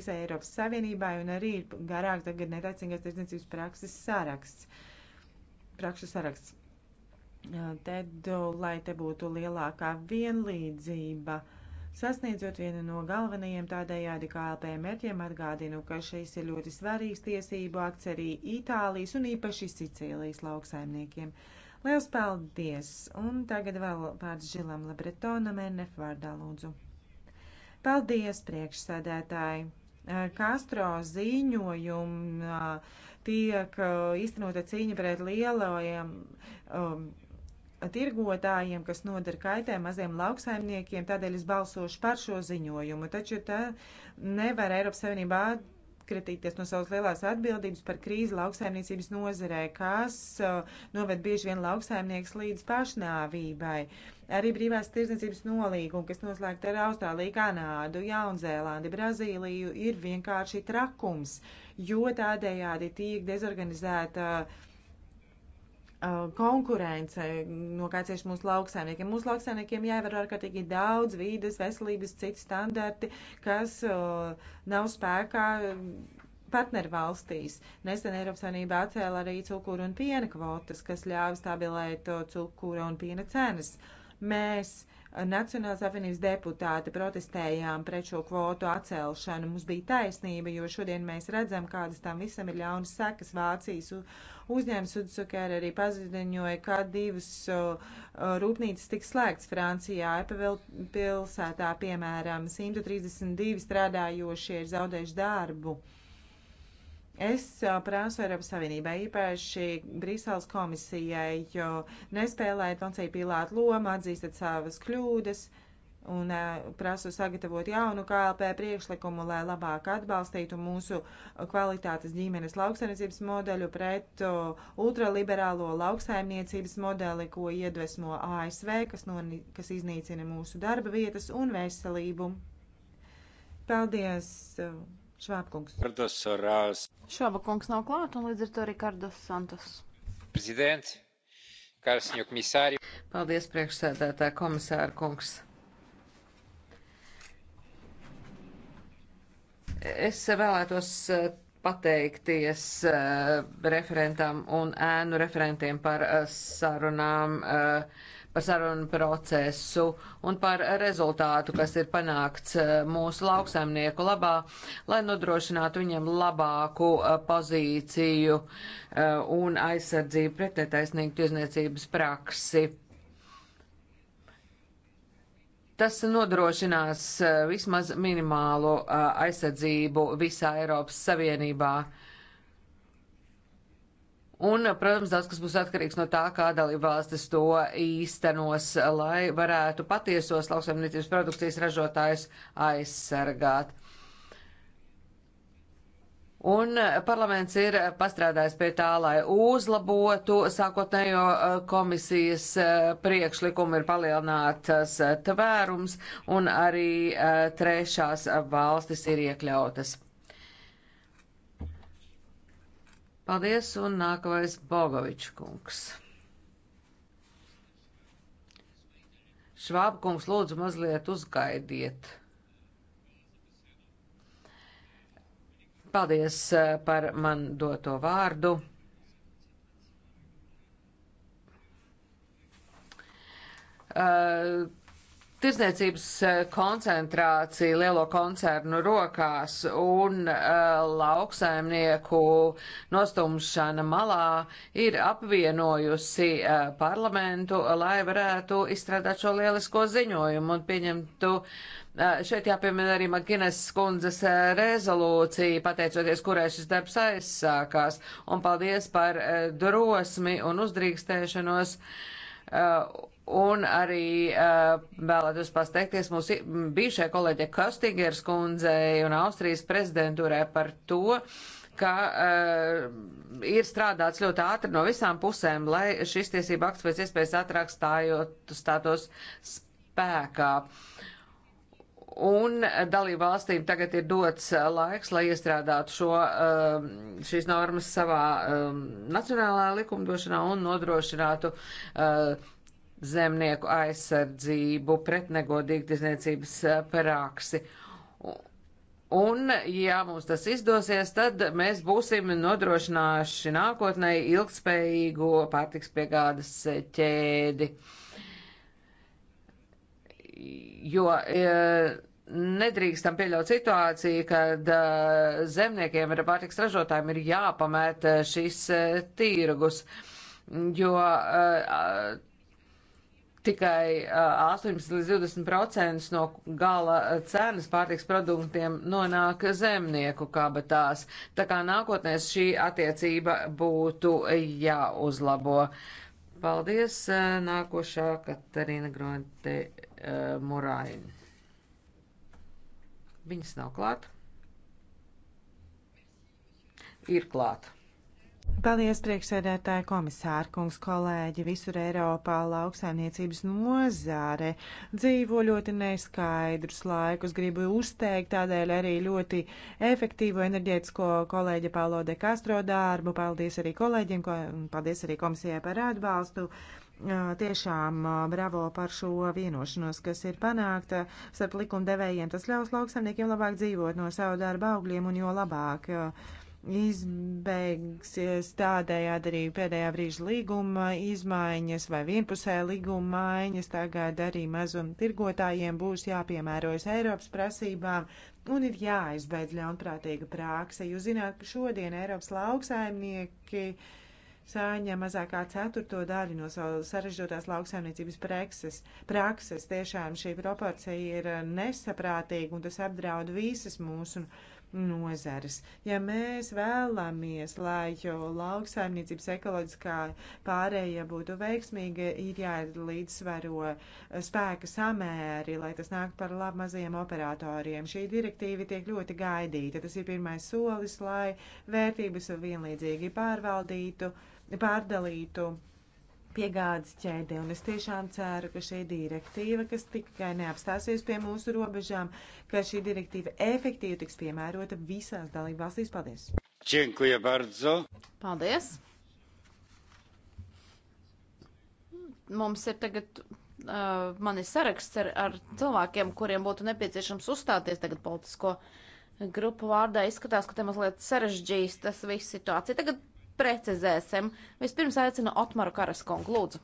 visai Eiropas Savienībai, un arī ir garāk tagad netaicīgās tirdzniecības prakses saraksts. Prakšu saraksts. Tad, lai te būtu lielākā vienlīdzība, uh, sasniedzot vienu no galvenajiem tādējādi KLP mērķiem. Atgādinu, ka šis ir ļoti svarīgs tiesību akts arī Itālijas un īpaši Sicīlijas lauksaimniekiem. Liels paldies! Un tagad vēl vārds Žilam Labretonam, NF vārdā lūdzu. Paldies, priekšsēdētāji! Kastro eh, ziņojumā tiek eh, īstenota cīņa pret lielajiem um, tirgotājiem, kas nodara kaitē maziem lauksaimniekiem, tādēļ es balsošu par šo ziņojumu. Taču tā nevar Eiropas Savienībā atkritīties no savas lielās atbildības par krīzi lauksaimniecības nozarē, kas uh, noved bieži vien lauksaimnieks līdz pašnāvībai. Arī brīvās tirdzniecības nolīgumi, kas noslēgta ar Austrāliju, Kanādu, Jaunzēlandi, Brazīliju, ir vienkārši trakums, jo tādējādi tiek dezorganizēta uh, Uh, konkurence, no kā cieši mūsu lauksaimniekiem. Mūsu lauksaimniekiem jāievēro ārkārtīgi daudz vīdes, veselības, citi standarti, kas uh, nav spēkā partnervalstīs. Nesen Eiropas Savienība atcēla arī cukuru un piena kvotas, kas ļāva stabilēt uh, cukura un piena cenas. Mēs uh, Nacionālās apvienības deputāti protestējām pret šo kvotu atcelšanu. Mums bija taisnība, jo šodien mēs redzam, kādas tam visam ir ļaunas sekas. Vācijas uzņēmums Sudzuker arī paziņoja, ka divas rūpnīcas tiks slēgts Francijā. Epavel pilsētā, piemēram, 132 strādājošie ir zaudējuši darbu. Uh, Es prāsu Eiropas Savienībai, īpaši Brīseles komisijai, jo nespēlēt Fonseja Pilāta lomu, atzīstat savas kļūdas un prasu sagatavot jaunu KLP priekšlikumu, lai labāk atbalstītu mūsu kvalitātes ģimenes lauksaimniecības modeļu pret ultraliberālo lauksaimniecības modeli, ko iedvesmo ASV, kas, no, kas iznīcina mūsu darba vietas un veselību. Paldies! Švābkungs. Švāba kungs nav klāt, un līdz ar to Rikardos Santos. Prezidents, Kārsņu komisāri. Paldies, priekšsēdētā komisāra kungs. Es vēlētos eh, pateikties eh, referentam un ēnu referentiem par eh, sarunām. Uh, par sarunu procesu un par rezultātu, kas ir panākts eh, mūsu lauksaimnieku labā, lai nodrošinātu viņiem labāku eh, pozīciju eh, un aizsardzību pret netaisnīgu tirzniecības praksi. Tas nodrošinās vismaz minimālo aizsardzību visā Eiropas Savienībā. Un, protams, daudz kas būs atkarīgs no tā, kā dalībvalstis to īstenos, lai varētu patiesos lauksaimniecības produkcijas ražotājus aizsargāt. Un parlaments ir pastrādājis pie tā, lai uzlabotu sākotnējo eh, komisijas eh, priekšlikumu, ir palielinātas eh, tvērums un arī trešās valstis ir iekļautas. Paldies, un nākamais Bogovičs kungs. Švāba kungs, lūdzu, mazliet uzgaidiet. Paldies eh, par man doto vārdu. Uh, Tirzniecības eh, koncentrācija lielo koncernu rokās un uh, lauksaimnieku nostumšana malā ir apvienojusi uh, parlamentu, lai varētu izstrādāt šo lielisko ziņojumu un pieņemtu. Uh, šeit jāpiemina arī Maginas skundzes rezolūcija, pateicoties, kurai šis darbs aizsākās. Un paldies par drosmi un uzdrīkstēšanos Un arī uh, vēlētos pasteikties mūsu bijušajai kolēģe Kastingers kundzei un Austrijas prezidentūrē par to, ka uh, ir strādāts ļoti ātri no visām pusēm, lai šis tiesība akts pēc iespējas ātrāk stājot stātos spēkā. Un dalību valstīm tagad ir dots laiks, lai iestrādātu šo, uh, šīs normas savā uh, nacionālajā likumdošanā un nodrošinātu uh, zemnieku aizsardzību pret negodīgu tirzniecības eh, praksi. Un, ja mums tas izdosies, tad mēs būsim nodrošinājuši nākotnē ilgspējīgo pārtiks piegādes eh, ķēdi. Jo eh, nedrīkstam pieļaut situāciju, kad zemniekiem ir pārtiks ražotājiem ir jāpamēta šis tirgus, jo tikai 18 līdz 20 procentus no gala cenas pārtiks produktiem nonāk zemnieku kabatās. Tā kā nākotnē šī attiecība būtu jāuzlabo. Paldies, nākošā Katarina Gronte Muraina. Viņas nav klāt. Ir klāt. Paldies, priekšsēdētāji, komisāri, kungs, kolēģi. Visur Eiropā lauksaimniecības nozāre dzīvo ļoti neskaidrus laikus. Gribu uzteikt tādēļ arī ļoti efektīvu enerģētisko kolēģi Paulo de Castro darbu. Paldies arī kolēģiem, ko, paldies arī komisijai par atbalstu. Tiešām bravo par šo vienošanos, kas ir panākta starp likumdevējiem. Tas ļaus lauksaimniekiem labāk dzīvot no savu darbu augļiem un jo labāk. Uh, izbeigsies tādējādi arī pēdējā brīža līguma izmaiņas vai vienpusē līguma maiņas. Tagad arī mazumtirgotājiem būs jāpiemērojas Eiropas prasībām un ir jāizbeidz ļaunprātīga prākse. Jūs zināt, ka šodien Eiropas lauksaimnieki saņem mazākā ceturto daļu no savas sarežģotās lauksaimniecības prakses. prakses. Tiešām šī proporcija ir nesaprātīga un tas apdraud visas mūsu. Un nozares. Ja mēs vēlamies, lai lauksaimniecības ekoloģiskā pārēja būtu veiksmīga, ir jālīdzsvaro eh, spēka samēri, lai tas nāk par labu mazajiem operatoriem. Šī direktīva tiek ļoti gaidīta. Tas ir pirmais solis, lai vērtības vienlīdzīgi pārvaldītu, pārdalītu piegādes ķēdē. Un es tiešām ceru, ka šī direktīva, kas tikai neapstāsies pie mūsu robežām, ka šī direktīva efektīvi tiks piemērota visās dalībvalstīs. Paldies! Čenkuja bardzo! Paldies! Mums ir tagad uh, mani saraksts ar, ar cilvēkiem, kuriem būtu nepieciešams uzstāties tagad politisko grupu vārdā. Izskatās, ka te mazliet sarežģīs tas viss situācija. Tagad precizēsim. Vispirms aicinu Otmaru Karaskungu, lūdzu.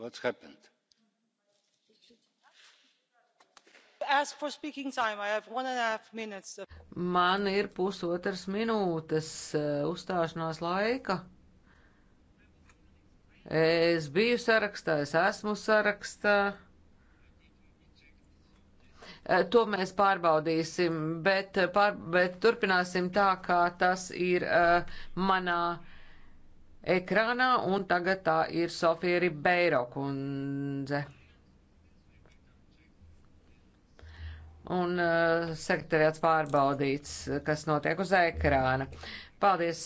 What's happened? Man ir pusotras minūtes eh, uzstāšanās laika. Es biju sarakstā, es esmu sarakstā. Eh, to mēs pārbaudīsim, bet, eh, pār, bet turpināsim tā, kā tas ir eh, manā ekrānā, un tagad tā ir Sofija Ribeiro kundze. un uh, sekretariāts pārbaudīts, kas notiek uz ekrāna. Paldies,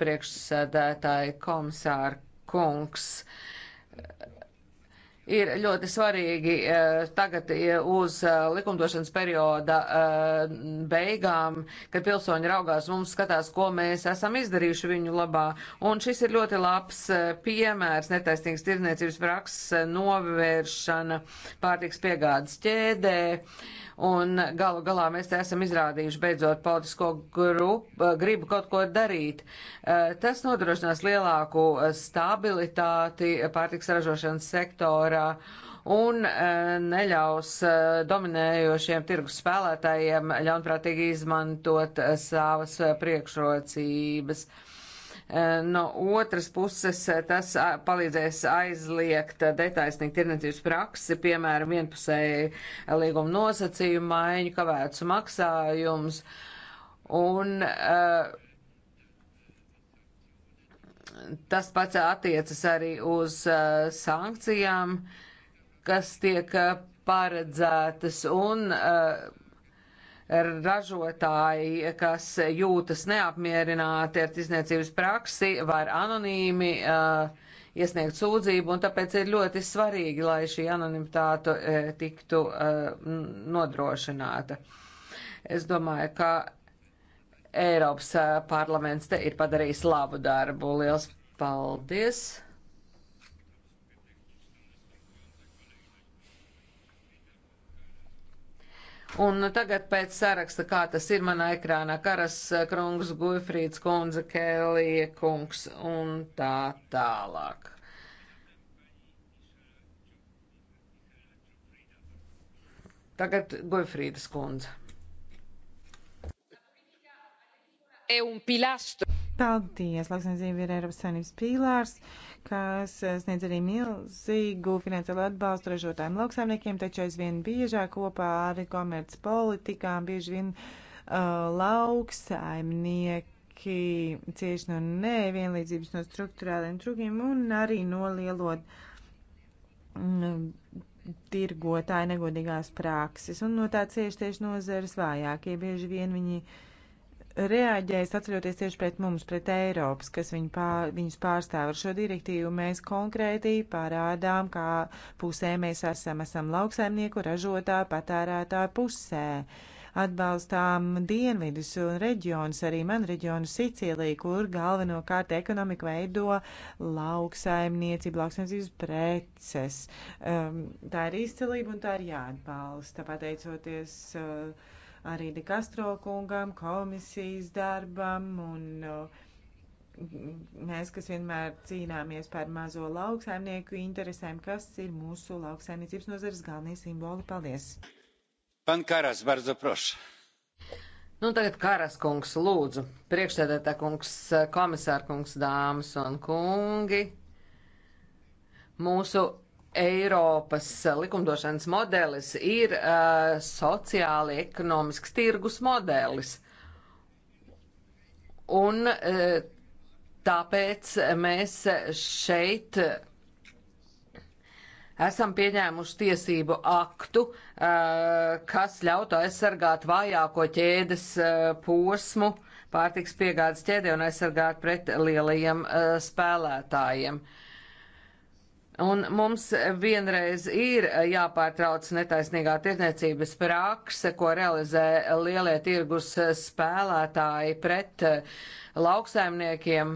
priekšsēdētāji komisāra kungs ir ļoti svarīgi eh, tagad eh, uz eh, likumdošanas perioda beigām, kad pilsoņi raugās mums, skatās, ko mēs esam izdarījuši viņu labā. Un šis ir ļoti labs piemērs netaisnīgas tirdzniecības prakses novēršana pārtiks piegādes ķēdē. Uh, un galu galā mēs te esam izrādījuši beidzot politisko grupu, eh, gribu kaut ko darīt. Eh, tas nodrošinās lielāku eh, stabilitāti pārtiks ražošanas sektorā un neļaus dominējošiem tirgus spēlētājiem ļaunprātīgi izmantot savas priekšrocības. Uh, Eh, no otras puses, eh, tas palīdzēs aizliegt eh, detaisnīgi tirnetības praksi, piemēram, vienpusēji līguma nosacījumu maiņu, kavētus maksājums. Un, tas pats attiecas arī uz sankcijām, kas tiek paredzētas un uh, ražotāji, kas jūtas neapmierināti ar izniecības praksi, var anonīmi uh, iesniegt sūdzību, un tāpēc ir ļoti svarīgi, lai šī anonimitāte uh, tiktu uh, nodrošināta. Es domāju, ka Eiropas uh, parlaments te ir padarījis labu darbu. Liels paldies! Un tagad pēc saraksta, kā tas ir manā ekrānā, Karas eh, kungs, Guifrīds kundze, Kēlija kungs un tā tālāk. Tagad Guifrīdas kundze. E Paldies, lauksaimniecība ir Eiropas saimnības pīlārs. Uh, kas sniedz arī milzīgu finansiālu atbalstu ražotājiem lauksaimniekiem, taču aizvien biežāk kopā ar komerc politikām bieži vien uh, lauksaimnieki cieši no nevienlīdzības, no struktūrāliem trūkiem un arī no lielot mm, tirgotāju negodīgās prakses, un no tā cieši tieši nozares vājākie. Bieži vien viņi uh, reaģējis atceļoties tieši pret mums, pret Eiropas, kas viņu pār, viņus pārstāv ar šo direktīvu. Mēs konkrēti parādām, kā pusē mēs esam, esam lauksaimnieku, ražotāju, patērētāju pusē. Atbalstām dienvidus un reģionus, arī man reģionu Sicīliju, kur galvenokārt ekonomika veido lauksaimniecību, lauksaimniecības preces. Um, tā ir izcilība un tā ir jāatbalsta, pateicoties. Uh, arī De Castro kungam, komisijas darbam un mēs, kas vienmēr cīnāmies par mazo lauksaimnieku interesēm, kas ir mūsu lauksaimniecības nozares galvenie simboli. Paldies! Pan Karas, bardzo prošu! Nu, tagad Karas kungs lūdzu, priekšsēdētā kungs, komisāra kungs, dāmas un kungi. Mūsu Eiropas likumdošanas modelis ir uh, sociāli ekonomisks tirgus modelis. Un uh, tāpēc mēs šeit esam pieņēmuši tiesību aktu, uh, kas ļautu aizsargāt vājāko ķēdes uh, posmu pārtiks piegādes ķēdē un aizsargāt pret lielajiem uh, spēlētājiem. Uh, Un mums vienreiz ir jāpārtrauc netaisnīgā tirdzniecības prakse, ko realizē lielie tirgus spēlētāji pret eh, lauksaimniekiem.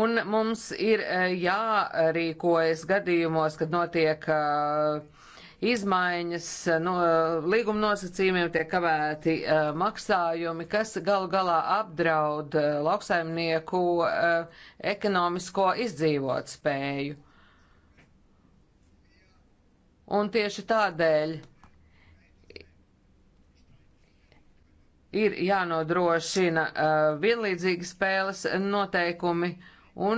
Un mums ir eh, jārīkojas gadījumos, kad notiek uh, izmaiņas eh, no eh, līguma nosacījumiem, tiek kavēti eh, maksājumi, kas galu galā apdraud lauksaimnieku ekonomisko izdzīvot spēju. Un tieši tādēļ ir jānodrošina vienlīdzīgi spēles noteikumi un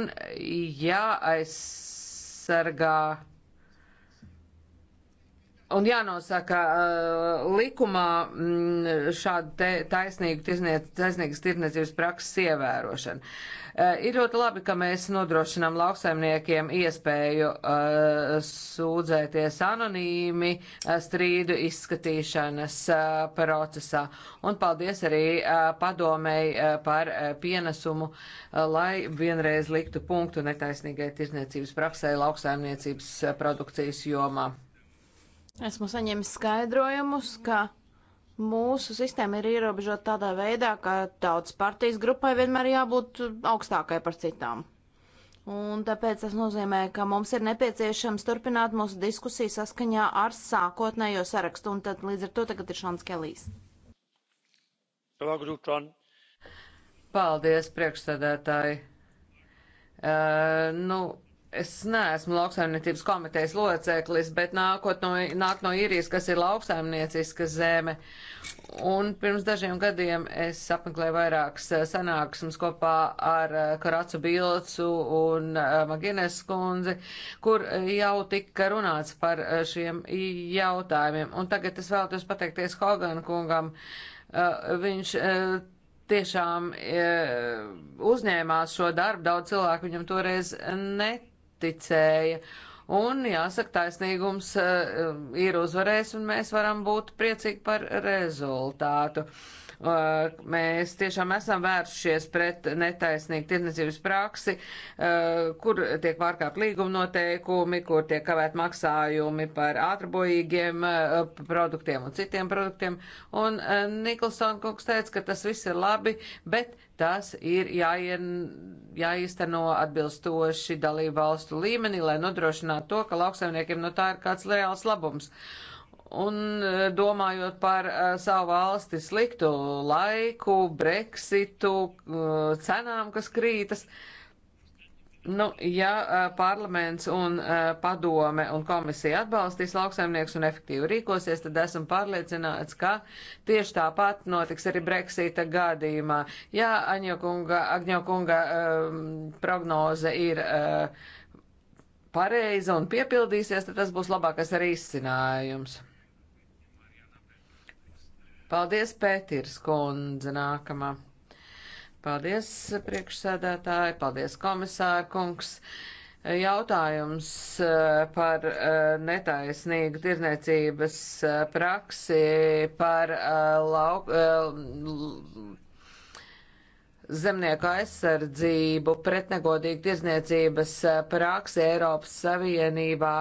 jāaizsargā un jānosaka uh, likumā mm, šāda taisnīga tirzniecības tirdzniecības prakses ievērošana. Uh, ir ļoti labi, ka mēs nodrošinām lauksaimniekiem iespēju uh, sūdzēties anonīmi uh, strīdu izskatīšanas uh, procesā. Un paldies arī uh, padomēji uh, par uh, pienesumu, uh, lai vienreiz liktu punktu netaisnīgai tirzniecības praksē lauksaimniecības uh, produkcijas jomā. Esmu saņēmis skaidrojumus, ka mūsu sistēma ir ierobežota tādā veidā, ka tautas partijas grupai vienmēr jābūt augstākai par citām. Un tāpēc tas nozīmē, ka mums ir nepieciešams turpināt mūsu diskusiju saskaņā ar sākotnējo sarakstu, un tad līdz ar to tagad ir Šāns Kelijs. Paldies, priekšsēdētāji. Uh, nu, Es neesmu lauksaimniecības komitejas loceklis, bet nākot no, nāk no īrijas, kas ir lauksaimnieciska zeme. Un pirms dažiem gadiem es apmeklēju vairākas eh, sanāksmes kopā ar eh, Karacu Bilcu un eh, Magines kundzi, kur jau tika runāts par šiem jautājumiem. Un tagad es vēlētos pateikties Hogan kungam. Viņš tiešām uzņēmās šo darbu, daudz cilvēku viņam toreiz net uzticēja. Un jāsaka, taisnīgums uh, ir uzvarējis, un mēs varam būt priecīgi par rezultātu. Uh, mēs tiešām esam vēršies pret netaisnīgu tirdzniecības praksi, uh, kur tiek pārkāpt līguma noteikumi, kur tiek kavēt maksājumi par ātrbojīgiem uh, produktiem un citiem produktiem. Un Nikolson kungs teica, ka tas viss ir labi, bet Tas ir jāien, jāizteno atbilstoši dalību valstu līmenī, lai nodrošinātu to, ka lauksaimniekiem no tā ir kāds reāls labums. Un eh, domājot par eh, savu valsti sliktu laiku, Brexitu, eh, cenām, kas krītas, uh, Nu, ja parlaments un padome un komisija atbalstīs lauksaimnieks un efektīvi rīkosies, tad esmu pārliecināts, ka tieši tāpat notiks arī Brexita gadījumā. Jā, Aņokunga, Agņokunga um, prognoze ir uh, pareiza un piepildīsies, tad tas būs labākais arī izcinājums. Paldies, Pētirs kundze, nākamā. Paldies, priekšsēdētāji, paldies, komisārkungs. Jautājums eh, par eh, netaisnīgu tirniecības eh, praksi, par lauk, zemnieku aizsardzību pret negodīgu tirniecības praksi Eiropas Savienībā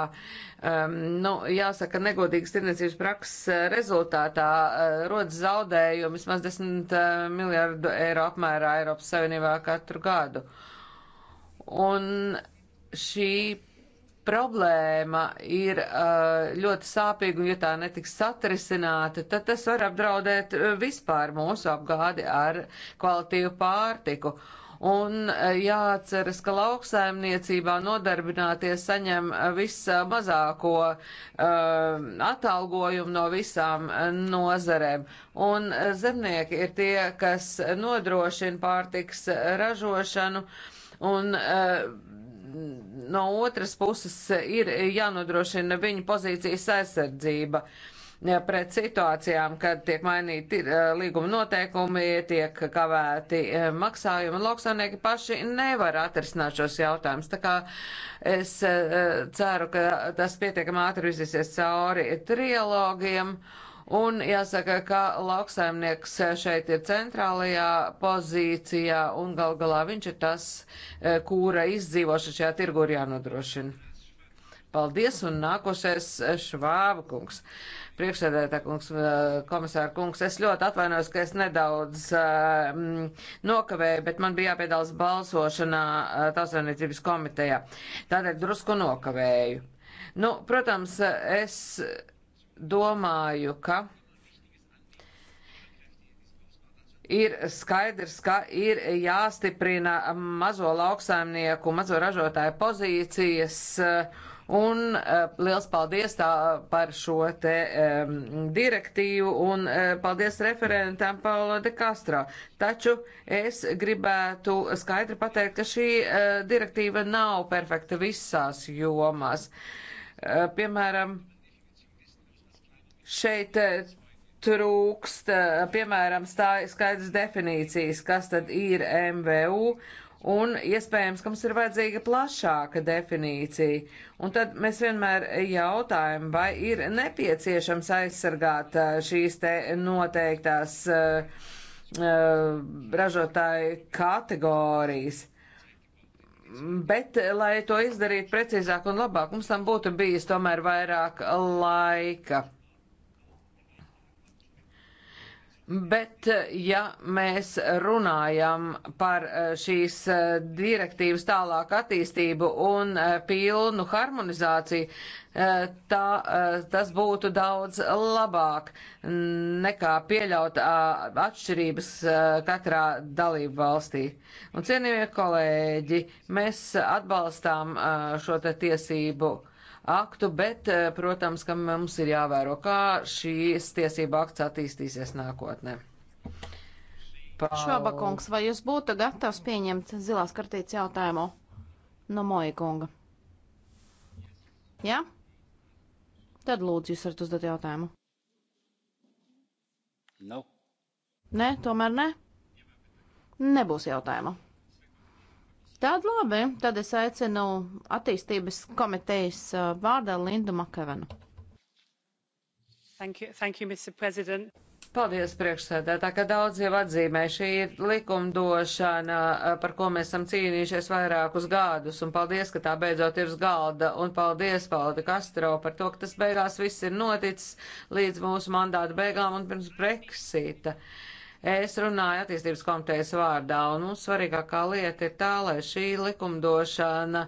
Um, nu, jāsaka, negodīgas tirdzniecības prakses uh, rezultātā uh, rodas zaudējumi vismaz 10 uh, miljārdu eiro apmērā Eiropas Savienībā katru gadu. Un šī problēma ir uh, ļoti sāpīga, un ja tā netiks satrisināta, tad tas var apdraudēt uh, vispār mūsu apgādi ar kvalitīvu pārtiku un e, jāatceras, ka lauksaimniecībā nodarbināties saņem e, vismazāko uh, atalgojumu no visām nozarēm. Un zemnieki ir tie, kas nodrošina pārtiks ražošanu un uh, no otras puses ir jānodrošina viņu pozīcijas aizsardzība. Uh, pret situācijām, kad tiek mainīti eh, līguma noteikumi, tiek kavēti eh, maksājumi, un lauksaimnieki paši nevar atrisināt šos jautājumus. Tā kā es eh, ceru, ka tas pietiekami ātri iziesies cauri trilogiem. Un jāsaka, ka lauksaimnieks šeit ir centrālajā pozīcijā un gal galā viņš ir tas, kura izdzīvoša šajā tirgu ir jānodrošina. Paldies un nākošais Švāba kungs. Priekšsēdētā kungs, eh, komisāra kungs, es ļoti atvainos, ka es nedaudz uh, nokavēju, bet man bija jāpiedalās balsošanā uh, eh, tautsveidniecības komitejā. Tādēļ drusku nokavēju. Nu, protams, es domāju, ka. ir skaidrs, ka ir jāstiprina mazo lauksaimnieku, mazo ražotāju pozīcijas. Uh, Un uh, liels paldies tā par šo te um, direktīvu un uh, paldies referentam Paulo de Castro. Taču es gribētu skaidri pateikt, ka šī uh, direktīva nav perfekta visās jomās. Uh, piemēram, šeit. Uh, trūkst, piemēram, skaidrs definīcijas, kas tad ir MVU Un iespējams, ka mums ir vajadzīga plašāka definīcija. Un tad mēs vienmēr jautājam, vai ir nepieciešams aizsargāt eh, šīs te noteiktās uh, uh, ražotāju kategorijas. Bet, lai to izdarītu precīzāk un labāk, mums tam būtu bijis tomēr vairāk laika. Bet, ja mēs runājam par eh, šīs eh, direktīvas tālāku attīstību un eh, pilnu harmonizāciju, tā, tas būtu daudz labāk nekā pieļaut atšķirības katrā dalību valstī. Un, cienījamie kolēģi, mēs atbalstām šo te tiesību aktu, bet, eh, protams, ka mums ir jāvēro, kā šīs tiesība akts attīstīsies nākotnē. Paldies. Šobakungs, vai jūs būtu gatavs pieņemt zilās kartītes jautājumu no Moja kunga? Jā? Ja? Tad lūdzu, jūs varat uzdot jautājumu. No. Nē, tomēr nē. Ne? Nebūs jautājumu. Tad labi, tad es aicinu attīstības komitejas uh, vārdā Lindu Makavenu. Thank you, thank you, Mr. President. Paldies, priekšsēdētā, ka daudz jau atzīmē šī ir likumdošana, uh, par ko mēs esam cīnījušies vairākus gadus, un paldies, ka tā beidzot ir uz galda, un paldies, Paldi Kastro, par to, ka tas beigās viss ir noticis līdz mūsu mandāta beigām un pirms Brexita. Uh, Es runāju attīstības komitejas vārdā, un mums svarīgākā lieta ir tā, lai šī likumdošana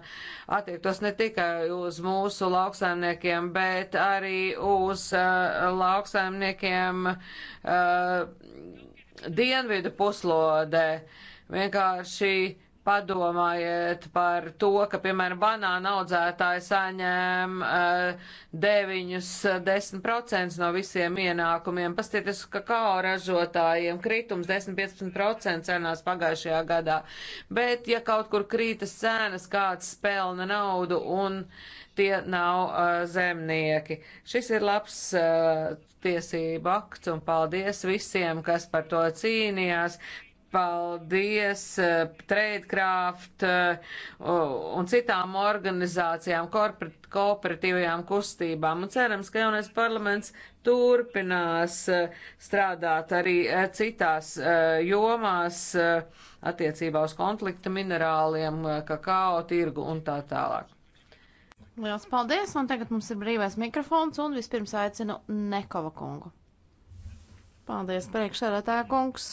attiektos ne tikai uz mūsu lauksaimniekiem, bet arī uz uh, lauksaimniekiem uh, dienvidu puslodē. Vienkārši Padomājiet par to, ka, piemēram, banāna audzētāji saņem uh, eh, 9-10% no visiem ienākumiem. Pastieties, ka kakao ražotājiem kritums 10-15% cenās pagājušajā gadā. Bet, ja kaut kur krītas cenas, kāds spēlna naudu un tie nav uh, zemnieki. Šis ir labs uh, tiesību akts un paldies visiem, kas par to cīnījās paldies uh, Tradecraft uh, un citām organizācijām, kooperatīvajām kustībām. Un cerams, ka jaunais parlaments turpinās uh, strādāt arī citās jomās attiecībā uz konflikta minerāliem, kakao, tirgu un tā tālāk. Lielas paldies, un tagad mums ir brīvais mikrofons, un vispirms aicinu Nekova kungu. Paldies, priekšsēdētāja kungs.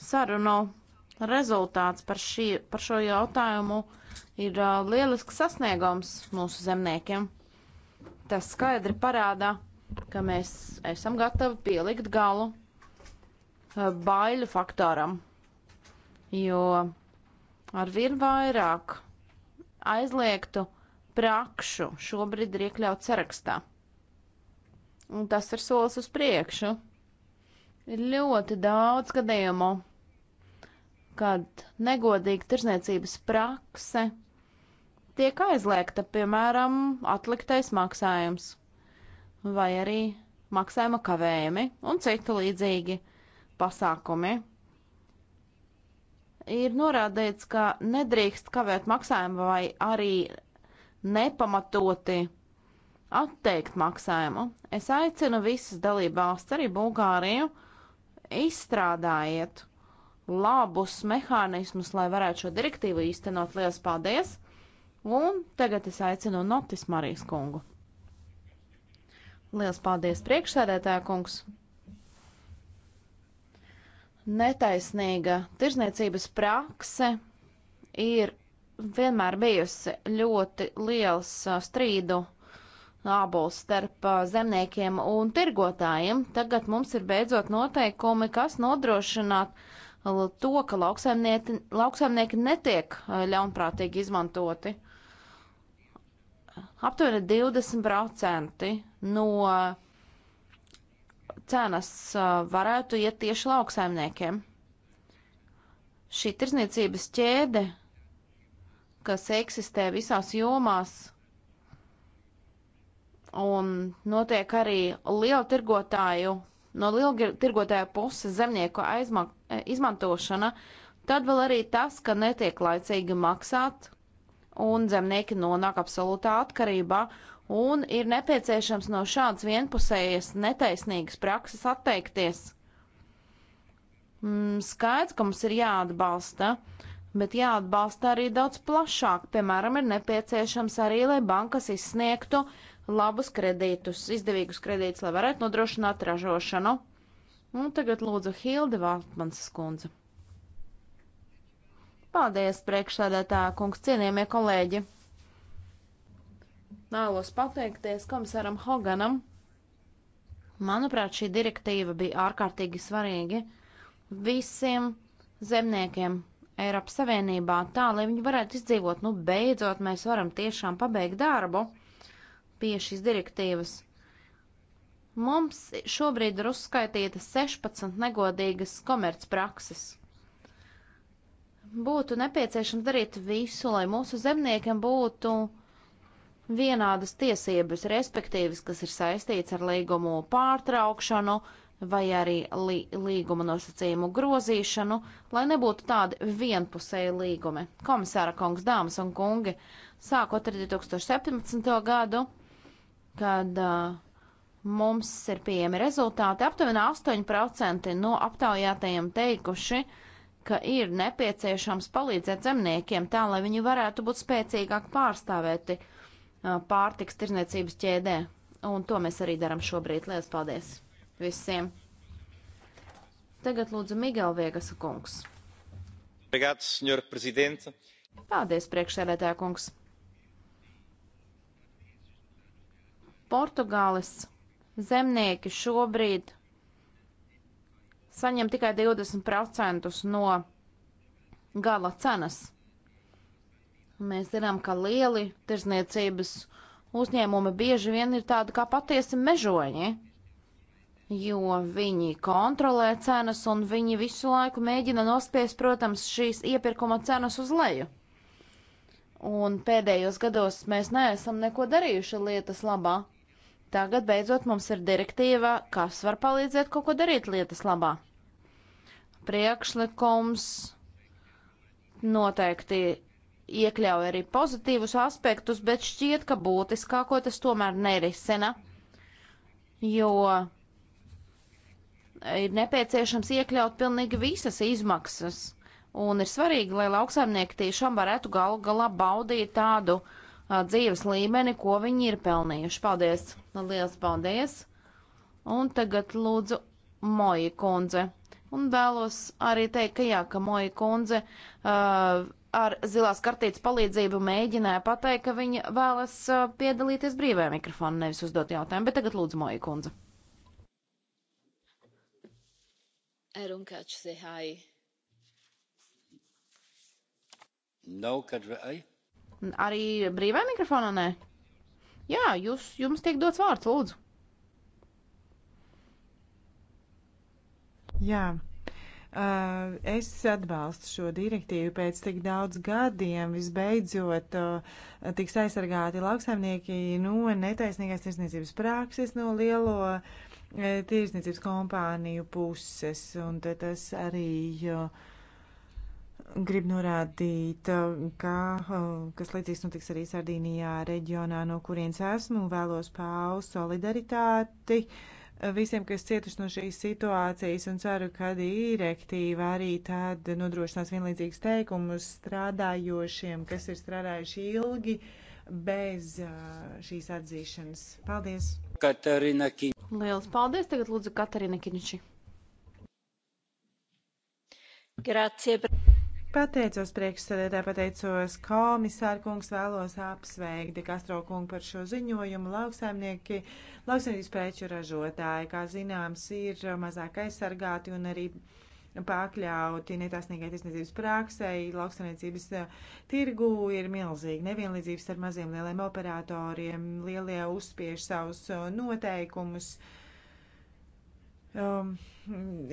sarunu rezultāts par, šī, par šo jautājumu ir uh, lielisks sasniegums mūsu zemniekiem. Tas skaidri parāda, ka mēs esam gatavi pielikt galu uh, baiļu faktoram, jo arvien vairāk aizliegtu prakšu šobrīd ir iekļauts sarakstā. Un tas ir solis uz priekšu. Ir ļoti daudz gadījumu, kad negodīga tirzniecības prakse tiek aizliegta, piemēram, atliktais maksājums vai arī maksājuma kavējumi un citu līdzīgi pasākumi. Ir norādīts, ka nedrīkst kavēt maksājumu vai arī nepamatoti atteikt maksājumu. Es aicinu visas dalībvalsts, arī Bulgāriju, izstrādājiet labus mehānismus, lai varētu šo direktīvu īstenot. Lielas paldies! Un tagad es aicinu Notis Marijas kungu. Lielas paldies, priekšsēdētāja kungs! Netaisnīga tirzniecības prakse ir vienmēr bijusi ļoti liels uh, strīdu ābols starp uh, zemniekiem un tirgotājiem. Tagad mums ir beidzot noteikumi, kas nodrošināt to, ka lauksaimnieki netiek ļaunprātīgi izmantoti. Aptuveni 20% no cenas varētu iet tieši lauksaimniekiem. Šī tirzniecības ķēde, kas eksistē visās jomās, un notiek arī liela tirgotāju, no liela tirgotāja puses zemnieku aizmak, E, izmantošana, tad vēl arī tas, ka netiek laicīgi maksāt un zemnieki nonāk absolūtā atkarībā un ir nepieciešams no šādas vienpusējas netaisnīgas prakses atteikties. Mm, skaidrs, ka mums ir jāatbalsta, bet jāatbalsta arī daudz plašāk. Piemēram, ir nepieciešams arī, lai bankas izsniegtu labus kredītus, izdevīgus kredītus, lai varētu nodrošināt ražošanu. Un tagad lūdzu Hilde Vārtmans skundze. Paldies, priekšsādātā kungs, cienījamie kolēģi! Nālos pateikties komisaram Hoganam. Manuprāt, šī direktīva bija ārkārtīgi svarīga visiem zemniekiem Eiropas Savienībā, tā lai viņi varētu izdzīvot. Nu, beidzot, mēs varam tiešām pabeigt darbu pie šīs direktīvas. Mums šobrīd ir uzskaitīta 16 negodīgas komercprakses. Būtu nepieciešams darīt visu, lai mūsu zemniekiem būtu vienādas tiesības, respektīvas, kas ir saistīts ar līgumu pārtraukšanu vai arī li līguma nosacījumu grozīšanu, lai nebūtu tādi vienpusēji līgumi. Komisāra kungs, dāmas un kungi, sākot ar 2017. gadu, kad uh, Mums ir pieejami rezultāti. Aptuveni 8% no aptaujātajiem teikuši, ka ir nepieciešams palīdzēt zemniekiem tā, lai viņi varētu būt spēcīgāk pārstāvēti pārtiks tirzniecības ķēdē. Un to mēs arī darām šobrīd. Lielas paldies visiem! Tagad lūdzu Miguel Viegas kungs. Obrigado, senhor presidente. Paldies, priekšsēdētāja kungs. Portugāles zemnieki šobrīd saņem tikai 20% no gala cenas. Mēs zinām, ka lieli tirzniecības uzņēmumi bieži vien ir tādi kā patiesi mežoņi, jo viņi kontrolē cenas un viņi visu laiku mēģina nospiest, protams, šīs iepirkuma cenas uz leju. Un pēdējos gados mēs neesam neko darījuši lietas labā. Tagad beidzot mums ir direktīva, kas var palīdzēt kaut ko darīt lietas labā. Priekšlikums noteikti iekļauj arī pozitīvus aspektus, bet šķiet, ka būtiskāko tas tomēr nerisina, jo ir nepieciešams iekļaut pilnīgi visas izmaksas. Un ir svarīgi, lai lauksaimnieki tiešām varētu galu galā baudīt tādu uh, dzīves līmeni, ko viņi ir pelnījuši. Paldies! Lielas paldies! Un tagad lūdzu Moja kundze. Un vēlos arī teikt, ka jā, ka Moja kundze uh, ar zilās kartītes palīdzību mēģināja pateikt, ka viņa vēlas uh, piedalīties brīvajā mikrofonā, nevis uzdot jautājumu, bet tagad lūdzu Moja kundze. No, kad vai? Arī brīvā mikrofonā nē? Jā, jūs, jums tiek dots vārds, lūdzu. Jā. Uh, es atbalstu šo direktīvu. Pēc tik daudz gadiem visbeidzot uh, tiks aizsargāti lauksaimnieki no netaisnīgās tirsniecības prakses, no lielo uh, tirsniecības kompāniju puses. Un tas arī uh, Gribu norādīt, uh, ka, uh, kas līdzīgs notiks arī Sardīnijā reģionā, no kurienes esmu, vēlos paust solidaritāti uh, visiem, kas cietuši no šīs situācijas un ceru, ka direktīva arī tad nodrošinās vienlīdzīgus teikumus strādājošiem, kas ir strādājuši ilgi bez šīs atzīšanas. Paldies! Katarina Kiņš. Lielas paldies! Tagad lūdzu Katarina Kiņši. Grazie. Pateicos priekšsēdētāji, pateicos komisāru kungs, vēlos apsveikt Kastro kungu par šo ziņojumu. Lauksaimnieki, lauksaimnieks preču ražotāji, kā zināms, ir mazāk aizsargāti un arī pakļauti netasnīgai tiesniecības praksei. Lauksaimniecības eh, tirgu ir milzīgi nevienlīdzības ar maziem lieliem operatoriem. Lielie uzspiež savus eh, noteikumus. Uh, um,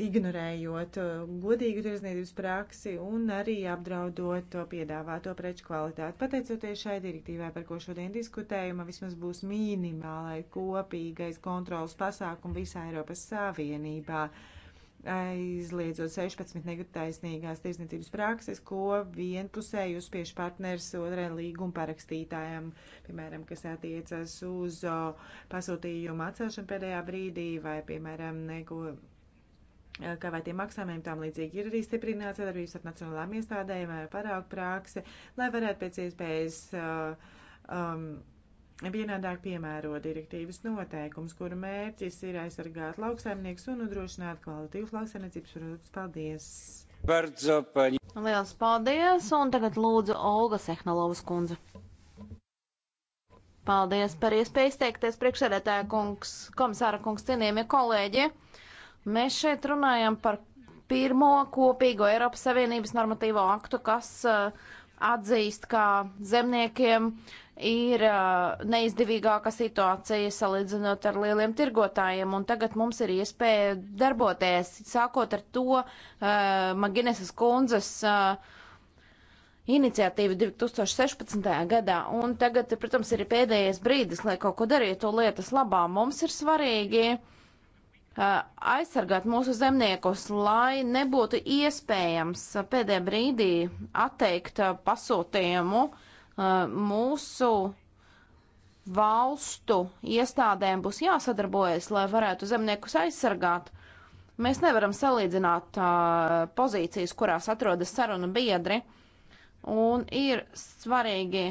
ignorējot uh, godīgu tirzniecības praksi un arī apdraudot to piedāvāto preču kvalitāti. Pateicoties šai direktīvai, par ko šodien diskutējuma, vismaz būs minimālai kopīgais kontrols pasākums visā Eiropas Savienībā. Uh, aizliedzot 16 negatīvās tirsniecības prakses, ko vienpusēji uzspiež partners otrai līguma parakstītājam, piemēram, kas attiecas uz pasūtījumu atcelšanu pēdējā brīdī vai, piemēram, neko e, kā vai tiem maksājumiem tam līdzīgi ir arī stiprināts sadarbības ar nacionālām iestādēm, ar e, parāku prākse, lai varētu pēc iespējas uh, um, vienādāk piemēro direktīvas noteikums, kuru mērķis ir aizsargāt lauksaimnieks un nodrošināt kvalitatīvus lauksaimniecības produktus. Paldies! Bardzo, paņi. Liels paldies, un tagad lūdzu Olga Sehnalovas kundze. Paldies par iespēju izteikties priekšsēdētāja kungs, komisāra kungs, cienījamie kolēģi. Mēs šeit runājam par pirmo kopīgo Eiropas Savienības normatīvo aktu, kas uh, atzīst, ka zemniekiem ir uh, neizdevīgāka situācija salīdzinot ar lieliem tirgotājiem, un tagad mums ir iespēja darboties, sākot ar to uh, Maginesas kundzes uh, iniciatīvu 2016. gadā, un tagad, protams, ir pēdējais brīdis, lai kaut ko darītu lietas labā. Mums ir svarīgi uh, aizsargāt mūsu zemniekus, lai nebūtu iespējams pēdējā brīdī atteikt pasūtījumu mūsu valstu iestādēm būs jāsadarbojas, lai varētu zemniekus aizsargāt. Mēs nevaram salīdzināt pozīcijas, kurās atrodas saruna biedri, un ir svarīgi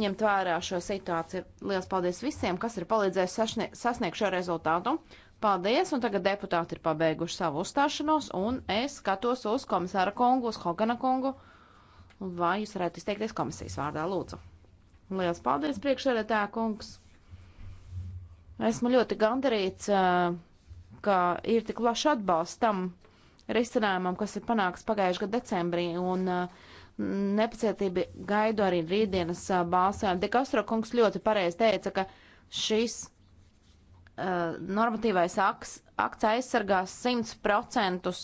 ņemt vērā šo situāciju. Lielas paldies visiem, kas ir palīdzējis sasniegt šo rezultātu. Paldies, un tagad deputāti ir pabeiguši savu uzstāšanos, un es skatos uz komisāra kungu, uz Hogana kungu. Vai jūs varētu izteikties komisijas vārdā, lūdzu? Lielas paldies, priekšsēdētāja kungs! Esmu ļoti gandarīts, ka ir tik plašs atbalsts tam risinājumam, kas ir panāks pagājušajā gadā decembrī, un nepacietība gaidu arī rītdienas balsēm. Dekastro kungs ļoti pareizi teica, ka šis Eh, normatīvais aks, akts aizsargās 100% eh,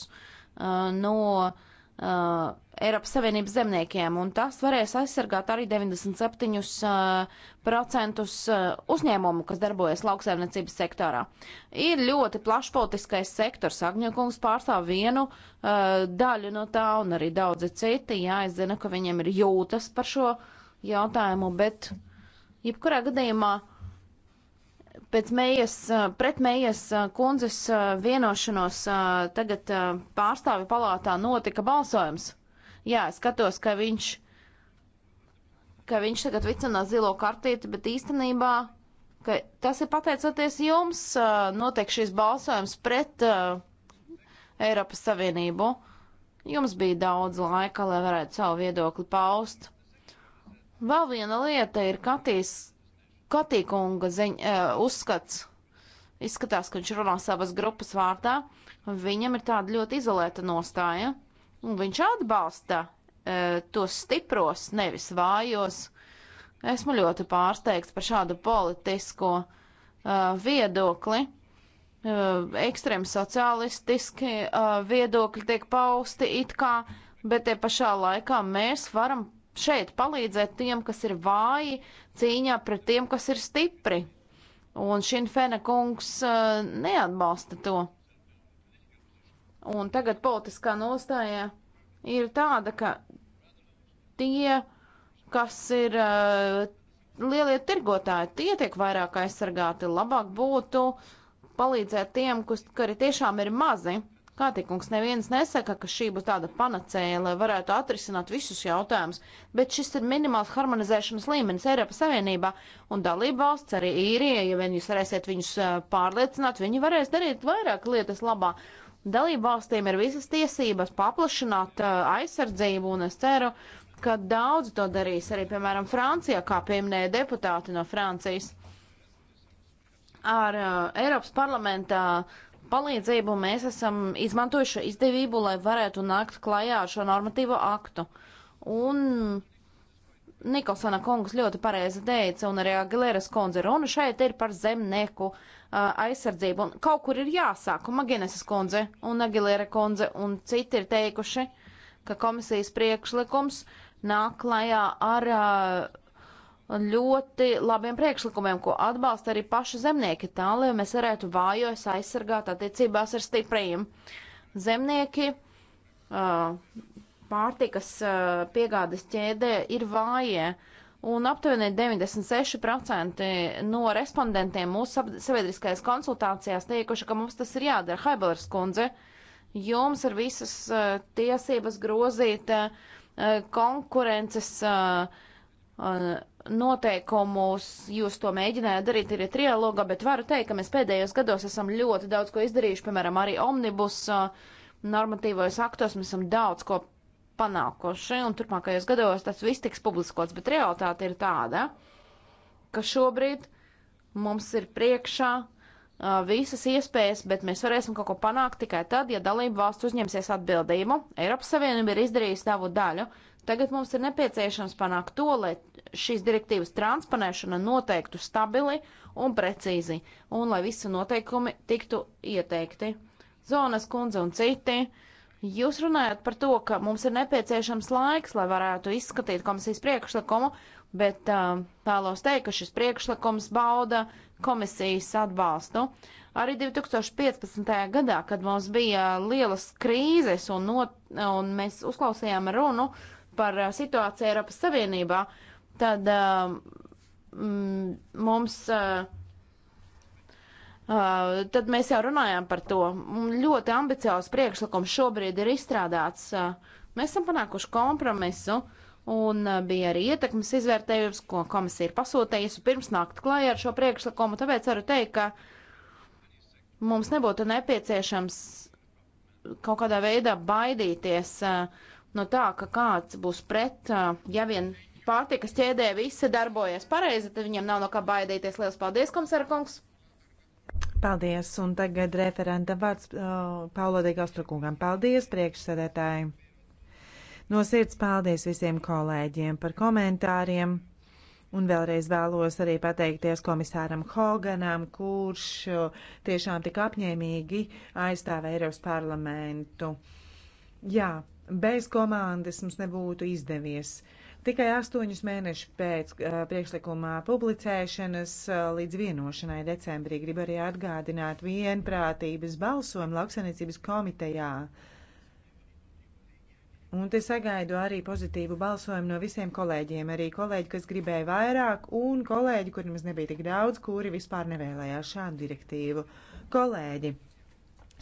no eh, Eiropas Savienības zemniekiem, un tas varēs aizsargāt arī 97% uzņēmumu, kas darbojas lauksaimniecības sektorā. Ir ļoti plašs politiskais sektors. Agņokungs pārstāv vienu uh, daļu no tā, un arī daudzi citi. Jā, es zinu, ka viņiem ir jūtas par šo jautājumu, bet jebkurā gadījumā uh, pēc mējas, pret mējas kundzes vienošanos tagad pārstāvi palātā notika balsojums. Jā, es skatos, ka viņš, ka viņš tagad vicinās zilo kartīti, bet īstenībā ka tas ir pateicoties jums notiek šīs balsojums pret uh, Eiropas Savienību. Jums bija daudz laika, lai varētu savu viedokli paust. Vēl viena lieta ir Katīs Katīkunga ziņ, eh, uzskats izskatās, ka viņš runā savas grupas vārtā. Viņam ir tāda ļoti izolēta nostāja, un viņš atbalsta e, tos stipros, nevis vājos. Esmu ļoti pārsteigts par šādu politisko e, viedokli. E, ekstrēmi sociālistiski e, viedokļi tiek pausti it kā, bet te pašā laikā mēs varam šeit palīdzēt tiem, kas ir vāji, cīņā pret tiem, kas ir stipri. Un Šinfēna kungs uh, neatbalsta to. Un tagad politiskā nostājā ir tāda, ka tie, kas ir uh, lielie tirgotāji, tie tiek vairāk aizsargāti. Labāk būtu palīdzēt tiem, kas, kuri tiešām ir mazi. Kā tik kungs, neviens nesaka, ka šī būs tāda panacēja, lai varētu atrisināt visus jautājumus, bet šis ir minimāls harmonizēšanas līmenis Eiropas Savienībā un dalība valsts arī īrija, ja vien jūs varēsiet viņus pārliecināt, viņi varēs darīt vairāk lietas labā. Dalība valstīm ir visas tiesības paplašināt aizsardzību un es ceru, ka daudz to darīs arī, piemēram, Francijā, kā pieminēja deputāti no Francijas. Ar uh, Eiropas parlamenta palīdzību mēs esam izmantojuši izdevību, lai varētu nākt klajā ar šo normatīvo aktu. Un Nikolsona kungs ļoti pareizi teica, un arī Agilēras kundze runa šeit ir par zemnieku uh, aizsardzību. Un kaut kur ir jāsāk, un Magineses kundze un Agilēra kundze un citi ir teikuši, ka komisijas priekšlikums nāk klajā ar uh, ļoti labiem priekšlikumiem, ko atbalsta arī paši zemnieki, tā lai mēs varētu vājos aizsargāt attiecībās ar stipriem. Zemnieki pārtikas piegādes ķēdē ir vājie, un aptuveni 96% no respondentiem mūsu sabiedriskajās konsultācijās teikuši, ka mums tas ir jādara. Haibelers kundze, jums ir visas tiesības grozīt konkurences noteikumus, jūs to mēģinājāt darīt arī trialogā, bet varu teikt, ka mēs pēdējos gados esam ļoti daudz ko izdarījuši, piemēram, arī omnibus uh, normatīvojas aktos mēs esam daudz ko panākoši, un turpmākajos gados tas viss tiks publiskots, bet realitāte ir tāda, ka šobrīd mums ir priekšā uh, visas iespējas, bet mēs varēsim kaut ko panākt tikai tad, ja dalību valsts uzņemsies atbildību. Eiropas Savienība ir izdarījusi savu daļu, Tagad mums ir nepieciešams panākt to, lai šīs direktīvas transponēšana noteiktu stabili un precīzi, un lai visi noteikumi tiktu ieteikti. Zonas kundze un citi, jūs runājat par to, ka mums ir nepieciešams laiks, lai varētu izskatīt komisijas priekšlikumu, bet uh, vēlos teikt, ka šis priekšlikums bauda komisijas atbalstu. Arī 2015. gadā, kad mums bija lielas krīzes un, not, un mēs uzklausījām runu, uh, par uh, situāciju Eiropas Savienībā, tad uh, mm, mums. Uh, uh, tad mēs jau runājām par to. Ļoti ambiciozs priekšlikums šobrīd ir izstrādāts. Uh, mēs esam panākuši kompromisu, un uh, bija arī ietekmes izvērtējums, ko komisija ir pasūtījusi pirms nākt klājā ar šo priekšlikumu. Tāpēc varu teikt, ka mums nebūtu nepieciešams kaut kādā veidā baidīties uh, no tā, ka kāds būs pret, ja vien pārtikas ķēdē viss darbojas pareizi, tad viņam nav no kā baidīties. Lielas paldies, komisārkungs! Paldies, un tagad referenta vārds uh, Paulo de Gastrokungam. Paldies, priekšsēdētāji! No sirds paldies visiem kolēģiem par komentāriem, un vēlreiz vēlos arī pateikties komisāram Hoganam, kurš tiešām tik apņēmīgi aizstāv Eiropas parlamentu. Jā, Bez komandas mums nebūtu izdevies. Tikai astoņus mēnešus pēc uh, priekšlikumā publicēšanas uh, līdz vienošanai decembrī grib arī atgādināt vienprātības balsojumu lauksainiecības komitejā. Un te sagaidu arī pozitīvu balsojumu no visiem kolēģiem, arī kolēģi, kas gribēja vairāk, un kolēģi, kuriem maz nebija tik daudz, kuri vispār nevēlējās šādu direktīvu. Kolēģi,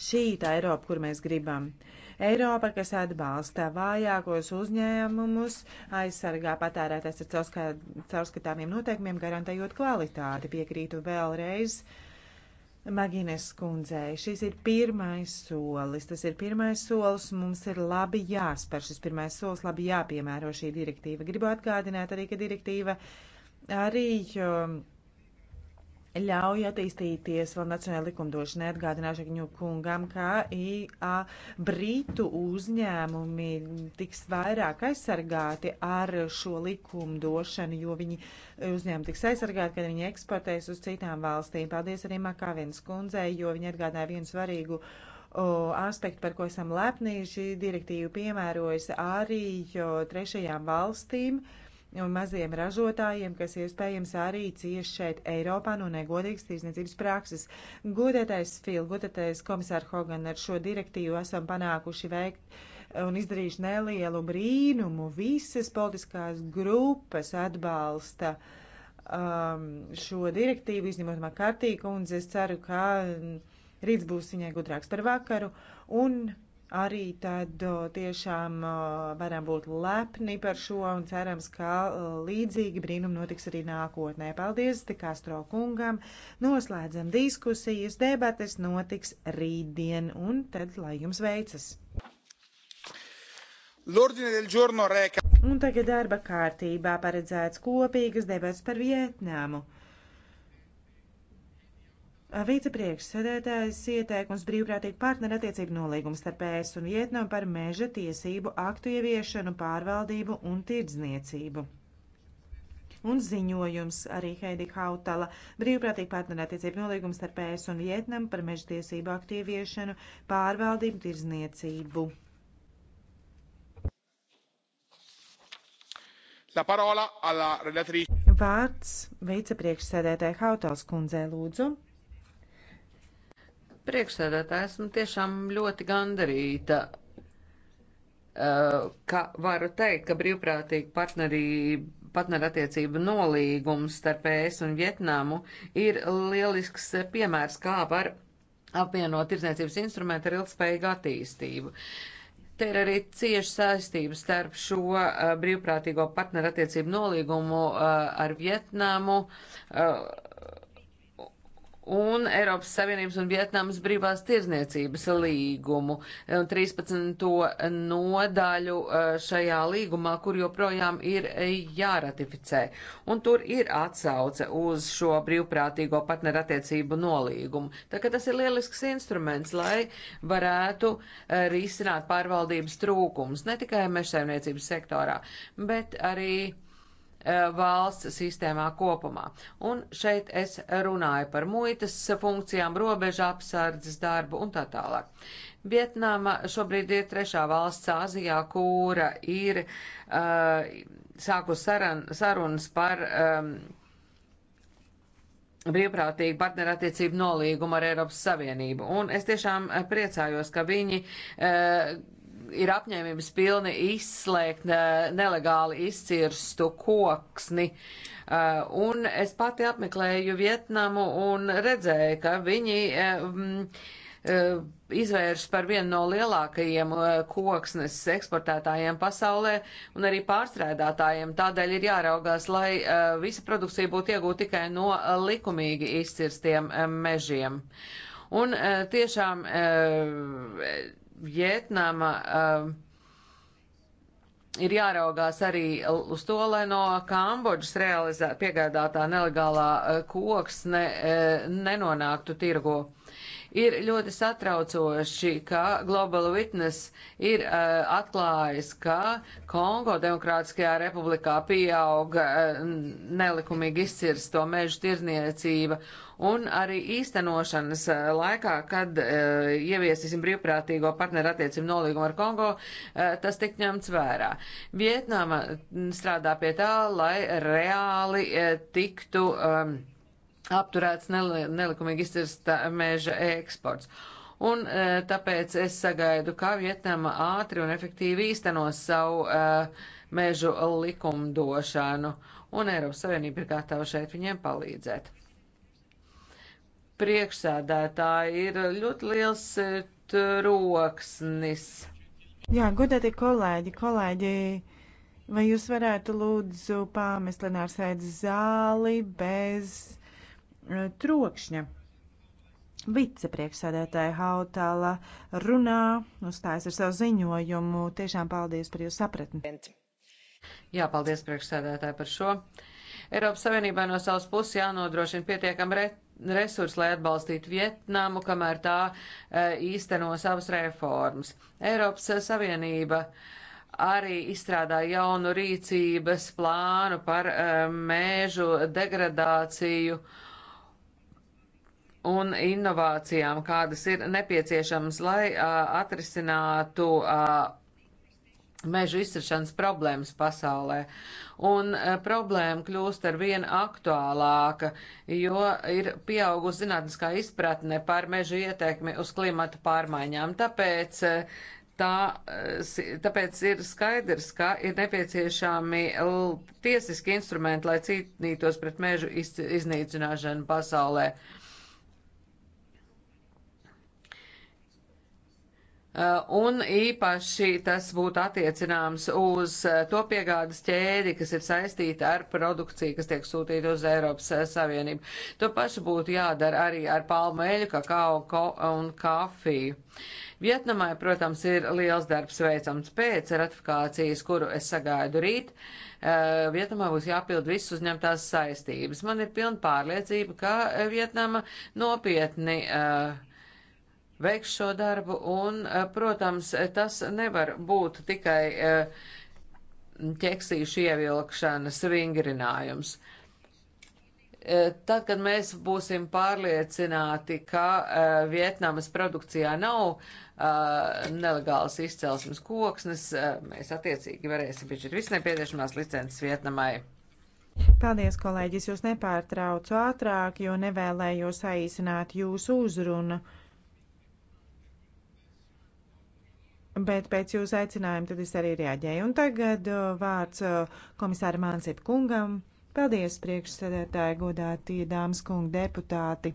šī tā Eiropa, kur mēs gribam. Uh, Eiropa, kas atbalsta vājākos uzņēmumus, aizsargā patērētājs ar caurskatāmiem noteikumiem, garantējot kvalitāti. Piekrītu vēlreiz. Magīnes kundzei, šis ir pirmais solis. Tas ir pirmais solis, mums ir labi jāspēr šis pirmais solis, labi jāpiemēro šī direktīva. Gribu atgādināt arī, ka direktīva arī. Jo, um, ļauj attīstīties vēl nacionālajai likumdošanai. Atgādināšu viņu kungam, ka IA Britu uzņēmumi tiks vairāk aizsargāti ar šo likumdošanu, jo viņi uzņēmumi tiks aizsargāti, kad viņi eksportēs uz citām valstīm. Paldies arī Makāvienas kundzei, jo viņi atgādināja vienu svarīgu aspektu, par ko esam lepni. Šī direktīva piemērojas arī trešajām valstīm. Uh, un maziem ražotājiem, kas iespējams arī cieši šeit Eiropā no negodīgas tīrzniecības prakses. Godētais Fil, godētais komisāra Hogan, ar šo direktīvu esam panākuši veikt un izdarījuši nelielu brīnumu. Visas politiskās grupas atbalsta um, šo direktīvu, izņemot Makartī kundzi. Es ceru, ka rīts būs viņai gudrāks par vakaru. Un arī tad tiešām varam būt lepni par šo un cerams, ka līdzīgi brīnumi notiks arī nākotnē. Paldies Tikāstro kungam, noslēdzam diskusijas, debates notiks rītdien un tad lai jums veicas. Un tagad darba kārtībā paredzēts kopīgas debats par Vietnamu. Vicepriekšsēdētājs ieteikums brīvprātīgi partnerattiecību nolīgums starp ES un Vietnamu par meža tiesību aktu ieviešanu, pārvaldību un tirdzniecību. Un ziņojums arī Heidi Hautala - brīvprātīgi partnerattiecību nolīgums starp ES un Vietnamu par meža tiesību aktu ieviešanu, pārvaldību un tirdzniecību. La parola alla relatrice. Vārds vicepriekšsēdētāja Hautals kundzei lūdzu. Priekšsēdētāji, esmu tiešām ļoti gandarīta, ka varu teikt, ka brīvprātīgi partnerība partnerattiecību nolīgums starp ES un Vietnamu ir lielisks piemērs, kā var apvienot tirdzniecības instrumentu ar ilgspējīgu attīstību. Te ir arī cieši saistības starp šo uh, brīvprātīgo partnerattiecību nolīgumu uh, ar Vietnamu. Uh, un Eiropas Savienības un Vietnamas brīvās tirzniecības līgumu, 13. nodaļu e, šajā līgumā, kur joprojām ir jāratificē. Un tur ir atsauce uz šo brīvprātīgo partnerattiecību nolīgumu. Tā kā tas ir lielisks instruments, lai varētu e, risināt pārvaldības trūkums ne tikai mežsaimniecības sektorā, bet arī Eh, valsts sistēmā kopumā. Un šeit es runāju par muitas funkcijām, robeža apsardzes darbu un tā tālāk. Vietnama šobrīd ir trešā valsts Āzijā, kura ir uh, sākus sarun, sarunas par. Um, brīvprātīgu partnerattiecību nolīgumu ar Eiropas Savienību. Un es tiešām eh, priecājos, ka viņi uh, ir apņēmības pilni izslēgt eh, nelegāli izcirstu koksni. Eh, un es pati apmeklēju Vietnamu un redzēju, ka viņi eh, mm, izvērš par vienu no lielākajiem koksnes eksportētājiem pasaulē un arī pārstrādātājiem. Tādēļ ir jāraugās, lai visa produkcija būtu iegūta tikai no likumīgi izcirstiem mežiem. Un tiešām Vietnama uh, ir jāraugās arī uz to, lai no Kambodžas realizē, piegādātā nelegālā eh, koksne uh, eh, nenonāktu tirgo. Ir ļoti satraucoši, ka Global Witness ir uh, atklājis, ka Kongo Demokrātiskajā republikā pieauga uh, nelikumīgi izcirsto mežu tirzniecība un arī īstenošanas uh, laikā, kad uh, ieviesīsim brīvprātīgo partneru attiecību nolīgumu ar Kongo, uh, tas tik ņemts vērā. Vietnama strādā pie tā, lai reāli uh, tiktu. Um, apturēts nelikumīgi izcirsta meža eksports. Un e, tāpēc es sagaidu, kā Vietnama ātri un efektīvi īstenos savu uh, mežu likumdošanu, un Eiropas Savienība ir gatava šeit viņiem palīdzēt. Priekšsēdētāji ir ļoti liels e, troksnis. Jā, godētie kolēģi, kolēģi, vai jūs varētu lūdzu pāmest Lenārs Aids zāli bez trokšņa. Vicepriekšsēdētāja Hautala runā, uzstājas ar savu ziņojumu. Tiešām paldies par jūsu sapratni. Jā, paldies priekšsēdētāji par šo. Eiropas Savienībā no savas puses jānodrošina pietiekami re resursi, lai atbalstītu Vietnamu, kamēr tā e, īsteno savas reformas. Eiropas Savienība arī izstrādāja jaunu rīcības plānu par e, mēžu degradāciju. Uh, un inovācijām, kādas ir nepieciešamas, lai atrisinātu mežu izsiršanas problēmas pasaulē. Un problēma kļūst ar vien aktuālāka, jo ir pieaugusi zinātniskā izpratne par mežu ietekmi uz klimatu pārmaiņām. Tāpēc Tā, tāpēc ir skaidrs, ka ir nepieciešami tiesiski instrumenti, lai cīnītos pret mežu iznīcināšanu pasaulē. Uh, Uh, un īpaši tas būtu attiecināms uz uh, to piegādes ķēdi, kas ir saistīta ar produkciju, kas tiek sūtīta uz Eiropas uh, Savienību. To pašu būtu jādara arī ar palmu eļu, kakao ko un kafiju. Vietnamai, protams, ir liels darbs veicams pēc ratifikācijas, kuru es sagaidu rīt. Vietnamā būs jāpild visas uzņemtās saistības. Man ir pilna pārliecība, ka Vietnama nopietni uh, veiks šo darbu, un, eh, protams, tas nevar būt tikai eh, ķeksīšu ievilkšanas vingrinājums. Eh, tad, kad mēs būsim pārliecināti, ka Vietnamas produkcijā nav nelegālas izcelsmes koksnes, mēs attiecīgi varēsim piešķirt visnepieciešamās licences Vietnamai. Paldies, kolēģis, jūs nepārtraucu ātrāk, jo nevēlējos saīsināt jūsu uzrunu. Bet pēc jūsu aicinājuma tad es arī reaģēju. Un tagad uh, vārds uh, komisāra Mānsip kungam. Paldies, priekšsēdētāji, godātie dāmas kungi deputāti.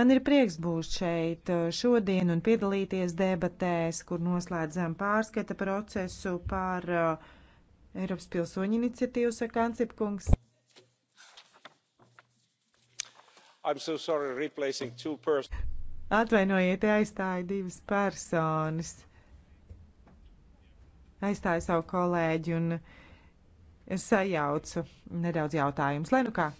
Man ir prieks būt šeit uh, šodien un piedalīties debatēs, kur noslēdzam pārskata procesu par uh, Eiropas pilsoņu iniciatīvu, saka Ancip kungs. I'm so sorry, replacing two persons. Atvainojiet, aizstāju divas personas aizstāju savu kolēģi un sajaucu nedaudz jautājumus. Lai nu kā.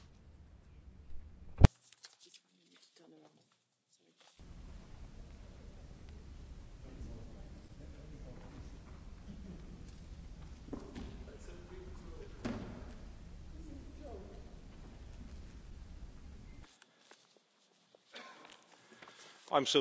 So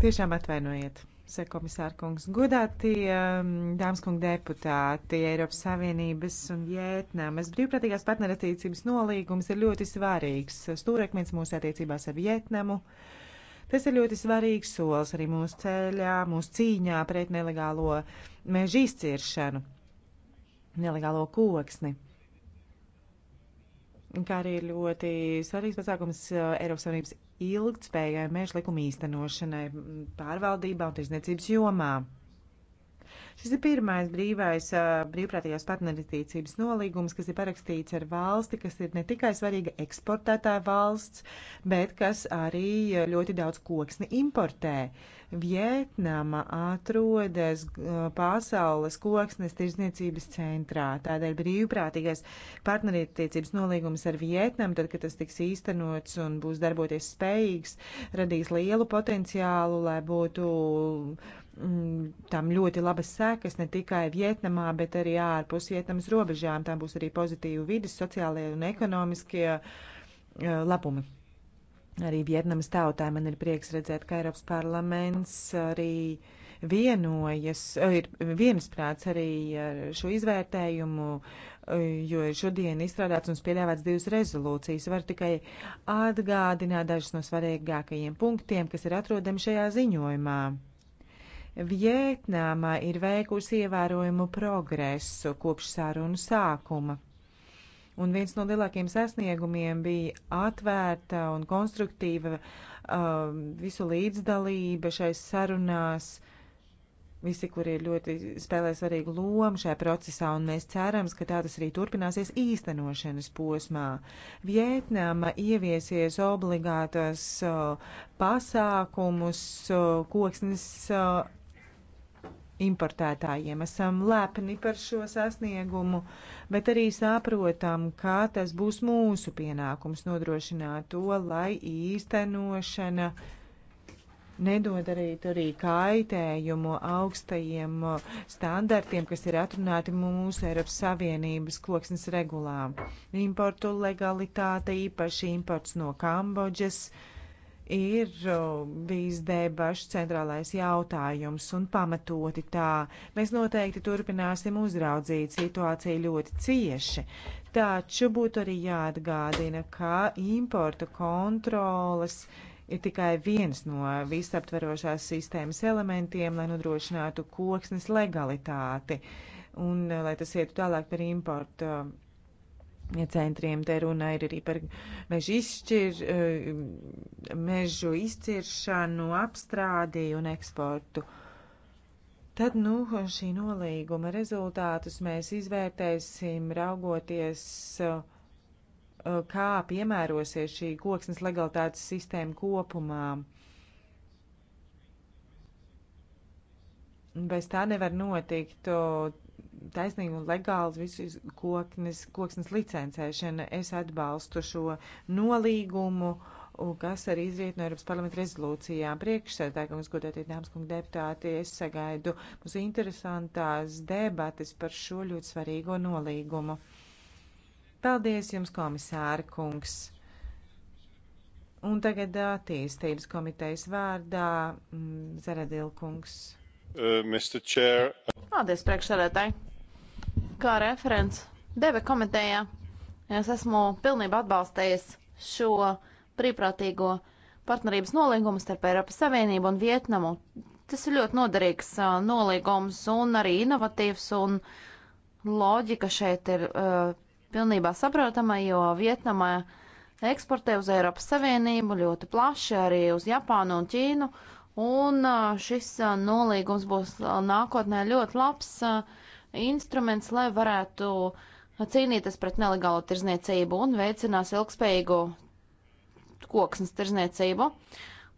tiešām atvainojiet. Sekomisāra kungs, godātie mm, dāmas kungi deputāti, Eiropas Savienības un Vietnamas brīvprātīgās partnerattiecības nolīgums ir ļoti svarīgs stūrekmens mūsu attiecībās ar Vietnamu. Tas ir ļoti svarīgs solis arī mūsu ceļā, mūsu cīņā pret nelegālo meža izciršanu, nelegālo koksni kā arī ļoti svarīgs pasākums eh, Eiropas Savienības ilgtspējai meža likuma īstenošanai, pārvaldībā un tirzniecības jomā. Šis ir pirmais brīvais brīvprātīgās partnerittiecības nolīgums, kas ir parakstīts ar valsti, kas ir ne tikai svarīga eksportētāja valsts, bet kas arī ļoti daudz koksni importē. Vietnama atrodas pasaules koksnes tirzniecības centrā. Tādēļ brīvprātīgais partnerittiecības nolīgums ar Vietnamu, tad, kad tas tiks īstenots un būs darboties spējīgs, radīs lielu potenciālu, lai būtu Mm, tam ļoti labas sekas ne tikai Vietnamā, bet arī ārpus Vietnamas robežām. Tam būs arī pozitīvi vidas, sociālajie un ekonomiskie eh, labumi. Arī Vietnamas tautā man ir prieks redzēt, ka Eiropas parlaments arī vienojas, eh, ir viensprāts arī ar šo izvērtējumu, eh, jo šodien izstrādāts un piedāvāts divas rezolūcijas. Var tikai atgādināt dažus no svarīgākajiem punktiem, kas ir atrodami šajā ziņojumā. Vietnama ir veikusi ievērojumu progresu kopš sarunu sākuma. Un viens no lielākajiem sasniegumiem bija atvērta un konstruktīva uh, visu līdzdalība šais sarunās. Visi, kuri ir ļoti spēlē svarīgu lomu šajā procesā, un mēs cerams, ka tā tas arī turpināsies īstenošanas posmā. Vietnama ieviesies obligātas uh, pasākumus uh, koksnes. Uh, importētājiem. Esam lepni par šo sasniegumu, bet arī saprotam, ka tas būs mūsu pienākums nodrošināt to, lai īstenošana nedod arī, arī kaitējumu augstajiem standartiem, kas ir atrunāti mūsu Eiropas Savienības koksnes regulā. Importu legalitāte, īpaši imports no Kambodžas. Uh, ir bijis debašs centrālais jautājums un pamatoti tā. Mēs noteikti turpināsim uzraudzīt situāciju ļoti cieši, taču būtu arī jāatgādina, ka importa kontrolas ir tikai viens no visaptverošās sistēmas elementiem, lai nodrošinātu koksnes legalitāti un lai tas ietu tālāk par importu centriem. Te runā ir arī par mežu, izšķir, eh, mežu izciršanu, apstrādi un eksportu. Tad, nu, šī nolīguma rezultātus mēs izvērtēsim raugoties, eh, kā piemērosies šī koksnes legalitātes sistēma kopumā. Bez tā nevar notikt taisnīga un legāla visas koknes, koksnes licencēšana. Es atbalstu šo nolīgumu, kas arī izriet no Eiropas parlamenta rezolūcijām. Priekšsēdētājums, godētie dāmas kungi deputāti, es sagaidu mums interesantās debates par šo ļoti svarīgo nolīgumu. Paldies jums, komisāra kungs! Un tagad attīstības komitejas vārdā mm, Zaradilkungs. Uh, Paldies, priekšsēdētāji! kā referents Deve komitejā. Es esmu pilnībā atbalstējis šo brīvprātīgo partnerības nolīgumu starp Eiropas Savienību un Vietnamu. Tas ir ļoti noderīgs uh, nolīgums un arī inovatīvs, un loģika šeit ir uh, pilnībā saprotama, jo Vietnamā eksportē uz Eiropas Savienību ļoti plaši, arī uz Japānu un Ķīnu, un uh, šis uh, nolīgums būs uh, nākotnē ļoti labs. Uh, instruments, lai varētu cīnīties pret nelegālo tirzniecību un veicinās ilgspējīgu koksnes tirzniecību.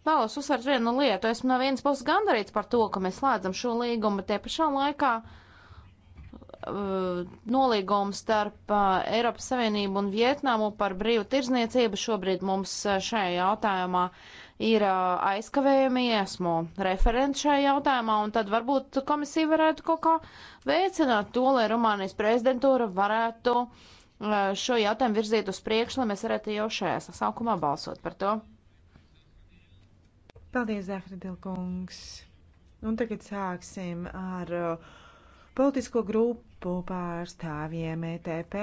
Vēlos uzsvērt vienu lietu. Esmu no vienas puses gandarīts par to, ka mēs slēdzam šo līgumu, bet te pašā laikā uh, nolīgumu starp uh, Eiropas Savienību un Vietnamu par brīvu tirzniecību šobrīd mums uh, šajā jautājumā uh, ir aizkavējumi, esmu referents šajā jautājumā, un tad varbūt komisija varētu kaut kā veicināt to, lai Rumānijas prezidentūra varētu šo jautājumu virzīt uz priekšu, lai mēs varētu jau šajā sasaukumā balsot par to. Paldies, Zahradilkungs. Un tagad sāksim ar politisko grupu pārstāvjiem ETP.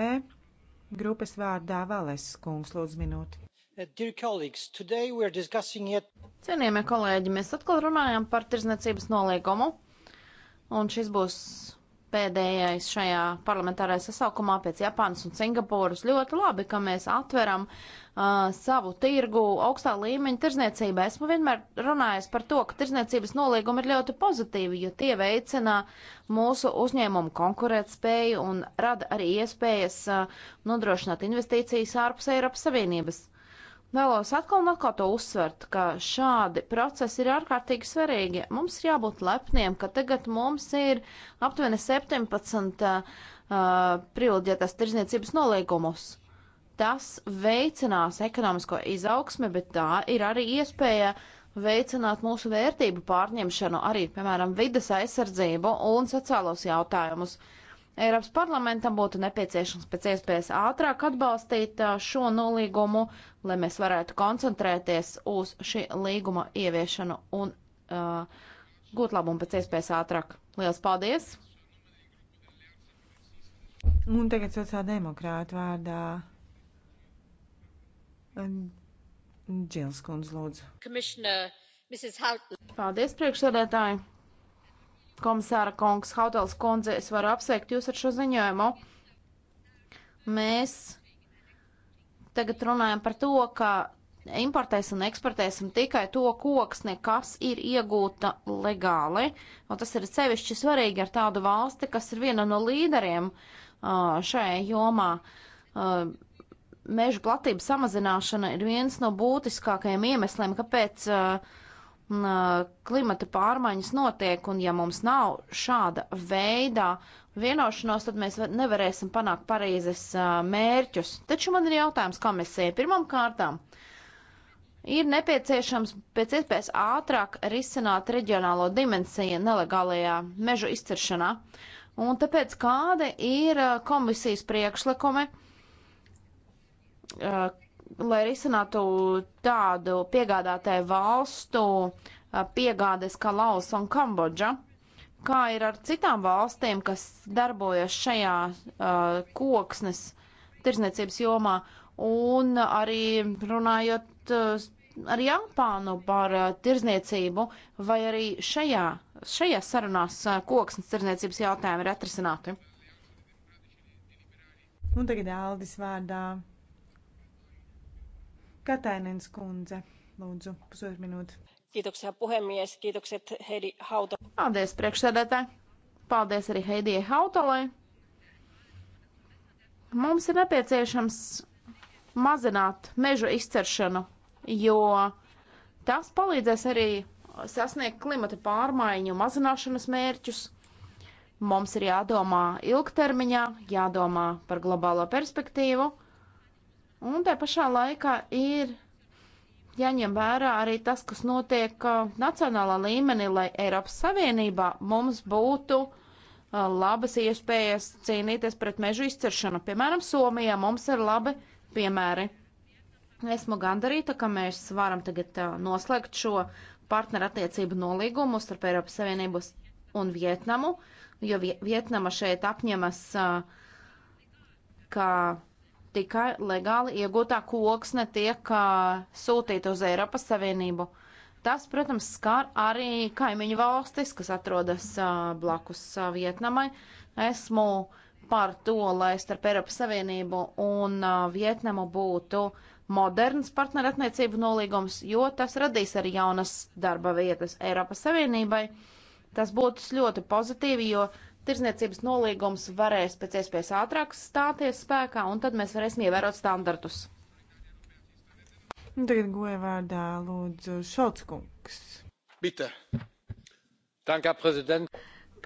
Grupas vārdā Valēs kungs lūdzu minūti. Uh, Cienījamie kolēģi, mēs atkal runājam par tirzniecības noliegumu, un šis būs pēdējais šajā parlamentārajā sasaukumā pēc Japānas un Singapūras. Ļoti labi, ka mēs atveram uh, savu tirgu augstā līmeņa tirzniecībai. Esmu vienmēr runājis par to, ka tirzniecības nolīgumi ir ļoti pozitīvi, jo tie veicina mūsu uzņēmumu konkurētspēju un rada arī iespējas uh, nodrošināt investīcijas ārpus Eiropas Savienības. Uh, Vēlos atkal un atkal to uzsvert, ka šādi procesi ir ārkārtīgi svarīgi. Mums ir jābūt lepniem, ka tagad mums ir aptuveni 17 uh, privileģētās tirzniecības nolīgumus. Tas veicinās ekonomisko izaugsmi, bet tā ir arī iespēja veicināt mūsu vērtību pārņemšanu, arī, piemēram, vidas aizsardzību un sociālos jautājumus. Uh, Eiropas parlamentam būtu nepieciešams pēc iespējas ātrāk atbalstīt uh, šo nolīgumu, lai mēs varētu koncentrēties uz šī līguma ieviešanu un uh, gūt labumu pēc iespējas ātrāk. Lielas paldies! Un tagad sociāldemokrāta vārdā Džils Kundz lūdzu. Paldies, priekšsēdētāji! komisāra kungs, Hautels kundze, es varu apsveikt jūs ar šo ziņojumu. Mēs tagad runājam par to, ka importēsim un eksportēsim tikai to koksni, kas ir iegūta legāli. Un tas ir sevišķi svarīgi ar tādu valsti, kas ir viena no līderiem uh, šajā jomā. Uh, Meža platība samazināšana ir viens no būtiskākajiem iemesliem, kāpēc uh, klimata pārmaiņas notiek, un ja mums nav šāda veidā vienošanos, tad mēs nevarēsim panākt Parīzes mērķus. Taču man ir jautājums komisijai. Pirmam kārtām ir nepieciešams pēc iespējas ātrāk risināt reģionālo dimensiju nelegālajā mežu izceršanā. Un tāpēc kāda ir komisijas priekšlikumi, lai risinātu tādu piegādātāju valstu piegādes kā Laos un Kambodža, kā ir ar citām valstīm, kas darbojas šajā uh, koksnes tirzniecības jomā, un arī runājot uh, ar Japānu par uh, tirzniecību, vai arī šajā, šajā sarunās uh, koksnes tirzniecības jautājumi ir atrisināti. Un tagad Aldis vārdā Katainen skundze, lūdzu, pusotru minūti. Kiitoksia puhemies, kiitokset Heidi Hauto. Paldies priekšsēdētāji, paldies arī Heidijai Hautolai. Mums ir nepieciešams mazināt mežu izceršanu, jo tas palīdzēs arī sasniegt klimata pārmaiņu mazināšanas mērķus. Mums ir jādomā ilgtermiņā, jādomā par globālo perspektīvu Un tā pašā laikā ir jāņem vērā arī tas, kas notiek uh, nacionālā līmenī, lai Eiropas Savienībā mums būtu uh, labas iespējas cīnīties pret mežu izciršanu. Piemēram, Somijā mums ir labi piemēri. Esmu gandarīta, ka mēs varam tagad uh, noslēgt šo partnerattiecību nolīgumu starp Eiropas Savienību un Vietnamu, jo Vietnama šeit apņemas, uh, ka tikai legāli iegūtā koksne tiek uh, sūtīta uz Eiropas Savienību. Tas, protams, skar arī kaimiņu valstis, kas atrodas uh, blakus uh, Vietnamai. Esmu par to, lai starp Eiropas Savienību un uh, Vietnamu būtu moderns partnerattiecību nolīgums, jo tas radīs arī jaunas darba vietas Eiropas Savienībai. Tas būtu ļoti pozitīvi, jo tirzniecības nolīgums varēs pēc iespējas ātrāk stāties spēkā, un tad mēs varēsim ievērot standartus. Tagad goja vārdā lūdzu Šalckungs. Bite. Tankā prezident.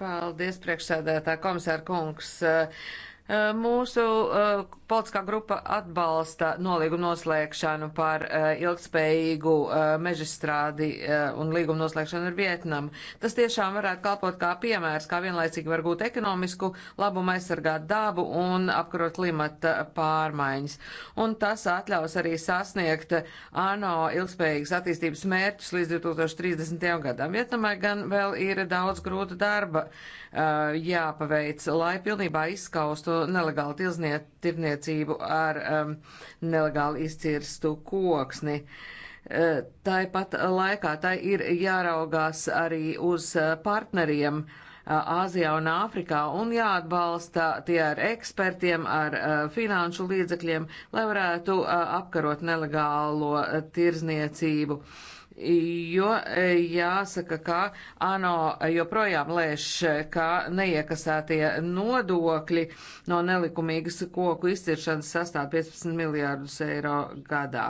Paldies, priekšsēdētā komisāra kungs. Uh, Eh, mūsu uh, politiskā grupa atbalsta nolīgumu noslēgšanu par uh, ilgspējīgu uh, mežastrādi un līgumu noslēgšanu ar Vietnamu. Tas tiešām varētu kalpot kā piemērs, kā vienlaicīgi var būt ekonomisku labumu aizsargāt dabu un apkarot klimata pārmaiņas. Un tas atļaus arī sasniegt ANO ilgspējīgas attīstības mērķus līdz 2030. gadam. Vietnamai gan vēl ir daudz grūta darba jāpaveic, lai pilnībā izskaustu nelegālu tilzniet, tirniecību ar um, nelegāli izcirstu koksni. Uh, Tāpat laikā tai ir jāraugās arī uz uh, partneriem uh, Āzijā uh, un Āfrikā un jāatbalsta tie ar ekspertiem, ar uh, finanšu līdzekļiem, lai varētu uh, apkarot nelegālo tirzniecību. Uh, Jo e, jāsaka, ka ANO joprojām lēš, ka neiekasētie nodokļi no nelikumīgas koku izciršanas sastāv 15 miljārdus eiro gadā.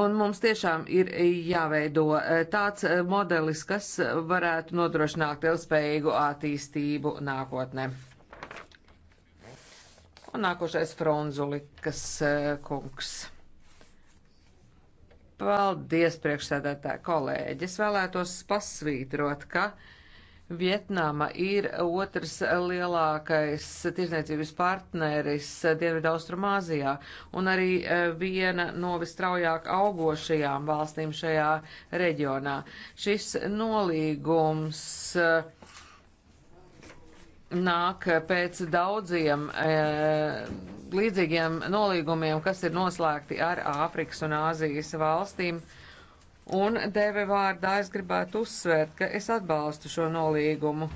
Un mums tiešām ir jāveido e, tāds e, modelis, kas varētu nodrošināt ilgspējīgu attīstību nākotnē. Un nākošais Fronzulikas kungs. Paldies, priekšsēdētāji kolēģi. Es vēlētos pasvītrot, ka Vietnama ir otrs lielākais tirzniecības partneris Dienvidaustrumāzijā un arī e, viena no vistraujāk augošajām valstīm šajā reģionā. Šis nolīgums uh, nāk pēc daudziem e, līdzīgiem nolīgumiem, kas ir noslēgti ar Āfrikas un Āzijas valstīm. Un DV vārdā es gribētu uzsvērt, ka es atbalstu šo nolīgumu.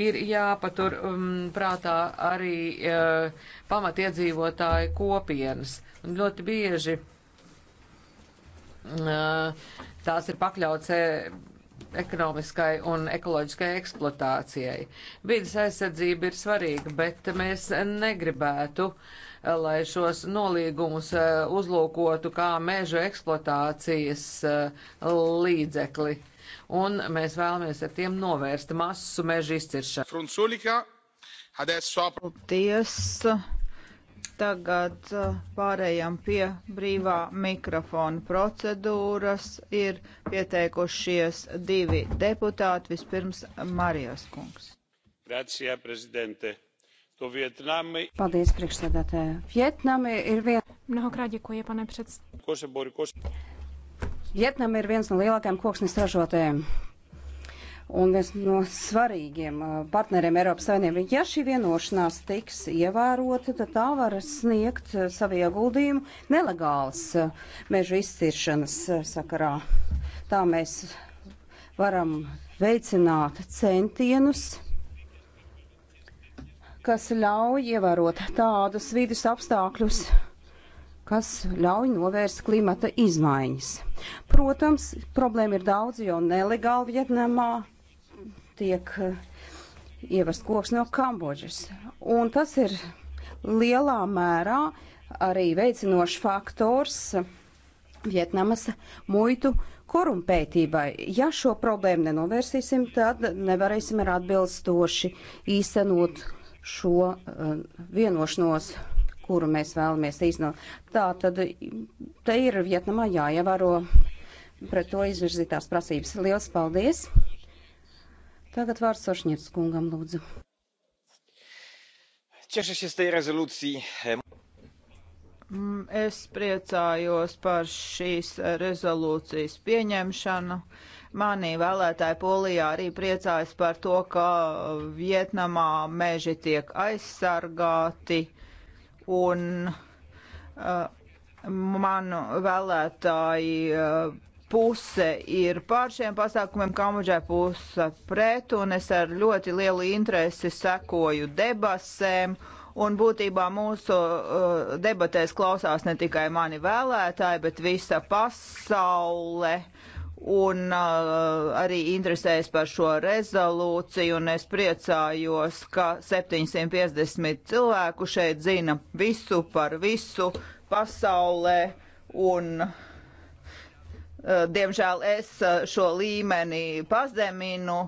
Ir jāpatur um, prātā arī uh, e, pamatiedzīvotāju kopienas. Un ļoti bieži uh, e, tās ir pakļauts. Uh, ekonomiskai un ekoloģiskai eksploatācijai. Vides aizsardzība ir svarīga, bet mēs negribētu, eh, lai šos nolīgumus eh, uzlūkotu kā meža eksploatācijas eh, līdzekli. Un mēs vēlamies ar tiem novērst masu meža izciršanu. Paldies! Tagad eh, pārējām pie brīvā mikrofona procedūras. Ir pieteikušies divi deputāti. Vispirms Marijas kungs. Grazie, prezidente. Vietnami... Paldies, priekšsēdētāja. Vietnami ir viena. Mnohokrát děkuji, pane předsedo. Vietnam ir viens no lielākajiem koksnes ražotājiem un viens no svarīgiem uh, partneriem Eiropas Savienībā. Ja šī vienošanās tiks ievērota, tad tā var sniegt uh, savu ieguldījumu nelegālas uh, mežu izciršanas sakarā. Tā mēs varam veicināt centienus kas ļauj ievērot tādus vidus apstākļus, kas ļauj novērst klimata izmaiņas. Protams, problēma ir daudz, jo nelegāli Vietnamā tiek eh, ievest koks no Kambodžas. Un tas ir lielā mērā arī veicinošs faktors Vietnamas muitu korumpētībai. Ja šo problēmu nenovērsīsim, tad nevarēsim ar atbilstoši īstenot šo uh, vienošanos, kuru mēs vēlamies īstenot. Tā tad te ir Vietnamā jāievēro pret to izvirzītās prasības. Liels paldies! Tagad vārds Sošņets kungam lūdzu. Ciešies iz tej rezolūciju. Mm, es priecājos par šīs rezolūcijas pieņemšanu. Manī vēlētāji Polijā arī priecājas par to, ka Vietnamā meži tiek aizsargāti un uh, manu vēlētāji uh, puse ir pār šiem pasākumiem, Kambodžai puse pret, un es ar ļoti lielu interesi sekoju debasēm. Un būtībā mūsu uh, debatēs klausās ne tikai mani vēlētāji, bet visa pasaule un uh, arī interesējas par šo rezolūciju, un es priecājos, ka 750 cilvēku šeit zina visu par visu pasaulē, un uh, Eh, diemžēl es eh, šo līmeni pazeminu,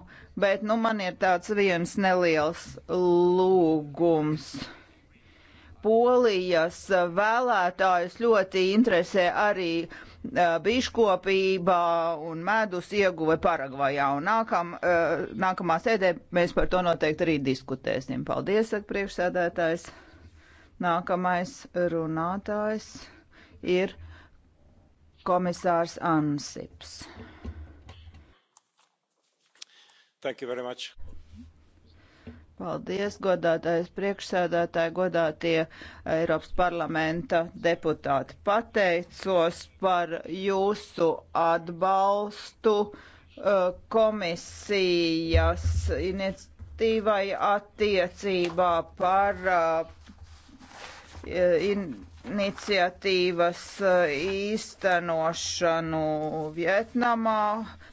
bet nu, man ir tāds viens neliels lūgums. Polijas eh, vēlētājus ļoti interesē arī biškopībā un medus ieguve Paragvajā. Un nākam, nākamā sēdē mēs par to noteikti arī diskutēsim. Paldies, saka priekšsēdētājs. Nākamais runātājs ir komisārs Ansips. Thank you very much. Paldies, godātais priekšsēdētāji, godātie eh, Eiropas parlamenta deputāti. Pateicos par jūsu atbalstu eh, komisijas iniciatīvai attiecībā par eh, in, iniciatīvas eh, īstenošanu Vietnamā.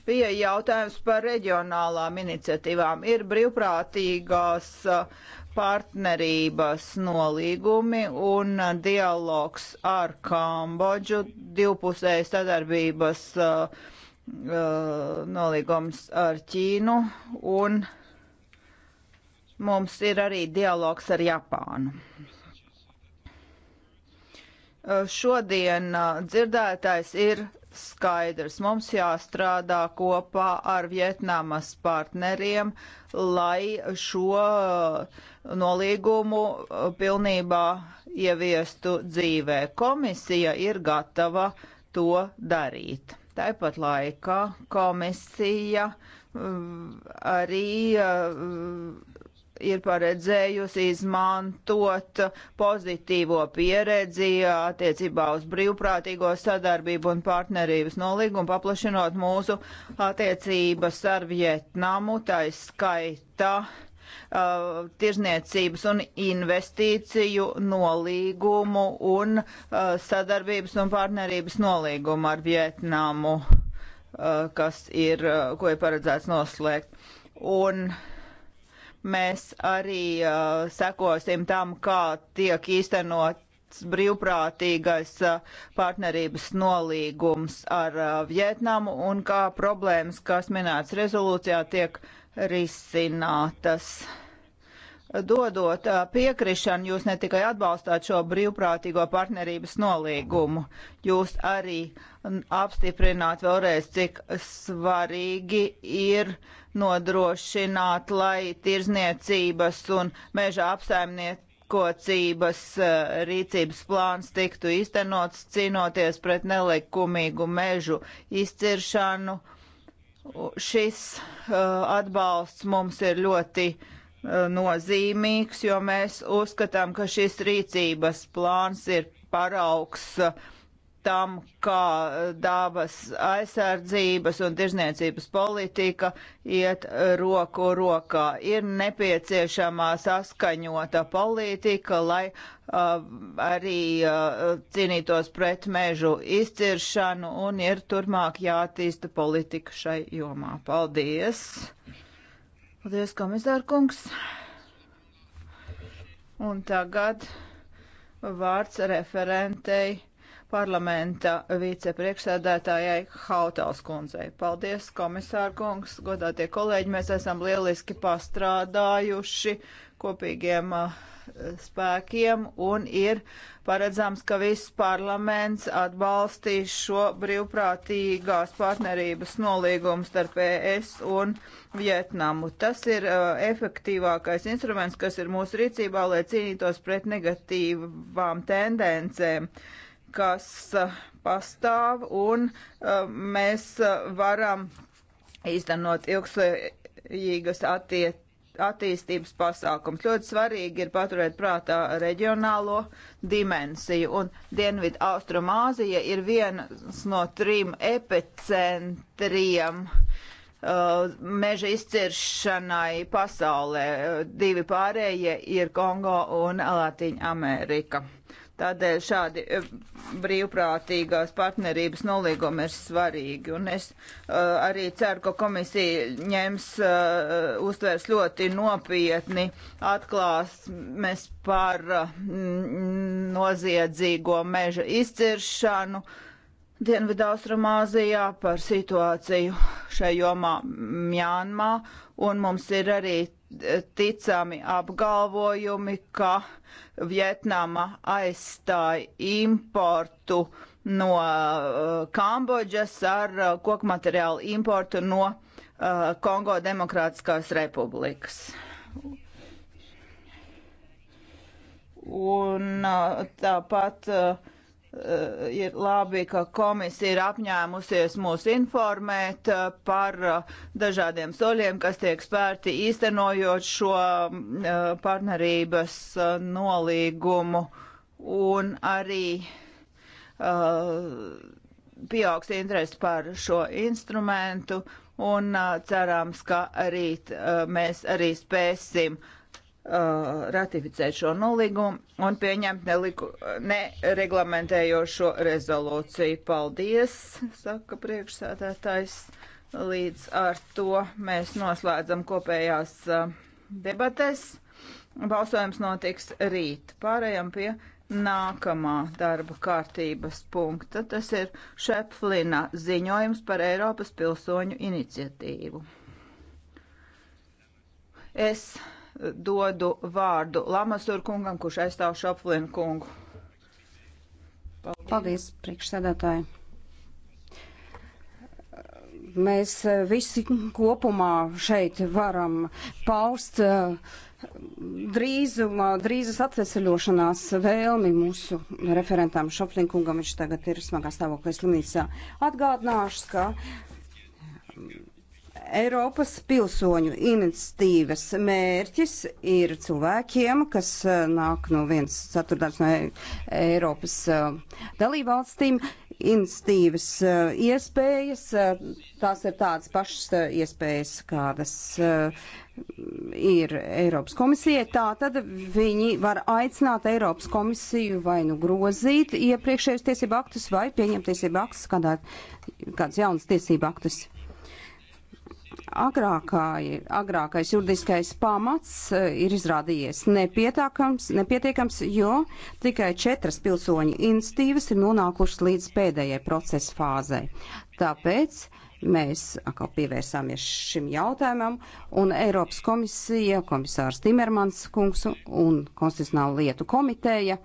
Bija jautājums par reģionālām iniciatīvām. Ir brīvprātīgās eh, partnerības nolīgumi un dialogs ar Kambodžu, divpusējas sadarbības eh, nolīgums ar Ķīnu un mums ir arī dialogs ar Japānu. Eh, šodien eh, dzirdētais ir skaidrs. Mums jāstrādā kopā ar Vietnamas partneriem, lai šo eh, nolīgumu pilnībā ieviestu dzīvē. Komisija ir gatava to darīt. Tāpat laikā komisija mm, arī ir paredzējusi izmantot pozitīvo pieredzi attiecībā uz brīvprātīgo sadarbību un partnerības nolīgumu, paplašinot mūsu attiecības ar Vietnamu, tā skaitā uh, tirzniecības un investīciju nolīgumu un uh, sadarbības un partnerības nolīgumu ar Vietnamu, uh, kas ir, uh, ko ir paredzēts noslēgt. Un uh, Mēs arī uh, sekosim tam, kā tiek īstenot brīvprātīgais uh, partnerības nolīgums ar uh, Vietnamu un kā problēmas, kas minētas rezolūcijā, tiek risinātas. Dodot piekrišanu, jūs ne tikai atbalstāt šo brīvprātīgo partnerības nolīgumu, jūs arī apstiprināt vēlreiz, cik svarīgi ir nodrošināt, lai tirzniecības un meža apsaimniekocības rīcības plāns tiktu īstenots, cīnoties pret nelikumīgu mežu izciršanu. Šis uh, atbalsts mums ir ļoti uh, Eh, nozīmīgs, jo mēs uzskatām, ka šis rīcības plāns ir paraugs eh, tam, kā eh, dabas aizsardzības un tirzniecības politika iet roku rokā. Ir nepieciešamā saskaņota politika, lai uh, arī uh, cīnītos pret mežu izciršanu un ir turmāk jātīsta politika šai jomā. Paldies! Paldies, komisārkungs. Un tagad vārds referentei parlamenta vicepriekšsēdētājai Hautals kundzei. Paldies, komisārkungs, godātie kolēģi, mēs esam lieliski pastrādājuši kopīgiem uh, spēkiem un ir Paredzams, ka viss parlaments atbalstīs šo brīvprātīgās partnerības nolīgumu starp ES un Vietnamu. Tas ir uh, efektīvākais instruments, kas ir mūsu rīcībā, lai cīnītos pret negatīvām tendencēm kas uh, pastāv un uh, mēs uh, varam īstenot ilgspējīgas attiecības attīstības pasākums. Ļoti svarīgi ir paturēt prātā reģionālo dimensiju, un Dienvidu Austrumāzija ir viens no trim epicentriem uh, meža izciršanai pasaulē. Uh, divi pārējie ir Kongo un Latīņa Amerika. Tādēļ šādi eh, brīvprātīgās partnerības nolīgumi ir svarīgi. Un es uh, arī ceru, ka komisija ņems, uh, uztvers ļoti nopietni atklāsmes par uh, noziedzīgo meža izciršanu. Dienvidaustrumāzijā par situāciju šajā jomā Mjānmā, un mums ir arī ticami apgalvojumi, ka Vietnama aizstāja importu no eh, Kambodžas ar eh, kokmateriālu importu no eh, Kongo Demokrātiskās republikas. Un tāpat uh, Eh, ir labi, ka komisija ir apņēmusies mūs informēt eh, par eh, dažādiem soļiem, kas tiek spērti īstenojot šo mm, partnerības nolīgumu un arī pieaugs interesi par šo instrumentu un cerams, ka arī mēs arī spēsim uh, Uh, ratificēt šo nolīgumu un pieņemt neliku, nereglamentējošo rezolūciju. Paldies, saka priekšsēdētājs. Līdz ar to mēs noslēdzam kopējās uh, debates. Balsojums notiks rīt. Pārējām pie nākamā darba kārtības punkta. Tas ir Šepflina ziņojums par Eiropas pilsoņu iniciatīvu. Es dodu vārdu Lamasur kungam, kurš aizstāv Šoplinu kungu. Paldies, Paldies priekšsēdētāji. Mēs visi kopumā šeit varam paust eh, drīzumā, drīzas atveseļošanās vēlmi mūsu referentam Šoplinkungam, viņš tagad ir smagā stāvoklī slimnīcā. Atgādināšu, ka Eiropas pilsoņu iniciatīvas mērķis ir cilvēkiem, kas eh, nāk no viens ceturtdaļas no Eiropas eh, dalībvalstīm, iniciatīvas eh, iespējas, tās ir tādas pašas iespējas, kādas ir Eiropas komisijai, tā tad viņi var aicināt Eiropas komisiju vai nu grozīt iepriekšējos tiesību aktus vai pieņemt tiesību aktus, kādā, kāds jauns tiesību aktus agrākā, agrākais juridiskais pamats eh, ir izrādījies nepietiekams, jo tikai četras pilsoņu institīvas ir nonākušas līdz pēdējai procesa fāzē. Tāpēc mēs atkal pievērsāmies šim jautājumam, un Eiropas komisija, komisārs Timermans kungs un Konstitucionāla lietu komiteja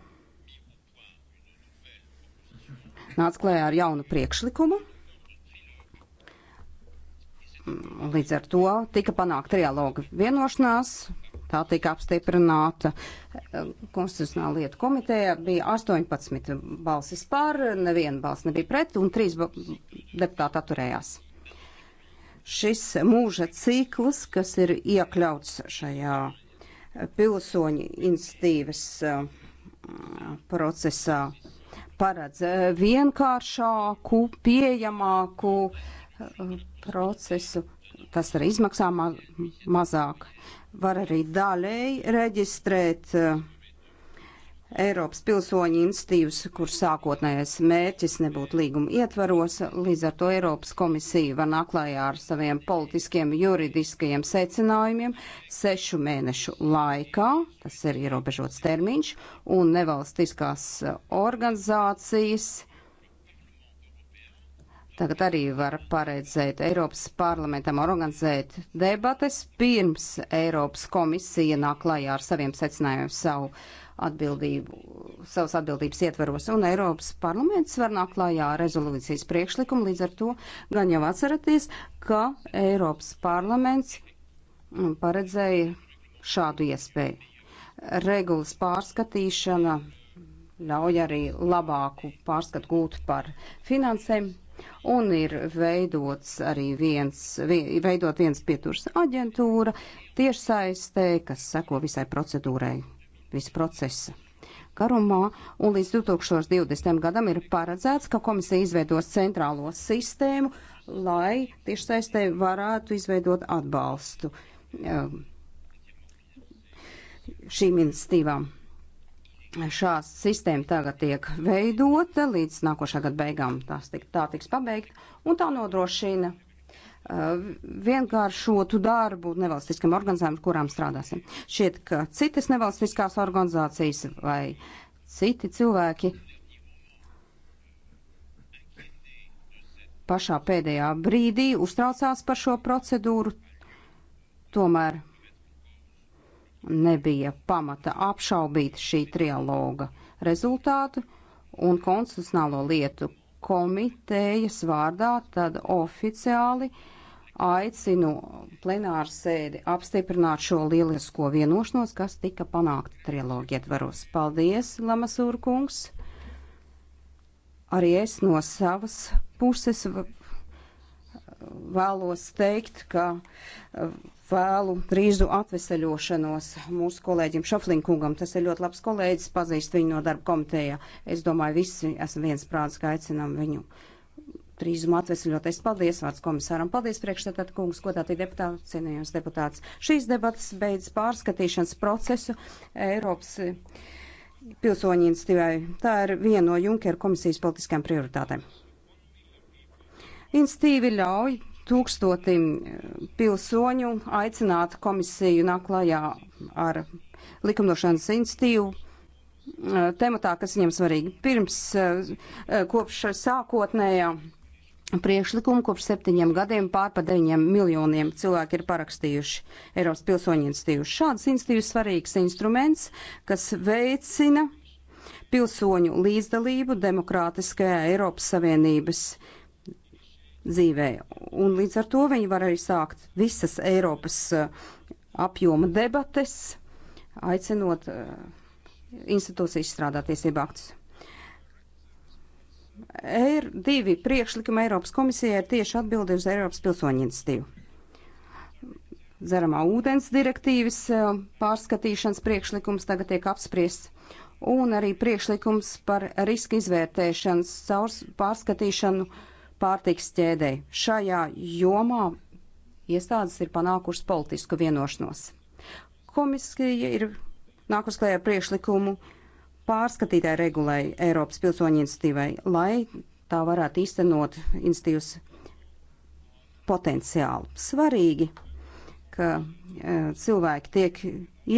nāca klējā ar jaunu priekšlikumu. Un līdz ar to tika panākta trialoga vienošanās, tā tika apstiprināta Konstitucionāla lieta komitejā. Bija 18 balsis par, neviena balss nebija pret un trīs deputāti atturējās. Šis mūža cikls, kas ir iekļauts šajā pilsoņu institīvas uh, procesā, paredz vienkāršāku, pieejamāku uh, procesu, tas arī izmaksā ma mazāk. Var arī daļēji reģistrēt uh, Eiropas pilsoņu institīvas, kur sākotnējais mērķis nebūtu līguma ietvaros, līdz ar to Eiropas komisija var naklājā ar saviem politiskiem juridiskajiem secinājumiem sešu mēnešu laikā, tas ir ierobežots termiņš, un nevalstiskās eh, organizācijas tagad arī var paredzēt Eiropas parlamentam organizēt debates, pirms Eiropas komisija nāk klajā ar saviem secinājumiem savu atbildību, savas atbildības ietveros, un Eiropas parlaments var nāk klajā ar rezolūcijas priekšlikumu, līdz ar to gan jau atceraties, ka Eiropas parlaments paredzēja šādu iespēju. Regulas pārskatīšana ļauj arī labāku pārskatu gūt par finansēm, Un ir veidots arī viens, vi, veidot viens pieturs aģentūra tiešsaistē, kas seko visai procedūrai, visu procesu. Karumā un līdz 2020. gadam ir paredzēts, ka komisija izveidos centrālo sistēmu, lai tiešsaistē varētu izveidot atbalstu um, šīm institīvām šā sistēma tagad tiek veidota līdz nākošā gada beigām. Tās tik, tā tiks pabeigta un tā nodrošina uh, vienkāršotu darbu nevalstiskam organizācijām, kurām strādāsim. Šķiet, ka citas nevalstiskās organizācijas vai citi cilvēki pašā pēdējā brīdī uztraucās par šo procedūru. Tomēr nebija pamata apšaubīt šī trialoga rezultātu un konstitucionālo lietu komitejas vārdā tad oficiāli aicinu plenāru sēdi apstiprināt šo lielisko vienošanos, kas tika panākta trilogu ietvaros. Paldies, Lamasūra kungs! Arī es no savas puses vēlos teikt, ka vēlu drīzu atveseļošanos mūsu kolēģim Šaflinkungam. Tas ir ļoti labs kolēģis, pazīst viņu no darba komitejā. Es domāju, visi esam viens prāts, ka aicinām viņu drīzumā atveseļoties. Paldies vārds komisāram, paldies priekšstādāt kungs, ko tātī deputāti, cienījams deputāts. Šīs debatas beidz pārskatīšanas procesu Eiropas pilsoņu institīvai. Tā ir viena no Junkera komisijas politiskajām prioritātēm. Institīvi ļauj tūkstotim eh, pilsoņu aicināt komisiju naklajā ar likumdošanas institīvu eh, tematā, kas viņam svarīgi. Pirms eh, kopš sākotnējā priekšlikumu kopš septiņiem gadiem pār par deviņiem miljoniem cilvēki ir parakstījuši Eiropas pilsoņu institīvu. Šāds institīvs svarīgs instruments, kas veicina pilsoņu līdzdalību demokrātiskajā Eiropas Savienības uh, dzīvē. Un līdz ar to viņi var arī sākt visas Eiropas eh, apjoma debates, aicinot eh, institūcijas strādāt tiesību aktus. Ir divi priekšlikumi Eiropas komisijai ir tieši atbildi uz Eiropas pilsoņu institīvu. Dzeramā ūdens direktīvas eh, pārskatīšanas priekšlikums tagad tiek apspriests, un arī priekšlikums par riska izvērtēšanas caurs pārskatīšanu uh, pārtiks ķēdei. Šajā jomā iestādes ir panākušas politisku vienošanos. Komisija ir nākus klējā priekšlikumu pārskatītāji regulēja Eiropas pilsoņu institīvai, lai tā varētu īstenot institīvas potenciālu. Svarīgi, ka e, cilvēki tiek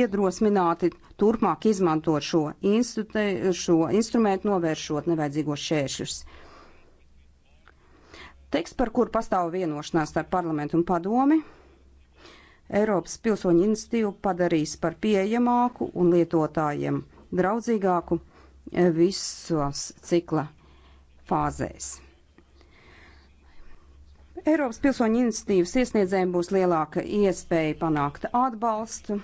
iedrosmināti turpmāk izmantot šo, instute, šo instrumentu, novēršot nevajadzīgos šēršus. Teksts, par kuru pastāv vienošanās starp parlamentu un padomi, Eiropas pilsoņu iniciatīvu padarīs par pieejamāku un lietotājiem draudzīgāku visos cikla fāzēs. Eiropas pilsoņu iniciatīvas iesniedzējiem būs lielāka iespēja panākt atbalstu,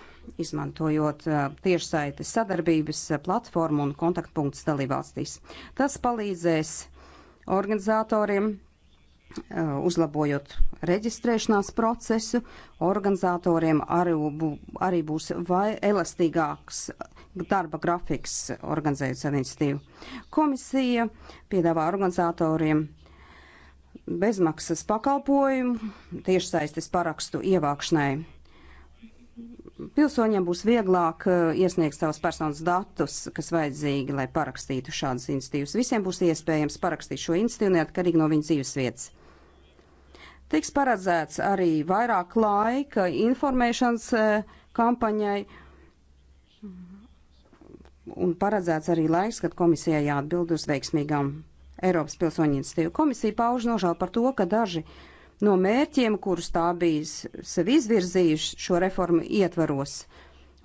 izmantojot eh, tiešsaites sadarbības eh, platformu un kontaktpunktus dalībvalstīs. Tas palīdzēs organizatoriem Uh, uzlabojot reģistrēšanās procesu, organizatoriem arī, bū, arī būs vai elastīgāks darba grafiks organizējot sanistību. Komisija piedāvā organizatoriem bezmaksas pakalpojumu tiešsaistes parakstu ievākšanai. Pilsoņiem būs vieglāk uh, iesniegt savus personas datus, kas vajadzīgi, lai parakstītu šādas institīvas. Visiem būs iespējams parakstīt šo institīvu neatkarīgi no viņa dzīves vietas. Tiks paredzēts arī vairāk laika informēšanas e, kampaņai un paredzēts arī laiks, kad komisijai jāatbild uz veiksmīgām Eiropas pilsoņu iniciatīvu. Komisija pauž nožēlu par to, ka daži no mērķiem, kurus tā bija sev izvirzījuši šo reformu ietvaros,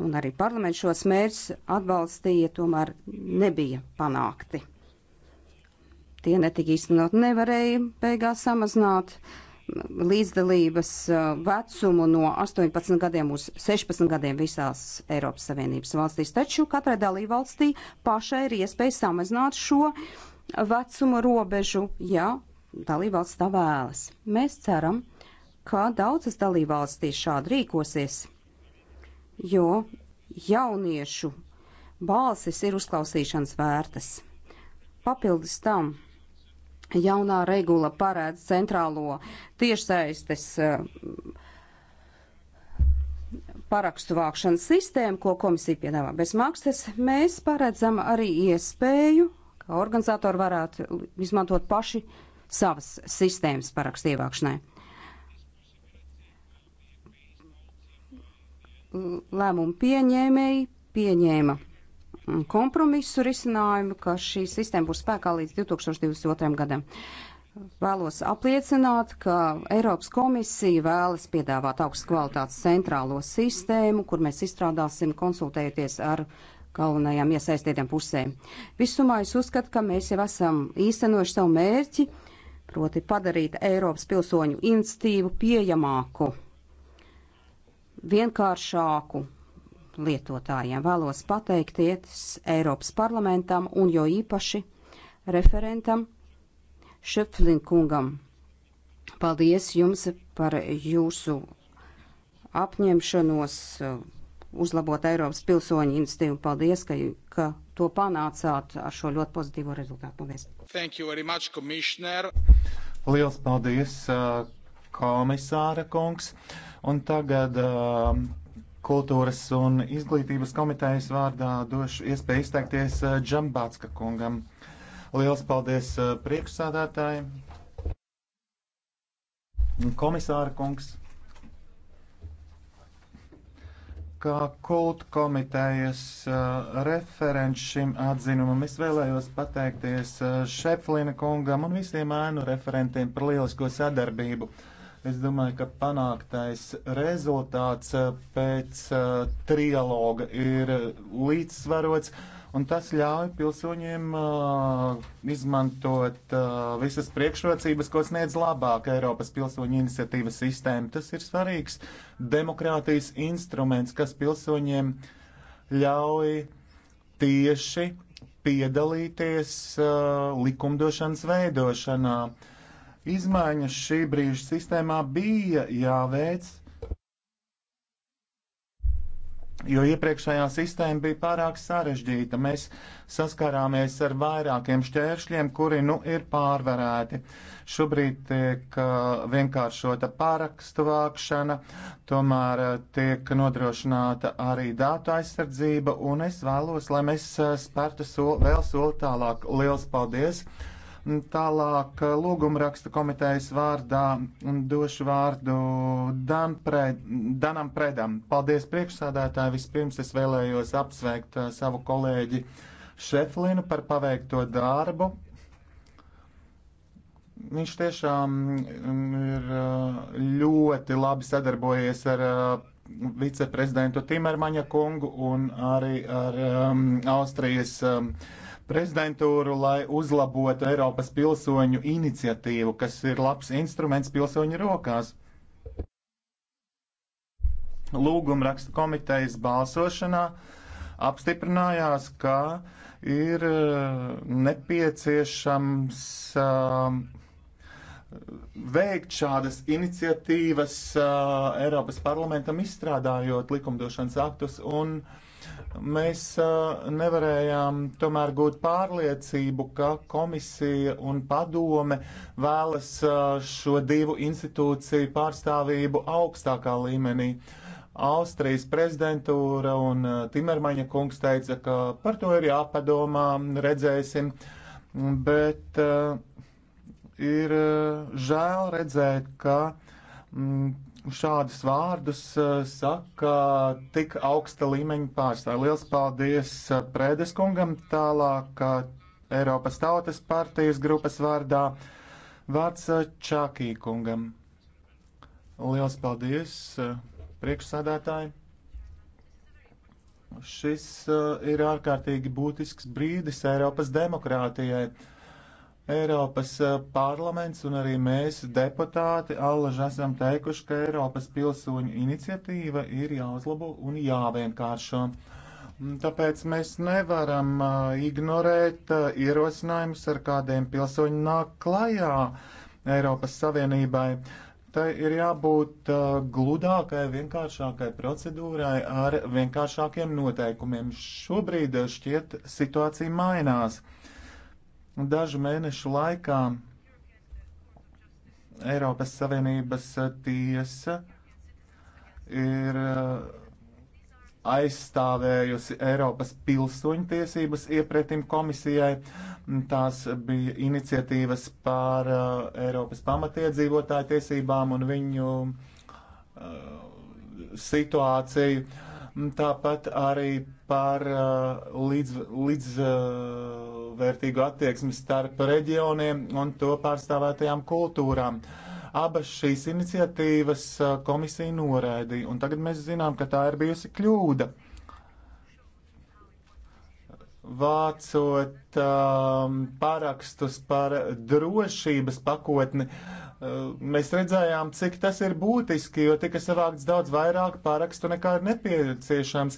un arī parlaments šos mērķus atbalstīja, tomēr nebija panākti. Tie netika īstenot, nevarēja beigās samazināt uh, līdzdalības uh, vecumu no 18 gadiem uz 16 gadiem visās Eiropas Savienības valstīs. Taču katrai dalībvalstī pašai ir iespēja samazināt šo vecuma robežu, ja dalībvalsts tā vēlas. Mēs ceram, ka daudzas dalībvalstīs šādi rīkosies, jo jauniešu balsis ir uzklausīšanas vērtas. Papildus tam Jaunā regula parēdz centrālo tiešsaistes eh, parakstu vākšanas sistēmu, ko komisija piedāvā bez maksas. Mēs paredzam arī iespēju, ka organizatori varētu izmantot paši savas sistēmas parakstu ievākšanai. Lēmumu pieņēmēji pieņēma kompromisu risinājumu, ka šī sistēma būs spēkā līdz 2022. gadam. Vēlos apliecināt, ka Eiropas komisija vēlas piedāvāt augstu kvalitātes centrālo sistēmu, kur mēs izstrādāsim konsultējoties ar galvenajām iesaistītiem pusēm. Visumā es uzskatu, ka mēs jau esam īstenojuši savu mērķi, proti padarīt Eiropas pilsoņu institīvu pieejamāku, vienkāršāku lietotājiem. Vēlos pateikties Eiropas parlamentam un jo īpaši referentam Šeflin kungam. Paldies jums par jūsu apņemšanos uh, uzlabot Eiropas pilsoņu institīvu. Paldies, ka, ka to panācāt ar šo ļoti pozitīvo rezultātu. Paldies! Much, Liels paldies, uh, komisāra kungs! Un tagad uh, Kultūras un izglītības komitejas vārdā došu iespēju izteikties eh, Džambātska kungam. Liels paldies eh, priekšsādātāji, komisāra kungs. Kā kultu komitejas uh, referents šim atzinumam, es vēlējos pateikties uh, Šeflina kungam un visiem ēnu referentiem par lielisko sadarbību. Uh, Es domāju, ka panāktais rezultāts uh, pēc uh, trialoga ir uh, līdzsvarots, un tas ļauj pilsoņiem uh, izmantot uh, visas priekšrocības, ko sniedz labāk Eiropas pilsoņu iniciatīvas sistēma. Tas ir svarīgs demokrātijas instruments, kas pilsoņiem ļauj tieši piedalīties uh, likumdošanas veidošanā. Uh, Izmaiņas šī brīža sistēmā bija jāveic, jo iepriekšējā sistēma bija pārāk sarežģīta. Mēs saskarāmies ar vairākiem šķēršļiem, kuri nu ir pārvarēti. Šobrīd tiek vienkāršota pārakstu vākšana, tomēr tiek nodrošināta arī datu aizsardzība, un es vēlos, lai mēs spērtu so, vēl soli tālāk. Liels paldies! Tālāk eh, lūgumraksta komitejas vārdā došu vārdu Dan Pred, Danam Predam. Paldies priekšsādātāji. Vispirms es vēlējos apsveikt eh, savu kolēģi Šeflinu par paveikto darbu. Viņš tiešām mm, ir eh, ļoti labi sadarbojies ar viceprezidentu Timermaņa kungu un arī ar um, Austrijas um, prezidentūru, lai uzlabotu Eiropas pilsoņu iniciatīvu, kas ir labs instruments pilsoņu rokās. Lūguma raksta komitejas balsošanā apstiprinājās, ka ir eh, nepieciešams um, veikt šādas iniciatīvas uh, Eiropas parlamentam, izstrādājot likumdošanas aktus un uh, Mēs nevarējām tomēr gūt pārliecību, ka komisija un padome vēlas šo divu institūciju pārstāvību augstākā līmenī. Austrijas prezidentūra un Timermaņa kungs teica, ka par to ir jāpadomā, redzēsim, bet uh, ir žēl redzēt, ka mm, šādus vārdus eh, saka tik augsta līmeņa pārstāvja. Liels paldies eh, Prēdes kungam, tālāk eh, Eiropas Tautas partijas grupas vārdā vārds Čakī kungam. Liels paldies priekšsādātāji. Šis ir ārkārtīgi būtisks brīdis Eiropas demokrātijai. Eiropas eh, parlaments un arī mēs, deputāti, allaž esam teikuši, ka Eiropas pilsoņu iniciatīva ir jāuzlabo un jāvienkāršo. Mm, tāpēc mēs nevaram eh, ignorēt eh, ierosinājumus, ar kādiem pilsoņi nāk klajā Eiropas Savienībai. Tai ir jābūt uh, gludākai, vienkāršākai procedūrai ar vienkāršākiem noteikumiem. Šobrīd šķiet situācija mainās. Uh, Dažu mēnešu laikā Eiropas Savienības tiesa ir eh, aizstāvējusi Eiropas pilsoņu tiesības iepretim komisijai. Tās bija iniciatīvas par uh, Eiropas pamatiedzīvotāju tiesībām un viņu uh, situāciju. Uh, Tāpat arī par uh, līdz, līdzvērtīgu attieksmi starp reģioniem un to pārstāvētajām kultūrām. Abas šīs iniciatīvas uh, komisija noraidīja, un tagad mēs zinām, ka tā ir bijusi kļūda. Vācot um, parakstus par drošības pakotni, uh, Eh, mēs redzējām, cik tas ir būtiski, jo tika savākts daudz vairāk pārakstu nekā ir nepieciešams.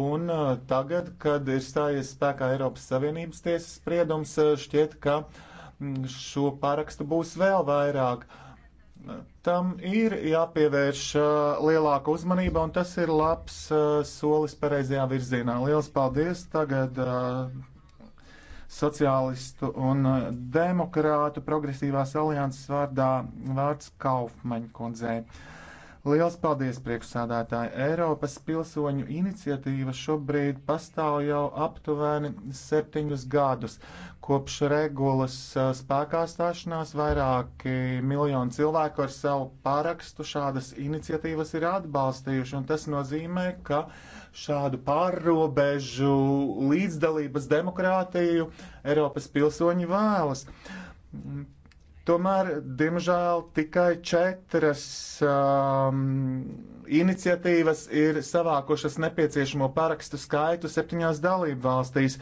Un eh, tagad, kad ir stājies spēkā Eiropas Savienības tiesas spriedums, eh, šķiet, ka mm, šo pārakstu būs vēl vairāk. Tam ir jāpievērš lielāka uzmanība, un tas ir labs solis pareizajā virzienā. Lielas paldies! Tagad sociālistu un uh, demokrātu progresīvās alianses vārdā vārds Kaufmaņa kundzei. Liels paldies, priekšsādātāji! Eiropas pilsoņu iniciatīva šobrīd pastāv jau aptuveni septiņus gadus. Kopš regulas uh, spēkā stāšanās vairāki miljoni cilvēku ar savu parakstu šādas iniciatīvas ir atbalstījuši, un tas nozīmē, ka šādu pārrobežu līdzdalības demokrātiju Eiropas pilsoņi vēlas Tomēr, diemžēl, tikai četras um, iniciatīvas ir savākušas nepieciešamo parakstu skaitu septiņās dalību valstīs.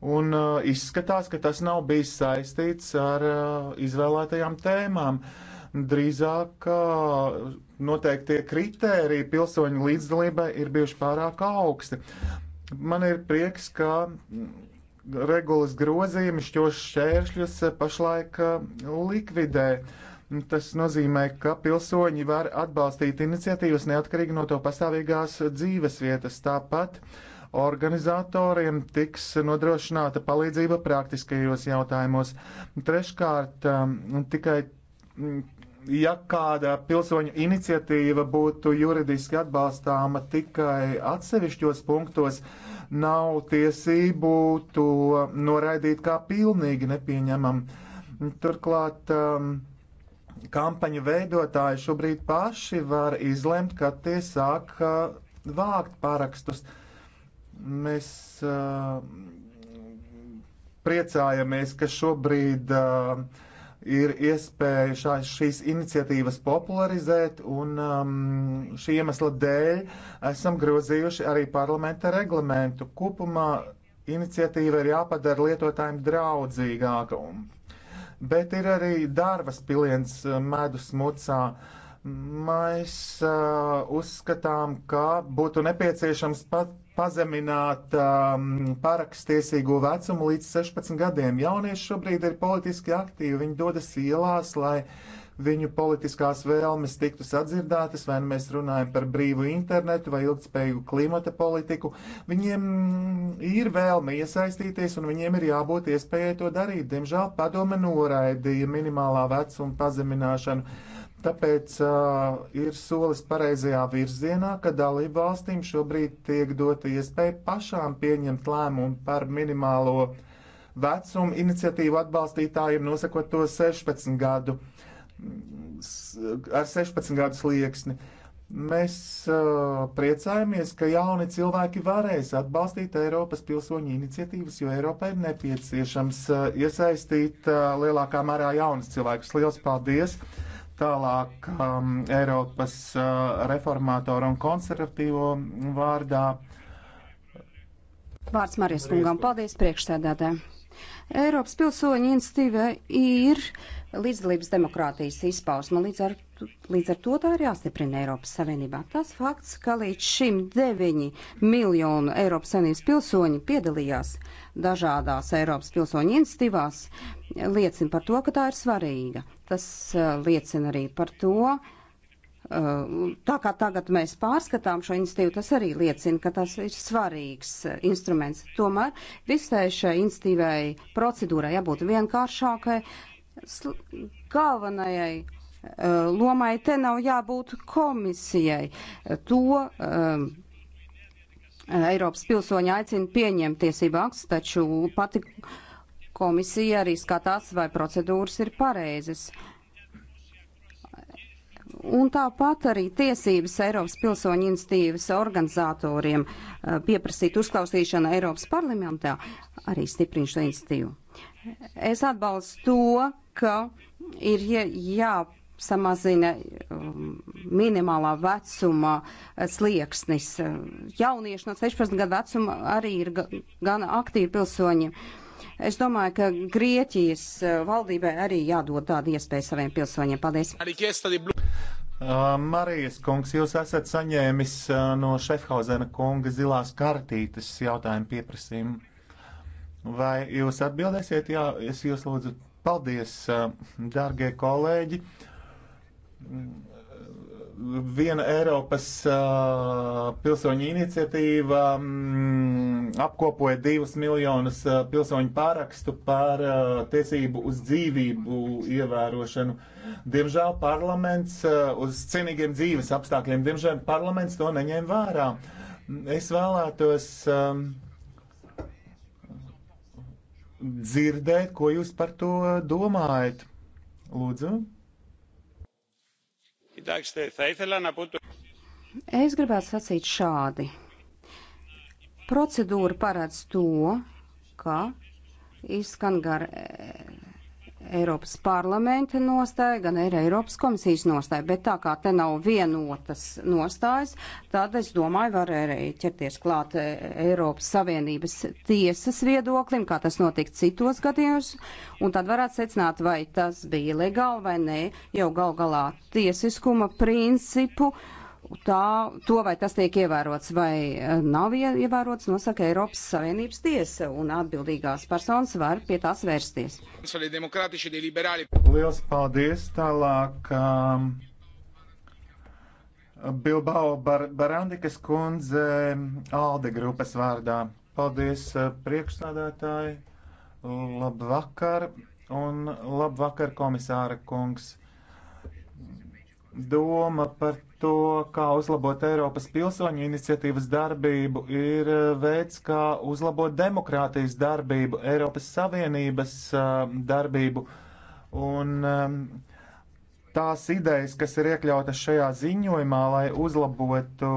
Un uh, izskatās, ka tas nav bijis saistīts ar uh, izvēlētajām tēmām. Drīzāk uh, noteiktie kritēriji pilsoņu līdzdalībai ir bijuši pārāk augsti. Man ir prieks, ka. Mm, regulas grozījumi šķos šķēršļus pašlaik eh, likvidē. Tas nozīmē, ka pilsoņi var atbalstīt iniciatīvas neatkarīgi no to pastāvīgās dzīves vietas. Tāpat organizatoriem tiks nodrošināta palīdzība praktiskajos jautājumos. Treškārt, eh, tikai mm, ja kāda pilsoņu iniciatīva būtu juridiski atbalstāma tikai atsevišķos punktos, uh, nav tiesību to noraidīt kā pilnīgi nepieņemam. Turklāt um, kampaņu veidotāji šobrīd paši var izlemt, kad tie sāk uh, vākt parakstus. Mēs uh, priecājamies, ka šobrīd uh, ir iespēja šā, šīs iniciatīvas popularizēt, un um, šī iemesla dēļ esam grozījuši arī parlamenta reglamentu. Kopumā iniciatīva ir jāpadara lietotājiem draudzīgāka, bet ir arī darbas piliens uh, medus mucā. Uh, Mēs uh, uzskatām, ka būtu nepieciešams pat pazemināt um, parakstiesīgo vecumu līdz 16 gadiem. Jaunieši šobrīd ir politiski aktīvi, viņi dodas ielās, lai viņu politiskās vēlmes tiktu sadzirdētas, vai nu mēs runājam par brīvu internetu vai ilgspējīgu klimata politiku. Viņiem ir vēlme iesaistīties, un viņiem ir jābūt iespējai to darīt. Diemžēl padome noraidīja minimālā vecuma pazemināšanu. Tāpēc uh, ir solis pareizajā virzienā, ka dalību valstīm šobrīd tiek dota iespēja pašām pieņemt lēmumu par minimālo vecumu iniciatīvu atbalstītājiem, nosakot to 16 gadu, ar 16 gadu slieksni. Mēs uh, priecājamies, ka jauni cilvēki varēs atbalstīt Eiropas pilsoņu iniciatīvas, jo Eiropai ir nepieciešams uh, iesaistīt uh, lielākā mērā jaunus cilvēkus. Lielas paldies! Uh, Tālāk um, Eiropas uh, reformātoru un konservatīvo vārdā. Vārds Marijas kungam. Paldies priekšsēdētē. Eiropas pilsoņu institīva ir līdzdalības demokrātijas izpausme. Līdz ar Līdz ar to tā ir jāstiprina Eiropas Savienībā. Tas fakts, ka līdz šim 9 miljonu Eiropas Savienības pilsoņu piedalījās dažādās Eiropas pilsoņu institīvās, liecina par to, ka tā ir svarīga. Tas uh, liecina arī par to, uh, tā kā tagad mēs pārskatām šo institīvu, tas arī liecina, ka tas ir svarīgs uh, instruments. Tomēr visai šai institīvai procedūrai jābūt vienkāršākai. Galvenajai lomai te nav jābūt komisijai. To um, Eiropas pilsoņi aicina pieņemt tiesību aktus, taču pati komisija arī skatās, vai procedūras ir pareizes. Un tāpat arī tiesības Eiropas pilsoņu institīvas organizatoriem eh, pieprasīt uzklausīšanu Eiropas parlamentā arī stiprina šo institīvu. Es atbalstu to, ka ir jā, samazina um, minimālā vecuma slieksnis. Jaunieši no 16 gadu vecuma arī ir gana aktīvi pilsoņi. Es domāju, ka Grieķijas uh, valdībai arī jādod tāda iespēja saviem pilsoņiem. Paldies! Uh, Marijas kungs, jūs esat saņēmis uh, no Šefhauzena kunga zilās kartītes jautājumu pieprasījumu. Vai jūs atbildēsiet? Jā, es jūs lūdzu. Paldies, dārgie kolēģi! viena Eiropas uh, pilsoņu iniciatīva um, apkopoja divus miljonus uh, pilsoņu pārakstu par uh, tiesību uz dzīvību ievērošanu. Diemžēl parlaments uh, uz cienīgiem dzīves apstākļiem, diemžēl parlaments to neņēma vērā. Es vēlētos. Um, dzirdēt, ko jūs par to domājat. Lūdzu. Es gribētu sacīt šādi. Procedūra paredz to, ka izskan gar Eiropas parlamenta nostāja, gan arī Eiropas komisijas nostāja, bet tā kā te nav vienotas nostājas, tad es domāju, var arī ķerties klāt e, Eiropas Savienības tiesas viedoklim, kā tas notika citos gadījumos, un tad varētu secināt, vai tas bija legāli vai nē, jau gal galā tiesiskuma principu. Uh, tā, to, vai tas tiek ievērots vai eh, nav ievērots, nosaka Eiropas Savienības tiesa, un atbildīgās personas var pie tās vērsties. Lielas paldies tālāk. Um, Bilbao Bar Barandikas kundze um, Alde grupas vārdā. Paldies uh, priekšsādātāji, labvakar un labvakar komisāra kungs doma par to, kā uzlabot Eiropas pilsoņu iniciatīvas darbību, ir e, veids, kā uzlabot demokrātijas darbību, Eiropas Savienības e, darbību. Un e, tās idejas, kas ir iekļautas šajā ziņojumā, lai uzlabotu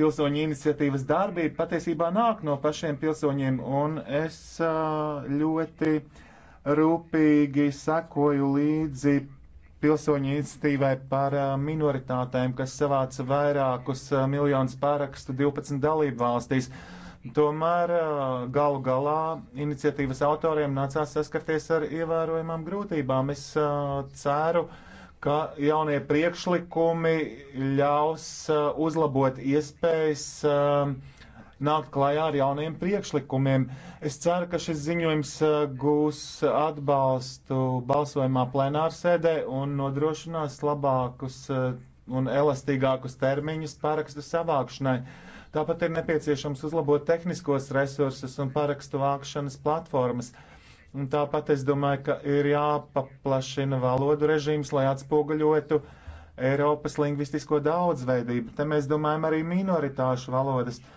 pilsoņu iniciatīvas darbību, patiesībā nāk no pašiem pilsoņiem. Un es ļoti rūpīgi sekoju līdzi pilsoņu iniciatīvai par minoritātēm, kas savāca vairākus miljonus pārakstu 12 dalību valstīs. Tomēr galu galā iniciatīvas autoriem nācās saskarties ar ievērojamām grūtībām. Es ceru, ka jaunie priekšlikumi ļaus uzlabot iespējas uh, nākt klajā ar jauniem priekšlikumiem. Es ceru, ka šis ziņojums uh, gūs atbalstu balsojumā plenārsēdē un nodrošinās labākus uh, un elastīgākus termiņus parakstu savākšanai. Tāpat ir nepieciešams uzlabot tehniskos resursus un parakstu vākšanas platformas. Un tāpat es domāju, ka ir jāpaplašina valodu režīms, lai atspoguļotu Eiropas lingvistisko daudzveidību. Te mēs domājam arī minoritāšu valodas. Uh,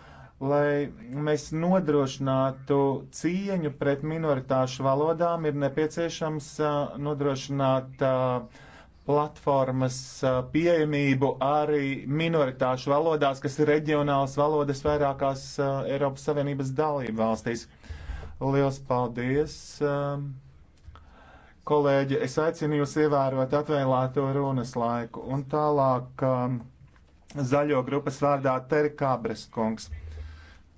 Lai mēs nodrošinātu cieņu pret minoritāšu valodām, ir nepieciešams nodrošināt platformas pieejamību arī minoritāšu valodās, kas ir reģionālas valodas vairākās Eiropas Savienības dalību valstīs. Liels paldies! kolēģi, es aicinu jūs ievērot atvēlēto runas laiku. Un tālāk um, zaļo grupas vārdā Terikābres kungs.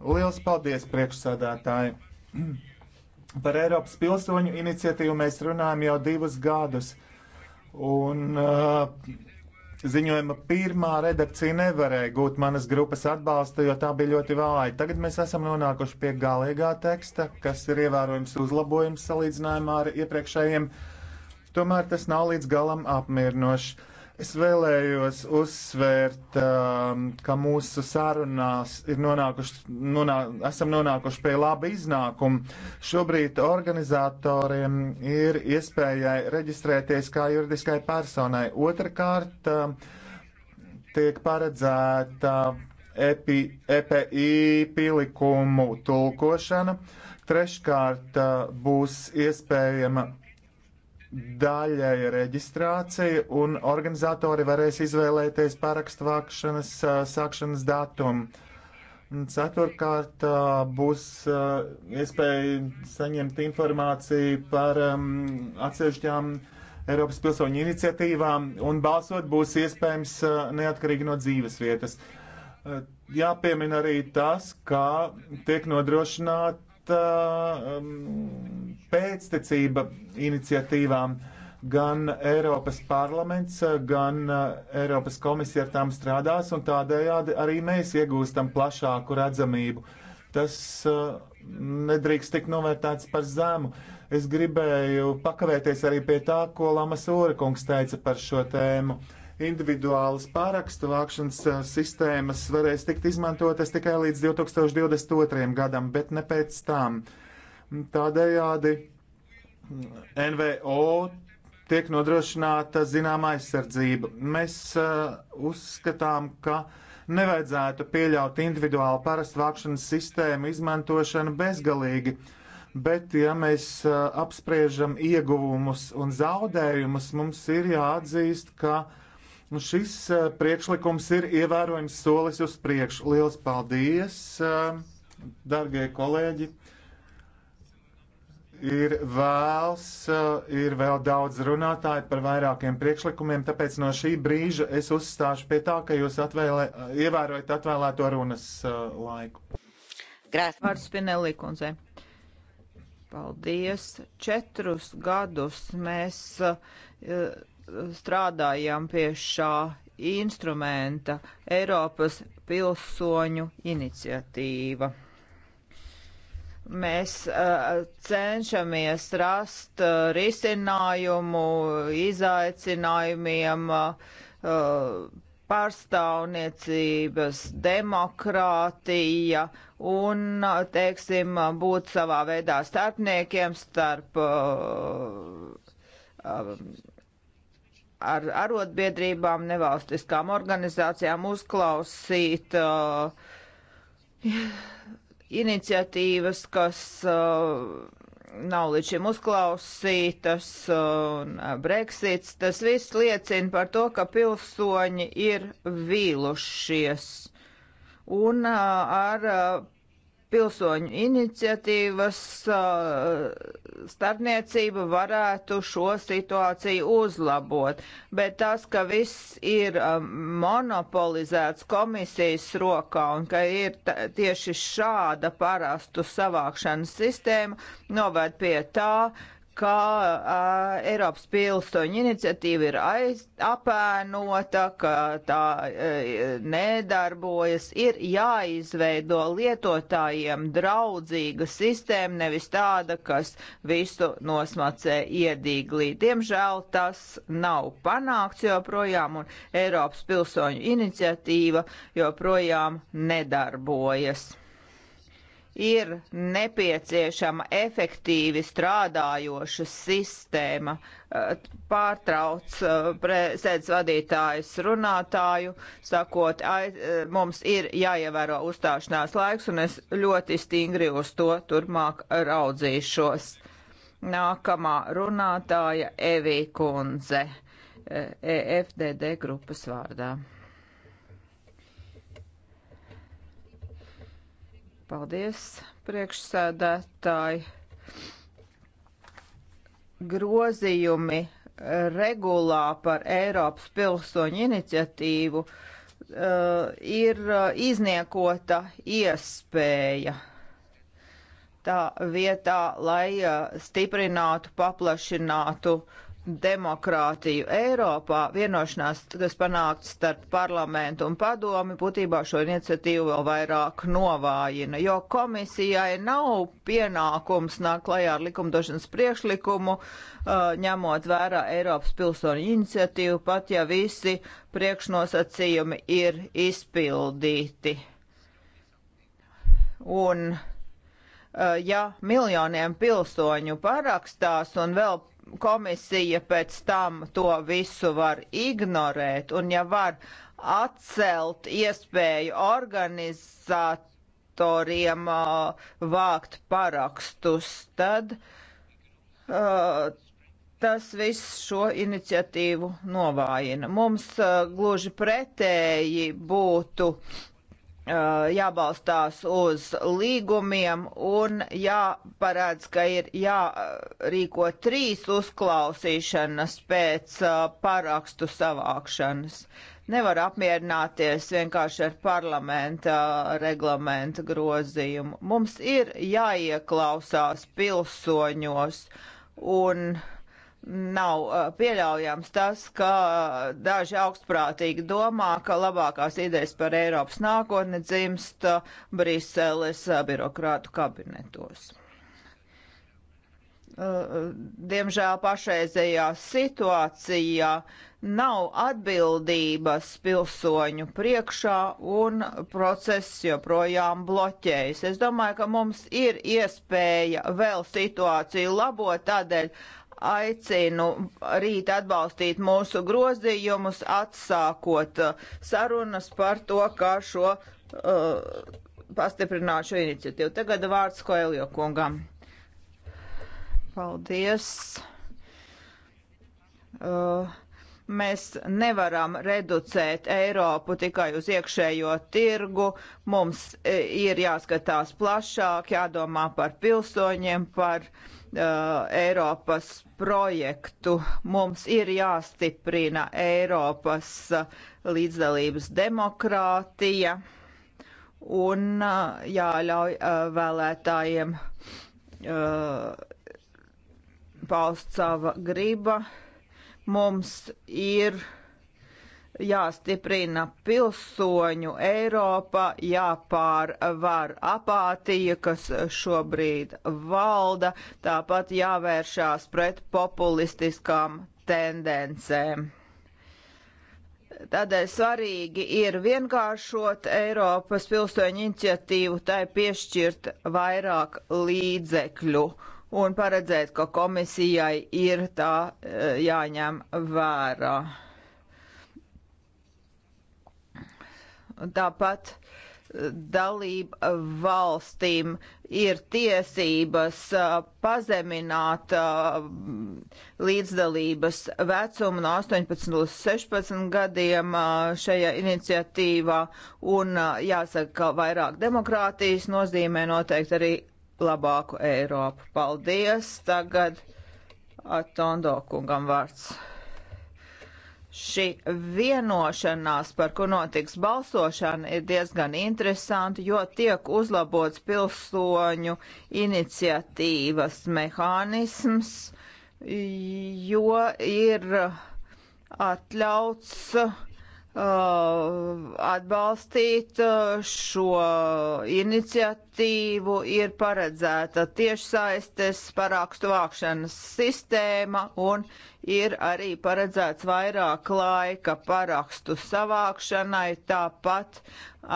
Liels paldies, priekšsādātāji! Par Eiropas pilsoņu iniciatīvu mēs runājam jau divus gadus, un uh, ziņojuma pirmā redakcija nevarēja gūt manas grupas atbalstu, jo tā bija ļoti vāja. Tagad mēs esam nonākuši pie galīgā teksta, kas ir ievērojams uzlabojums salīdzinājumā ar iepriekšējiem. Tomēr tas nav līdz galam apmierinošs. Es vēlējos uzsvērt, um, ka mūsu sarunās ir nonākuši, nonā, esam nonākuši pie laba iznākuma. Šobrīd organizatoriem ir iespējai reģistrēties kā juridiskai personai. Otrakārt, um, tiek paredzēta EPI, EPI pielikumu tulkošana. Treškārt, uh, būs iespējama daļai reģistrācija, un organizatori varēs izvēlēties parakstu vākšanas sākšanas datumu. Ceturkārt, būs iespēja saņemt informāciju par atsevišķām Eiropas pilsoņu iniciatīvām, un balsot būs iespējams neatkarīgi no dzīves vietas. Jāpiemina arī tas, kā tiek nodrošināt Uh, um, pēctecība iniciatīvām. Gan Eiropas parlaments, gan uh, Eiropas komisija ar tām strādās, un tādējādi arī mēs iegūstam plašāku redzamību. Tas uh, nedrīkst tikt novērtēts par zemu. Es gribēju pakavēties arī pie tā, ko Lamas Ūrikungs teica par šo tēmu. Uh, individuālas pārakstu vākšanas eh, sistēmas varēs tikt izmantotas tikai līdz 2022. gadam, bet ne pēc tam. Tādējādi mm, NVO tiek nodrošināta zināma aizsardzība. Mēs uh, uzskatām, ka nevajadzētu pieļaut individuālu parastu vākšanas sistēmu izmantošanu bezgalīgi, bet, ja mēs uh, apspriežam ieguvumus un zaudējumus, mums ir jāatzīst, ka uh, Nu, šis eh, priekšlikums ir ievērojams solis uz priekšu. Lielas paldies, eh, darbie kolēģi! Ir vēls, eh, ir vēl daudz runātāju par vairākiem priekšlikumiem, tāpēc no šī brīža es uzstāšu pie tā, ka jūs atvēlē, ievērojat atvēlēto runas laiku. Grāsmēr. Vārds Spinelli kundzei. Paldies. Četrus gadus mēs uh, strādājam pie šā instrumenta Eiropas pilsoņu iniciatīva. Mēs uh, cenšamies rast uh, risinājumu izaicinājumiem uh, pārstāvniecības, demokrātija un, teiksim, būt savā veidā starpniekiem starp uh, um, ar arotbiedrībām, nevalstiskām organizācijām uzklausīt uh, iniciatīvas, kas uh, nav līdz šim uzklausītas, uh, un uh, Brexits. Tas viss liecina par to, ka pilsoņi ir vīlušies un uh, ar uh, pilsoņu iniciatīvas starpniecība varētu šo situāciju uzlabot, bet tas, ka viss ir monopolizēts komisijas rokā un ka ir tieši šāda parastu savākšanas sistēma, novērt pie tā, ka uh, Eiropas pilsoņu iniciatīva ir aiz, apēnota, ka tā uh, nedarbojas. Ir jāizveido lietotājiem draudzīga sistēma, nevis tāda, kas visu nosmacē iedīglī. Diemžēl tas nav panākts joprojām, un Eiropas pilsoņu iniciatīva joprojām nedarbojas ir nepieciešama efektīvi strādājoša sistēma, pārtrauc sēdz vadītājs runātāju, sakot, aiz, mums ir jāievēro uzstāšanās laiks, un es ļoti stingri uz to turpmāk raudzīšos. Nākamā runātāja Evī Kunze, EFDD grupas vārdā. Paldies, priekšsēdētāji. Grozījumi regulā par Eiropas pilsoņu iniciatīvu uh, ir eh, izniekota iespēja tā vietā, lai uh, stiprinātu, paplašinātu uh, demokrātiju Eiropā. Vienošanās, kas panākts starp parlamentu un padomi, būtībā šo iniciatīvu vēl vairāk novājina, jo komisijai nav pienākums nāk klajā ar likumdošanas priekšlikumu, uh, ņemot vērā Eiropas pilsoņu iniciatīvu, pat ja visi priekšnosacījumi ir izpildīti. Un, uh, ja miljoniem pilsoņu parakstās un vēl komisija pēc tam to visu var ignorēt un ja var atcelt iespēju organizatoriem uh, vākt parakstus, tad uh, tas viss šo iniciatīvu novājina. Mums uh, gluži pretēji būtu uh, jābalstās uz līgumiem un jāparāds, ka ir jārīko trīs uzklausīšanas pēc parakstu savākšanas. Nevar apmierināties vienkārši ar parlamenta reglamenta grozījumu. Mums ir jāieklausās pilsoņos un nav uh, pieļaujams tas, ka uh, daži augstprātīgi domā, ka labākās idejas par Eiropas nākotni dzimst uh, Briseles birokrātu kabinetos. Diemžēl pašreizējā situācijā nav atbildības pilsoņu priekšā un process joprojām bloķējas. Es domāju, ka mums ir iespēja vēl situāciju labot, tādēļ aicinu rīt atbalstīt mūsu grozījumus, atsākot uh, sarunas par to, kā šo uh, pastiprināšu iniciatīvu. Tagad vārds Koeljo kungam. Paldies. Uh, mēs nevaram reducēt Eiropu tikai uz iekšējo tirgu. Mums eh, ir jāskatās plašāk, jādomā par pilsoņiem, par uh, Uh, Eiropas projektu. Mums ir jāstiprina Eiropas uh, līdzdalības demokrātija un uh, jāļauj vēlētājiem paust sava griba. Mums ir jāstiprina pilsoņu Eiropa, jāpārvar apātija, kas šobrīd valda, tāpat jāvēršās pret populistiskām tendencēm. Tādēļ svarīgi ir vienkāršot Eiropas pilsoņu iniciatīvu, tai piešķirt vairāk līdzekļu un paredzēt, ka komisijai ir tā eh, jāņem vērā. Tāpat eh, dalību valstīm ir tiesības eh, pazemināt eh, līdzdalības vecumu no 18 līdz 16 gadiem šajā iniciatīvā un jāsaka, ka vairāk demokrātijas nozīmē noteikti arī labāku Eiropu. Paldies! Tagad Atondo kungam vārds. Šī vienošanās, par ko notiks balsošana, ir diezgan interesanti, jo tiek uzlabots pilsoņu iniciatīvas mehānisms, jo ir atļauts uh, Uh, atbalstīt uh, šo iniciatīvu ir paredzēta tiešsaistes parakstu vākšanas sistēma un ir arī paredzēts vairāk laika parakstu savākšanai, tāpat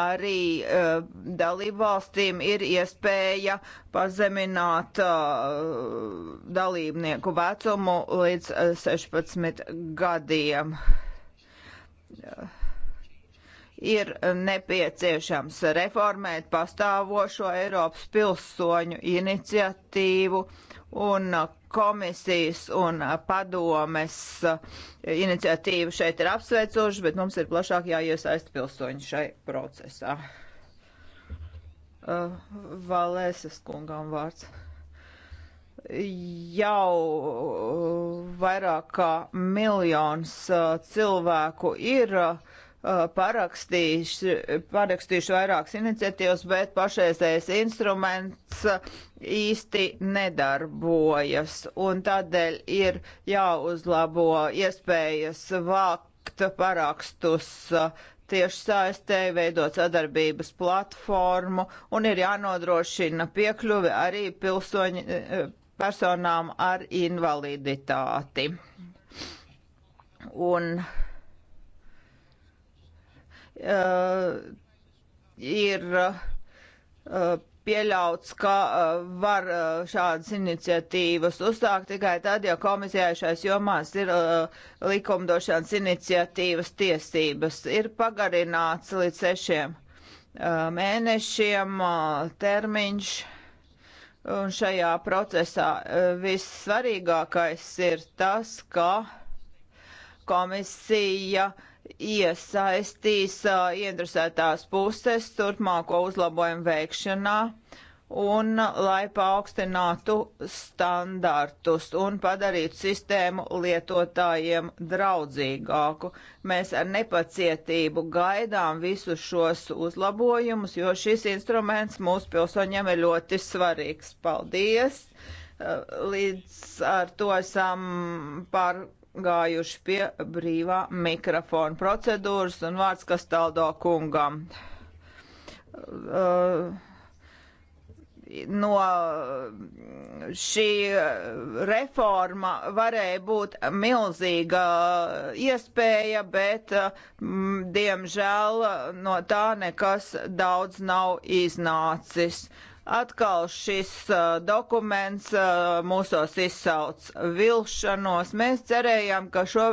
arī uh, dalībvalstīm ir iespēja pazemināt uh, dalībnieku vecumu līdz 16 uh, gadiem. Uh, ir nepieciešams reformēt pastāvošo Eiropas pilsoņu iniciatīvu un komisijas un padomes iniciatīva šeit ir apsveicoša, bet mums ir plašāk jāiesaist pilsoņi šai procesā. Uh, Valēsas kungām vārds jau uh, vairāk kā miljons uh, cilvēku ir uh, parakstījuši, parakstījuši vairākas iniciatīvas, bet pašreizējais instruments īsti nedarbojas. Un tādēļ ir jāuzlabo iespējas vākt parakstus tieši saistē, veidot sadarbības platformu un ir jānodrošina piekļuvi arī pilsoņi, eh, personām ar invaliditāti. Un uh, ir uh, pieļauts, ka uh, var uh, šādas iniciatīvas uzsākt tikai tad, ja komisijā šais jomās ir uh, likumdošanas iniciatīvas tiesības. Ir pagarināts līdz sešiem uh, mēnešiem uh, termiņš Un šajā procesā e, vissvarīgākais ir tas, ka komisija iesaistīs uh, e, iedrusētās puses turpmāko uzlabojumu veikšanā. Uh, un lai paaugstinātu standartus un padarītu sistēmu lietotājiem draudzīgāku. Mēs ar nepacietību gaidām visus šos uzlabojumus, jo šis instruments mūsu pilsoņiem ir ļoti svarīgs. Paldies! Līdz ar to esam par gājuši pie brīvā mikrofona procedūras un vārds Kastaldo kungam. Uh, no šī eh, reforma varēja būt milzīga eh, iespēja, bet eh, diemžēl no tā nekas daudz nav iznācis. Atkal šis dokuments mūsos izsauc vilšanos. Mēs cerējām, ka šo,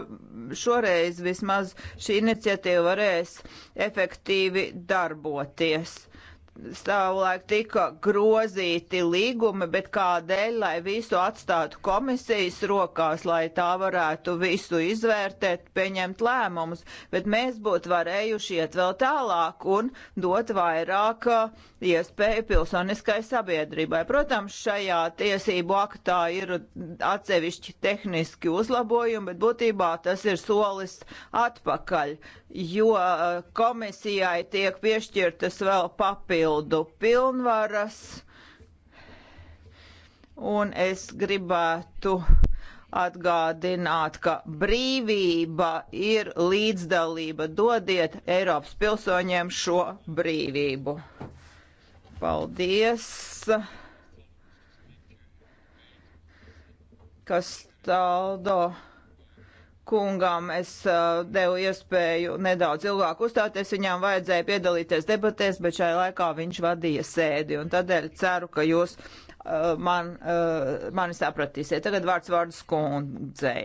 šoreiz vismaz šī iniciatīva varēs efektīvi darboties savulaik tika grozīti līgumi, bet kādēļ, lai visu atstātu komisijas rokās, lai tā varētu visu izvērtēt, pieņemt lēmumus, bet mēs būtu varējuši iet vēl tālāk un dot vairāk uh, iespēju pilsoniskai sabiedrībai. Protams, šajā tiesību aktā ir atsevišķi tehniski uzlabojumi, bet būtībā tas ir solis atpakaļ, jo uh, komisijai tiek piešķirtas vēl papildus papildu pilnvaras, un es gribētu atgādināt, ka brīvība ir līdzdalība. Dodiet Eiropas pilsoņiem šo brīvību. Paldies! Kas tālāk? kungam es uh, devu iespēju nedaudz ilgāk uzstāties. Viņām vajadzēja piedalīties debatēs, bet šai laikā viņš vadīja sēdi. Un tādēļ ceru, ka jūs uh, man, uh, mani sapratīsiet. Tagad vārds vārdu skundzei.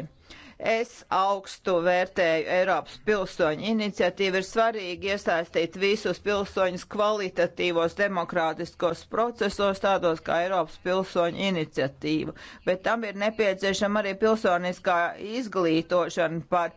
Es augstu vērtēju Eiropas pilsoņu iniciatīvu. Ir svarīgi iesaistīt visus pilsoņus kvalitatīvos demokrātiskos procesos, tādos kā Eiropas pilsoņu iniciatīva. Bet tam ir nepieciešama arī pilsoniskā izglītošana par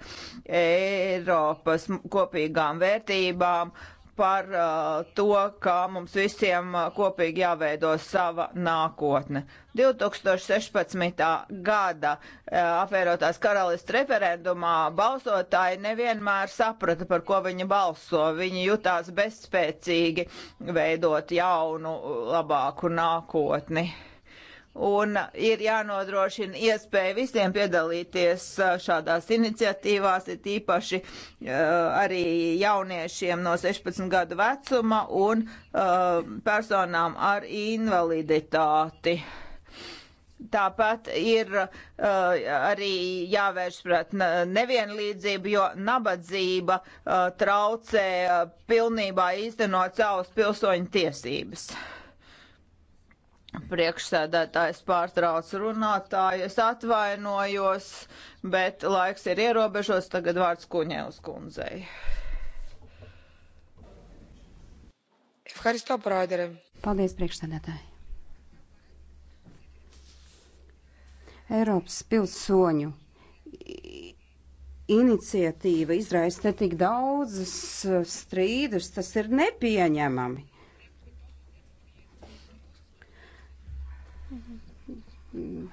Eiropas kopīgām vērtībām, uh, par uh, to, ka mums visiem uh, kopīgi jāveido sava nākotne. 2016. gada uh, apvienotās karalists referendumā balsotāji nevienmēr saprata, par ko viņi balso. Viņi jutās bezspēcīgi veidot jaunu, labāku nākotni un ir jānodrošina iespēja visiem piedalīties uh, šādās iniciatīvās, ir tīpaši uh, arī jauniešiem no 16 gadu vecuma un uh, personām ar invaliditāti. Tāpat ir uh, arī jāvērš pret nevienlīdzību, jo nabadzība uh, traucē uh, pilnībā īstenot savas pilsoņu tiesības. Uh, Priekšsēdētājs pārtrauc runātāju. Es atvainojos, bet laiks ir ierobežos. Tagad vārds Kuņēvs kundzei. Paldies, priekšsēdētāji. Eiropas pilsoņu iniciatīva izraisa tik daudzas strīdus, tas ir nepieņemami.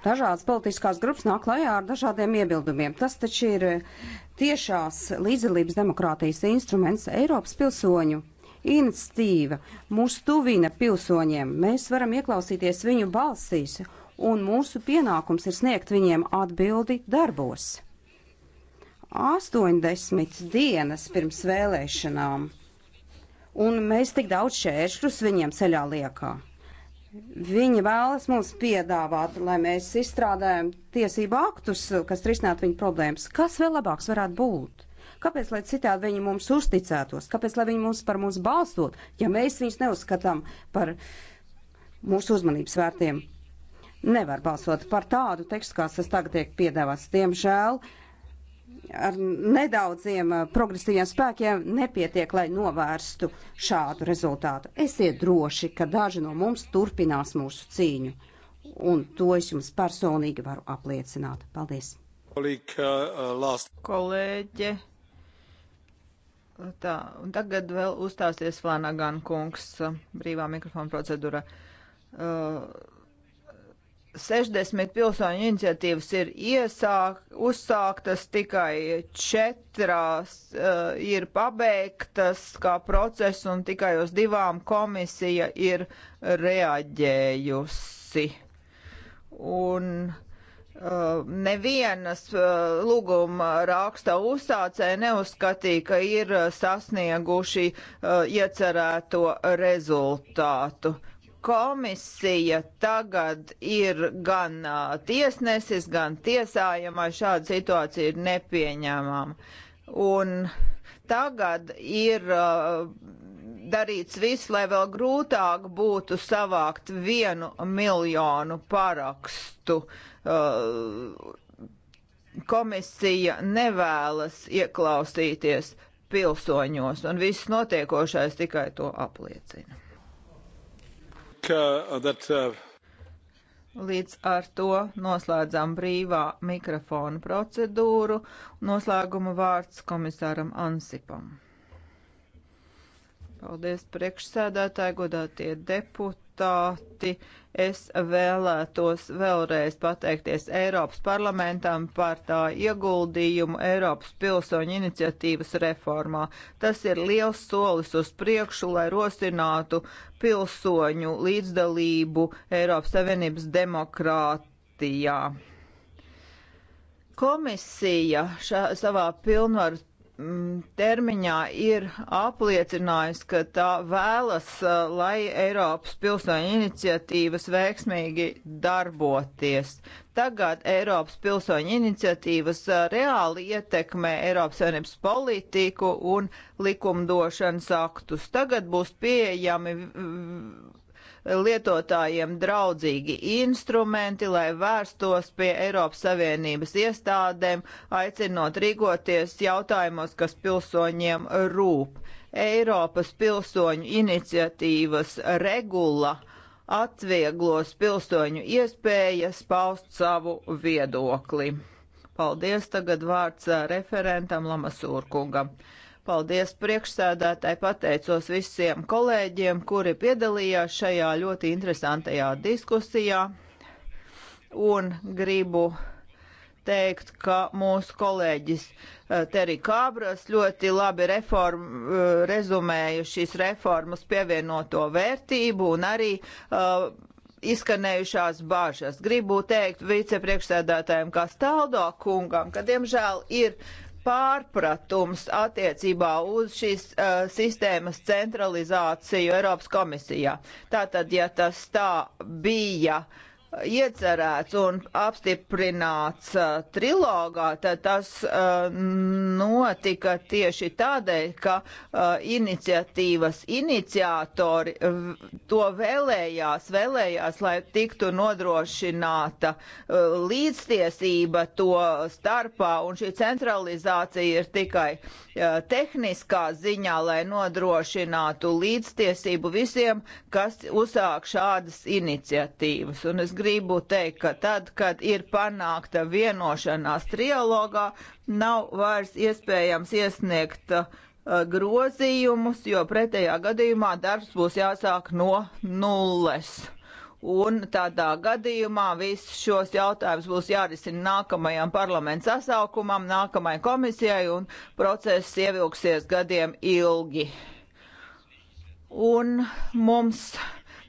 dažādas politiskās grupas nāk klajā ar dažādiem iebildumiem. Tas taču ir eh, tiešās līdzdalības demokrātijas instruments Eiropas pilsoņu iniciatīva. Mūs tuvina pilsoņiem, mēs varam ieklausīties viņu balsīs, un mūsu pienākums ir sniegt viņiem atbildi darbos. 80 dienas pirms vēlēšanām, un mēs tik daudz šēršļus viņiem ceļā liekām Viņa vēlas mums piedāvāt, lai mēs izstrādājam tiesību aktus, kas risinātu viņa problēmas. Kas vēl labāks varētu būt? Kāpēc, lai citādi viņi mums uzticētos? Kāpēc, lai viņi mums par mums balstot, ja mēs viņus neuzskatām par mūsu uzmanības vērtiem? Nevar balsot par tādu tekstu, kāds tas tagad tiek piedāvāts. Diemžēl uh, ar nedaudziem eh, progresīviem spēkiem nepietiek, lai novērstu šādu rezultātu. Esiet droši, ka daži no mums turpinās mūsu cīņu, un to es jums personīgi varu apliecināt. Paldies! Eh, eh, Kolēģe, tā, un tagad vēl uzstāsies Flanagan kungs brīvā mikrofona procedūra. Uh, 60 pilsoņu iniciatīvas ir iesāk, uzsāktas, tikai četrās uh, ir pabeigtas kā process, un tikai uz divām komisija ir reaģējusi. Un uh, nevienas uh, lūguma raksta uzsācē neuzskatīja, ka ir sasnieguši uh, iecerēto rezultātu. Uh, komisija tagad ir gan tiesnesis, gan tiesājama. Šāda situācija ir nepieņemama. Un tagad ir darīts viss, lai vēl grūtāk būtu savākt vienu miljonu parakstu. Komisija nevēlas ieklausīties pilsoņos, un viss notiekošais tikai to apliecina uh, that, uh... Līdz ar to noslēdzām brīvā mikrofona procedūru. Noslēguma vārds komisāram Ansipam. Paldies priekšsēdētāji, godātie deputāti. Es vēlētos vēlreiz pateikties Eiropas parlamentam par tā ieguldījumu Eiropas pilsoņu iniciatīvas reformā. Tas ir liels solis uz priekšu, lai rosinātu pilsoņu līdzdalību Eiropas Savienības demokrātijā. Komisija šā, savā pilnvaru Mm, termiņā ir apliecinājusi, ka tā vēlas, uh, lai Eiropas pilsoņu iniciatīvas veiksmīgi darboties. Tagad Eiropas pilsoņu iniciatīvas uh, reāli ietekmē Eiropas Savienības politiku un likumdošanas aktus. Tagad būs pieejami lietotājiem draudzīgi instrumenti, lai vērstos pie Eiropas Savienības iestādēm, aicinot rīkoties jautājumos, kas pilsoņiem rūp. Eiropas pilsoņu iniciatīvas regula atvieglos pilsoņu iespējas paust savu viedokli. Paldies, tagad vārds referentam Lamasūrkungam. Paldies priekšsēdētāji, pateicos visiem kolēģiem, kuri piedalījās šajā ļoti interesantajā diskusijā. Un gribu teikt, ka mūsu kolēģis eh, Terī Kābras ļoti labi reform, eh, rezumēja šīs reformas pievienoto vērtību un arī uh, izskanējušās bažas. Gribu teikt vicepriekšsēdētājiem kā Staldo kungam, ka diemžēl ir uh, pārpratums attiecībā uz šīs uh, sistēmas centralizāciju Eiropas komisijā. Tātad, ja tas tā bija, uh, iecerēts un apstiprināts uh, trilogā, tad tas uh, notika tieši tādēļ, ka uh, iniciatīvas iniciatori to vēlējās, vēlējās, lai tiktu nodrošināta uh, līdztiesība to starpā, un šī centralizācija ir tikai uh, tehniskā ziņā, lai nodrošinātu līdztiesību visiem, kas uzsāk šādas iniciatīvas. Un es gribu gribu teikt, ka tad, kad ir panākta vienošanās trialogā, nav vairs iespējams iesniegt uh, grozījumus, jo pretējā gadījumā darbs būs jāsāk no nulles. Un tādā gadījumā visus šos jautājumus būs jārisina nākamajam parlamentu sasaukumam, nākamajai komisijai, un process ievilksies gadiem ilgi. Un mums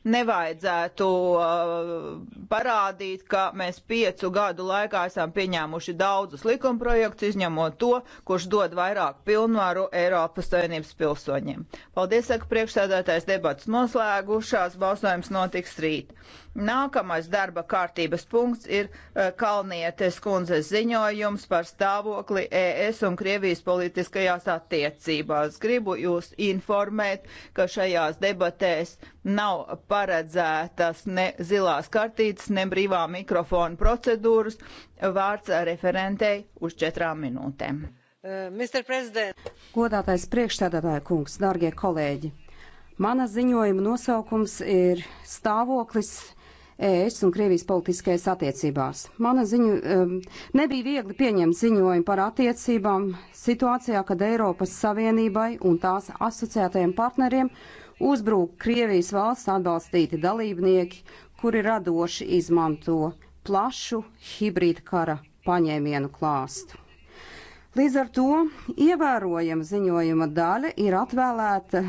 nevajadzētu uh, parādīt, ka mēs piecu gadu laikā esam pieņēmuši daudzus likumprojektus, izņemot to, kurš dod vairāk pilnvaru Eiropas Savienības pilsoņiem. Paldies, saka priekšsēdētājs, debats noslēgušās, balsojums notiks rīt. Nākamais darba kārtības punkts ir e, Kalnietes kundzes ziņojums par stāvokli ES un Krievijas politiskajās attiecībās. Gribu jūs informēt, ka šajās debatēs nav paredzētas ne zilās kartītes, ne brīvā mikrofona procedūras. Vārds referentei uz četrām minūtēm. Uh, Godātais priekšstādātāja kungs, dārgie kolēģi! Mana ziņojuma nosaukums ir stāvoklis ES un Krievijas politiskajās attiecībās. Mana ziņu um, nebija viegli pieņemt ziņojumu par attiecībām situācijā, kad Eiropas Savienībai un tās asociētajiem partneriem uzbrūk Krievijas valsts atbalstīti dalībnieki, kuri radoši izmanto plašu hibrīda kara paņēmienu klāstu. Līdz ar to ievērojama ziņojuma daļa ir atvēlēta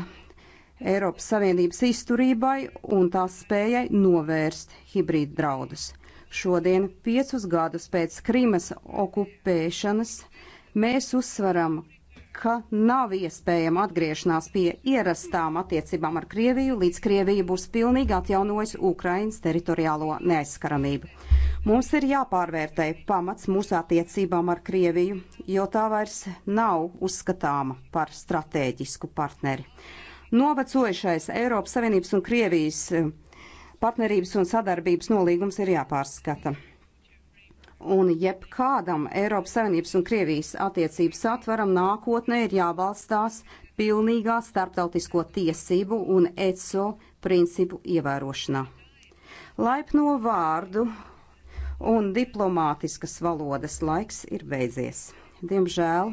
Eiropas Savienības izturībai un tās spējai novērst hibrīdu draudus. Šodien, piecus gadus pēc Krīmas okupēšanas, mēs uzsveram, ka nav iespējama atgriešanās pie ierastām attiecībām ar Krieviju, līdz Krievija būs pilnīgi atjaunojusi Ukrainas teritoriālo neaizskaramību. Mums ir jāpārvērtē pamats mūsu attiecībām ar Krieviju, jo tā vairs nav uzskatāma par stratēģisku partneri. Novecojušais Eiropas Savienības un Krievijas eh, partnerības un sadarbības nolīgums ir jāpārskata. Un jebkādam Eiropas Savienības un Krievijas attiecības atvaram nākotnē ir jābalstās pilnīgā starptautisko tiesību un ECO principu ievērošanā. Laipno vārdu un diplomātiskas valodas laiks ir beidzies. Diemžēl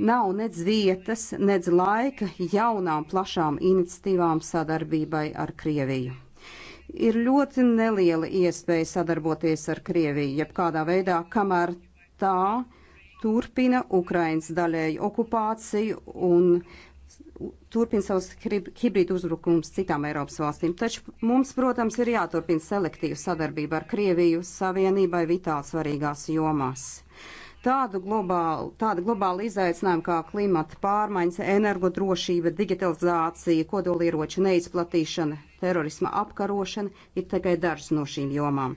Nav nedz vietas, nedz laika jaunām plašām iniciatīvām sadarbībai ar Krieviju. Ir ļoti neliela iespēja sadarboties ar Krieviju, jebkādā veidā, kamēr tā turpina Ukrainas daļēju okupāciju un turpina savus hibrīdu uzbrukums citām Eiropas valstīm. Taču mums, protams, ir jāturpina selektīva sadarbība ar Krieviju savienībai vitāli svarīgās jomās. Tādu globālu, tādu globālu izaicinājumu kā klimata pārmaiņas, energodrošība, digitalizācija, kodolieroču neizplatīšana, terorisma apkarošana ir tikai dažas no šīm jomām.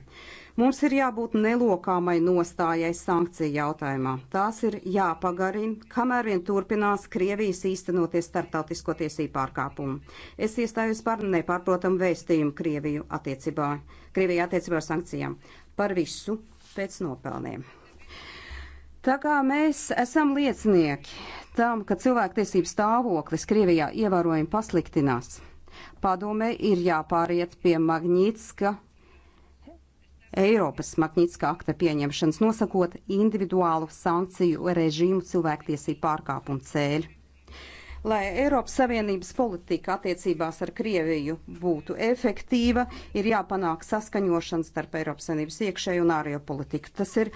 Mums ir jābūt nelokāmai nostājai sankciju jautājumā. Tās ir jāpagarina, kamēr vien turpinās Krievijas īstenoties starptautisko tiesību pārkāpumu. Es iestājos par nepārprotamu vēstījumu Krieviju attiecībā, Krievijā attiecībā ar sankcijām. Par visu pēc nopelniem. Tā kā mēs esam liecinieki tam, ka cilvēktiesību stāvoklis Krievijā ievērojami pasliktinās, padomē ir jāpāriet pie Magnitska Eiropas Magnitska akta pieņemšanas, nosakot individuālu sankciju režīmu cilvēktiesību pārkāpumu cēļu. Lai Eiropas Savienības politika attiecībās ar Krieviju būtu efektīva, ir jāpanāk saskaņošanas starp Eiropas Savienības iekšēju un ārējo politiku. Tas ir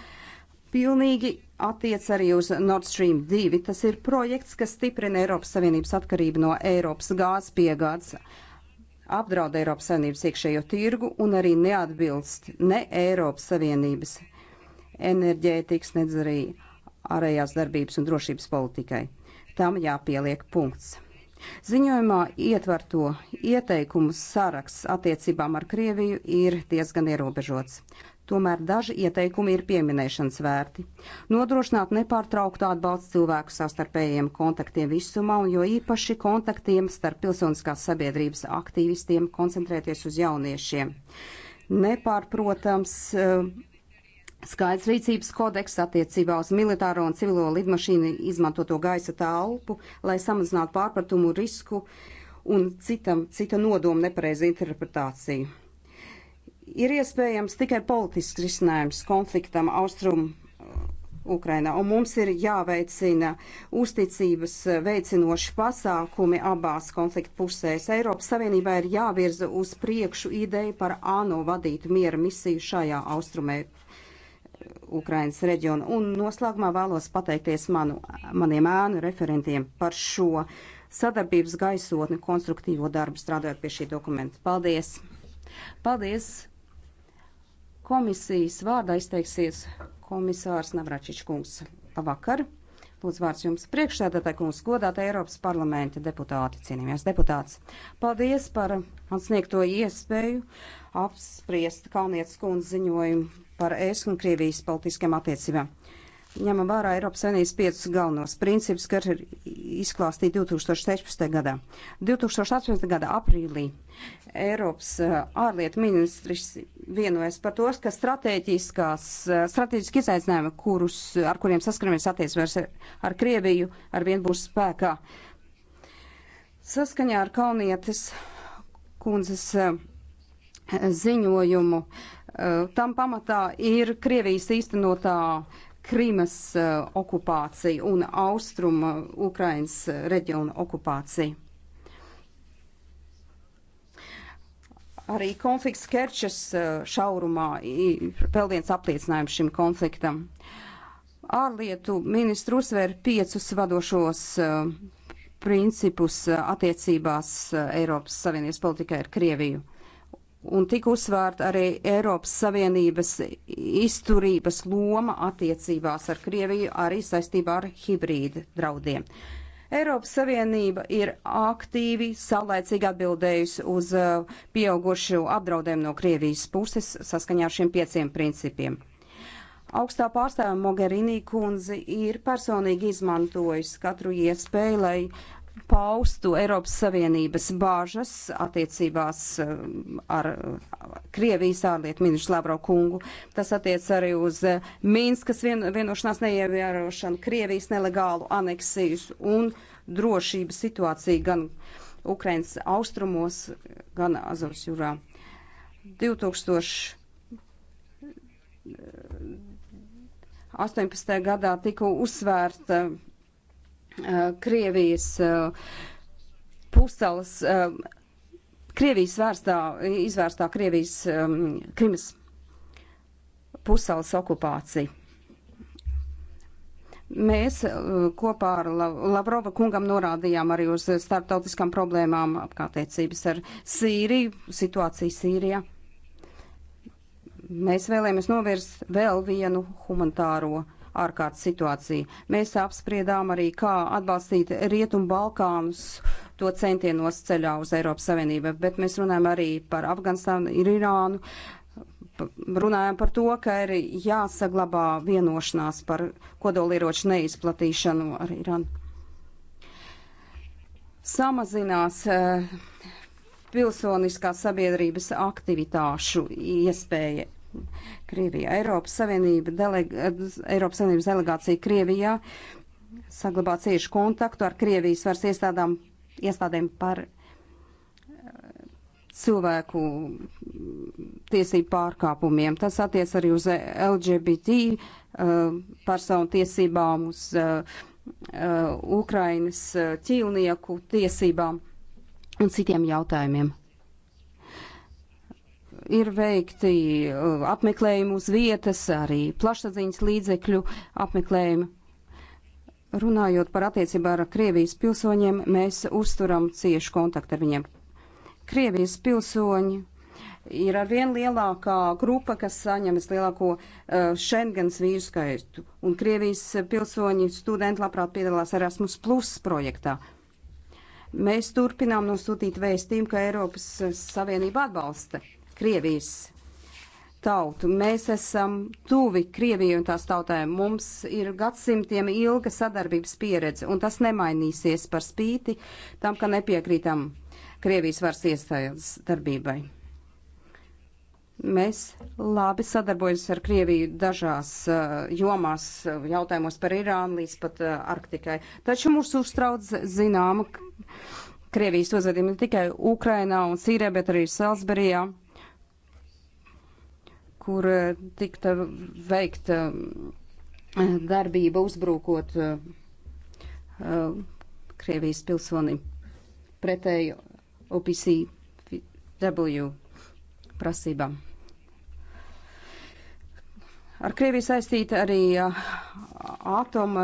pilnīgi attiec arī uz Nord Stream 2. Tas ir projekts, kas stiprina Eiropas Savienības atkarību no Eiropas gāzes piegādes, apdraud Eiropas Savienības iekšējo tirgu un arī neatbilst ne Eiropas Savienības enerģētikas, nedz arī ārējās darbības un drošības politikai. Tam jāpieliek punkts. Ziņojumā ietverto ieteikumu saraksts attiecībām ar Krieviju ir diezgan ierobežots. Tomēr daži ieteikumi ir pieminēšanas vērti. Nodrošināt nepārtrauktu atbalstu cilvēku sastarpējiem kontaktiem visumā, un jo īpaši kontaktiem starp pilsoniskās sabiedrības aktīvistiem koncentrēties uz jauniešiem. Nepārprotams, eh, Skaidrs rīcības kodeks attiecībā uz militāro un civilo lidmašīnu izmantoto gaisa telpu, lai samazinātu pārpratumu risku un citam, cita nodomu nepareizu interpretāciju ir iespējams tikai politisks risinājums konfliktam austrumu uh, Ukrainā, un mums ir jāveicina uzticības uh, veicinoši pasākumi abās konflikta pusēs. Eiropas Savienībā ir jāvirza uz priekšu ideja par ANO vadītu miera misiju šajā austrumē. Uh, Ukrainas reģionu. Un noslēgumā vēlos pateikties manu, maniem ēnu referentiem par šo sadarbības gaisotni, konstruktīvo darbu strādājot pie šī dokumenta. Paldies! Paldies! Komisijas vārdā izteiksies komisārs Navračiņš kungs vakar. Lūdzu, vārds jums priekšsēdētāji kungs, godāta Eiropas parlamenta deputāti, cienījamies deputāts. Paldies par atsniegto iespēju apspriest Kalnietes kundzes ziņojumu par ES un Krievijas politiskiem attiecībām ņemam vērā Eiropas Savienības piecus galvenos principus, kas ir izklāstīti 2016. gadā. 2018. gada aprīlī Eiropas uh, ārlietu ministrs vienojas par tos, ka strateģiskās, uh, strateģiski izaicinājumi, kurus, uh, ar kuriem saskaramies attiecībās ar Krieviju, ar vien būs spēkā. Saskaņā ar Kaunietes kundzes ziņojumu, tam pamatā ir Krievijas īstenotā uh, Krīmas uh, eh, okupāciju un austruma Ukrainas eh, reģiona okupāciju. Arī konflikts Kerčas uh, eh, šaurumā ir vēl viens apliecinājums šim konfliktam. Ārlietu ministru uzsver piecus vadošos uh, principus attiecībās Eiropas Savienības politikai ar Krieviju un tika uzsvērta arī Eiropas Savienības izturības loma attiecībās ar Krieviju arī saistībā ar hibrīda draudiem. Eiropas Savienība ir aktīvi, saulēcīgi atbildējusi uz uh, pieaugušu apdraudējumu no Krievijas puses saskaņā ar šiem pieciem principiem. Augstā pārstāvja Mogherini kundze ir personīgi izmantojusi katru iespēju, lai paustu Eiropas Savienības bāžas attiecībās um, ar uh, Krievijas ārlietu ministru Lavro kungu. Tas attiec arī uz uh, Mīnskas vien, vienošanās neievērošanu, Krievijas nelegālu aneksijas un drošības situāciju gan Ukrainas austrumos, gan Azovas jūrā. 2000. 18. Uh, gadā tika uzsvērta Uh, Krievijas uh, pusalas, uh, Krievijas vērstā, izvērstā Krievijas um, Krimas pusalas okupācija. Mēs kopā ar Lavrova kungam norādījām arī uz starptautiskām problēmām apkārtniecības ar Sīriju, situāciju Sīrijā. Mēs vēlējamies novirst vēl vienu humanitāro ārkārtas situāciju. Mēs apspriedām arī, kā atbalstīt Rietumu Balkānus to centienos ceļā uz Eiropas Savienību, bet mēs runājam arī par Afganistānu, Irānu, runājam par to, ka ir jāsaglabā vienošanās par kodolieroču neizplatīšanu ar Irānu. Samazinās uh, pilsoniskās sabiedrības aktivitāšu iespēja Krievijā. Eiropas, Savienība delega, Eiropas Savienības delegācija Krievijā saglabā ciešu kontaktu ar Krievijas varas iestādām, iestādēm par eh, cilvēku mm, tiesību pārkāpumiem. Tas attiec arī uz LGBT eh, personu tiesībām, uz eh, Ukrainas ķīlnieku tiesībām un citiem jautājumiem ir veikti uh, apmeklējumi uz vietas, arī plašsaziņas līdzekļu apmeklējumi. Runājot par attiecībā ar Krievijas pilsoņiem, mēs uzturam ciešu kontaktu ar viņiem. Krievijas pilsoņi ir ar vien lielākā grupa, kas saņemas lielāko uh, Schengens vīru skaitu, un Krievijas pilsoņi studenti labprāt piedalās Erasmus Plus projektā. Mēs turpinām nosūtīt vēstījumu, ka Eiropas Savienība atbalsta Krievijas tautu. Mēs esam tuvi Krievijai un tās tautēm. Mums ir gadsimtiem ilga sadarbības pieredze, un tas nemainīsies par spīti tam, ka nepiekrītam Krievijas varas iestājas darbībai. Mēs labi sadarbojamies ar Krieviju dažās uh, jomās, uh, jautājumos par Irānu līdz pat uh, Arktikai. Taču mūs uztrauc zināma Krievijas uzvedība ne tikai Ukrainā un Sīrijā, bet arī Salisburijā kur eh, tikta veikta eh, darbība uzbrūkot eh, Krievijas pilsonim pretēji OPCW prasībām. Ar Krieviju saistīta arī ātoma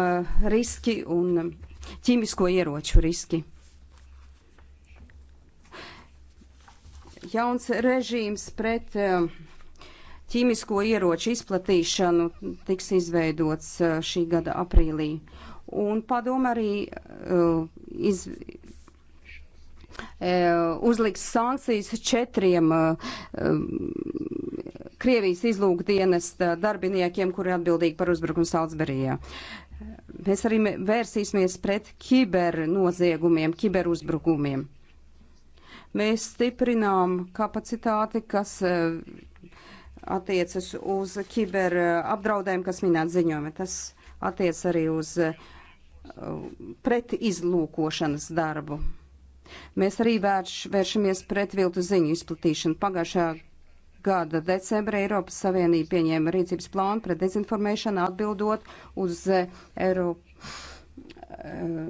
riski un ķīmisko ieroču riski. Jauns režīms pret uh, ķīmisko ieroču izplatīšanu tiks izveidots šī gada aprīlī. Un padom arī uh, iz, uzliks sankcijas četriem Krievijas izlūkdienesta darbiniekiem, kuri atbildīgi par uzbrukumu Salzberijā. Mēs arī vērsīsimies pret kibernoziegumiem, kiberuzbrukumiem. Mēs stiprinām kapacitāti, kas attiecas uz kiber eh, apdraudējumu, kas minēt ziņojumi. Tas attiec arī uz eh, pret izlūkošanas darbu. Mēs arī vērš, vēršamies pret viltu ziņu izplatīšanu. Pagājušā gada decembrī Eiropas Savienība pieņēma rīcības plānu pret dezinformēšanu atbildot uz eh, Eiropu. Uh,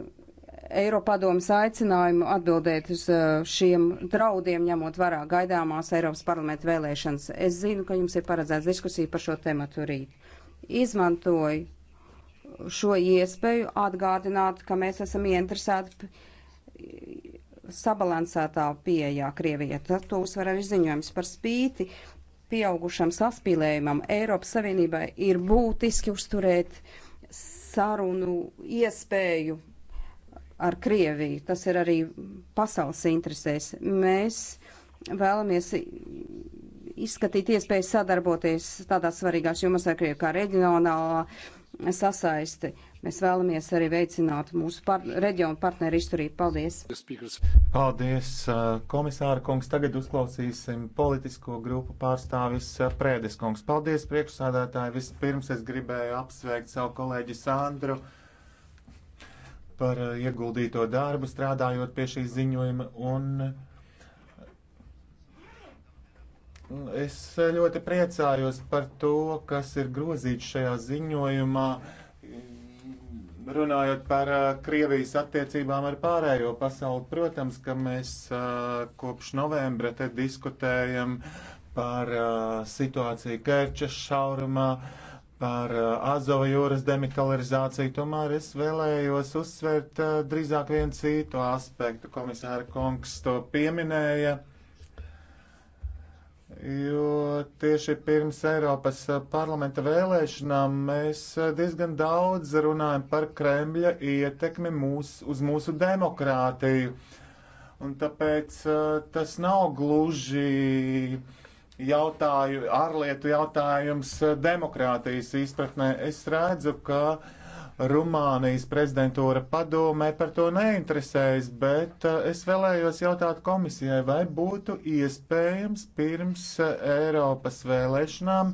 Eiropadomas aicinājumu atbildēt uz uh, šiem draudiem, ņemot vērā gaidāmās Eiropas parlamenta vēlēšanas. Es zinu, ka jums ir paredzēta diskusija par šo tematu rīt. Izmantoju šo iespēju atgādināt, ka mēs esam ieinteresēti sabalansētā pieejā Krievijā. Tad to uzsver arī ziņojums par spīti pieaugušam saspīlējumam. Eiropas Savienībai ir būtiski uzturēt sarunu iespēju ar Krieviju. Tas ir arī pasaules interesēs. Mēs vēlamies izskatīt iespējas sadarboties tādās svarīgās jomas ar Krieviju kā reģionālā sasaisti. Mēs vēlamies arī veicināt mūsu par, reģionu partneru izturību. Paldies! Paldies, komisāra kungs! Tagad uzklausīsim politisko grupu pārstāvis Prēdes kungs. Paldies, priekšsādātāji! Vispirms es gribēju apsveikt savu kolēģi Sandru par uh, ieguldīto darbu strādājot pie šī ziņojuma un es uh, ļoti priecājos par to, kas ir grozīts šajā ziņojumā, runājot par uh, Krievijas attiecībām ar pārējo pasauli. Protams, ka mēs kopš novembra te diskutējam par situāciju Kerčas šaurumā par eh, Azovu jūras demikalizāciju, tomēr es vēlējos uzsvērt eh, drīzāk vienu citu aspektu. Komisāra Kongs to pieminēja, jo tieši pirms Eiropas eh, parlamenta vēlēšanām mēs diezgan daudz runājam par Kremļa ietekmi mūs, uz mūsu demokrātiju. Un tāpēc tas nav gluži uh, jautāju, ārlietu jautājums eh, demokrātijas izpratnē. Es redzu, ka Rumānijas prezidentūra padomē par to neinteresējas, bet eh, es vēlējos jautāt komisijai, vai būtu iespējams pirms eh, Eiropas vēlēšanām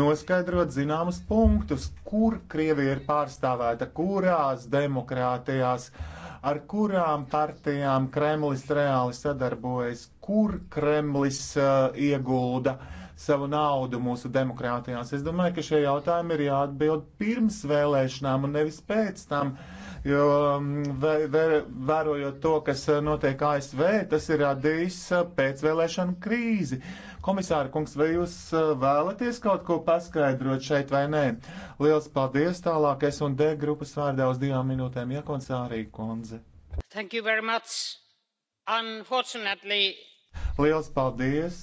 noskaidrot zināmus punktus, kur Krievija ir pārstāvēta, kurās demokrātijās. Uh, ar kurām partijām Kremlis reāli sadarbojas, kur Kremlis uh, iegulda savu naudu mūsu demokrātijās. Es domāju, ka šie jautājumi ir jāatbild pirms vēlēšanām un nevis pēc tam, jo um, vē, vē, vērojot to, kas uh, notiek ASV, tas ir radījis uh, pēcvēlēšanu krīzi. Uh, Komisāra kungs, vai jūs uh, vēlaties kaut ko paskaidrot šeit vai nē? Liels paldies tālāk es un D grupas vārdā uz divām minūtēm iekonsārī kundze. Thank you very much. Unfortunately. Liels paldies.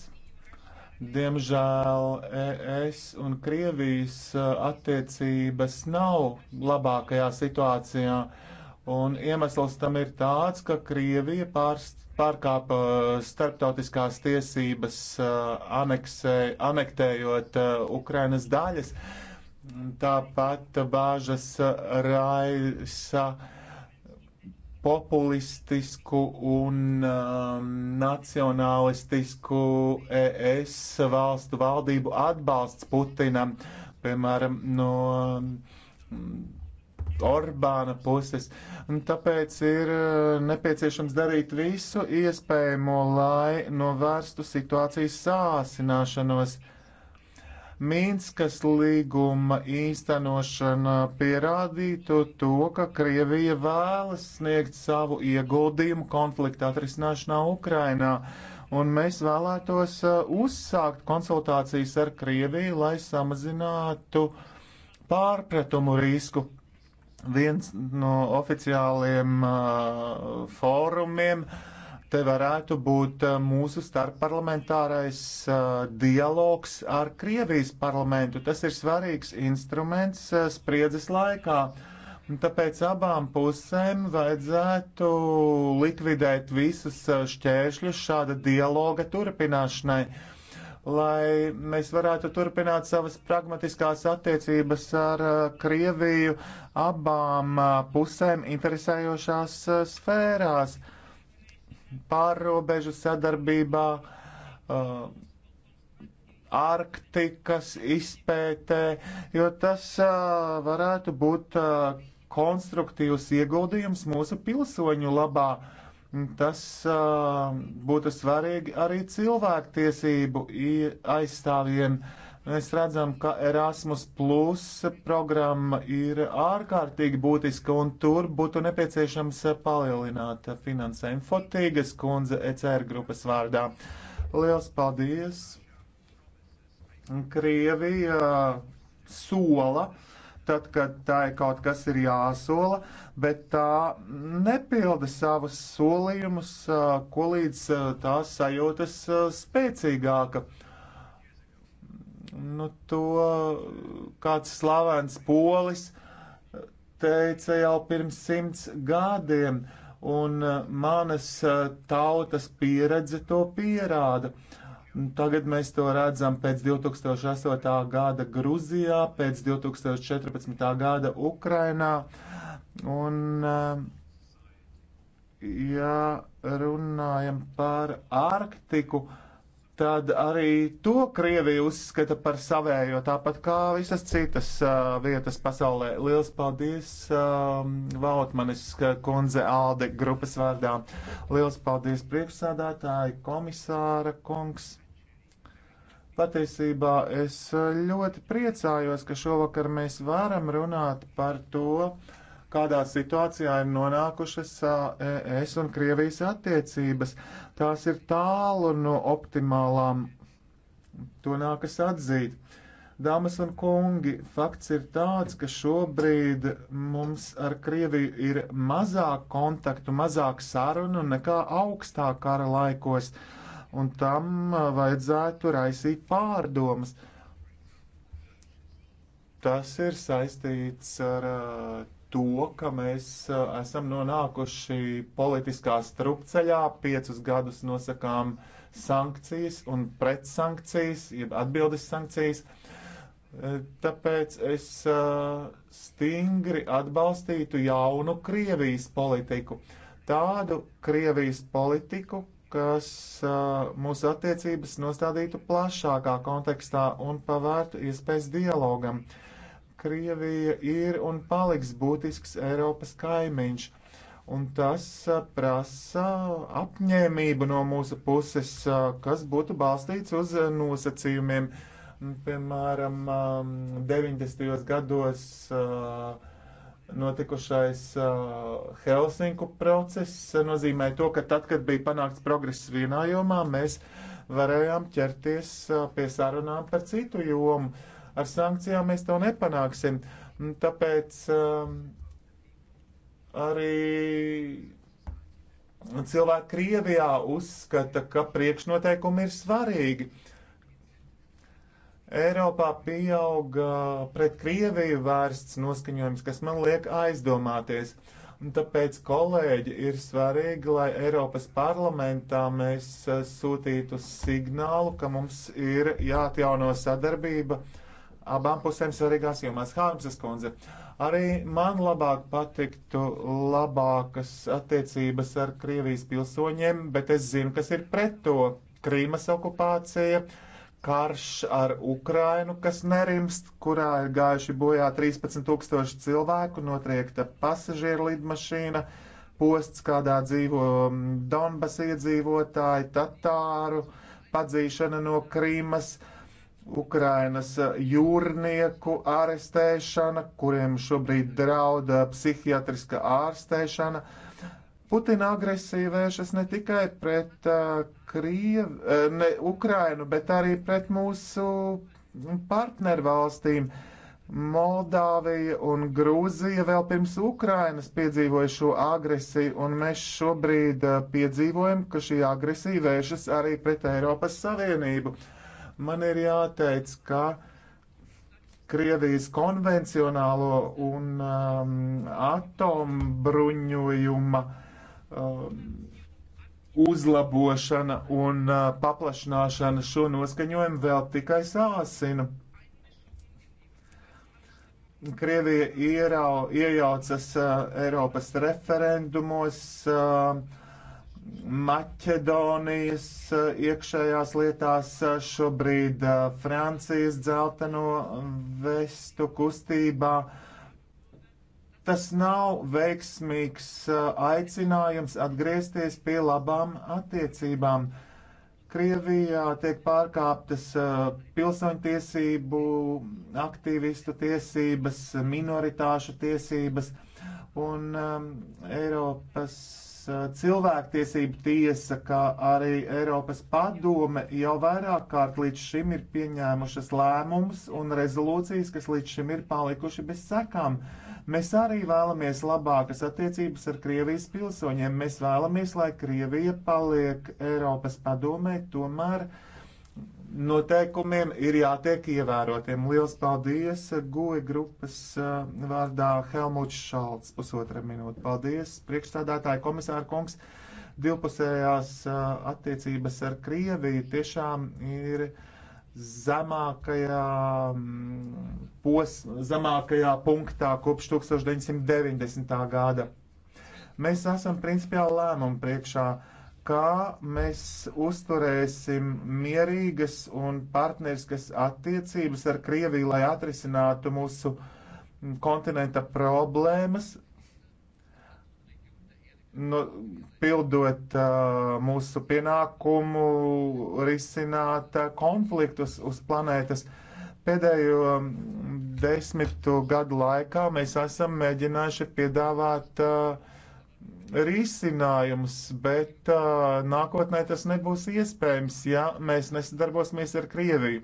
Diemžēl e, ES un Krievijas uh, attiecības nav labākajā situācijā, un iemesls tam ir tāds, ka Krievija pārst pārkāpa uh, starptautiskās tiesības, uh, aneksē, anektējot uh, Ukrainas daļas. Tāpat bāžas raisa populistisku un um, nacionālistisku ES valstu valdību atbalsts Putinam, piemēram, no um, Orbāna puses. Un tāpēc ir e, nepieciešams darīt visu iespējamo, lai novērstu situācijas sāsināšanos. Mīnskas līguma īstenošana pierādītu to, ka Krievija vēlas sniegt savu ieguldījumu konflikta atrisināšanā Ukrainā, un mēs vēlētos e, uzsākt konsultācijas ar Krieviju, lai samazinātu pārpratumu risku viens no oficiāliem uh, fórumiem te varētu būt uh, mūsu starpparlamentārais uh, dialogs ar Krievijas parlamentu. Tas ir svarīgs instruments uh, spriedzes laikā. Un tāpēc abām pusēm vajadzētu likvidēt visus uh, šķēršļus šāda dialoga turpināšanai. Uh, lai mēs varētu turpināt savas pragmatiskās attiecības ar uh, Krieviju abām uh, pusēm interesējošās uh, sfērās, pārrobežu sadarbībā, Arktikas izpētē, jo tas varētu būt konstruktīvs ieguldījums mūsu pilsoņu labā Tas uh, būtu svarīgi arī cilvēktiesību aizstāvjiem. Mēs redzam, ka Erasmus Plus programma ir ārkārtīgi būtiska un tur būtu nepieciešams palielināt finansējumu. Fotīgas kundze ECR grupas vārdā. Liels paldies! Krievija sola tad, kad tā ir kaut kas ir jāsola, bet tā nepilda savus solījumus, ko līdz tā sajūtas spēcīgāka. Nu, to kāds slavens polis teica jau pirms simts gadiem, un manas tautas pieredze to pierāda. Uh, Tagad mēs to redzam pēc 2008. gada Gruzijā, pēc 2014. gada Ukrainā. Un, eh, ja runājam par Arktiku, tad arī to Krievija uzskata par savējo, tāpat kā visas citas uh, vietas pasaulē. Liels paldies uh, eh, Vautmanis kundze Alde grupas vārdā. Liels paldies priekšsādātāji, komisāra kungs. Patiesībā es eh, ļoti priecājos, ka šovakar mēs varam runāt par to, kādā situācijā ir nonākušas ES eh, e un Krievijas attiecības. Tās ir tālu no optimālām. To nākas atzīt. Dāmas un kungi, fakts ir tāds, ka šobrīd mums ar Krieviju ir mazāk kontaktu, mazāk sarunu nekā augstā kara laikos. Uh, un tam uh, vajadzētu raisīt pārdomas. Tas ir saistīts ar uh, to, ka mēs uh, esam nonākuši politiskā strupceļā, piecus gadus nosakām sankcijas un pretsankcijas, jeb atbildes sankcijas. Tāpēc es stingri atbalstītu jaunu Krievijas politiku. Tādu Krievijas politiku, kas uh, mūsu attiecības nostādītu plašākā kontekstā un pavērtu iespējas dialogam. Krievija ir un paliks būtisks Eiropas kaimiņš, un tas uh, prasa apņēmību no mūsu puses, uh, kas būtu balstīts uz nosacījumiem. Piemēram, um, 90. gados uh, notikušais uh, Helsinku process uh, nozīmē to, ka tad, kad bija panākts progress vienā jomā, mēs varējām ķerties uh, pie sarunām par citu jomu. Ar sankcijām mēs to nepanāksim. Mm, tāpēc um, arī cilvēki Krievijā uzskata, ka priekšnoteikumi ir svarīgi. Uh, Eiropā pieauga pret Krieviju vērsts noskaņojums, kas man liek aizdomāties. Un tāpēc, kolēģi, ir svarīgi, lai Eiropas parlamentā mēs eh, sūtītu signālu, ka mums ir jāatjauno sadarbība abām pusēm svarīgās jomās. Hārmsas kundze, arī man labāk patiktu labākas attiecības ar Krievijas pilsoņiem, bet es zinu, kas ir pret to. Krīmas okupācija, uh, karš ar Ukrainu, kas nerimst, kurā ir gājuši bojā 13,000 cilvēku, notriekta pasažieru lidmašīna, posts, kādā dzīvo mm, Donbas iedzīvotāji, Tatāru, padzīšana no Krīmas, Ukrainas e, jūrnieku arestēšana, kuriem šobrīd drauda e, psihiatriska ārstēšana. Uh, Putina agresija vēršas ne tikai pret uh, Kriev, uh, ne, Ukrainu, bet arī pret mūsu partnervalstīm. Moldāvija un Grūzija vēl pirms Ukrainas piedzīvoja šo agresiju, un mēs šobrīd uh, piedzīvojam, ka šī agresija vēršas arī pret Eiropas Savienību. Man ir jāteic, ka Krievijas konvencionālo un um, atombruņojuma uh, um, uzlabošana un uh, paplašināšana šo noskaņojumu vēl tikai sāsina. Krievija ierau, iejaucas uh, Eiropas referendumos, uh, Maķedonijas uh, iekšējās lietās uh, šobrīd uh, Francijas dzelteno vestu kustībā. Tas nav veiksmīgs uh, aicinājums atgriezties pie labām attiecībām. Krievijā tiek pārkāptas uh, pilsoņtiesību, aktīvistu tiesības, minoritāšu tiesības, un um, Eiropas uh, cilvēktiesību tiesa, kā arī Eiropas padome jau vairāk kārt līdz šim ir pieņēmušas lēmumus un rezolūcijas, kas līdz šim ir palikuši bez sekām. Uh, Mēs arī vēlamies labākas attiecības ar Krievijas pilsoņiem. Mēs vēlamies, lai Krievija paliek Eiropas padomē, tomēr noteikumiem ir jātiek ievērotiem. Liels paldies goja e grupas uh, vārdā Helmuts Šalts, pusotra minūte. Paldies, priekšstādātāji komisāra kungs. Divpusējās uh, attiecības ar Krieviju tiešām ir zemākajā, mm, pos, zemākajā punktā kopš 1990. gada. Mēs esam principiāli lēmumu priekšā, kā mēs uzturēsim mierīgas un partneriskas attiecības ar Krieviju, lai atrisinātu mūsu kontinenta problēmas, nu, pildot uh, mūsu pienākumu, risināt uh, konfliktus uz planētas. Pēdējo desmitu gadu laikā mēs esam mēģinājuši piedāvāt uh, risinājums, bet uh, nākotnē tas nebūs iespējams, ja mēs nesadarbosimies ar Krieviju.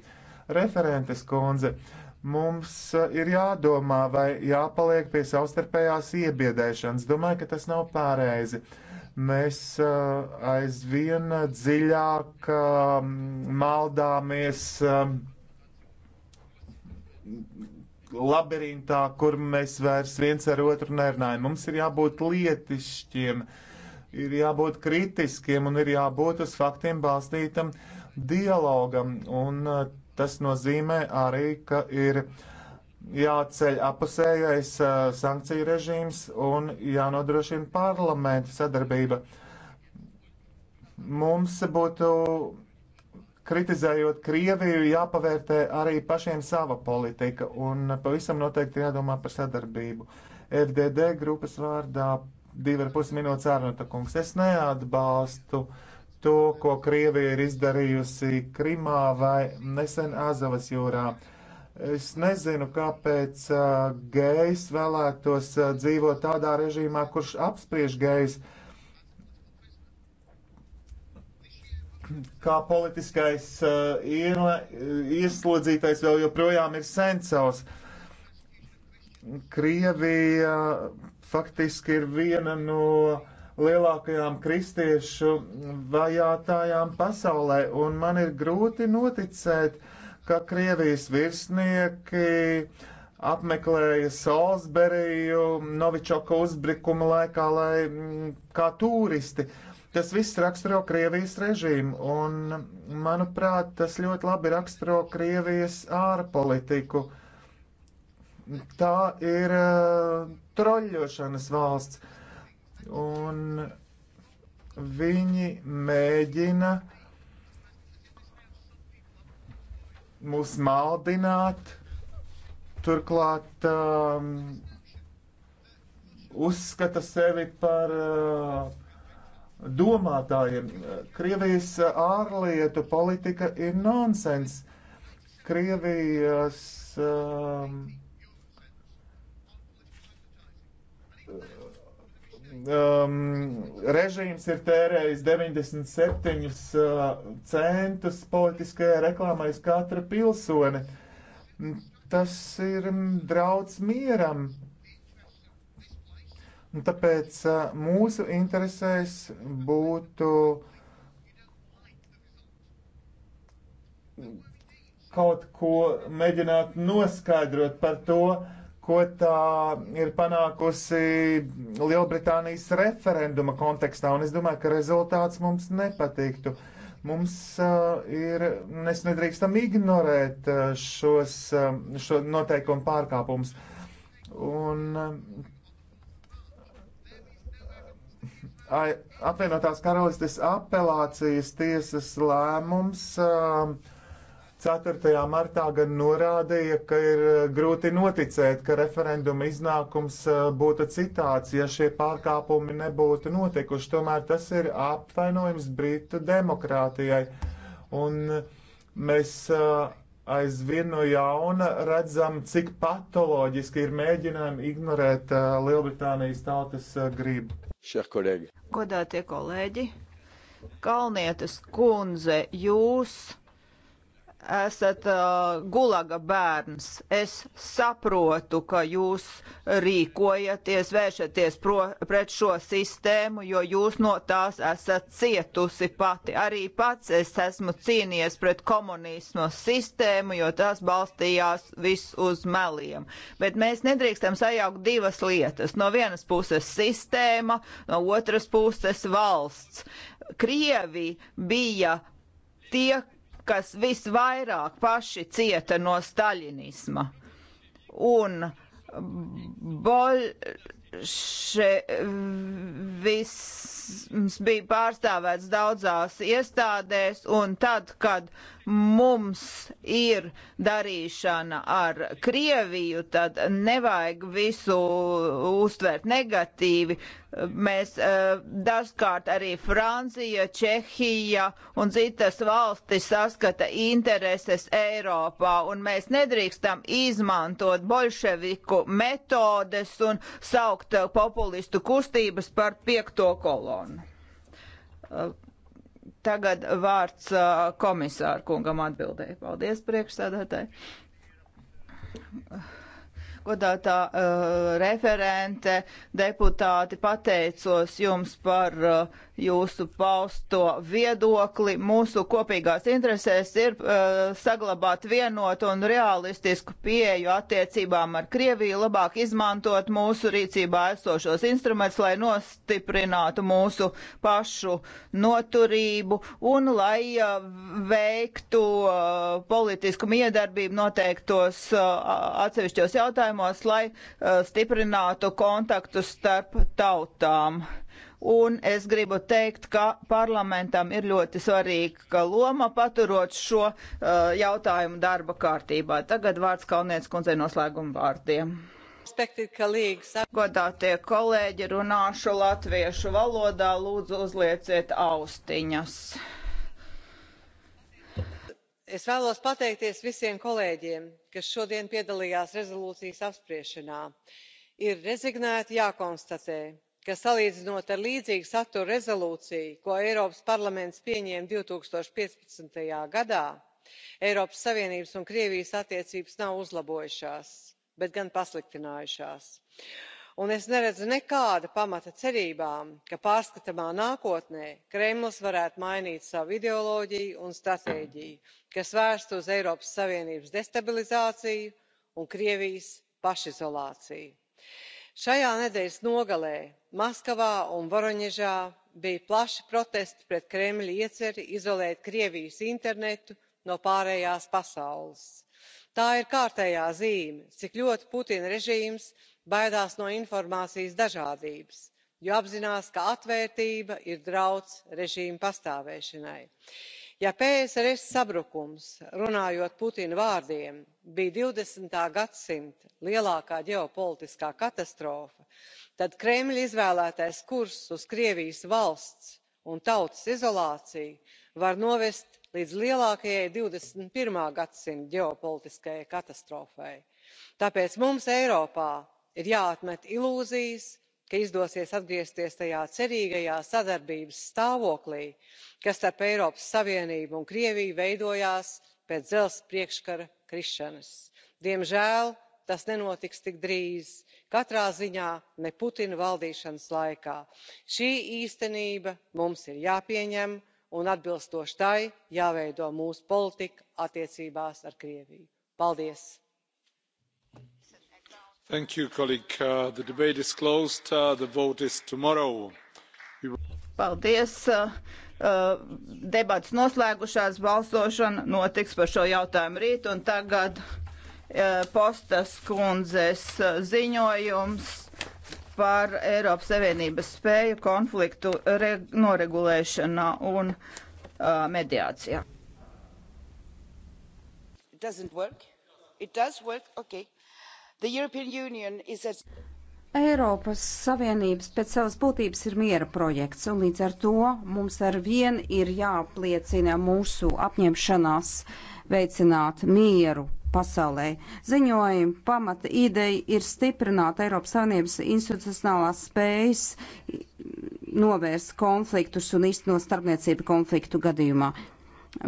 Referentes kundze, uh, Mums eh, ir jādomā, vai jāpaliek pie savstarpējās iebiedēšanas. Domāju, ka tas nav pārreizi. Mēs eh, aizvien dziļāk eh, maldāmies labirintā, kur mēs vairs viens ar otru nerunājam. Mums ir jābūt lietišķiem, ir jābūt kritiskiem un ir jābūt uz faktiem balstītam dialogam. Un Tas nozīmē arī, ka ir jāceļ apusējais sankciju režīms un jānodrošina parlamenta sadarbība. Mums būtu, kritizējot Krieviju, jāpavērtē arī pašiem sava politika un pavisam noteikti jādomā par sadarbību. FDD grupas vārdā divi ar pus minūtes ārnota kungs. Es neatbalstu uh, to, ko Krievija ir izdarījusi Krimā vai nesen Azavas jūrā. Es nezinu, kāpēc uh, gejs vēlētos uh, dzīvot tādā režīmā, kurš apspriež gejs. Kā politiskais uh, ir, ieslodzītais vēl joprojām ir Sencovs. Krievija faktiski ir viena no uh, lielākajām kristiešu vajātajām pasaulē, un man ir grūti noticēt, ka Krievijas virsnieki apmeklēja Salisberiju Novičoka uzbrukuma laikā, lai mm, kā turisti. Tas viss raksturo Krievijas režīmu, un, manuprāt, tas ļoti labi raksturo Krievijas ārpolitiku. Tā ir uh, troļļošanas valsts. Uh, un viņi mēģina mūs maldināt, turklāt um, uzskata sevi par uh, domātājiem. Krievijas ārlietu politika ir nonsens. Krievijas um, uh, um, režīms ir tērējis 97 uh, centus politiskajai reklāmai uz katra pilsoni. Tas ir mm, draudz mieram. Un tāpēc uh, mūsu interesēs būtu kaut ko mēģināt noskaidrot par to, uh, ko tā ir panākusi Lielbritānijas referenduma kontekstā, un es domāju, ka rezultāts mums nepatiktu. Mums uh, ir, mēs nedrīkstam ignorēt uh, šos, uh, šo noteikumu pārkāpumus. Un uh, apvienotās karalistes apelācijas tiesas lēmums uh, 4. martā gan norādīja, ka ir eh, grūti noticēt, ka referenduma iznākums eh, būtu citāds, ja šie pārkāpumi nebūtu notikuši. Tomēr tas ir apvainojums Britu demokrātijai. Un eh, mēs aizvien no jauna redzam, cik patoloģiski ir mēģinājumi ignorēt Lielbritānijas tautas gribu. Godātie kolēģi, Kalnietes kundze, jūs esat uh, gulaga bērns. Es saprotu, ka jūs rīkojaties, vēršaties pro, pret šo sistēmu, jo jūs no tās esat cietusi pati. Arī pats es esmu cīnījies pret komunismu sistēmu, jo tās balstījās viss uz meliem. Bet mēs nedrīkstam sajaukt divas lietas. No vienas puses sistēma, no otras puses valsts. Krievi bija tie, kas visvairāk paši cieta no staļinisma. Un bolševisms bija pārstāvēts daudzās iestādēs, un tad, kad uh, mums ir darīšana ar Krieviju, tad nevajag visu uztvert negatīvi. Mēs eh, dažkārt arī Francija, Čehija un citas valstis saskata intereses Eiropā, un mēs nedrīkstam izmantot bolševiku metodes un saukt populistu kustības par piekto kolonu. Uh, Tagad vārds komisāru kungam atbildēja. Paldies, priekšsēdētāji. Godātā uh, referente, deputāti, pateicos jums par uh, jūsu pausto viedokli. Mūsu kopīgās interesēs ir uh, saglabāt vienotu un realistisku pieeju attiecībām ar Krieviju, labāk izmantot mūsu rīcībā esošos instrumentus, lai nostiprinātu mūsu pašu noturību un lai uh, veiktu uh, politisku miedarbību noteiktos uh, atsevišķos jautājumos, lai uh, stiprinātu kontaktus starp tautām. Uh, un es gribu teikt, ka parlamentam ir ļoti svarīga loma paturot šo uh, jautājumu darba kārtībā. Tagad vārds Kalnietes kundzei noslēguma vārdiem. Godātie kolēģi, runāšu latviešu valodā, lūdzu uzlieciet austiņas. Es vēlos pateikties visiem kolēģiem, kas šodien piedalījās rezolūcijas apspriešanā. Ir rezignēti jākonstatē, ka salīdzinot ar līdzīga satura rezolūciju ko eiropas parlaments pieņēma divi tūkstoši piecpadsmit. gadā eiropas savienības un krievijas attiecības nav uzlabojušās bet gan pasliktinājušās un es neredzu nekāda pamata cerībām ka pārskatāmā nākotnē kremlis varētu mainīt savu ideoloģiju un stratēģiju kas vērsta uz eiropas savienības destabilizāciju un krievijas pašizolāciju šajā nedēļas nogalē maskavā un voroņežā bija plaši protesti pret kremļa ieceri izolēt krievijas internetu no pārējās pasaules. tā ir kārtējā zīme cik ļoti putina režīms baidās no informācijas dažādības jo apzinās ka atvērtība ir drauds režīma pastāvēšanai ja psrs sabrukums runājot putina vārdiem bija xx gadsimta lielākā ģeopolitiskā katastrofa tad kremļa izvēlētais kurs uz krievijas valsts un tautas izolāciju var novest līdz lielākajai xxi gadsimta ģeopolitiskajai katastrofai. tāpēc mums eiropā ir jāatmet ilūzijas ka izdosies atgriezties tajā cerīgajā sadarbības stāvoklī kas starp eiropas savienību un krieviju veidojās pēc dzelzceļa priekškara krišanas. diemžēl tas nenotiks tik drīz katrā ziņā ne putina valdīšanas laikā. šī īstenība mums ir jāpieņem un atbilstoši tai jāveido mūsu politika attiecībās ar krieviju. paldies! Thank you, colleague. Uh, the debate is closed. Uh, the vote is tomorrow. We... Paldies. Uh, uh, debats noslēgušās, balsošana notiks par šo jautājumu rīt, un tagad uh, postas kundzes uh, ziņojums par Eiropas Savienības spēju konfliktu noregulēšanā un uh, mediācijā. It doesn't work? It does work? Okay. Is... Eiropas Savienības pēc savas būtības ir miera projekts, un līdz ar to mums ar vien ir jāapliecina mūsu apņemšanās veicināt mieru pasaulē. Ziņojuma pamata ideja ir stiprināt Eiropas Savienības institucionālās spējas novērst konfliktus un īstenot starpniecību konfliktu gadījumā.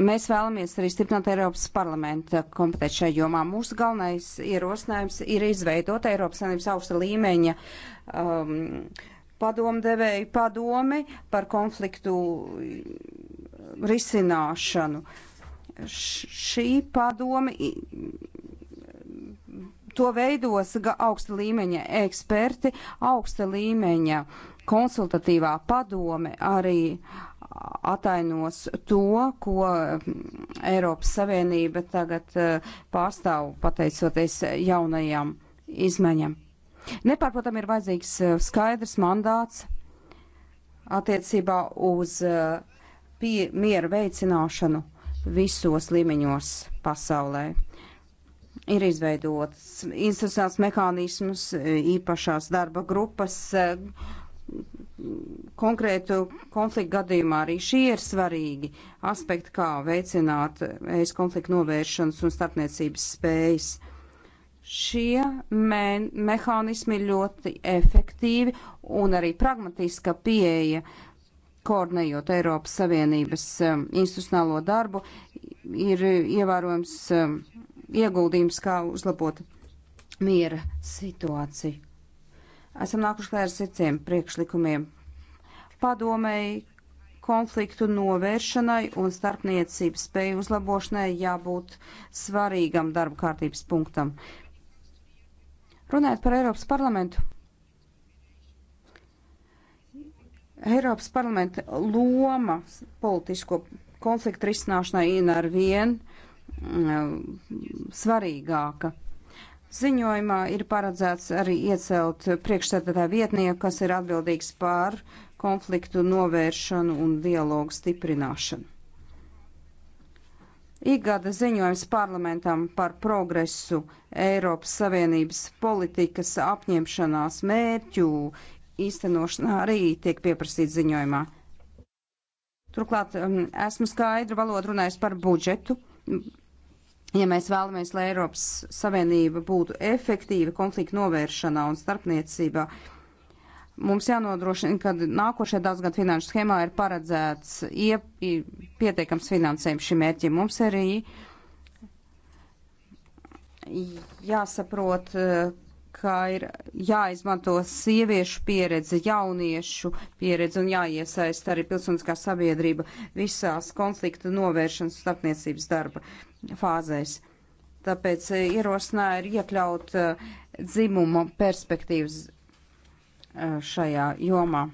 Mēs vēlamies arī stiprināt Eiropas parlamenta kompetenci šajā jomā. Mūsu galvenais ierosinājums ir izveidot Eiropas Savienības augsta līmeņa um, padomdevēju padomi par konfliktu risināšanu. Š šī padomi to veidos augsta līmeņa eksperti, augsta līmeņa konsultatīvā padome arī uh, atainos to, ko mm, Eiropas Savienība tagad e, pārstāv pateicoties jaunajām izmaiņām. Nepārprotam ir vajadzīgs e, skaidrs mandāts attiecībā uz e, pie, miera veicināšanu visos līmeņos pasaulē. Ir izveidots institucionāls mehānismus, īpašās darba grupas, uh, konkrētu konfliktu gadījumā arī šie ir svarīgi aspekti, kā veicināt ēst konfliktu novēršanas un starpniecības spējas. Šie me mehānismi ir ļoti efektīvi un arī pragmatiska pieeja, koordinējot Eiropas Savienības um, institucionālo darbu, ir ievērojams um, ieguldījums, kā uzlabot miera situāciju esam nākuši klēr ar seciem priekšlikumiem. Padomēji konfliktu novēršanai un starpniecības spēju uzlabošanai jābūt svarīgam darba kārtības punktam. Runājot par Eiropas parlamentu. Eiropas parlamenta loma politisko konfliktu risināšanai ir ar vien mm, svarīgāka. Ziņojumā ir paredzēts arī iecelt priekšsēdētāju vietnieku, kas ir atbildīgs pār konfliktu novēršanu un dialogu stiprināšanu. Igada ziņojums parlamentam par progresu Eiropas Savienības politikas apņemšanās mērķu īstenošanā arī tiek pieprasīts ziņojumā. Turklāt um, esmu skaidru valodu runājis par budžetu, Ja mēs vēlamies, lai Eiropas Savienība būtu efektīva konflikta novēršanā un starpniecībā, mums jānodrošina, ka nākošajā daudzgad finanšu schēmā ir paredzēts iep, pietiekams finansējums šim mērķim. Mums arī jāsaprot, ka ir jāizmanto sieviešu pieredze, jauniešu pieredze un jāiesaist arī pilsoniskā sabiedrība visās konfliktu novēršanas starpniecības darba fāzēs. Tāpēc eh, ierosināja ir iekļaut eh, dzimuma perspektīvas eh, šajā jomā.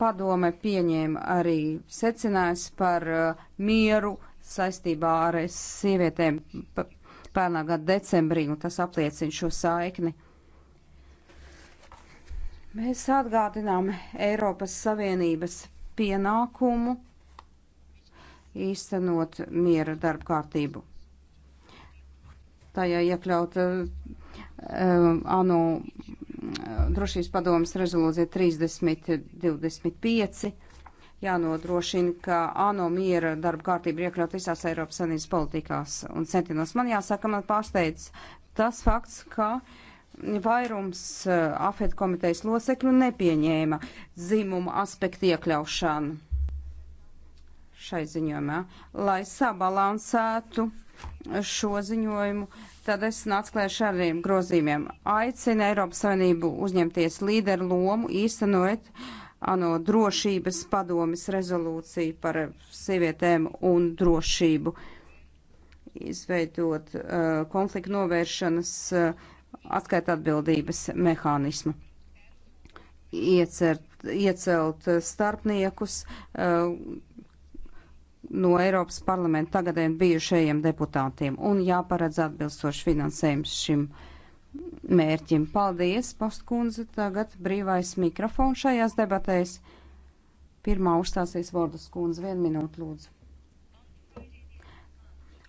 Padome pieņēma arī secinājums par mieru saistībā ar sievietēm pērnā gada decembrī, un tas apliecina šo saikni. Mēs atgādinām Eiropas Savienības pienākumu īstenot miera darba kārtību. Tajā iekļauta um, eh, eh, ANO eh, drošības padomas rezolūcija 3025 jānodrošina, ka ANO miera darba kārtība ir iekļaut visās Eiropas Savienības politikās un centienos. Man jāsaka, man pārsteidz tas fakts, ka vairums uh, AFET komitejas locekļu nepieņēma dzimuma aspektu iekļaušanu šai ziņojumā, lai sabalansētu šo ziņojumu, tad es nācu klēr šādiem grozījumiem. Aicina Eiropas Savienību uzņemties līderu lomu, īstenojot uh, ANO drošības padomis rezolūciju par sievietēm un drošību, izveidot uh, konfliktu novēršanas uh, atskaita atbildības mehānismu, iecert, iecelt starpniekus uh, no Eiropas parlamenta tagadējiem bijušajiem deputātiem un jāparedz atbilstoši finansējums šim uh, mērķim. Paldies, postkundze, tagad brīvais mikrofons šajās debatēs. Pirmā uzstāsies Vordas kundze, vienu minūtu lūdzu.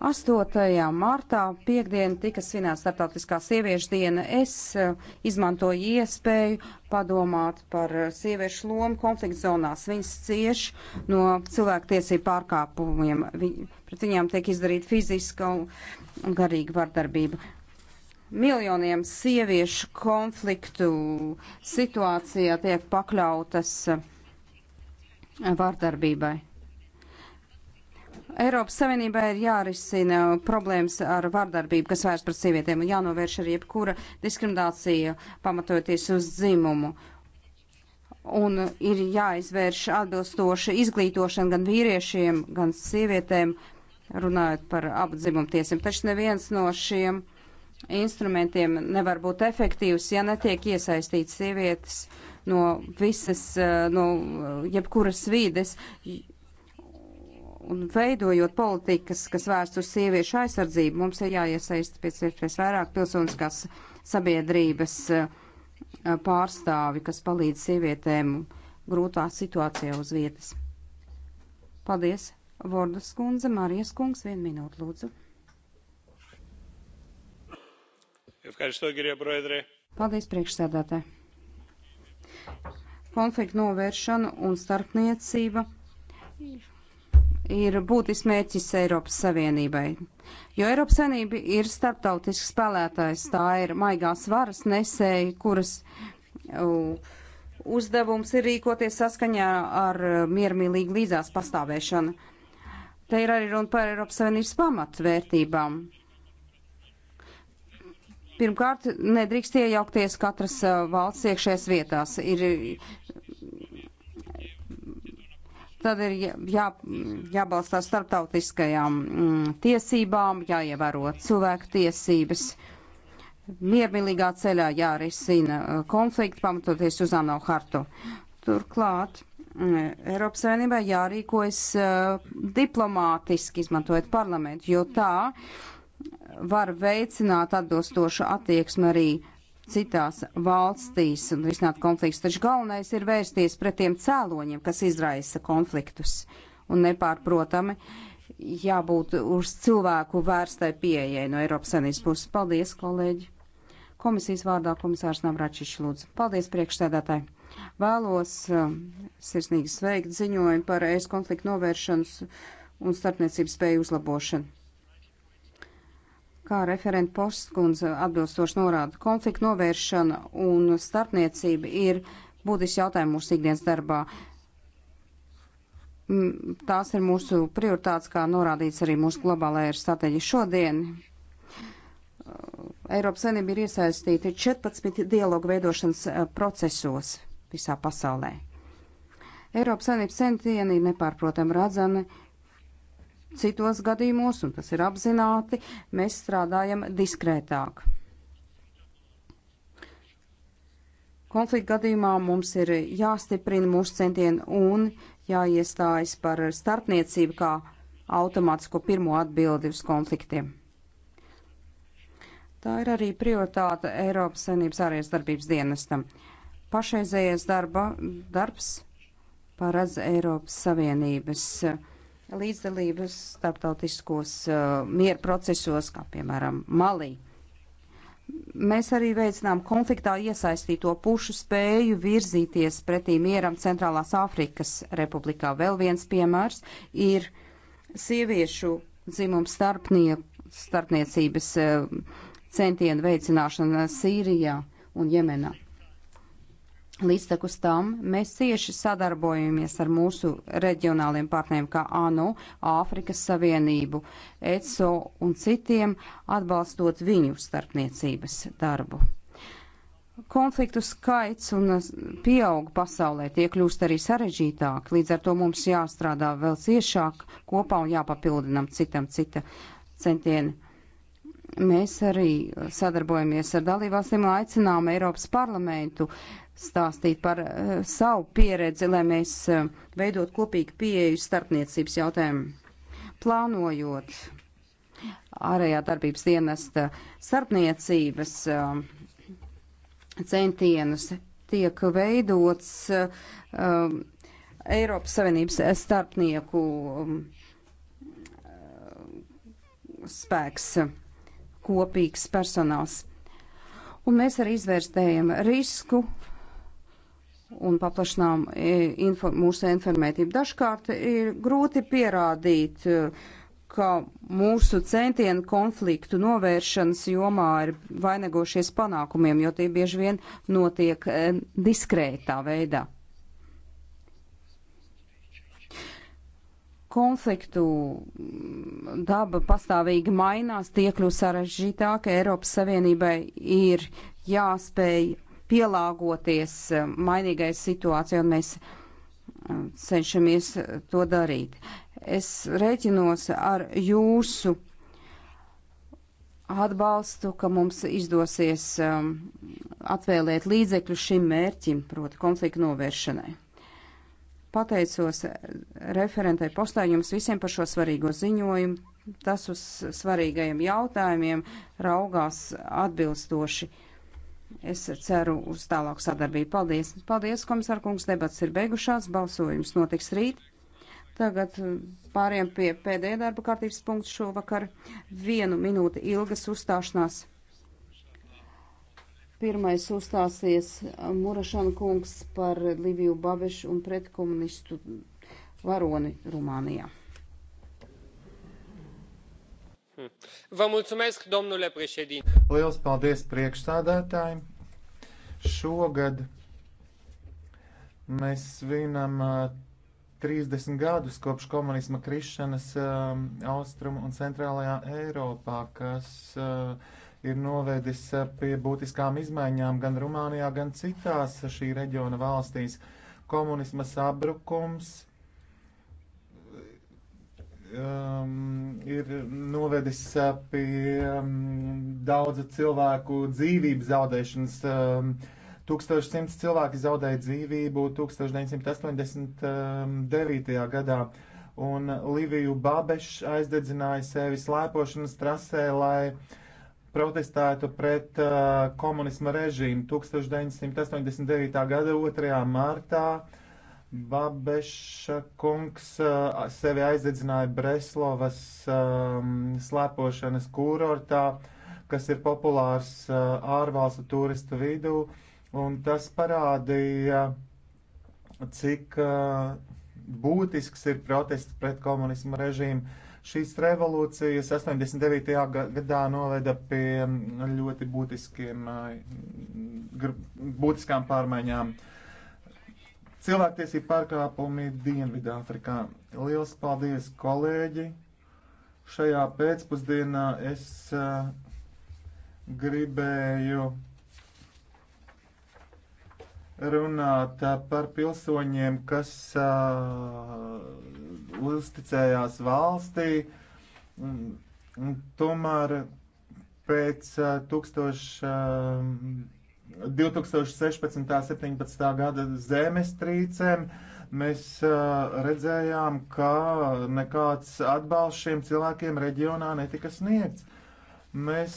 8. martā piekdien tika svinēta starptautiskā sieviešu diena. Es eh, izmantoju iespēju padomāt par eh, sieviešu lomu konflikta zonās. Viņas cieš no cilvēktiesību pārkāpumiem. Viņ, pret viņām tiek izdarīta fiziska un garīga vardarbība miljoniem sieviešu konfliktu situācijā tiek pakļautas eh, vārdarbībai. Eiropas Savienībā ir jārisina problēmas ar vārdarbību, kas vairs pret sievietēm un jānovērš arī jebkura diskriminācija pamatojoties uz dzimumu. Un ir jāizvērš atbilstoša izglītošana gan vīriešiem, gan sievietēm, runājot par abu dzimumu tiesiem. Taču neviens no šiem instrumentiem nevar būt efektīvs, ja netiek iesaistīts sievietes no visas, eh, no eh, jebkuras vīdes. Un veidojot politikas, kas vērst uz sieviešu aizsardzību, mums ir jāiesaist pēc iespējas vairāk pilsoniskās sabiedrības eh, pārstāvi, kas palīdz sievietēm grūtā situācijā uz vietas. Paldies, Vordas kundze, Marijas kungs, vienu minūtu lūdzu. Paldies, priekšsēdētāji! Konfliktu novēršana un starpniecība ir būtisks mērķis Eiropas Savienībai. Jo Eiropas Savienība ir starptautisks spēlētājs, tā ir maigās varas nesēja, kuras uzdevums ir rīkoties saskaņā ar e, miermīlīgu līdzās pastāvēšanu. Te ir arī runa par Eiropas Savienības pamatvērtībām. Pirmkārt, nedrīkst iejaukties katras eh, valsts iekšējās vietās. Ir, tad ir jā, jābalstās starptautiskajām mm, tiesībām, jāievēro cilvēku tiesības. Miermīlīgā ceļā jārisina eh, konflikti, pamatoties uz ANO hartu. Turklāt mm, Eiropas Savienībā jārīkojas uh, diplomātiski, izmantojot parlamentu, jo tā uh, var veicināt atbilstošu attieksmi arī citās valstīs un risināt konfliktus, taču galvenais ir vērsties pret tiem cēloņiem, kas izraisa konfliktus. Un nepārprotami jābūt uz cilvēku vērstai pieejai no Eiropas Sanības puses. Paldies, kolēģi! Komisijas vārdā komisārs Navračišs lūdzu. Paldies, priekšsēdētāji! Vēlos uh, sirsnīgi sveikt ziņojumu par ēst konfliktu novēršanas un starpniecības spēju uzlabošanu Kā referenta postkundze atbilstoši norāda, konflikta novēršana un starpniecība ir būtisks jautājums mūsu ikdienas darbā. Tās ir mūsu prioritātes, kā norādīts arī mūsu globālajā strateģija šodien. Eiropas Savienība ir iesaistīta 14 dialogu veidošanas e, procesos visā pasaulē. Eiropas Savienības centieni ir nepārprotam redzami citos gadījumos, un tas ir apzināti, mēs strādājam diskrētāk. Konflikta gadījumā mums ir jāstiprina mūsu centieni un jāiestājas par starpniecību kā automātisko pirmo atbildi uz konfliktiem. Tā ir arī prioritāte Eiropas Savienības ārējās darbības dienestam. Pašreizējais darba, darbs paredz Eiropas Savienības uh, līdzdalības starptautiskos uh, mieru procesos, kā piemēram Malī. Mēs arī veicinām konfliktā iesaistīto pušu spēju virzīties pretī mieram Centrālās Āfrikas republikā. Vēl viens piemērs ir sieviešu dzimumu starpnie, starpniecības uh, centienu veicināšana Sīrijā un Jemenā. Līdztekus tam mēs cieši sadarbojamies ar mūsu reģionāliem partneriem, kā ANO, Āfrikas Savienību, ECO un citiem, atbalstot viņu starpniecības darbu. Konfliktu skaits un pieaug pasaulē tie kļūst arī sarežģītāk, līdz ar to mums jāstrādā vēl ciešāk kopā un jāpapildinam citam cita centieni mēs arī sadarbojamies ar dalībvalstīm un aicinām Eiropas parlamentu stāstīt par uh, savu pieredzi, lai mēs uh, veidot kopīgu pieeju starpniecības jautājumu. Plānojot ārējā darbības dienesta starpniecības uh, centienus, tiek veidots uh, um, Eiropas Savienības starpnieku um, spēks, kopīgs personāls. Un mēs arī izvērstējam risku un paplašinām e, info, mūsu informētību. Dažkārt ir grūti pierādīt, e, ka mūsu centieni konfliktu novēršanas jomā ir vainagošies panākumiem, jo tie bieži vien notiek e, diskrētā veidā. konfliktu daba pastāvīgi mainās, tie kļūst sarežģītāk. Eiropas Savienībai ir jāspēj pielāgoties eh, mainīgai situācijai, un mēs eh, cenšamies eh, to darīt. Es rēķinos ar jūsu atbalstu, ka mums izdosies um, atvēlēt līdzekļu šim mērķim, proti konfliktu novēršanai. Pateicos referentai postā jums visiem par šo svarīgo ziņojumu. Tas uz svarīgajiem jautājumiem raugās atbilstoši Es ceru uz tālāku sadarbību. Paldies! Paldies, komisār kungs! Debats ir beigušās, balsojums notiks rīt. Tagad uh, pāriem pie pēdējā darba kārtības punkta šovakar. Vienu minūti ilgas uzstāšanās. Pirmais uzstāsies uh, Murašana kungs par Liviju Babešu un pretkomunistu varoni Rumānijā. Hmm. domnule președinte liels paldies priekšsēdētājam! šogad mēs svinam 30 uh, gadus kopš komunisma krišanas um, austrumu un centrālajā Eiropā, kas uh, ir novedis uh, pie būtiskām izmaiņām gan Rumānijā, gan citās šī reģiona valstīs. Komunisma sabrukums um, ir novedis uh, pie um, daudzu cilvēku dzīvību zaudēšanas. Um, 1100 cilvēki zaudēja dzīvību 1989. Um, gadā, un Liviju Babešu aizdedzināja sevi slēpošanas trasē, lai protestētu pret uh, komunisma režīmu 1989. gada 2. martā. Uh, Babeša kungs sevi aizedzināja Breslovas um, slēpošanas kūrortā, kas ir populārs uh, ārvalstu turistu vidū, un tas parādīja, cik uh, būtisks ir protests pret komunismu režīmu. Šīs revolūcijas 89. gadā noveda pie ļoti būtiskiem, uh, būtiskām pārmaiņām. Uh, cilvēktiesību pārkāpumi Dienvidāfrikā. Lielas paldies, kolēģi! Šajā pēcpusdienā es uh, gribēju runāt uh, par pilsoņiem, kas uh, uzticējās valstī. Un, un tomēr pēc uh, tūkstoš. Uh, 2016. un 17. gada zemestrīcēm mēs redzējām, ka nekāds atbalsts šiem cilvēkiem reģionā netika sniegts. Mēs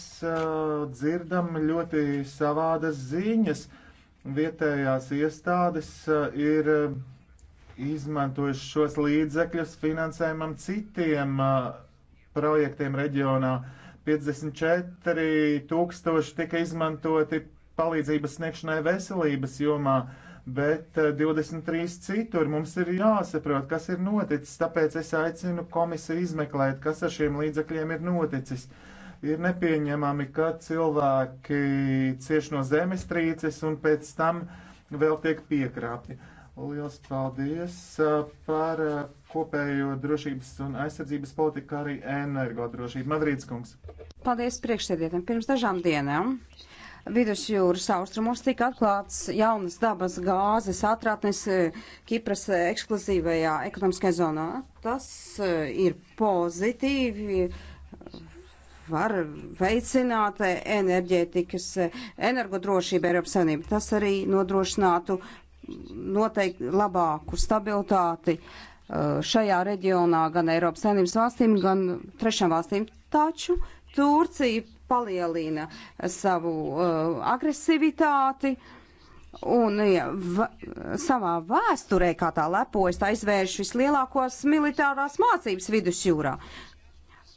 dzirdam ļoti savādas ziņas. Vietējās iestādes ir izmantojuši šos līdzekļus finansējumam citiem projektiem reģionā. 54 tūkstoši tika izmantoti palīdzības sniegšanai veselības jomā, bet 23 eh, citur mums ir jāsaprot, kas ir noticis, tāpēc es aicinu komisiju izmeklēt, kas ar šiem līdzekļiem ir noticis. Ir nepieņemami, ka cilvēki cieš no zemestrīces un pēc tam vēl tiek piekrāpti. Liels paldies eh, par eh, kopējo drošības un aizsardzības politiku, kā arī energodrošību. Madrīds kungs. Paldies priekšsēdietam. Pirms dažām dienām vidusjūras austrumos tika atklāts jaunas dabas gāzes atratnes e, Kipras e, ekskluzīvajā ekonomiskajā zonā. Tas e, ir pozitīvi, var veicināt enerģētikas, energodrošību Eiropas Savienību. Tas arī nodrošinātu noteikti labāku stabilitāti šajā reģionā gan Eiropas Savienības valstīm, gan trešām valstīm. Taču Turcija palielina savu uh, agresivitāti. Un ja, v, savā vēsturē, kā tā lepojas, tā izvērš vislielākos militārās mācības vidusjūrā.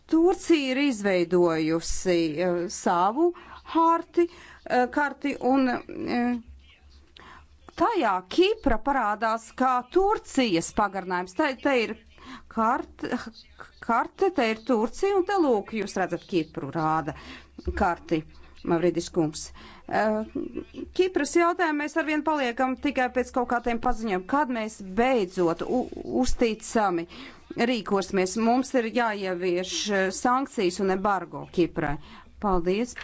Turcija ir izveidojusi uh, savu harti, uh, karti un uh, tajā Kipra parādās kā Turcijas pagarinājums. Te, te ir karte, karte te ir Turcija, un te lūk, jūs redzat Kipru rāda karti. Mavridis kungs. Uh, Kipras jautājumu mēs arvien paliekam tikai pēc kaut kādiem paziņojumiem, kad mēs beidzot uzticami rīkosimies. Mums ir jāievieš eh, sankcijas un embargo Kiprai. Paldies!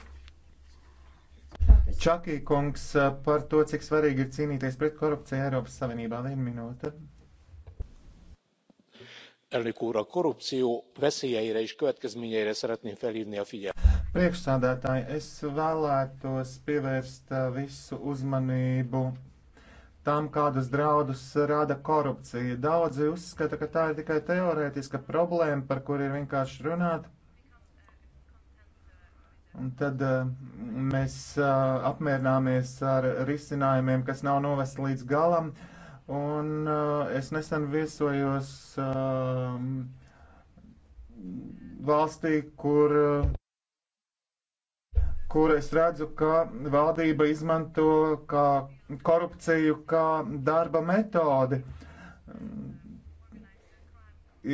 Čakī kungs eh, par to, cik svarīgi ir cīnīties pret korupciju Eiropas Savienībā. Vienu minūti elnök úr! a korrupció veszélyeire és következményeire szeretném felhvni a figyelmet. priekšsēdētāji es vēlētos pievērst visu uzmanību tam, kādus draudus rada korupcija. Daudzi uzskata, ka tā ir tikai teorētiska problēma, par kuru ir vienkārši runāt. Un tad uh, mēs uh, apmierināmies ar risinājumiem, kas nav novesti līdz galam. Uh, Un uh, es nesen viesojos uh, valstī, kur, uh, kur es redzu, ka valdība izmanto kā korupciju kā darba metodi.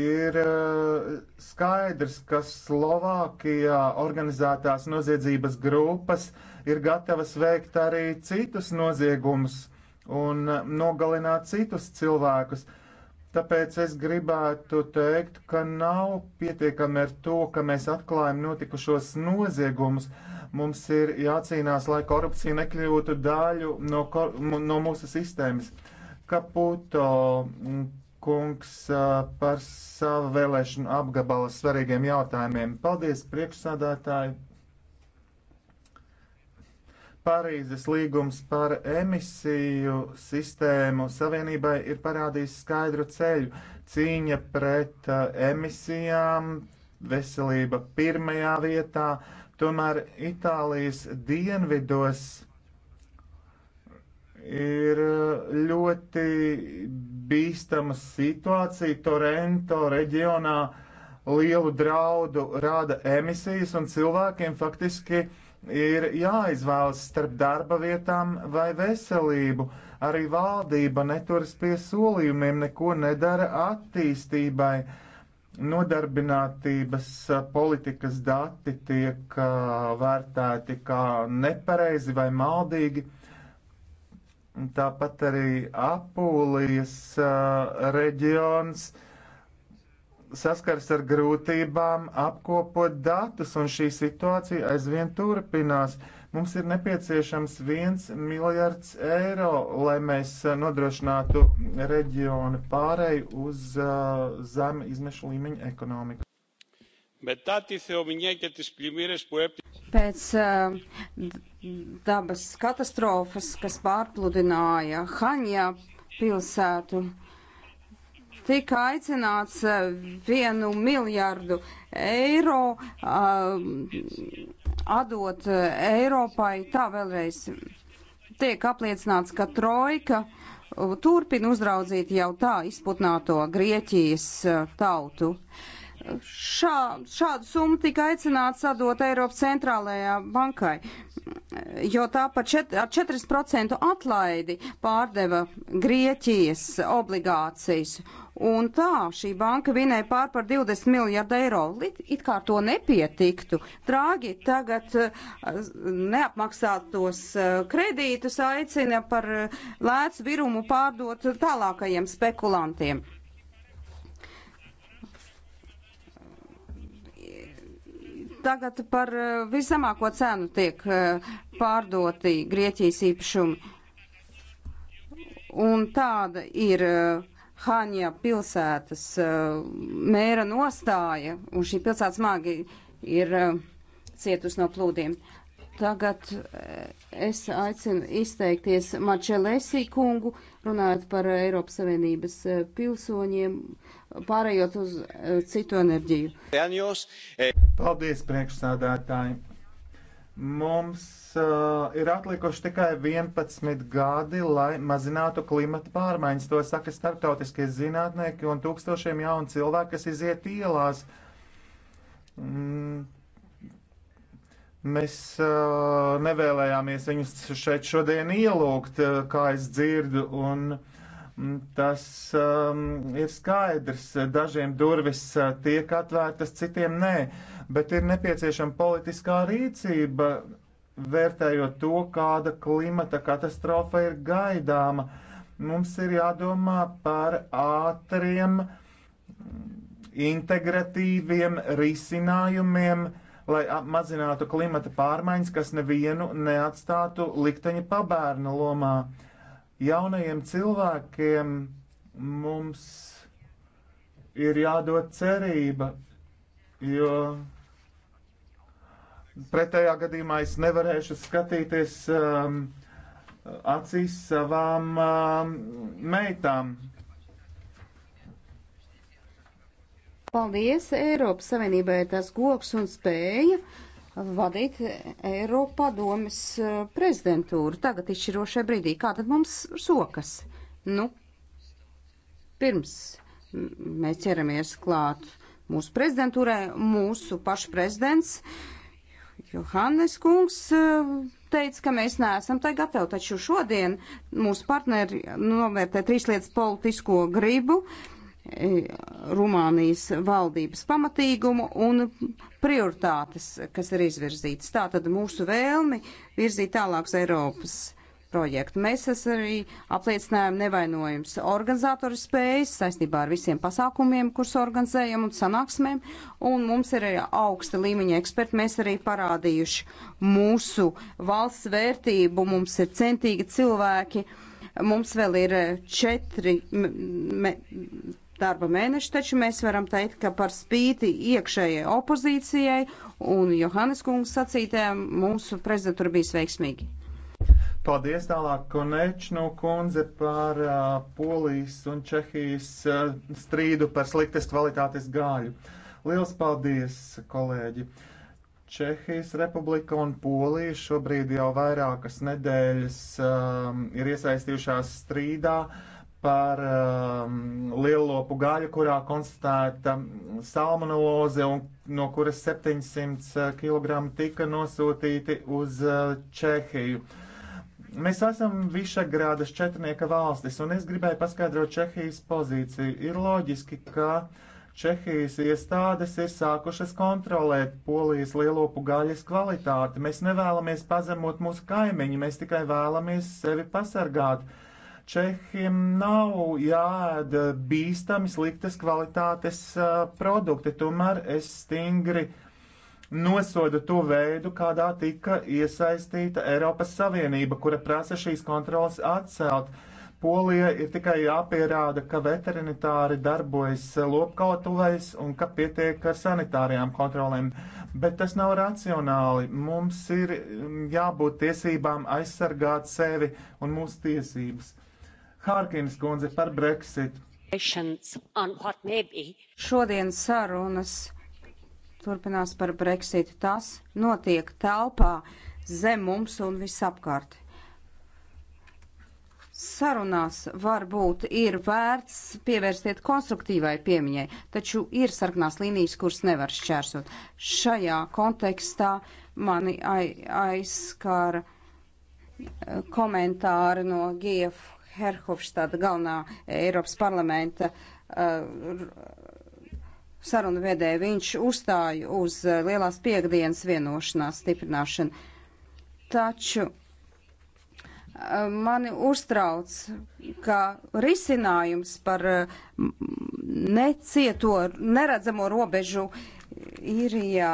Ir uh, skaidrs, ka Slovākijā organizētās noziedzības grupas ir gatavas veikt arī citus noziegumus un e, nogalināt citus cilvēkus. Tāpēc es gribētu teikt, ka nav pietiekami ar to, ka mēs atklājam notikušos noziegumus. Mums ir jācīnās, lai korupcija nekļūtu daļu no, kor no mūsu sistēmas. Kaputo kungs e, par savu vēlēšanu apgabalu svarīgiem jautājumiem. Paldies, priekšsādātāji! Parīzes līgums par emisiju sistēmu savienībai ir parādījis skaidru ceļu. Cīņa pret uh, emisijām, veselība pirmajā vietā, tomēr Itālijas dienvidos ir uh, ļoti bīstama situācija Torento reģionā. Lielu draudu rada emisijas un cilvēkiem faktiski uh, ir jāizvēlas starp darba vietām vai veselību. Arī valdība neturas pie solījumiem, neko nedara attīstībai. Nodarbinātības politikas dati tiek vērtēti kā nepareizi vai maldīgi. Tāpat arī Apūlijas reģions uh, saskars ar grūtībām apkopot datus, un šī situācija aizvien turpinās. Mums ir nepieciešams viens miljards eiro, lai mēs eh, nodrošinātu reģionu pārēju uz uh, zem izmešu līmeņa ekonomiku. Pēc uh, dabas katastrofas, kas pārpludināja Haņā pilsētu, tika aicināts eh, vienu miljardu eiro eh, atdot eh, Eiropai. Tā vēlreiz tiek apliecināts, ka Trojka turpina uzraudzīt jau tā izputnāto Grieķijas tautu. Uh, Šā, šādu summu tika aicināts sadot Eiropas centrālajā bankai, jo tā par čet, ar 4% atlaidi pārdeva Grieķijas obligācijas. Un tā šī banka vinēja pār par 20 miljardu eiro. It, it kā to nepietiktu. Drāgi tagad eh, neapmaksātos eh, kredītus aicina par eh, lēts virumu pārdot tālākajiem spekulantiem. tagad par eh, viszemāko cenu tiek eh, pārdoti Grieķijas īpašumi. Un tāda ir Haņa eh, pilsētas mēra nostāja, un šī pilsēta smagi ir cietusi no plūdiem. Tagad eh, es aicinu izteikties Mačelēsī kungu, runājot par Eiropas Savienības eh, pilsoņiem, pārējot uz eh, citu enerģiju. Paldies, priekšsādātāji! Mums uh, ir atlikuši tikai 11 gadi, lai mazinātu klimata pārmaiņas. To saka starptautiskie zinātnieki un tūkstošiem jaunu cilvēku, kas iziet ielās. Mm Mēs uh, nevēlējāmies viņus šeit šodien ielūgt, uh, kā es dzirdu, un mm, tas um, ir skaidrs. Dažiem durvis uh, tiek atvērtas, citiem nē, bet ir nepieciešama politiskā rīcība, vērtējot to, kāda klimata katastrofa ir gaidāma. Mums ir jādomā par ātriem, integratīviem risinājumiem, lai mazinātu klimata pārmaiņas, kas nevienu neatstātu likteņa pabērna lomā. Jaunajiem cilvēkiem mums ir jādod cerība, jo pretējā gadījumā es nevarēšu skatīties um, acīs savām um, meitām. Paldies! Eiropas Savienībai ir tas goks un spēja vadīt Eiropa domas eh, prezidentūru tagad izšķirošajā brīdī. Kā tad mums sokas? Nu, pirms mēs ķeramies klāt mūsu prezidentūrai, mūsu pašu prezidents Johannes Kungs eh, teica, ka mēs neesam tai gatavi, taču šodien mūsu partneri novērtē trīs lietas politisko gribu. Uh, E, Rumānijas valdības pamatīgumu un prioritātes, kas ir izvirzītas. Tātad mūsu vēlmi virzīt tālāks Eiropas projektu. Mēs arī apliecinājām nevainojums organizatoru spējas saistībā ar visiem pasākumiem, kurus organizējam un sanāksmēm, un mums ir arī augsta līmeņa eksperti. Mēs arī parādījuši mūsu valsts vērtību, mums ir centīgi cilvēki mums vēl ir četri, me, darba mēneši, taču mēs varam teikt, ka par spīti iekšējai opozīcijai un Johannes kungs sacītēm mūsu prezidentūra bijis veiksmīgi. Paldies tālāk Konečnu kundze par uh, Polijas un Čehijas uh, strīdu par sliktas kvalitātes gāļu. Liels paldies, kolēģi! Čehijas republika un Polija šobrīd jau vairākas nedēļas um, ir iesaistījušās strīdā uh, par um, lielopu gaļu, kurā konstatēta salmonoloze un no kuras 700 uh, kg tika nosūtīti uz uh, Čehiju. Mēs esam Višagrādas četrnieka valstis, un es gribēju paskaidrot Čehijas pozīciju. Ir loģiski, ka Čehijas iestādes ir sākušas kontrolēt polijas lielopu gaļas kvalitāti. Mēs nevēlamies pazemot mūsu kaimiņu, mēs tikai vēlamies sevi pasargāt. Uh, Čehiem nav jāēd bīstami sliktas kvalitātes produkti, tomēr es stingri nosodu to veidu, kādā tika iesaistīta Eiropas Savienība, kura prasa šīs kontrolas atcelt. Polija ir tikai jāpierāda, ka veterināri darbojas lopkautuvēs un ka pietiek ar sanitārijām kontrolēm, bet tas nav racionāli. Mums ir jābūt tiesībām aizsargāt sevi un mūsu tiesības. Hārkins kundze par Brexit. Šodien sarunas turpinās par Brexit. Tas notiek telpā zem mums un visapkārt. Sarunās varbūt ir vērts pievērstiet konstruktīvai piemiņai, taču ir sarknās līnijas, kuras nevar šķērsot. Šajā kontekstā mani aizskara komentāri no GF Herhofstāda galvenā Eiropas parlamenta uh, sarunu vedēja, viņš uzstāja uz uh, lielās piekdienas vienošanās stiprināšanu. Taču uh, mani uztrauc, ka risinājums par uh, necieto, neredzamo robežu ir jā. Ja,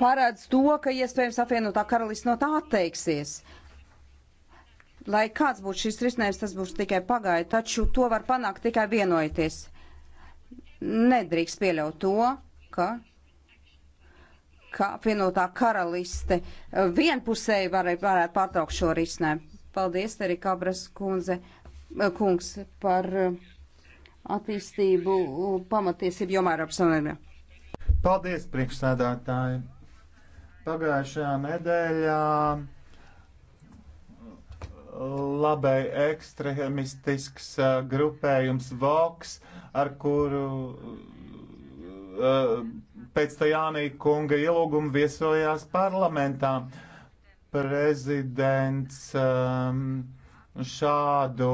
paredz to, ka iespējams apvienotā karalists no tā atteiksies. Lai kāds būtu šis risinājums, tas būs tikai pagāja, taču to var panākt tikai vienojoties. Nedrīkst pieļaut to, ka, ka apvienotā karaliste vienpusēji varētu pārtraukt šo risinājumu. Paldies, arī Kabras kundze, kungs par attīstību pamatiesību jomā Eiropas Savienībā. Paldies, priekšsēdētāji! Pagājušajā nedēļā labai ekstremistisks grupējums Vox, ar kuru pēc Tajānī kunga ielūguma viesojās parlamentā. Prezidents šādu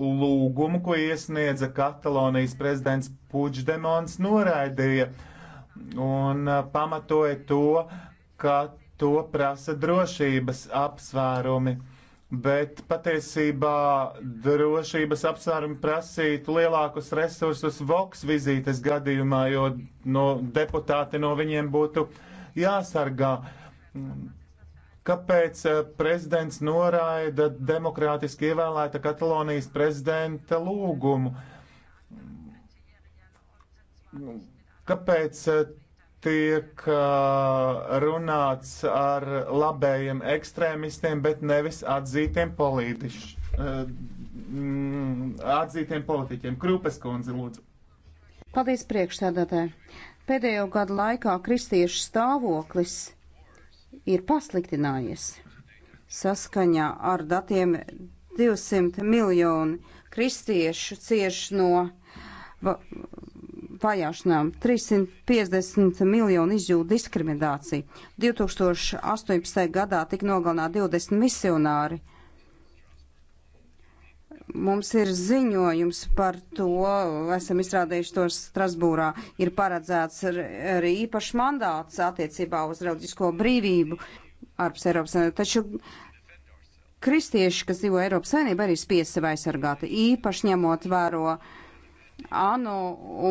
lūgumu, ko iesniedza Katalonijas prezidents Puģdemons, noraidīja un pamatoja to, ka to prasa drošības apsvērumi. Bet patiesībā drošības apsvērumi prasītu lielākus resursus Voks vizītes gadījumā, jo no deputāti no viņiem būtu jāsargā Kāpēc eh, prezidents noraida demokrātiski ievēlēta Katalonijas prezidenta lūgumu? Nu, kāpēc eh, tiek eh, runāts ar labējiem ekstrēmistiem, bet nevis atzītiem politiķiem? Atzītiem politiķiem. Krūpes kundze, lūdzu. Paldies priekšsēdētāji. Pēdējo gadu laikā kristiešu stāvoklis ir pasliktinājies. Saskaņā ar datiem 200 miljoni kristiešu cieš no vajāšanām, 350 miljoni izjūt diskrimināciju. 2018. gadā tika nogalināti 20 misionāri Mums ir ziņojums par to, esam izstrādājuši to Strasbūrā, ir paredzēts arī īpašs mandāts attiecībā uz reliģisko brīvību ārpus Eiropas Savienības. Taču kristieši, kas dzīvo Eiropas Savienībā, arī spiesti sev aizsargāt, īpaši ņemot vēro ANO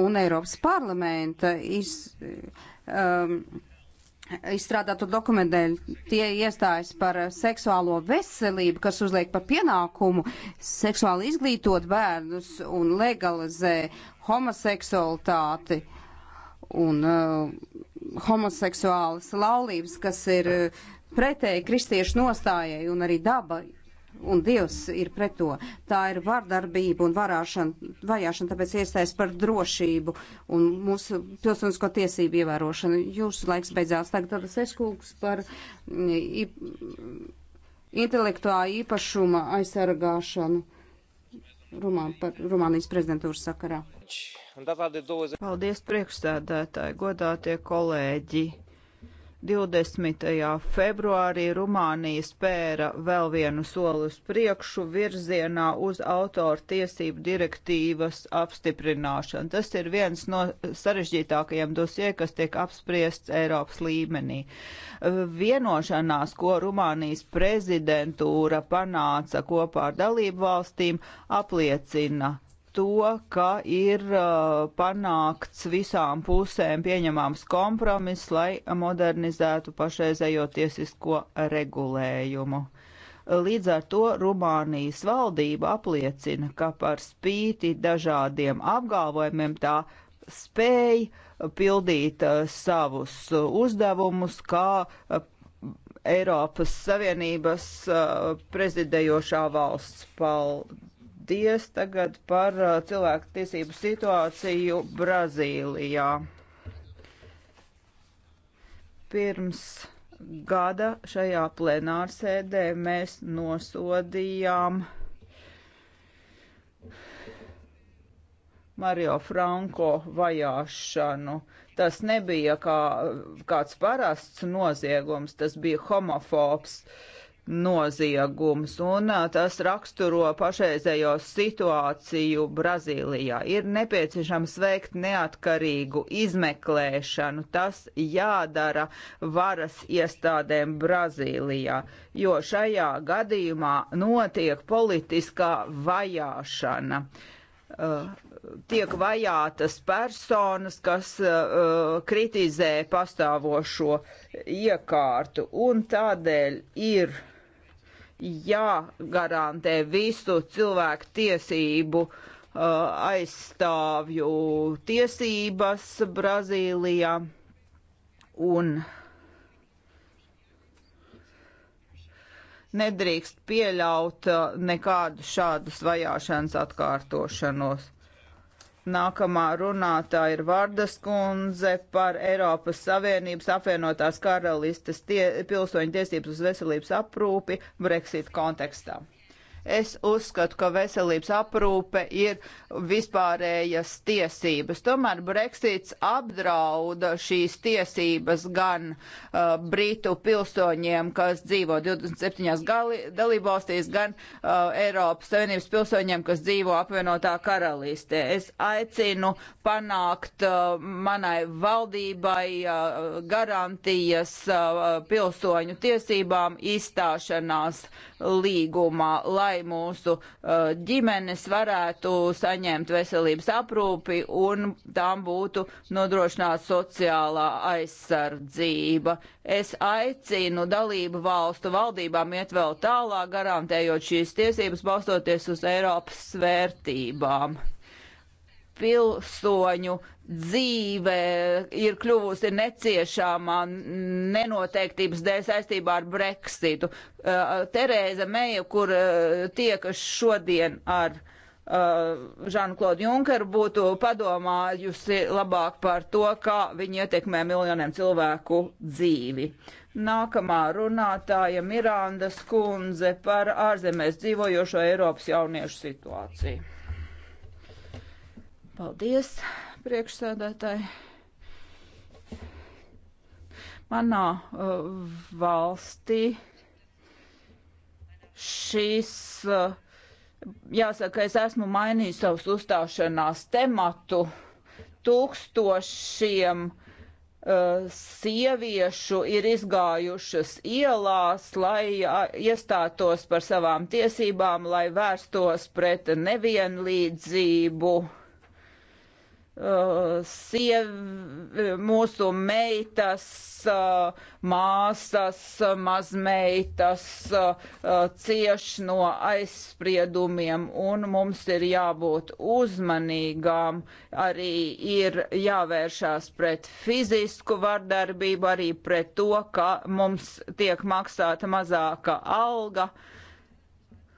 un Eiropas parlamenta iz, um, izstrādātu dokumentu dēļ tie iestājas par seksuālo veselību, kas uzliek par pienākumu seksuāli izglītot bērnus un legalizē homoseksualitāti un uh, homoseksuālas laulības, kas ir uh, pretēji kristiešu nostājai un arī dabai un Dievs ir pret to. Tā ir vardarbība un varāšana, vajāšana, tāpēc iestājas par drošību un mūsu pilsonisko tiesību ievērošanu. Jūsu laiks beidzās tagad, tad es eskulgs par mm, intelektuā īpašuma aizsargāšanu. Rumā, par Rumānijas prezidentūras sakarā. Paldies priekšstādētāji, godātie kolēģi! 20. februārī Rumānija spēra vēl vienu soli uz priekšu virzienā uz autoru tiesību direktīvas apstiprināšanu. Tas ir viens no sarežģītākajiem dosie, kas tiek apspriests Eiropas līmenī. Vienošanās, ko Rumānijas prezidentūra panāca kopā ar dalību valstīm, apliecina to, ka ir uh, panākts visām pusēm pieņemams kompromiss, lai modernizētu pašreizējo tiesisko regulējumu. Līdz ar to Rumānijas valdība apliecina, ka par spīti dažādiem apgalvojumiem tā spēja pildīt uh, savus uzdevumus, kā uh, Eiropas Savienības prezidējošā valsts. Paldies! Paldies tagad par uh, cilvēku tiesību situāciju Brazīlijā. Pirms gada šajā plenārsēdē mēs nosodījām Mario Franko vajāšanu. Tas nebija kā kāds parasts noziegums, tas bija homofobs. Uh, noziegums, un tas raksturo pašreizējo situāciju Brazīlijā. Ir nepieciešams veikt neatkarīgu izmeklēšanu, tas jādara varas iestādēm Brazīlijā, jo šajā gadījumā notiek politiskā vajāšana. Uh, tiek vajātas personas, kas uh, kritizē pastāvošo iekārtu, un tādēļ ir jāgarantē visu cilvēku tiesību uh, aizstāvju tiesības Brazīlijā un nedrīkst pieļaut uh, nekādu šādas vajāšanas atkārtošanos. Nākamā runātā ir Vārdas kundze par Eiropas Savienības apvienotās karalistes tie, pilsoņu tiesības uz veselības aprūpi Brexit kontekstā. Es uzskatu, ka veselības aprūpe ir vispārējas tiesības. Tomēr Brexits apdrauda šīs tiesības gan uh, Britu pilsoņiem, kas dzīvo 27 dalībvalstīs, gan uh, Eiropas Savienības pilsoņiem, kas dzīvo apvienotā karalistē. Es aicinu panākt uh, manai valdībai uh, garantijas uh, pilsoņu tiesībām izstāšanās līgumā, lai lai mūsu uh, ģimenes varētu saņemt veselības aprūpi un tām būtu nodrošināta sociālā aizsardzība. Es aicinu dalību valstu valdībām iet vēl tālāk, garantējot šīs tiesības, balstoties uz Eiropas vērtībām pilsoņu dzīve ir kļuvusi neciešāmā nenoteiktības dēļ saistībā ar Brexitu. Uh, Terēza Meija, kur uh, tiekas šodien ar uh, Žanu-Klodu Junkeru, būtu padomājusi labāk par to, kā viņi ietekmē miljoniem cilvēku dzīvi. Nākamā runātāja Miranda Skundze par ārzemēs dzīvojošo Eiropas jauniešu situāciju. Paldies! priekšsēdētāji. Manā uh, valstī šīs, uh, jāsaka, es esmu mainījis savus uzstāšanās tematu tūkstošiem uh, sieviešu ir izgājušas ielās, lai uh, iestātos par savām tiesībām, lai vērstos pret nevienlīdzību. Uh, siev, mūsu meitas, uh, māsas, mazmeitas uh, cieš no aizspriedumiem, un mums ir jābūt uzmanīgām, arī ir jāvēršās pret fizisku vardarbību, arī pret to, ka mums tiek maksāta mazāka alga. Uh,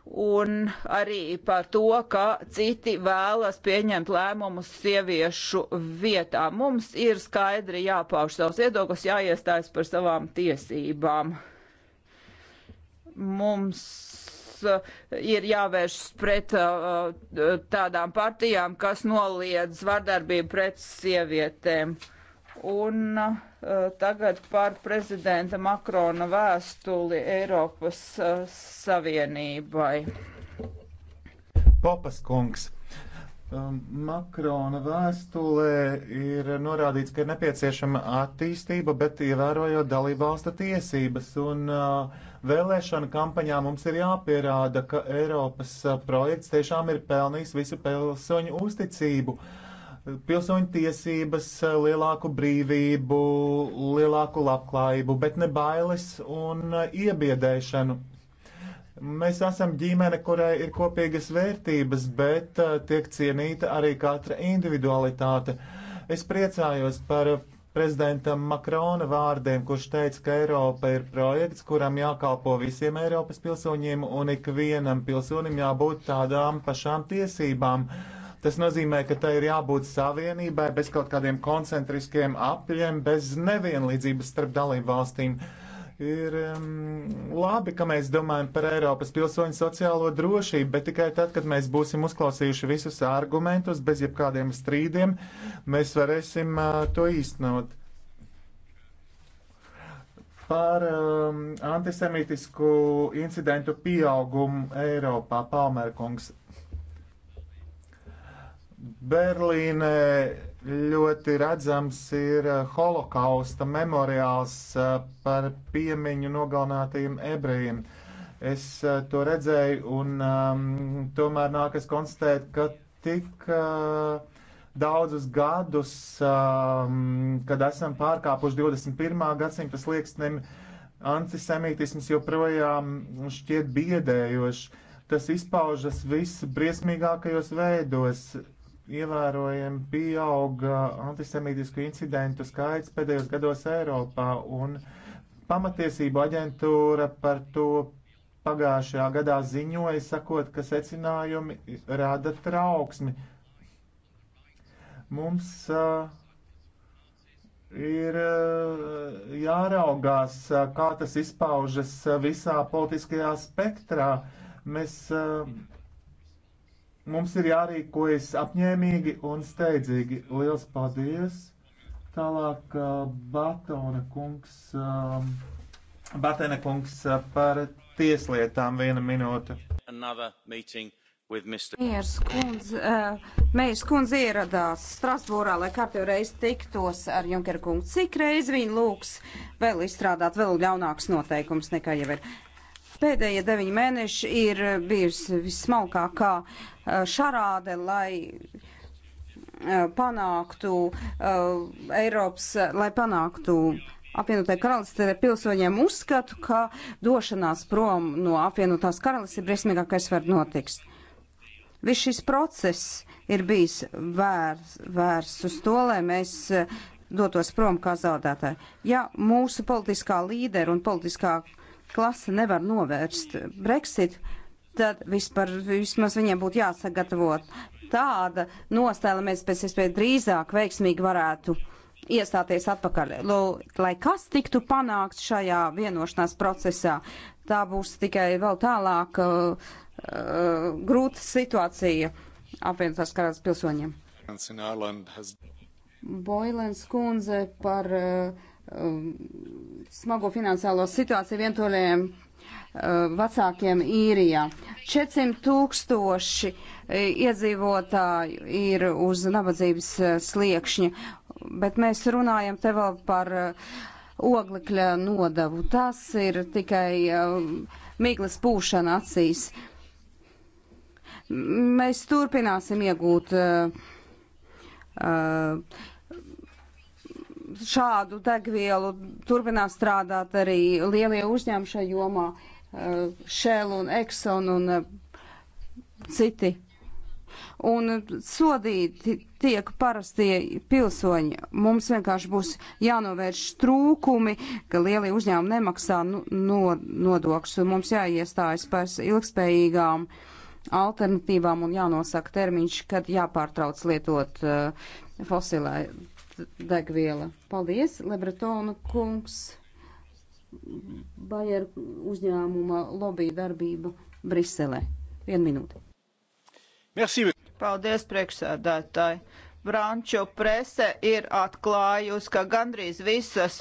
un arī par to, ka citi vēlas pieņemt lēmumus sieviešu vietā. Mums ir skaidri jāpauž savus viedokļus, jāiestājas par savām tiesībām. Mums uh, ir jāvēršas pret uh, tādām partijām, kas noliedz vardarbību pret sievietēm. Uh, Un uh, tagad par prezidenta Makrona vēstuli Eiropas uh, Savienībai. Popas kungs. Um, Makrona vēstulē ir norādīts, ka ir nepieciešama attīstība, bet ievērojot dalībvalsta tiesības. Un uh, vēlēšana kampaņā mums ir jāpierāda, ka Eiropas uh, projekts tiešām ir pelnījis visu pilsoņu uzticību. Uh, pilsoņu tiesības, eh, lielāku brīvību, lielāku labklājību, bet ne bailes un eh, iebiedēšanu. Mēs esam ģimene, kurai ir kopīgas vērtības, bet eh, tiek cienīta arī katra individualitāte. Es priecājos par prezidenta Makrona vārdiem, kurš teica, ka Eiropa ir projekts, kuram jākalpo visiem Eiropas pilsoņiem un ikvienam pilsonim jābūt tādām pašām tiesībām. Uh, Tas nozīmē, ka tai ir jābūt savienībai bez kaut kādiem koncentriskiem apļiem, bez nevienlīdzības starp dalību valstīm. Ir um, labi, ka mēs domājam par Eiropas pilsoņu sociālo drošību, bet tikai tad, kad mēs būsim uzklausījuši visus argumentus bez jebkādiem strīdiem, mēs varēsim uh, to īstenot par um, antisemītisku incidentu pieaugumu Eiropā, Palmerkungs. Berlīnē ļoti redzams ir eh, holokausta memoriāls eh, par piemiņu nogalinātajiem ebrejiem. Es eh, to redzēju un um, tomēr nākas konstatēt, ka tik uh, daudzus gadus, um, kad esam pārkāpuši 21. gadsimta slieksnim, antisemītisms joprojām šķiet biedējošs. Tas izpaužas visbriesmīgākajos veidos ievērojami pieauga antisemītisku incidentu skaits pēdējos gados Eiropā, un pamatiesību aģentūra par to pagājušajā gadā ziņoja, sakot, ka secinājumi rada trauksmi. Mums uh, ir uh, jāraugās, uh, kā tas izpaužas uh, visā politiskajā spektrā. Mēs uh, mums ir jārīkojas apņēmīgi un steidzīgi. Liels paldies! Tālāk uh, Batona kungs, um, Batena kungs uh, par tieslietām viena minūte. Mērs kundze, Mērs kundze ieradās Strasbūrā, lai kārtējo reizi tiktos ar Junkeru kungu. Cik reizi viņa lūgs vēl izstrādāt vēl ļaunāks noteikums nekā jau ir? Pēdējie deviņi mēneši ir bijusi vissmalkākā uh, Eh, šarāde, lai eh, panāktu eh, Eiropas, lai panāktu apvienotai karalistē pilsoņiem uzskatu, ka došanās prom no apvienotās karalistes ir briesmīgākais var notiks. Viss šis process ir bijis vērs, vērs uz to, lai mēs dotos prom kā zaudētāji. Ja mūsu politiskā līdera un politiskā klase nevar novērst Brexit, tad vispār vismaz viņiem būtu jāsagatavot tāda nostāja, lai mēs pēc iespējas drīzāk veiksmīgi varētu iestāties atpakaļ, lai kas tiktu panākts šajā vienošanās procesā. Tā būs tikai vēl tālāk uh, uh, grūta situācija apvienotās karātas pilsoņiem. Boilens kundze par uh, um, smago finansiālo situāciju vientuļajiem Uh, vecākiem īrijā. 400 tūkstoši uh, iedzīvotāju ir uz nabadzības uh, sliekšņa, bet mēs runājam te vēl par oglekļa nodavu. Tas ir tikai miglas pūšana acīs. Mēs turpināsim iegūt šādu degvielu, turpinās strādāt arī lielie uzņēmumi šajā jomā. Eh, Shell un Exxon un eh, citi. Un sodīti tiek parastie pilsoņi. Mums vienkārši būs jānovērš trūkumi, ka lielie uzņēmumi nemaksā nu, no, nodokļus, un mums jāiestājas par ilgspējīgām alternatīvām un jānosaka termiņš, kad jāpārtrauc lietot uh, eh, fosilē degviela. Paldies, Lebretona kungs! Bayer uzņēmuma lobby darbība Briselē. Vienu minūti. Merci. Paldies, priekšsēdētāji. Branču prese ir atklājusi, ka gandrīz visas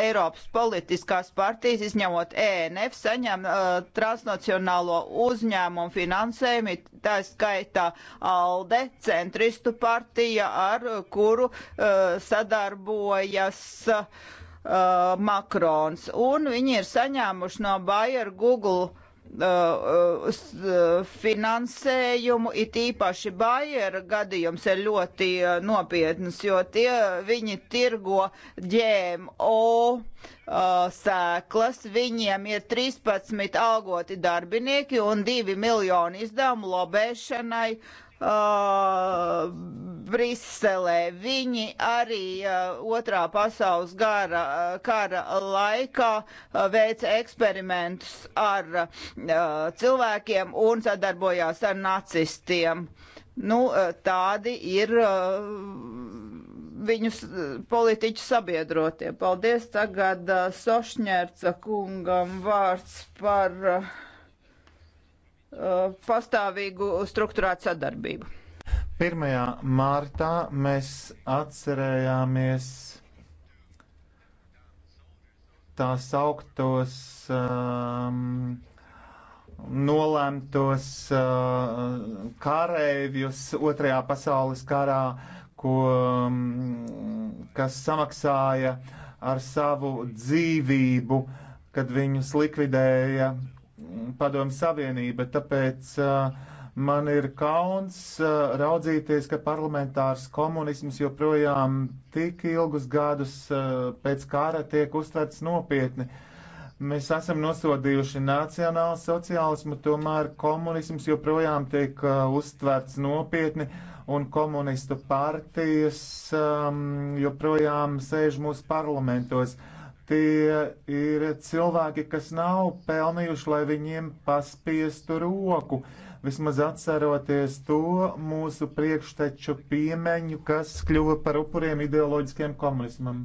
Eiropas politiskās partijas, izņemot ENF, saņem uh, transnacionālo uzņēmumu finansējumu, tā skaitā ALDE, centristu partija, ar kuru uh, sadarbojas. Uh, uh, Makrons, un viņi ir saņēmuši no Bayer Google uh, uh, uh finansējumu, it īpaši Bayer gadījums ir ļoti uh, nopietnas, jo tie, viņi tirgo ģēmo uh, sēklas, viņiem ir 13 algoti darbinieki un 2 miljoni izdevumu lobēšanai uh, uh, Briselē. Viņi arī uh, otrā pasaules gara, uh, kara laikā uh, veica eksperimentus ar uh, cilvēkiem un sadarbojās ar nacistiem. Nu, uh, tādi ir uh, viņus uh, politiķu sabiedrotie. Paldies tagad uh, Sošņērca kungam vārds par. Uh, Uh, pastāvīgu struktūrētu sadarbību. 1. mārtā mēs atcerējāmies tā sauktos um, nolemtos uh, kārēvjus otrajā pasaules karā, ko, um, kas samaksāja ar savu dzīvību, kad viņus likvidēja padomu savienība, tāpēc uh, man ir kauns uh, raudzīties, ka parlamentārs komunisms joprojām tik ilgus gadus uh, pēc kara tiek uztverts nopietni. Mēs esam nosodījuši nacionālu sociālismu, tomēr komunisms joprojām tiek uh, uztverts nopietni, un komunistu partijas um, joprojām sēž mūsu parlamentos. Uh, Tie ir cilvēki, kas nav pelnījuši, lai viņiem paspiestu roku. Vismaz atceroties to mūsu priekšteču piemeņu, kas kļuva par upuriem ideoloģiskiem komunismam.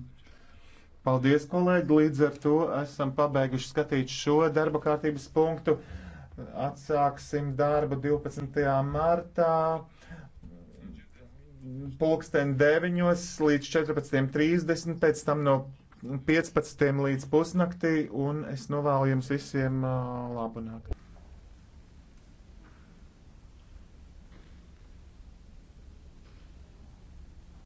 Paldies, kolēģi! Līdz ar to esam pabeiguši skatīt šo darba kārtības punktu. Atsāksim darbu 12. martā. Pulksten 9 līdz 14.30, pēc tam no 15. līdz pusnaktī, un es novēlu jums visiem labu nakti.